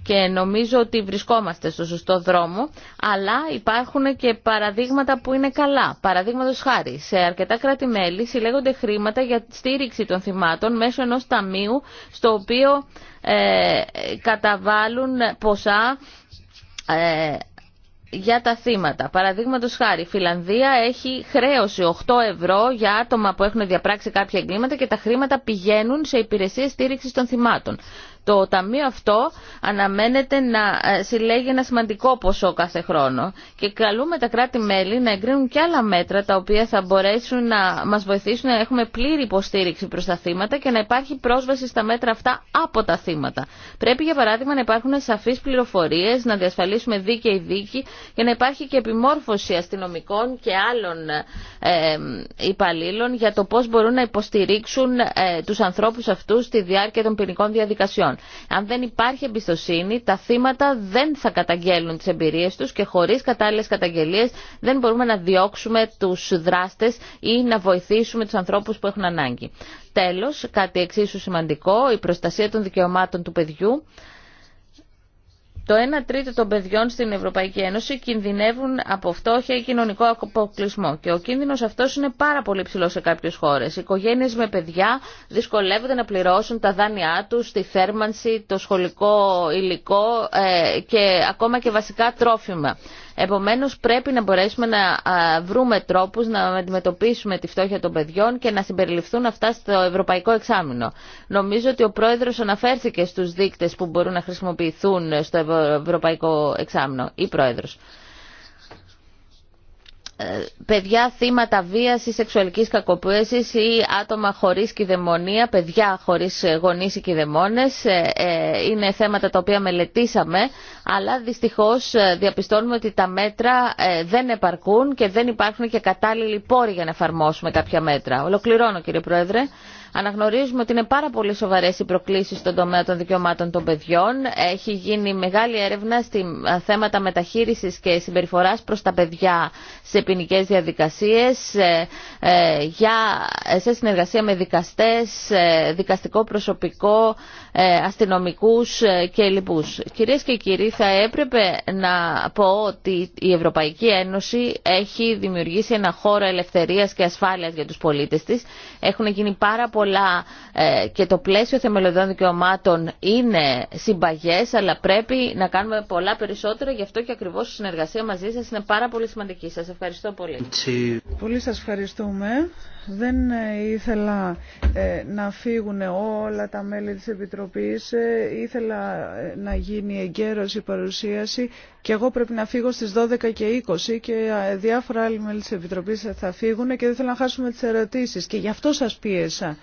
και νομίζω ότι βρισκόμαστε στο σωστό δρόμο, αλλά υπάρχουν και παραδείγματα που είναι καλά. Παραδείγματο χάρη, σε αρκετά κράτη-μέλη συλλέγονται χρήματα για στήριξη των θυμάτων μέσω ενό ταμείου, στο οποίο ε, καταβάλουν ποσά. Ε, για τα θύματα. Παραδείγματο χάρη, η Φιλανδία έχει χρέωση 8 ευρώ για άτομα που έχουν διαπράξει κάποια εγκλήματα και τα χρήματα πηγαίνουν σε υπηρεσίε στήριξη των θυμάτων. Το ταμείο αυτό αναμένεται να ε, συλλέγει ένα σημαντικό ποσό κάθε χρόνο και καλούμε τα κράτη-μέλη να εγκρίνουν και άλλα μέτρα τα οποία θα μπορέσουν να μας βοηθήσουν να έχουμε πλήρη υποστήριξη προς τα θύματα και να υπάρχει πρόσβαση στα μέτρα αυτά από τα θύματα. Πρέπει για παράδειγμα να υπάρχουν σαφείς πληροφορίες, να διασφαλίσουμε δίκαιη δίκη και να υπάρχει και επιμόρφωση αστυνομικών και άλλων ε, υπαλλήλων για το πώς μπορούν να υποστηρίξουν ε, τους ανθρώπους αυτούς στη διάρκεια των ποινικών διαδικασιών. Λοιπόν, αν δεν υπάρχει εμπιστοσύνη, τα θύματα δεν θα καταγγέλουν τις εμπειρίες τους και χωρίς κατάλληλες καταγγελίες δεν μπορούμε να διώξουμε τους δράστες ή να βοηθήσουμε τους ανθρώπους που έχουν ανάγκη. Τέλος, κάτι εξίσου σημαντικό, η προστασία των δικαιωμάτων του παιδιού το 1 τρίτο των παιδιών στην Ευρωπαϊκή Ένωση κινδυνεύουν από φτώχεια ή κοινωνικό αποκλεισμό. Και ο κίνδυνο αυτό είναι πάρα πολύ ψηλό σε κάποιε χώρε. Οι οικογένειε με παιδιά δυσκολεύονται να πληρώσουν τα δάνειά του, τη θέρμανση, το σχολικό υλικό ε, και ακόμα και βασικά τρόφιμα. Επομένως πρέπει να μπορέσουμε να βρούμε τρόπους να αντιμετωπίσουμε τη φτώχεια των παιδιών και να συμπεριληφθούν αυτά στο ευρωπαϊκό εξάμεινο. Νομίζω ότι ο πρόεδρος αναφέρθηκε στους δείκτες που μπορούν να χρησιμοποιηθούν στο ευρωπαϊκό εξάμεινο ή πρόεδρος παιδιά θύματα βίας ή σεξουαλικής κακοποίησης ή άτομα χωρίς κυδαιμονία, παιδιά χωρίς γονείς ή κυδαιμόνες. Ε, ε, είναι θέματα τα οποία μελετήσαμε, αλλά δυστυχώς ε, διαπιστώνουμε ότι τα μέτρα δεν επαρκούν και δεν υπάρχουν και κατάλληλοι πόροι για να εφαρμόσουμε κάποια μέτρα. Ολοκληρώνω κύριε Πρόεδρε. Αναγνωρίζουμε ότι είναι πάρα πολύ σοβαρέ οι προκλήσει στον τομέα των δικαιωμάτων των παιδιών. Έχει γίνει μεγάλη έρευνα στη ε, θέματα μεταχείριση και συμπεριφορά προ τα παιδιά σε ποινικέ διαδικασίε, ε, ε, σε συνεργασία με δικαστέ, δικαστικό προσωπικό, ε, αστυνομικούς ε, και λοιπούς. Κυρίες και κύριοι, θα έπρεπε να πω ότι η Ευρωπαϊκή Ένωση έχει δημιουργήσει ένα χώρο ελευθερίας και ασφάλειας για τους πολίτες της. Έχουν γίνει πάρα πολλά ε, και το πλαίσιο θεμελιωδών δικαιωμάτων είναι συμπαγές, αλλά πρέπει να κάνουμε πολλά περισσότερα, γι' αυτό και ακριβώς η συνεργασία μαζί σας είναι πάρα πολύ σημαντική. Σας ευχαριστώ πολύ. ευχαριστούμε. Δεν ε, ήθελα ε, να φύγουν όλα τα μέλη της Επιτροπής, ε, ήθελα να γίνει εγκαίρως η παρουσίαση και εγώ πρέπει να φύγω στις 12 και 20 και διάφορα άλλοι μέλη της Επιτροπής θα φύγουν και δεν θέλω να χάσουμε τις ερωτήσεις και γι' αυτό σας πίεσα.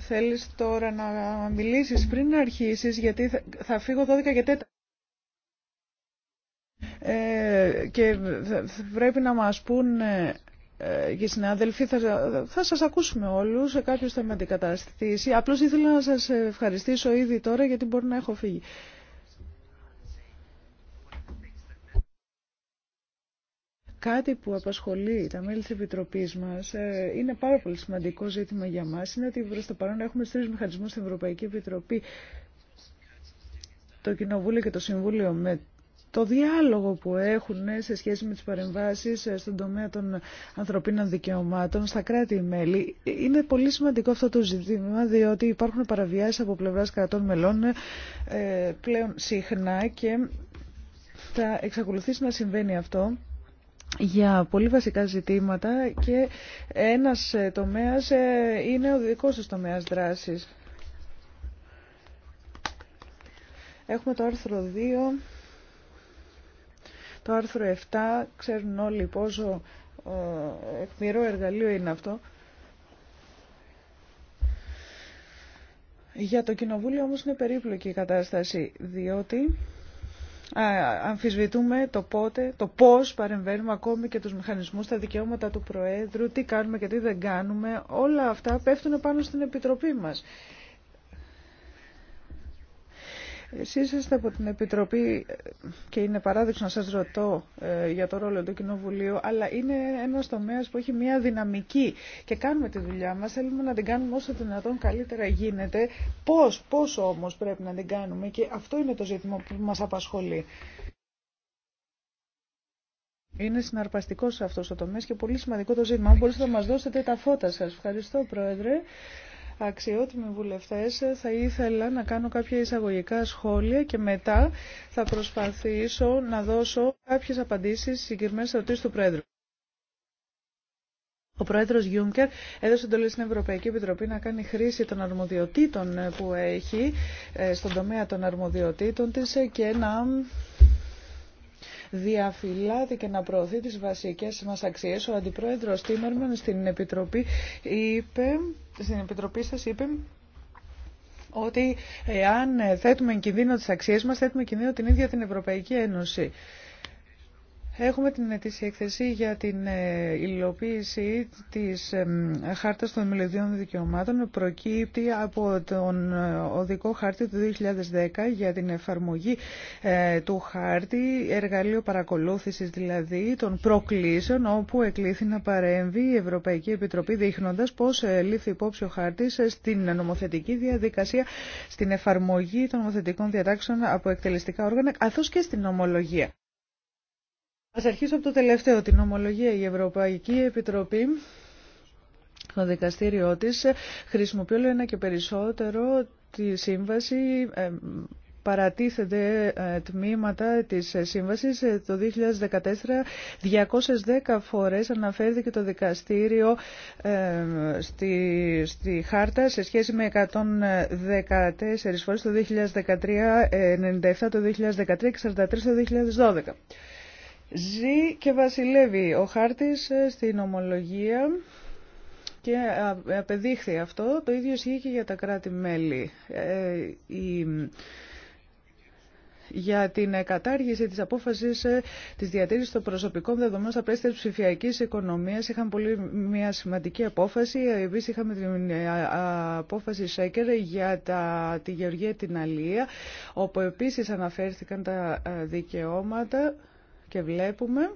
Θέλεις τώρα να μιλήσεις πριν να αρχίσεις γιατί θα φύγω 12 και 4. Ε, και πρέπει να μας πούν ε, ε, και οι συνάδελφοι, θα, θα σας ακούσουμε όλους, σε κάποιος θα με αντικαταστήσει. Απλώς ήθελα να σας ευχαριστήσω ήδη τώρα γιατί μπορεί να έχω φύγει. κάτι που απασχολεί τα μέλη της Επιτροπής μας, ε, είναι πάρα πολύ σημαντικό ζήτημα για μας, είναι ότι προς το παρόν έχουμε τρεις μηχανισμούς στην Ευρωπαϊκή Επιτροπή. Το Κοινοβούλιο και το Συμβούλιο με το διάλογο που έχουν ε, σε σχέση με τις παρεμβάσεις ε, στον τομέα των ανθρωπίνων δικαιωμάτων στα κράτη-μέλη. Ε, είναι πολύ σημαντικό αυτό το ζήτημα διότι υπάρχουν παραβιάσεις από πλευράς κρατών μελών πλέον συχνά και θα εξακολουθήσει να συμβαίνει αυτό για πολύ βασικά ζητήματα και ένας τομέας είναι ο δικός σας τομέας δράσης. Έχουμε το άρθρο 2 το άρθρο 7, ξέρουν όλοι πόσο ε, εκμηρό εργαλείο είναι αυτό. Για το Κοινοβούλιο όμως είναι περίπλοκη η κατάσταση, διότι αμφισβητούμε το πότε, το πώς παρεμβαίνουμε ακόμη και τους μηχανισμούς, τα δικαιώματα του Προέδρου, τι κάνουμε και τι δεν κάνουμε. Όλα αυτά πέφτουν πάνω στην Επιτροπή μας. Εσεί είστε από την Επιτροπή και είναι παράδειγμα να σας ρωτώ ε, για το ρόλο του Κοινοβουλίου, αλλά είναι ένας τομέας που έχει μια δυναμική και κάνουμε τη δουλειά μας, θέλουμε να την κάνουμε όσο δυνατόν καλύτερα γίνεται. Πώς, πώς όμως πρέπει να την κάνουμε και αυτό είναι το ζήτημα που μας απασχολεί. Είναι συναρπαστικό αυτό ο τομέα και πολύ σημαντικό το ζήτημα. Αν μπορείτε να μα δώσετε τα φώτα σα. Ευχαριστώ, Πρόεδρε αξιότιμοι βουλευτές, θα ήθελα να κάνω κάποια εισαγωγικά σχόλια και μετά θα προσπαθήσω να δώσω κάποιες απαντήσεις στις συγκεκριμένες ερωτήσεις του Πρόεδρου. Ο πρόεδρο Γιούνκερ έδωσε εντολή στην Ευρωπαϊκή Επιτροπή να κάνει χρήση των αρμοδιοτήτων που έχει ε, στον τομέα των αρμοδιοτήτων τη και να Διαφυλάται και να προωθεί τις βασικές μας αξίες. Ο Αντιπρόεδρος Τίμερμαν στην Επιτροπή, είπε, στην Επιτροπή σας είπε ότι εάν θέτουμε κινδύνο τις αξίες μας, θέτουμε κινδύνο την ίδια την Ευρωπαϊκή Ένωση. Έχουμε την ετήσια έκθεση για την ε, υλοποίηση της Χάρτας των Μελωδίων Δικαιωμάτων προκύπτει από τον ε, Οδικό Χάρτη του 2010 για την εφαρμογή ε, του χάρτη, εργαλείο παρακολούθησης δηλαδή των προκλήσεων όπου εκλήθη να παρέμβει η Ευρωπαϊκή Επιτροπή δείχνοντας πώς λήφθη υπόψη ο χάρτης στην νομοθετική διαδικασία, στην εφαρμογή των νομοθετικών διατάξεων από εκτελεστικά όργανα καθώς και στην ομολογία. Ας αρχίσω από το τελευταίο, την ομολογία. Η Ευρωπαϊκή Επιτροπή το δικαστήριό της χρησιμοποιεί ένα και περισσότερο τη σύμβαση ε, παρατίθεται ε, τμήματα της σύμβασης. Ε, το 2014 210 φορές αναφέρθηκε το δικαστήριο στη, στη χάρτα σε σχέση με 114 φορές το 2013, 97 το 2013 και 43 το 2012. Ζει και βασιλεύει ο χάρτης ε, στην ομολογία και απεδείχθη αυτό. Το ίδιο ισχύει και για τα κράτη-μέλη. Ε, για την κατάργηση της απόφασης ε, της διατήρησης των προσωπικών δεδομένων στα πλαίσια της ψηφιακής οικονομίας. Είχαμε πολύ μια σημαντική απόφαση. Επίσης είχαμε την απόφαση ΣΕΚΕΡ για τα, τη Γεωργία την Αλία, όπου επίσης αναφέρθηκαν τα δικαιώματα και βλέπουμε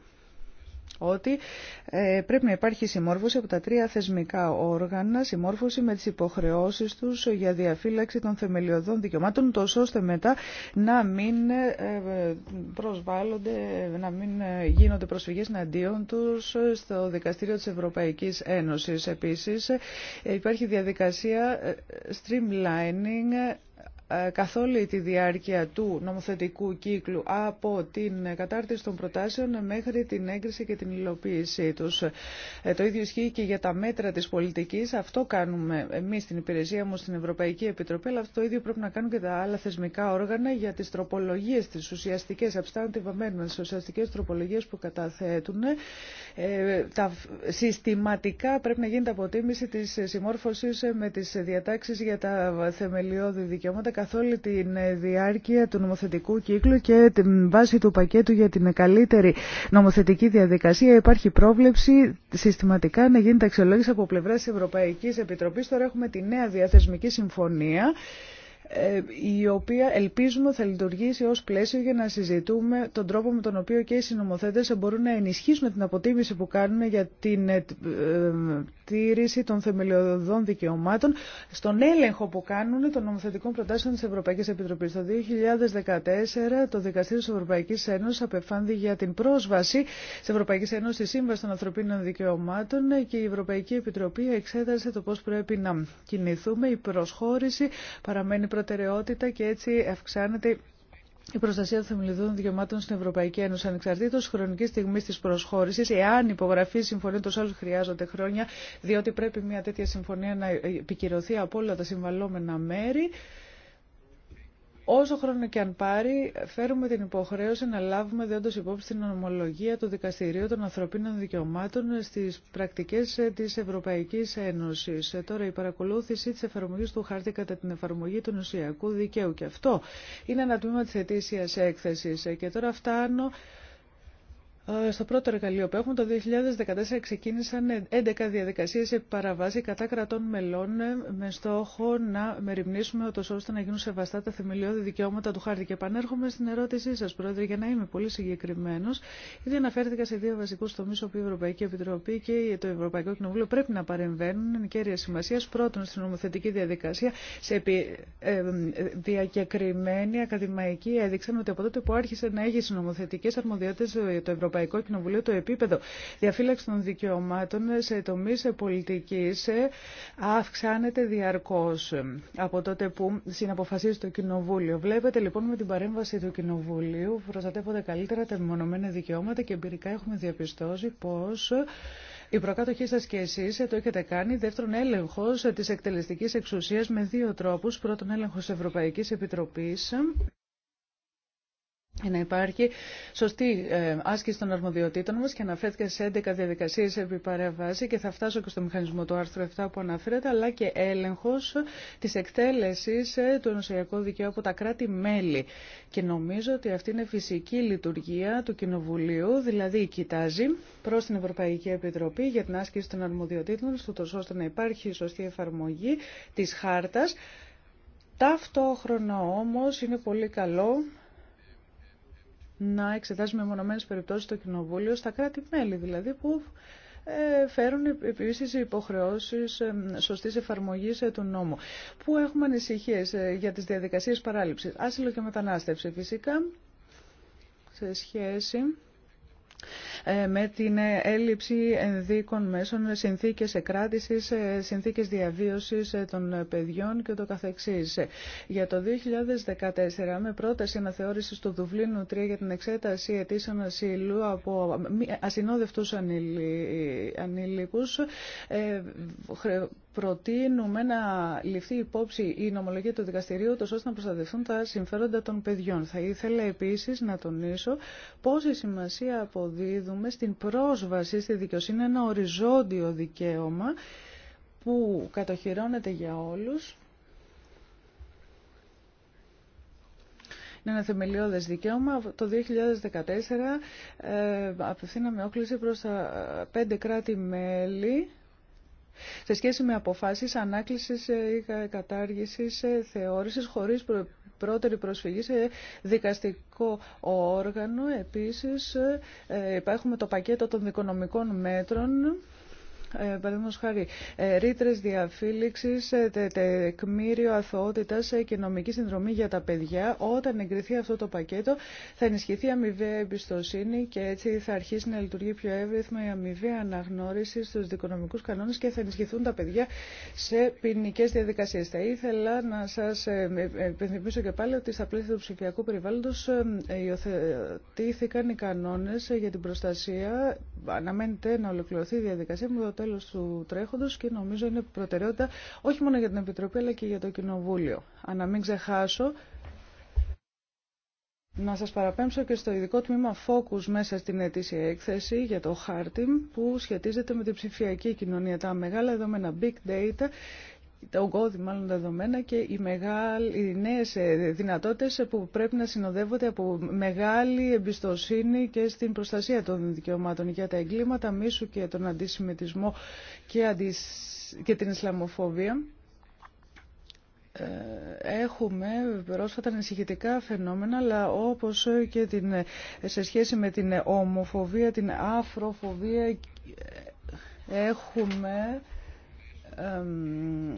ότι ε, πρέπει να υπάρχει συμμόρφωση από τα τρία θεσμικά όργανα, συμμόρφωση με τις υποχρεώσεις τους για διαφύλαξη των θεμελιωδών δικαιωμάτων, τόσο ώστε μετά να μην ε, προσβάλλονται, να μην ε, γίνονται προσφυγές εναντίον τους στο Δικαστήριο της Ευρωπαϊκής Ένωσης. Επίσης, υπάρχει διαδικασία streamlining ε, καθ' όλη τη διάρκεια του νομοθετικού κύκλου από την κατάρτιση των προτάσεων μέχρι την έγκριση και την υλοποίησή τους. Ε, το ίδιο ισχύει και για τα μέτρα της πολιτικής. Αυτό κάνουμε εμείς στην υπηρεσία μου στην Ευρωπαϊκή Επιτροπή, αλλά αυτό το ίδιο πρέπει να κάνουν και τα άλλα θεσμικά όργανα για τις τροπολογίες, τις ουσιαστικές, abstantive τις ουσιαστικές τροπολογίες που καταθέτουν. Ε, τα, συστηματικά πρέπει να γίνεται αποτίμηση της συμμόρφωσης με τις διατάξεις για τα θεμελιώδη δικαιώματα καθ' όλη τη ε, διάρκεια του νομοθετικού κύκλου και την βάση του πακέτου για την καλύτερη νομοθετική διαδικασία υπάρχει πρόβλεψη συστηματικά να γίνεται αξιολόγηση από πλευρά τη Ευρωπαϊκή Επιτροπή. Τώρα έχουμε τη νέα διαθεσμική συμφωνία. Ε, η οποία ελπίζουμε θα λειτουργήσει ως πλαίσιο για να συζητούμε τον τρόπο με τον οποίο και οι συνομοθέτες μπορούν να ενισχύσουν την αποτίμηση που κάνουν για την ε, ε, τήρηση των θεμελιωδών δικαιωμάτων στον έλεγχο που κάνουν των νομοθετικών προτάσεων της Ευρωπαϊκής Επιτροπής. Το 2014 το Δικαστήριο της Ευρωπαϊκής Ένωσης απεφάνθη για την πρόσβαση της Ευρωπαϊκής Ένωσης στη Σύμβαση των Ανθρωπίνων Δικαιωμάτων και η Ευρωπαϊκή Επιτροπή εξέτασε το πώς πρέπει να κινηθούμε. Η προσχώρηση παραμένει προτεραιότητα και έτσι αυξάνεται η προστασία των θεμελιδών δικαιωμάτων στην Ευρωπαϊκή Ένωση, ανεξαρτήτω χρονική στιγμή τη προσχώρηση, εάν υπογραφεί συμφωνία, τόσο άλλου χρειάζονται χρόνια, διότι πρέπει μια τέτοια συμφωνία να επικυρωθεί από όλα τα συμβαλώμενα μέρη. Όσο χρόνο και αν πάρει, φέρουμε την υποχρέωση να λάβουμε δέοντος υπόψη την ομολογία του Δικαστηρίου των Ανθρωπίνων Δικαιωμάτων στις πρακτικές ε, της Ευρωπαϊκής Ένωσης. Ε, τώρα η παρακολούθηση της εφαρμογής του χάρτη κατά την εφαρμογή του νοσιακού δικαίου και αυτό είναι ένα τμήμα της ετήσιας έκθεσης. Ε, και τώρα φτάνω ε, στο πρώτο εργαλείο που έχουμε το 2014 ξεκίνησαν 11 διαδικασίε επί παραβάση κατά κρατών μελών ε, με στόχο να μεριμνήσουμε ούτω ώστε να γίνουν σεβαστά τα θεμελιώδη δικαιώματα του χάρτη. Και επανέρχομαι στην ερώτησή σα, Πρόεδρε, για να είμαι πολύ συγκεκριμένο, Ήδη αναφέρθηκα σε δύο βασικού τομεί όπου η Ευρωπαϊκή Επιτροπή και το Ευρωπαϊκό Κοινοβούλιο πρέπει να παρεμβαίνουν Είναι κέρια σημασία. Πρώτον, στην νομοθετική διαδικασία, σε επί, ε, διακεκριμένη ακαδημαϊκή έδειξαν ότι από τότε που άρχισε να έχει νομοθετικέ αρμοδιότητες ε, το Ευρωπαϊκό το επίπεδο διαφύλαξη των δικαιωμάτων σε τομεί πολιτική ε, αυξάνεται διαρκώ από τότε που συναποφασίζει το Κοινοβούλιο. Βλέπετε λοιπόν με την παρέμβαση του Κοινοβουλίου προστατεύονται καλύτερα τα μεμονωμένα δικαιώματα και εμπειρικά έχουμε διαπιστώσει πω η προκάτοχη σα και εσεί ε, το έχετε κάνει. Δεύτερον, έλεγχο τη εκτελεστική εξουσία με δύο τρόπου. Πρώτον, έλεγχο Ευρωπαϊκή Επιτροπή ε, να υπάρχει σωστή ε, άσκηση των αρμοδιοτήτων μας και αναφέρθηκε σε 11 διαδικασίες επί παρέμβαση και θα φτάσω και στο μηχανισμό του άρθρου 7 που αναφέρεται αλλά και έλεγχος της εκτέλεσης ε, του ενωσιακού δικαίου από τα κράτη-μέλη. Και νομίζω ότι αυτή είναι φυσική λειτουργία του Κοινοβουλίου, δηλαδή κοιτάζει προς την Ευρωπαϊκή Επιτροπή για την άσκηση των αρμοδιοτήτων στους ώστε να υπάρχει σωστή εφαρμογή της χάρτας Ταυτόχρονα όμως είναι πολύ καλό να εξετάσουμε μονομένες περιπτώσεις το Κοινοβούλιο, στα κράτη-μέλη δηλαδή, που ε, φέρουν επίσης υποχρεώσεις ε, σωστής εφαρμογής ε, του νόμου. Πού έχουμε ανησυχίες για τις διαδικασίες παράληψης. Άσυλο και μετανάστευση φυσικά σε σχέση ε, με την ε, έλλειψη ενδίκων μέσων, συνθήκες εκράτησης, ε, συνθήκες διαβίωσης των παιδιών και το καθεξής. Για το 2014 με πρόταση αναθεώρηση του Δουβλίνου 3 για την εξέταση αιτήσεων ασύλου από ασυνόδευτούς ανήλικους προτείνουμε να ληφθεί υπόψη η νομολογία του δικαστηρίου ώστε να προστατευτούν τα συμφέροντα των παιδιών. Θα ήθελα επίσης να τονίσω πόση σημασία αποδίδουν δούμε στην πρόσβαση στη δικαιοσύνη ένα οριζόντιο δικαίωμα που κατοχυρώνεται για όλους. Είναι ένα θεμελιώδες δικαίωμα. Το 2014 ε, απευθύναμε όκληση προς τα πέντε κράτη-μέλη σε σχέση με αποφάσεις ανάκλησης ή ε, κατάργησης ε, θεώρησης χωρίς πρώτερη προσφυγή σε δικαστικό όργανο. Επίσης, ε, ε, υπάρχουμε το πακέτο των οικονομικών μέτρων ε, Παραδείγματο χάρη, ε, ρήτρε διαφύληξη, ε, τεκμήριο αθωότητας και νομική συνδρομή για τα παιδιά. Όταν εγκριθεί αυτό το πακέτο θα ενισχυθεί η αμοιβαία εμπιστοσύνη και έτσι θα αρχίσει να λειτουργεί πιο εύρυθμα η αμοιβαία αναγνώριση στου δικονομικού κανόνε και θα ενισχυθούν τα παιδιά σε ποινικέ διαδικασίε. Θα ήθελα να σας επιθυμήσω και πάλι ότι στα πλαίσια του ψηφιακού περιβάλλοντος υιοθετήθηκαν οι κανόνε για την προστασία. Αναμένεται να ολοκληρωθεί η διαδικασία Τέλο του τρέχοντος και νομίζω είναι προτεραιότητα όχι μόνο για την Επιτροπή αλλά και για το Κοινοβούλιο. Αν να μην ξεχάσω, να σας παραπέμψω και στο ειδικό τμήμα Focus μέσα στην ετήσια έκθεση για το χάρτη που σχετίζεται με την ψηφιακή κοινωνία, τα μεγάλα δεδομένα Big Data τα ογκώδη μάλλον δεδομένα και οι, μεγάλοι, οι νέες ε, δυνατότητες που πρέπει να συνοδεύονται από μεγάλη εμπιστοσύνη και στην προστασία των δικαιωμάτων για τα εγκλήματα μίσου και τον αντισημιτισμό και, και την Ισλαμοφοβία. Ε, έχουμε πρόσφατα ανησυχητικά φαινόμενα, αλλά όπως και την, σε σχέση με την ομοφοβία, την αφροφοβία, ε, έχουμε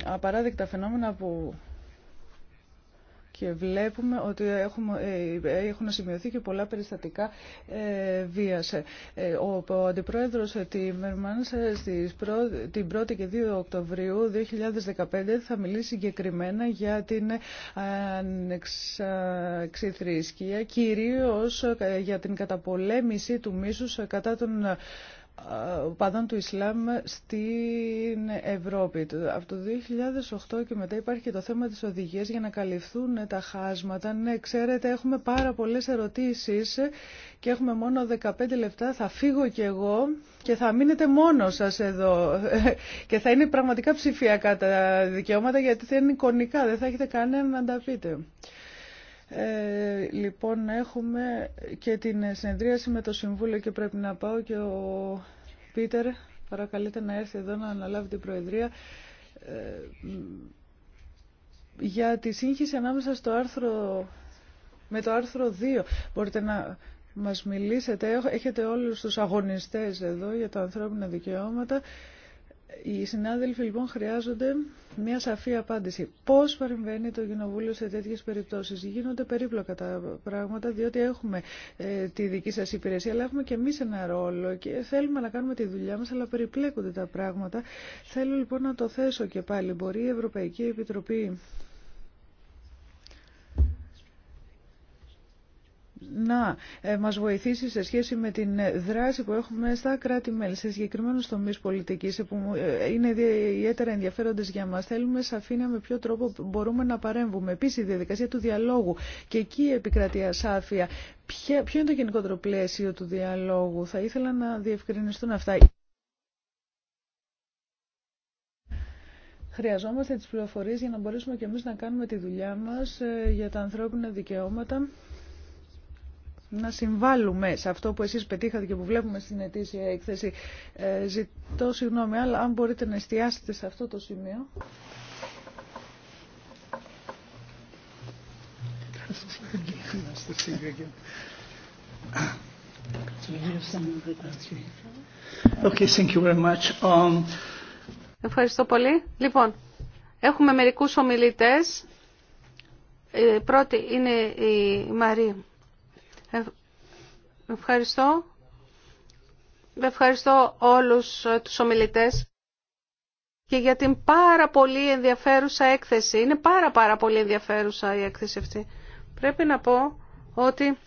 απαράδεικτα φαινόμενα που και βλέπουμε ότι έχουμε, ε, έχουν σημειωθεί και πολλά περιστατικά ε, βίας. Ε, ο, ο αντιπρόεδρος Τίμερμαν ε, την 1η και 2 Οκτωβρίου 2015 θα μιλήσει συγκεκριμένα για την ανεξιθρησκεία, κυρίως για την καταπολέμηση του μίσους κατά των οπαδών του Ισλάμ στην Ευρώπη. Από το 2008 και μετά υπάρχει και το θέμα της οδηγίας για να καλυφθούν τα χάσματα. Ναι, ξέρετε, έχουμε πάρα πολλές ερωτήσεις και έχουμε μόνο 15 λεπτά. Θα φύγω κι εγώ και θα μείνετε μόνο σας εδώ. Και θα είναι πραγματικά ψηφιακά τα δικαιώματα γιατί θα είναι εικονικά, δεν θα έχετε κανένα να τα πείτε. Ε, λοιπόν, έχουμε και την συνεδρίαση με το Συμβούλιο και πρέπει να πάω και ο Πίτερ παρακαλείται να έρθει εδώ να αναλάβει την Προεδρία. Ε, για τη σύγχυση ανάμεσα στο άρθρο, με το άρθρο 2, μπορείτε να μας μιλήσετε, έχετε όλους τους αγωνιστές εδώ για τα ανθρώπινα δικαιώματα. Οι συνάδελφοι λοιπόν χρειάζονται μια σαφή απάντηση. Πώς παρεμβαίνει το Κοινοβούλιο σε τέτοιες περιπτώσεις. Γίνονται περίπλοκα τα πράγματα διότι έχουμε ε, τη δική σας υπηρεσία αλλά έχουμε και εμείς ένα ρόλο και θέλουμε να κάνουμε τη δουλειά μας αλλά περιπλέκονται τα πράγματα. Θέλω λοιπόν να το θέσω και πάλι. Μπορεί η Ευρωπαϊκή Επιτροπή να ε, μας βοηθήσει σε σχέση με την ε, δράση που έχουμε στα κράτη-μέλη, σε συγκεκριμένους τομείς πολιτικής ε, που είναι ιδιαίτερα ενδιαφέροντες για μας. Θέλουμε σαφήνεια με ποιο τρόπο μπορούμε να παρέμβουμε. Επίσης η διαδικασία του διαλόγου και εκεί επικρατεί ασάφεια. Ποιο είναι το γενικότερο πλαίσιο του διαλόγου. Θα ήθελα να διευκρινιστούν αυτά. Χρειαζόμαστε τις πληροφορίες για να μπορέσουμε και εμείς να κάνουμε τη δουλειά μας για τα ανθρώπινα δικαιώματα να συμβάλλουμε σε αυτό που εσείς πετύχατε και που βλέπουμε στην ετήσια έκθεση. Ε, ζητώ συγγνώμη, αλλά αν μπορείτε να εστιάσετε σε αυτό το σημείο. Okay, thank you very much. Um, Ευχαριστώ πολύ. Λοιπόν, έχουμε μερικούς ομιλητές. Η ε, πρώτη είναι η Μαρία. Ευχαριστώ. Ευχαριστώ όλους ε, τους ομιλητές και για την πάρα πολύ ενδιαφέρουσα έκθεση. Είναι πάρα πάρα πολύ ενδιαφέρουσα η έκθεση αυτή. Πρέπει να πω ότι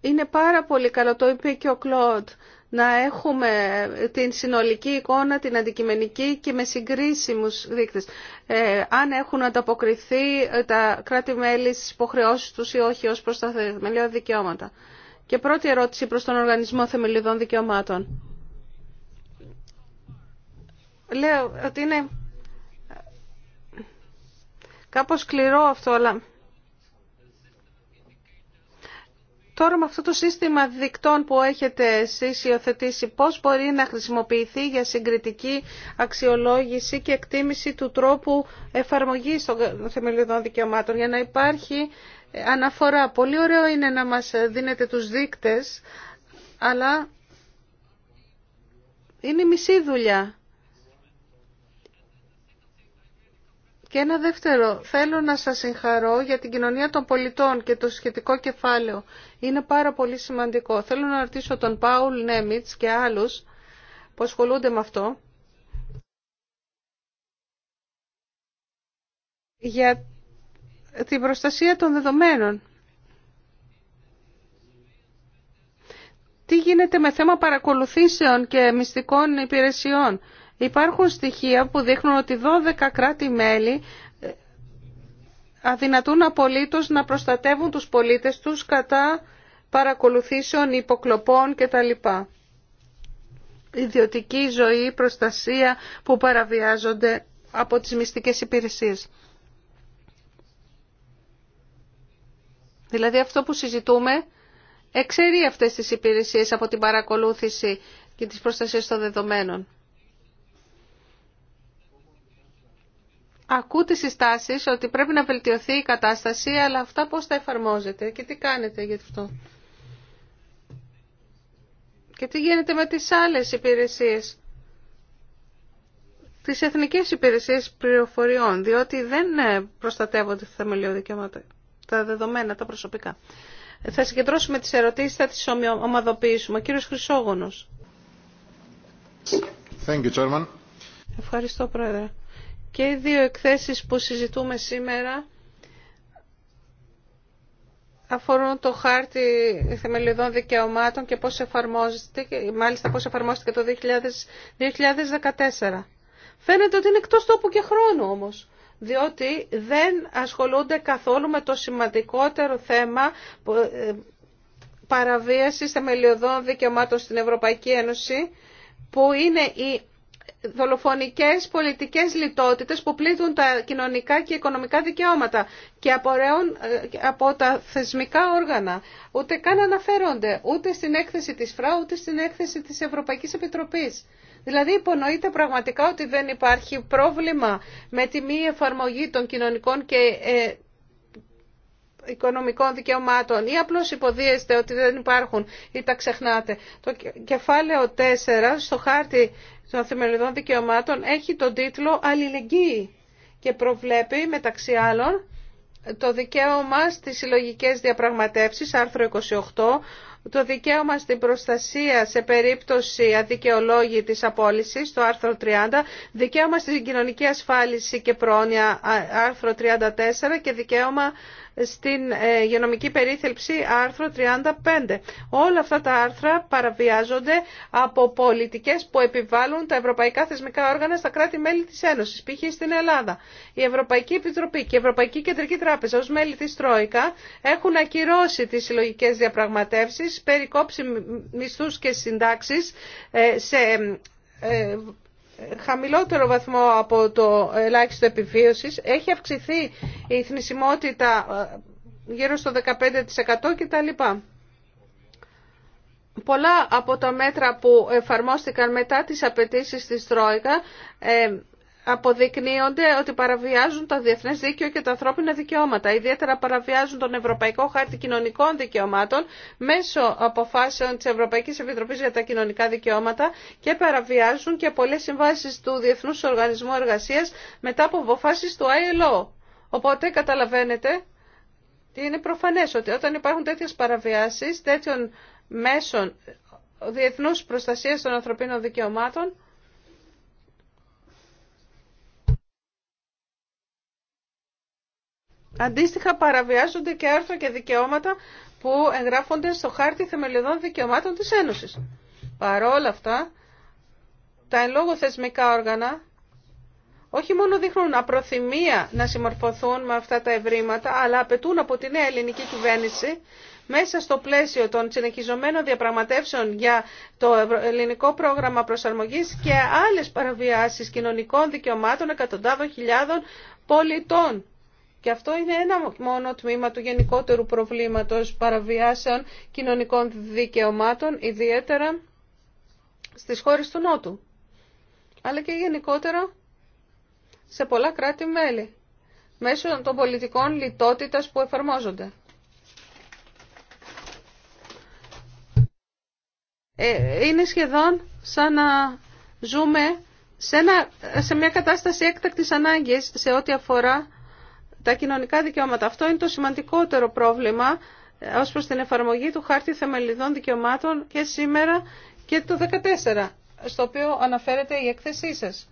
είναι πάρα πολύ καλό, το είπε και ο Κλοντ, να έχουμε την συνολική εικόνα, την αντικειμενική και με συγκρίσιμους δείκτες. Ε, αν έχουν ανταποκριθεί ε, τα κράτη-μέλη στι υποχρεώσει τους ή όχι ως προς τα θεμελιώδη δικαιώματα. Και πρώτη ερώτηση προς τον Οργανισμό Θεμελιωδών Δικαιωμάτων. Λέω ότι είναι κάπως σκληρό αυτό, αλλά Τώρα με αυτό το σύστημα δικτών που έχετε εσείς υιοθετήσει, πώς μπορεί να χρησιμοποιηθεί για συγκριτική αξιολόγηση και εκτίμηση του τρόπου εφαρμογής των θεμελιωδών δικαιωμάτων για να υπάρχει αναφορά. Πολύ ωραίο είναι να μας δίνετε τους δείκτες, αλλά είναι μισή δουλειά. Και ένα δεύτερο, θέλω να σας συγχαρώ για την κοινωνία των πολιτών και το σχετικό κεφάλαιο. Είναι πάρα πολύ σημαντικό. Θέλω να ρωτήσω τον Πάουλ Νέμιτς και άλλους που ασχολούνται με αυτό. Για την προστασία των δεδομένων. Τι γίνεται με θέμα παρακολουθήσεων και μυστικών υπηρεσιών. Υπάρχουν στοιχεία που δείχνουν ότι 12 κράτη-μέλη ε, αδυνατούν απολύτως να προστατεύουν τους πολίτες τους κατά παρακολουθήσεων, υποκλοπών κτλ. Ιδιωτική ζωή, προστασία που παραβιάζονται από τις μυστικές υπηρεσίες. Δηλαδή αυτό που συζητούμε εξαιρεί αυτές τις υπηρεσίες από την παρακολούθηση και τις προστασίες των δεδομένων. Ακούω τις συστάσεις ότι πρέπει να βελτιωθεί η κατάσταση, αλλά αυτά πώς τα εφαρμόζετε και τι κάνετε για αυτό. Και τι γίνεται με τις άλλες υπηρεσίες, τις εθνικές υπηρεσίες πληροφοριών, διότι δεν ε, προστατεύονται τα θεμελιώδη δικαιώματα, τα δεδομένα, τα προσωπικά. Θα συγκεντρώσουμε τις ερωτήσεις, θα τις ομαδοποιήσουμε. κύριος Ευχαριστώ, Πρόεδρε και οι δύο εκθέσεις που συζητούμε σήμερα αφορούν το χάρτη θεμελιωδών δικαιωμάτων και πώς εφαρμόζεται, και μάλιστα πώς εφαρμόστηκε το 2014. Φαίνεται ότι είναι εκτός τόπου και χρόνου όμως, διότι δεν ασχολούνται καθόλου με το σημαντικότερο θέμα ε, παραβίασης θεμελιωδών δικαιωμάτων στην Ευρωπαϊκή Ένωση, που είναι η δολοφονικές πολιτικές λιτότητες που πλήττουν τα κοινωνικά και οικονομικά δικαιώματα και απορρέουν ε, από τα θεσμικά όργανα. Ούτε καν αναφέρονται ούτε στην έκθεση της ΦΡΑ ούτε στην έκθεση της Ευρωπαϊκής Επιτροπής. Δηλαδή υπονοείται πραγματικά ότι δεν υπάρχει πρόβλημα με τη μη εφαρμογή των κοινωνικών και ε, οικονομικών δικαιωμάτων ή απλώς υποδίεστε ότι δεν υπάρχουν ή τα ξεχνάτε. Το κεφάλαιο 4 στο χάρτη των θεμελιωδών δικαιωμάτων έχει τον τίτλο Αλληλεγγύη και προβλέπει μεταξύ άλλων το δικαίωμα στις συλλογικέ διαπραγματεύσεις, άρθρο 28, το δικαίωμα στην προστασία σε περίπτωση αδικαιολόγητης απόλυσης, το άρθρο 30, δικαίωμα στην κοινωνική ασφάλιση και πρόνοια, άρθρο 34 και δικαίωμα στην ε, γενομική περίθελψη άρθρο 35. Όλα αυτά τα άρθρα παραβιάζονται από πολιτικές που επιβάλλουν τα ευρωπαϊκά θεσμικά όργανα στα κράτη-μέλη της Ένωσης, π.χ. στην Ελλάδα. Η Ευρωπαϊκή Επιτροπή και η Ευρωπαϊκή Κεντρική Τράπεζα ως μέλη της Τρόικα έχουν ακυρώσει τις συλλογικέ διαπραγματεύσεις, περικόψει μισθούς και συντάξεις ε, σε ε, χαμηλότερο βαθμό από το ελάχιστο επιβίωσης. Έχει αυξηθεί η θνησιμότητα ε, γύρω στο 15% κτλ. Πολλά από τα μέτρα που εφαρμόστηκαν μετά τις απαιτήσεις της Τρόικα ε, αποδεικνύονται ότι παραβιάζουν το διεθνές δίκαιο και τα ανθρώπινα δικαιώματα. Ιδιαίτερα παραβιάζουν τον Ευρωπαϊκό Χάρτη Κοινωνικών Δικαιωμάτων μέσω αποφάσεων της Ευρωπαϊκής Επιτροπής για τα Κοινωνικά Δικαιώματα και παραβιάζουν και πολλές συμβάσεις του Διεθνούς Οργανισμού Εργασίας μετά από αποφάσεις του ILO. Οπότε καταλαβαίνετε ότι είναι προφανές ότι όταν υπάρχουν τέτοιες παραβιάσεις τέτοιων μέσων διεθνούς προστασίας των ανθρωπίνων δικαιωμάτων Αντίστοιχα παραβιάζονται και άρθρα και δικαιώματα που εγγράφονται στο χάρτη θεμελιωδών δικαιωμάτων της Ένωσης. Παρόλα αυτά, τα εν λόγω θεσμικά όργανα όχι μόνο δείχνουν απροθυμία να συμμορφωθούν με αυτά τα ευρήματα, αλλά απαιτούν από τη νέα ελληνική κυβέρνηση μέσα στο πλαίσιο των συνεχιζομένων διαπραγματεύσεων για το ελληνικό πρόγραμμα προσαρμογής και άλλες παραβιάσεις κοινωνικών δικαιωμάτων εκατοντάδων χιλιάδων πολιτών και αυτό είναι ένα μόνο τμήμα του γενικότερου προβλήματος παραβιάσεων κοινωνικών δικαιωμάτων, ιδιαίτερα στις χώρες του Νότου, αλλά και γενικότερα σε πολλά κράτη-μέλη, μέσω των πολιτικών λιτότητας που εφαρμόζονται. Ε, είναι σχεδόν σαν να ζούμε σε, σε μια κατάσταση έκτακτης ανάγκης σε ό,τι αφορά τα κοινωνικά δικαιώματα. Αυτό είναι το σημαντικότερο πρόβλημα ε, ως προς την εφαρμογή του Χάρτη Θεμελιδών Δικαιωμάτων και σήμερα και το 2014, στο οποίο αναφέρεται η εκθέσή σας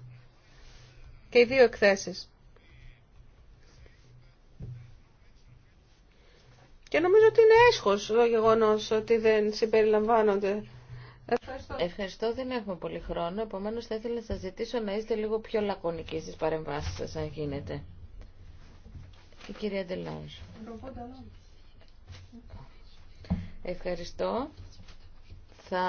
και οι δύο εκθέσεις. Και νομίζω ότι είναι έσχος το γεγονός ότι δεν συμπεριλαμβάνονται. Ευχαριστώ. Δεν έχουμε πολύ χρόνο, επομένως θα ήθελα να σας ζητήσω να είστε λίγο πιο λακωνικοί στις παρεμβάσεις σας, αν γίνεται. Η κυρία Ντελάζ. Ευχαριστώ. Θα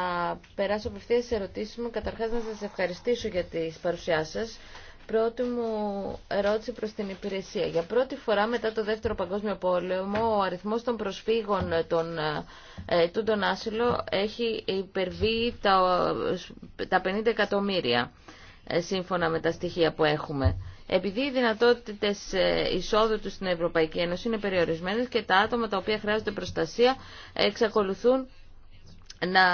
περάσω απευθείας σε ερωτήσεις μου. Καταρχάς να σας ευχαριστήσω για τις παρουσιάσεις σας. Πρώτη μου ερώτηση προς την υπηρεσία. Για πρώτη φορά μετά το Δεύτερο Παγκόσμιο Πόλεμο, ο αριθμός των προσφύγων ε, των, ε, του άσυλο έχει υπερβεί τα, τα 50 εκατομμύρια, ε, σύμφωνα με τα στοιχεία που έχουμε. Επειδή οι δυνατότητε ε, εισόδου του στην Ευρωπαϊκή Ένωση είναι περιορισμένε, και τα άτομα τα οποία χρειάζονται προστασία εξακολουθούν να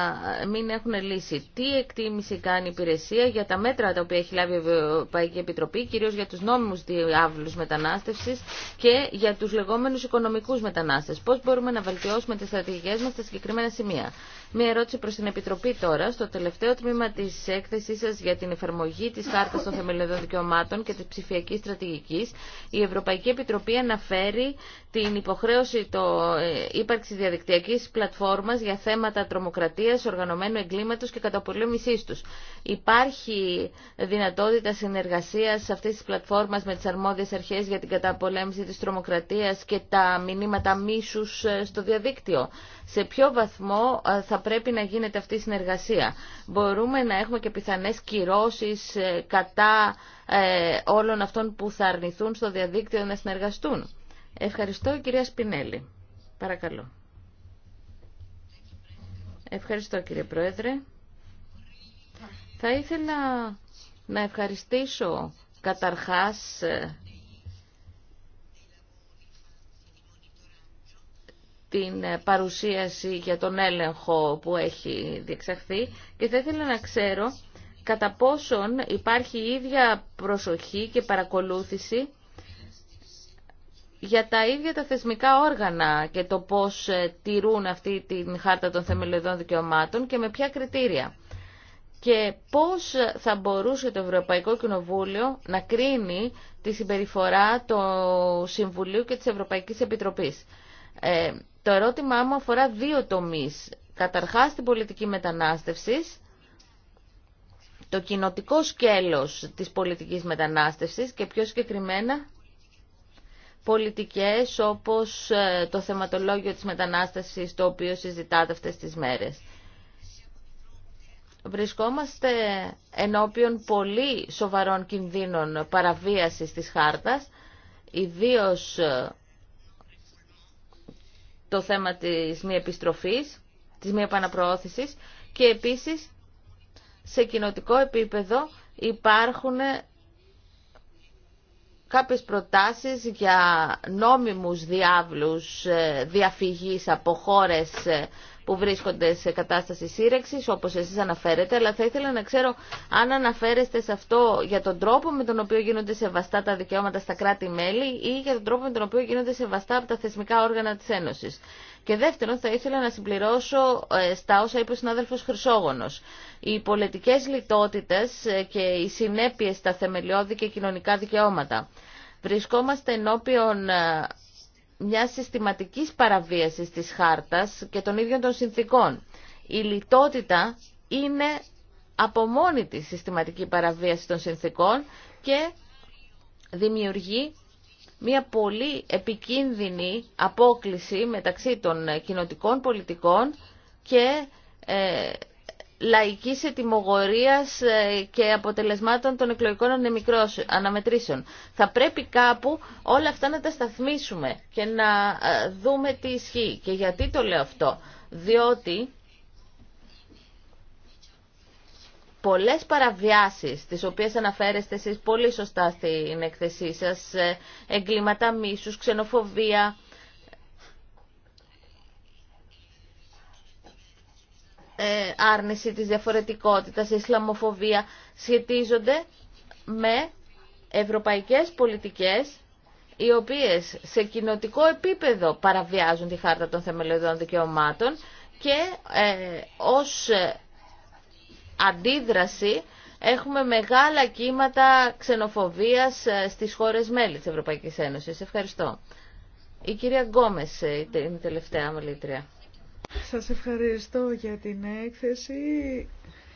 μην έχουν λύσει. Τι εκτίμηση κάνει η υπηρεσία για τα μέτρα τα οποία έχει λάβει η Ευρωπαϊκή Επιτροπή, κυρίως για τους νόμιμους διάβλους μετανάστευσης και για τους λεγόμενους οικονομικούς μετανάστες. Πώς μπορούμε να βελτιώσουμε τις στρατηγικές μας στα συγκεκριμένα σημεία. Μία ερώτηση προ την Επιτροπή τώρα. Στο τελευταίο τμήμα τη έκθεση σα για την εφαρμογή τη Χάρτα των Θεμελιωδών Δικαιωμάτων και τη ψηφιακή στρατηγική, η Ευρωπαϊκή Επιτροπή αναφέρει την υποχρέωση το ε, ύπαρξη διαδικτυακή πλατφόρμα για θέματα τρομοκρατία, οργανωμένου εγκλήματος και καταπολέμησής του. Υπάρχει δυνατότητα συνεργασίας αυτή τη πλατφόρμα με τι αρμόδιε αρχέ για την καταπολέμηση τη τρομοκρατία και τα μηνύματα μίσου ε, στο διαδίκτυο. Σε ποιο βαθμό ε, θα πρέπει να γίνεται αυτή η συνεργασία. Μπορούμε να έχουμε και πιθανές κυρώσεις ε, κατά ε, όλων αυτών που θα αρνηθούν στο διαδίκτυο να συνεργαστούν. Ευχαριστώ κυρία Σπινέλη. Παρακαλώ. Ευχαριστώ κύριε Πρόεδρε. Θα ήθελα να ευχαριστήσω καταρχάς ε, την ε, παρουσίαση για τον έλεγχο που έχει διεξαχθεί και θα ήθελα να ξέρω κατά πόσον υπάρχει η ίδια προσοχή και παρακολούθηση για τα ίδια τα θεσμικά όργανα και το πώς ε, τηρούν αυτή την χάρτα των θεμελιωδών δικαιωμάτων και με ποια κριτήρια. Και πώς θα μπορούσε το Ευρωπαϊκό Κοινοβούλιο να κρίνει τη συμπεριφορά του Συμβουλίου και της Ευρωπαϊκής Επιτροπής. Ε, το ερώτημά μου αφορά δύο τομείς. Καταρχάς την πολιτική μετανάστευση, το κοινοτικό σκέλος της πολιτικής μετανάστευσης και πιο συγκεκριμένα πολιτικές όπως ε, το θεματολόγιο της μετανάστευσης το οποίο συζητάτε αυτές τις μέρες. Βρισκόμαστε ενώπιον πολύ σοβαρών κινδύνων παραβίασης της χάρτας, ιδίως ε, το θέμα της μη επιστροφής, της μη επαναπροώθησης και επίσης σε κοινοτικό επίπεδο υπάρχουν κάποιες προτάσεις για νόμιμους διάβλους ε, διαφυγής από χώρες ε, που βρίσκονται σε κατάσταση σύρεξης, όπως εσείς αναφέρετε, αλλά θα ήθελα να ξέρω αν αναφέρεστε σε αυτό για τον τρόπο με τον οποίο γίνονται σεβαστά τα δικαιώματα στα κράτη-μέλη ή για τον τρόπο με τον οποίο γίνονται σεβαστά από τα θεσμικά όργανα της Ένωσης. Και δεύτερον, θα ήθελα να συμπληρώσω ε, στα όσα είπε ο συνάδελφο Χρυσόγονο. Οι πολιτικέ λιτότητε ε, και οι συνέπειε στα θεμελιώδη και κοινωνικά δικαιώματα. Βρισκόμαστε ενώπιον ε, μια συστηματικής παραβίασης της χάρτας και των ίδιων των συνθήκων. Η λιτότητα είναι από μόνη της συστηματική παραβίαση των συνθήκων και δημιουργεί μια πολύ επικίνδυνη απόκληση μεταξύ των κοινοτικών πολιτικών και ε, λαϊκής ετοιμογορίας ε, και αποτελεσμάτων των εκλογικών αναμετρήσεων. Θα πρέπει κάπου όλα αυτά να τα σταθμίσουμε και να ε, δούμε τι ισχύει. Και γιατί το λέω αυτό. Διότι πολλές παραβιάσεις, τις οποίες αναφέρεστε εσείς πολύ σωστά στην εκθεσή σας, ε, εγκλήματα μίσους, ξενοφοβία, Ε, άρνηση της διαφορετικότητας, η Ισλαμοφοβία σχετίζονται με ευρωπαϊκές πολιτικές οι οποίες σε κοινοτικό επίπεδο παραβιάζουν τη Χάρτα των Θεμελιωδών Δικαιωμάτων και ε, ως αντίδραση έχουμε μεγάλα κύματα ξενοφοβίας ε, στις χώρες μέλη της Ευρωπαϊκής Ένωσης. Ευχαριστώ. Η κυρία Γκόμες είναι η τελευταία μελήτρια. Σας ευχαριστώ για την έκθεση.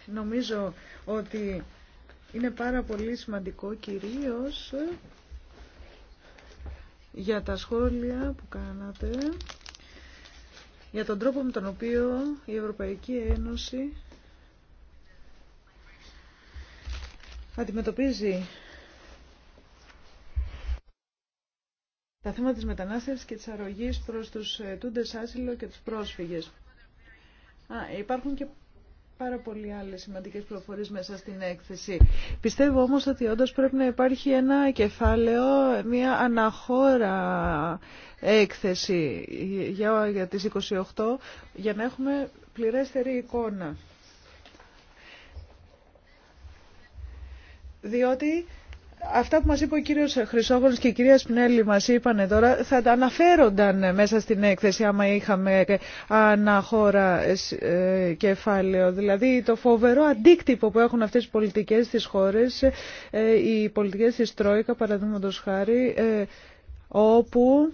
Νομίζω ότι είναι πάρα πολύ σημαντικό κυρίως για τα σχόλια που κάνατε, για τον τρόπο με τον οποίο η Ευρωπαϊκή Ένωση αντιμετωπίζει τα θέματα της μετανάστευσης και της αρρωγής προς τους ε, τούντες άσυλο και τους πρόσφυγες. Α, υπάρχουν και πάρα πολλοί άλλες σημαντικές προφορές μέσα στην έκθεση. Πιστεύω όμως ότι όντω πρέπει να υπάρχει ένα κεφάλαιο, μια αναχώρα έκθεση για, για τις 28, για να έχουμε πληρέστερη εικόνα. Διότι Αυτά που μας είπε ο κύριος Χρυσόγονος και η κυρία Σπνέλη μας είπαν τώρα θα τα αναφέρονταν μέσα στην έκθεση άμα είχαμε αναχώρα ε, κεφάλαιο. Δηλαδή το φοβερό αντίκτυπο που έχουν αυτές οι πολιτικές στις χώρες, ε, οι πολιτικές της Τρόικα παραδείγματος χάρη, ε, όπου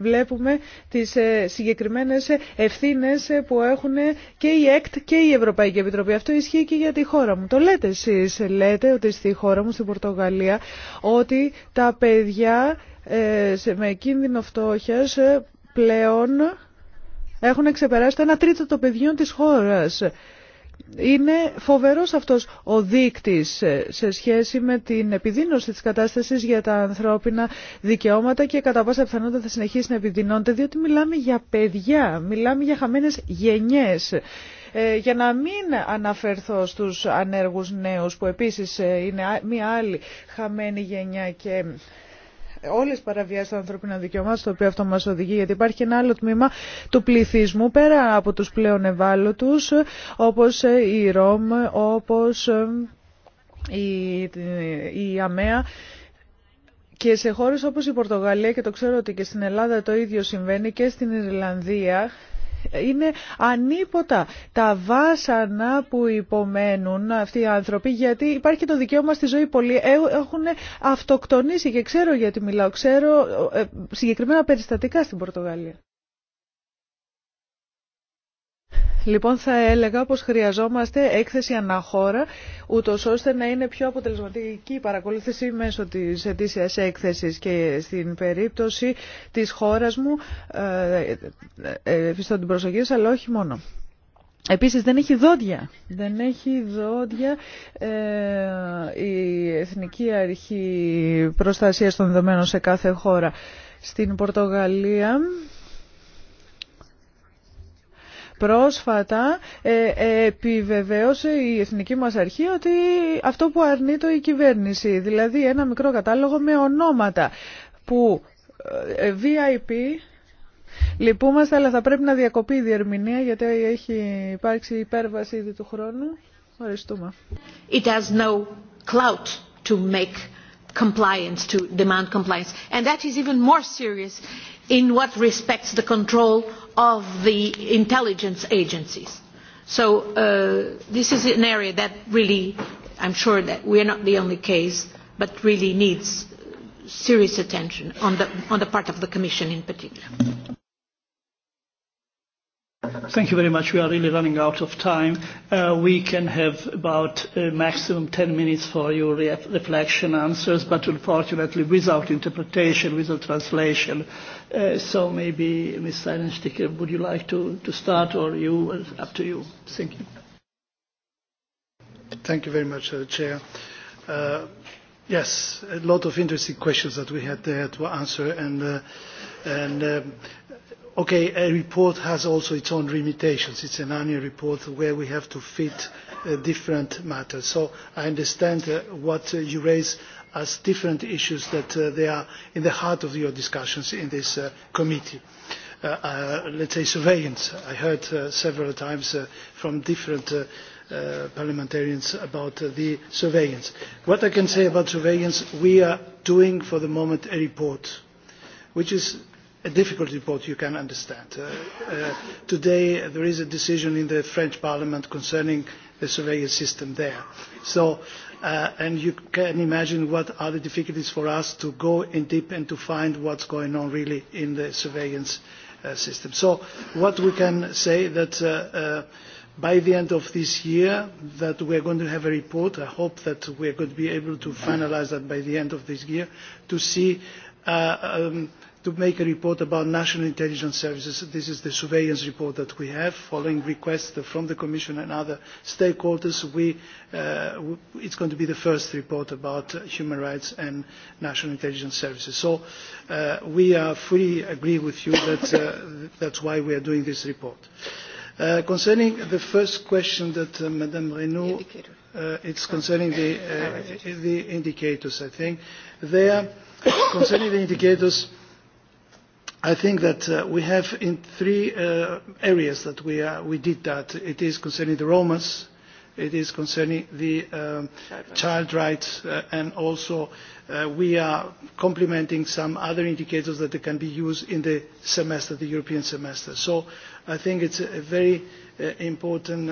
βλέπουμε τις ε, συγκεκριμένες ευθύνες που έχουν και η ΕΚΤ και η Ευρωπαϊκή Επιτροπή. Αυτό ισχύει και για τη χώρα μου. Το λέτε εσείς, λέτε ότι στη χώρα μου, στην Πορτογαλία, ότι τα παιδιά ε, με κίνδυνο φτώχειας ε, πλέον έχουν ξεπεράσει το 1 τρίτο των παιδιών της χώρας. Είναι φοβερός αυτός ο δείκτης ε, σε σχέση με την επιδείνωση της κατάστασης για τα ανθρώπινα δικαιώματα και κατά πάσα πιθανότητα θα συνεχίσει να επιδεινώνεται διότι μιλάμε για παιδιά, μιλάμε για χαμένες γενιές. Ε, για να μην αναφερθώ στους ανέργους νέους που επίσης ε, είναι μια άλλη χαμένη γενιά και όλες τι παραβιάσεις των ανθρωπίνων δικαιωμάτων στο οποίο αυτό μας οδηγεί γιατί υπάρχει ένα άλλο τμήμα του πληθυσμού πέρα από τους πλέον ευάλωτου, όπως ε, η ΡΟΜ, όπως ε, η, η ΑΜΕΑ και σε χώρες όπως η Πορτογαλία και το ξέρω ότι και στην Ελλάδα το ίδιο συμβαίνει και στην Ιρλανδία είναι ανίποτα τα βάσανα που υπομένουν αυτοί οι άνθρωποι γιατί υπάρχει και το δικαίωμα στη ζωή πολλοί ε, έχουν αυτοκτονήσει και ξέρω γιατί μιλάω, ξέρω ε, συγκεκριμένα περιστατικά στην Πορτογαλία. Λοιπόν, θα έλεγα πως χρειαζόμαστε έκθεση αναχώρα, ούτω ώστε να είναι πιο αποτελεσματική η παρακολούθηση μέσω της ετήσια έκθεσης και στην περίπτωση της χώρας μου, εφιστώ ε, ε, την προσοχή σας, αλλά όχι μόνο. Επίσης δεν έχει δόντια. Δεν έχει δόντια ε, η Εθνική Αρχή Προστασίας των Δεδομένων σε κάθε χώρα. Στην Πορτογαλία Πρόσφατα ε, ε, επιβεβαίωσε η Εθνική μας Αρχή ότι αυτό που αρνείται η κυβέρνηση, δηλαδή ένα μικρό κατάλογο με ονόματα που ε, VIP λυπούμαστε αλλά θα πρέπει να διακοπεί η διερμηνία γιατί έχει υπάρξει υπέρβαση ήδη του χρόνου. Ευχαριστούμε. It has no clout to make compliance, to demand compliance. And that is even more serious in what respects the control of the intelligence agencies. So this is an area that really, I'm sure that we are not the only case, but really needs serious attention on the part of the Commission in particular. Thank you very much. We are really running out of time. We can have about maximum 10 minutes for your reflection answers, but unfortunately without interpretation, without translation. So maybe Ms. Seidensticker, would you like to to start or you? Up to you. Thank you. Thank you very much, Chair. Yes, a lot of interesting questions that we had there to answer and and okay, a report has also its own limitations. It's an annual report where we have to fit different matters. So I understand what you raise as different issues that they are in the heart of your discussions in this committee. Let's say surveillance. I heard several times from different parliamentarians about the surveillance. What I can say about surveillance, we are doing for the moment a report, which is a difficult report, you can understand. Today there is a decision in the French Parliament concerning the surveillance system there. So and you can imagine what are the difficulties for us to go in deep and to find what's going on really in the surveillance system. So what we can say that by the end of this year that we are going to have a report. I hope that we are going to be able to finalize that by the end of this year to see to make a report about national intelligence services. This is the surveillance report that we have, following requests from the Commission and other stakeholders. It's going to be the first report about human rights and national intelligence services. So we fully agree with you that that's why we are doing this report. Concerning the first question that Madame it it's concerning the indicators, I think. There, concerning the indicators I think that we have in three areas that we did that. It is concerning the Romas, it is concerning the child rights, and also we are complementing some other indicators that can be used in the semester, the European semester. So I think it's a very important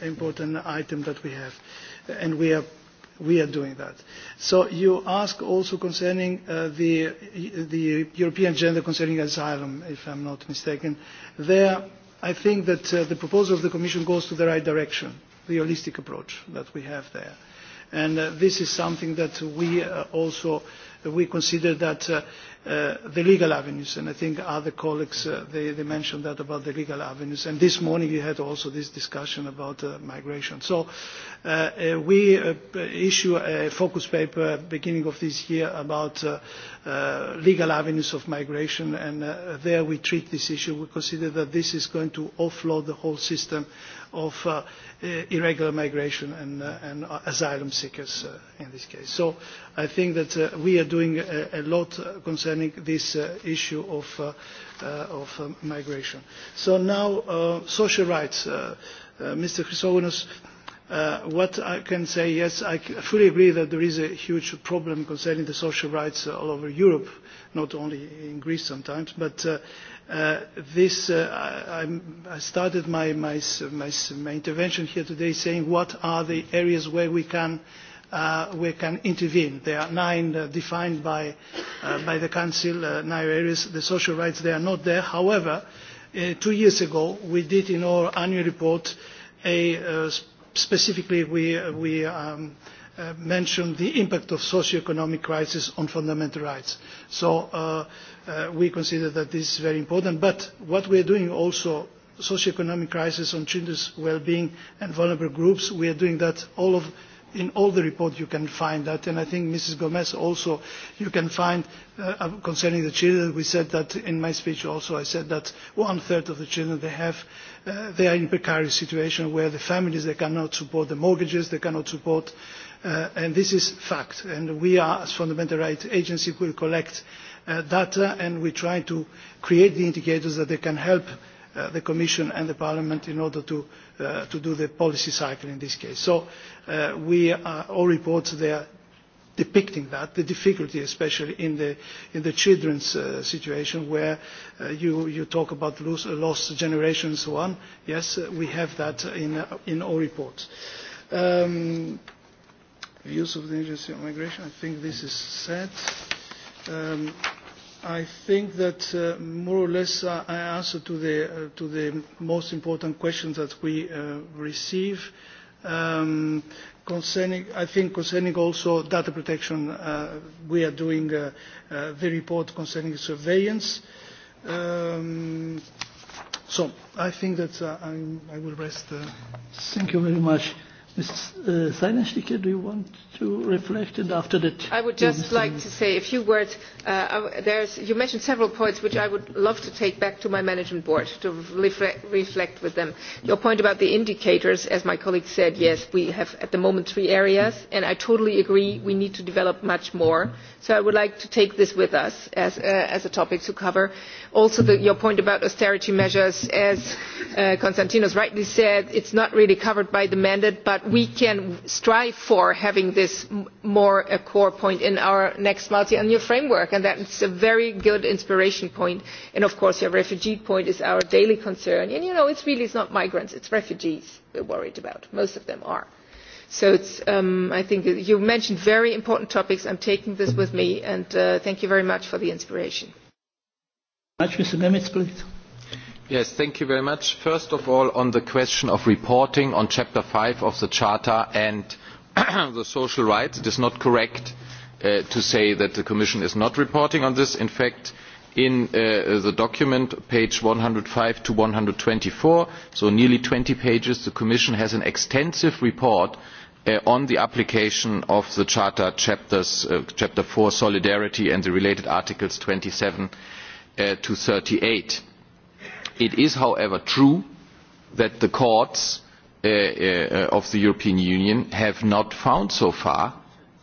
important item that we have, we are we are doing that. So you ask also concerning the the European agenda concerning asylum, if I'm not mistaken. There, I think that the proposal of the Commission goes to the right direction, the holistic approach that we have there, and this is something that we also we consider that the legal avenues, and I think other colleagues, they mentioned that about the legal avenues. And this morning we had also this discussion about migration. So we issue a focus paper beginning of this year about legal avenues of migration and there we treat this issue. We consider that this is going to offload the whole system of irregular migration and asylum seekers in this case. So I think that we are doing a lot concerning this issue of migration. So now social rights. Mr. Chrysounos What I can say, yes, I fully agree that there is a huge problem concerning the social rights all over Europe, not only in Greece sometimes. But this, I started my my intervention here today saying what are the areas where we can we can intervene. There are nine defined by the Council, nine areas. The social rights they are not there. However, two years ago we did in our annual report a specifically we mentioned the impact of socio-economic crisis on fundamental rights. So we consider that this is very important. But what we are doing also, socio-economic crisis on children's well-being and vulnerable groups, we are doing that all of in all the reports you can find that, and I think Mrs. Gomez also you can find concerning the children. We said that in my speech also. I said that one third of the children they have, they are in precarious situation where the families they cannot support the mortgages, they cannot support, and this is fact. And we are as fundamental rights agency will collect data and we try to create the indicators that they can help the Commission and the Parliament in order to do the policy cycle in this case. So we all reports are depicting that, the difficulty especially in the children's situation where you talk about lost generations so on. Yes, we have that in all reports. Views of the agency on migration, I think this is said. I think that more or less I answered to the to the most important questions that we receive. Concerning, I think concerning also data protection, we are doing the report concerning surveillance. So I think that I will rest. Thank you very much do you want to reflect? after that, I would just like to say a few words. You mentioned several points which I would love to take back to my management board to reflect with them. Your point about the indicators, as my colleague said, yes, we have at the moment three areas, and I totally agree we need to develop much more. So I would like to take this with us as a topic to cover. Also, your point about austerity measures, as Konstantinos rightly said, it's not really covered by the mandate, but we can strive for having this more a core point in our next multiannual framework and that is a very good inspiration point and of course your refugee point is our daily concern and you know it's really not migrants it's refugees we're worried about most of them are so it's i think you mentioned very important topics i'm taking this with me and thank you very much for the inspiration thank you very much. First of all, on the question of reporting on Chapter five of the Charter and the social rights, it is not correct to say that the Commission is not reporting on this. In fact, in the document, page five to one hundred and twenty four, so nearly twenty pages, the Commission has an extensive report on the application of the Charter Chapter four Solidarity and the related Articles twenty seven to thirty eight. It is, however, true that the courts of the European Union have not found so far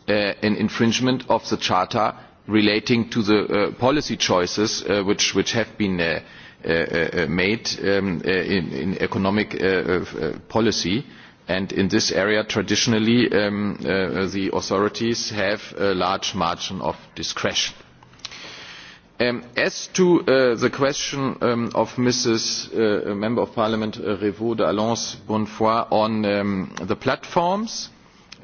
an infringement of the Charter relating to the policy choices which have been made in economic policy. And in this area, traditionally, the authorities have a large margin of discretion. As to the question of Mrs. Member of Parliament Revaux de Bonnefoy on the platforms,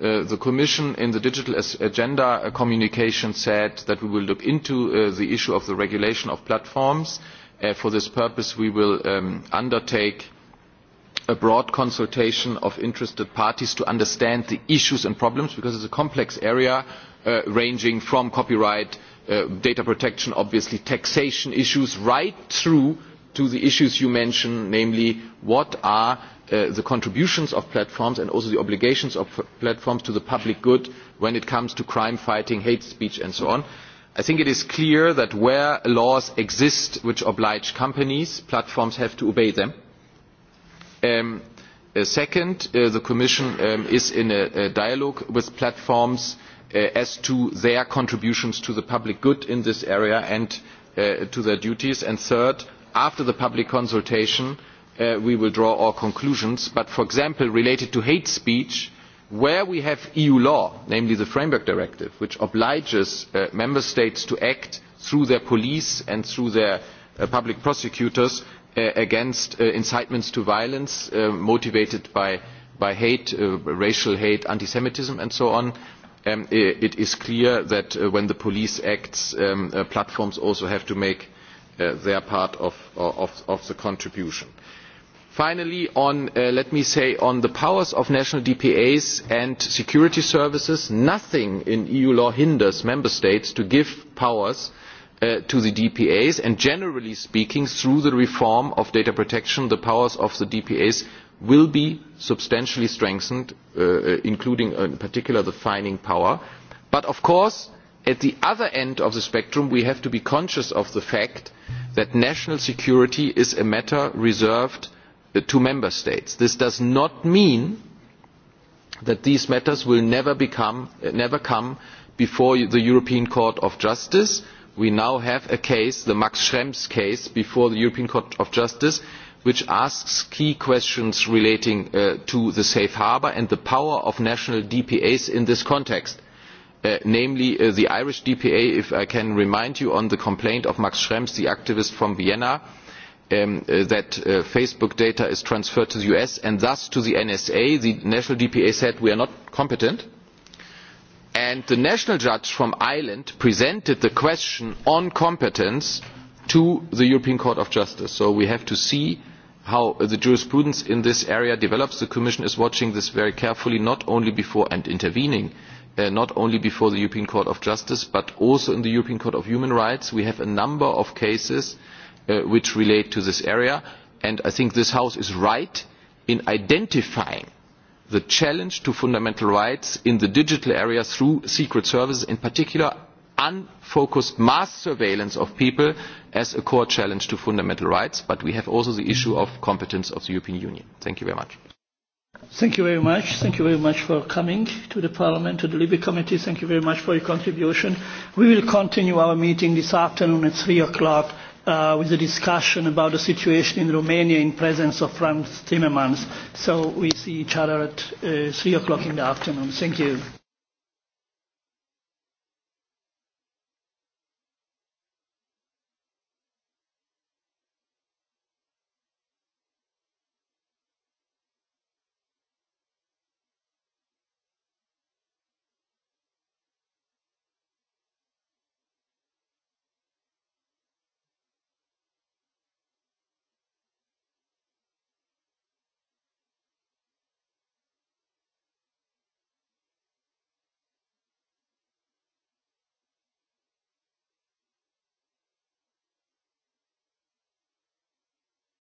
the Commission in the Digital Agenda communication said that we will look into the issue of the regulation of platforms. For this purpose, we will undertake a broad consultation of interested parties to understand the issues and problems, because it is a complex area ranging from copyright data protection obviously taxation issues right through to the issues you mentioned namely what are the contributions of platforms and also the obligations of platforms to the public good when it comes to crime fighting hate speech and so on. i think it is clear that where laws exist which oblige companies platforms have to obey them. second the commission is in a dialogue with platforms as to their contributions to the public good in this area and to their duties. And third, after the public consultation, we will draw our conclusions. But, for example, related to hate speech, where we have EU law, namely the Framework Directive, which obliges member states to act through their police and through their public prosecutors against incitements to violence motivated by hate, racial hate, anti-Semitism, and so on, it is clear that when the police acts, platforms also have to make their part of the contribution. Finally, let me say on the powers of national DPAs and security services, nothing in EU law hinders member states to give powers to the DPAs, and generally speaking, through the reform of data protection, the powers of the DPAs will be substantially strengthened, including in particular the fining power. But of course, at the other end of the spectrum, we have to be conscious of the fact that national security is a matter reserved to member states. This does not mean that these matters will never come before the European Court of Justice. We now have a case, the Max Schrems case, before the European Court of Justice which asks key questions relating to the safe harbour and the power of national DPAs in this context, namely the Irish DPA, if I can remind you on the complaint of Max Schrems, the activist from Vienna, that Facebook data is transferred to the US and thus to the NSA. The national DPA said we are not competent. And the national judge from Ireland presented the question on competence to the European Court of Justice. So we have to see how the jurisprudence in this area develops. The Commission is watching this very carefully, not only before and intervening, not only before the European Court of Justice, but also in the European Court of Human Rights. We have a number of cases which relate to this area, and I think this House is right in identifying the challenge to fundamental rights in the digital area through secret services, in particular unfocused mass surveillance of people as a core challenge to fundamental rights, but we have also the issue of competence of the European Union. Thank you very much. Thank you very much. Thank you very much for coming to the Parliament, to the Libe Committee. Thank you very much for your contribution. We will continue our meeting this afternoon at 3 o'clock with a discussion about the situation in Romania in presence of Franz Timmermans. So we see each other at 3 o'clock in the afternoon. Thank you.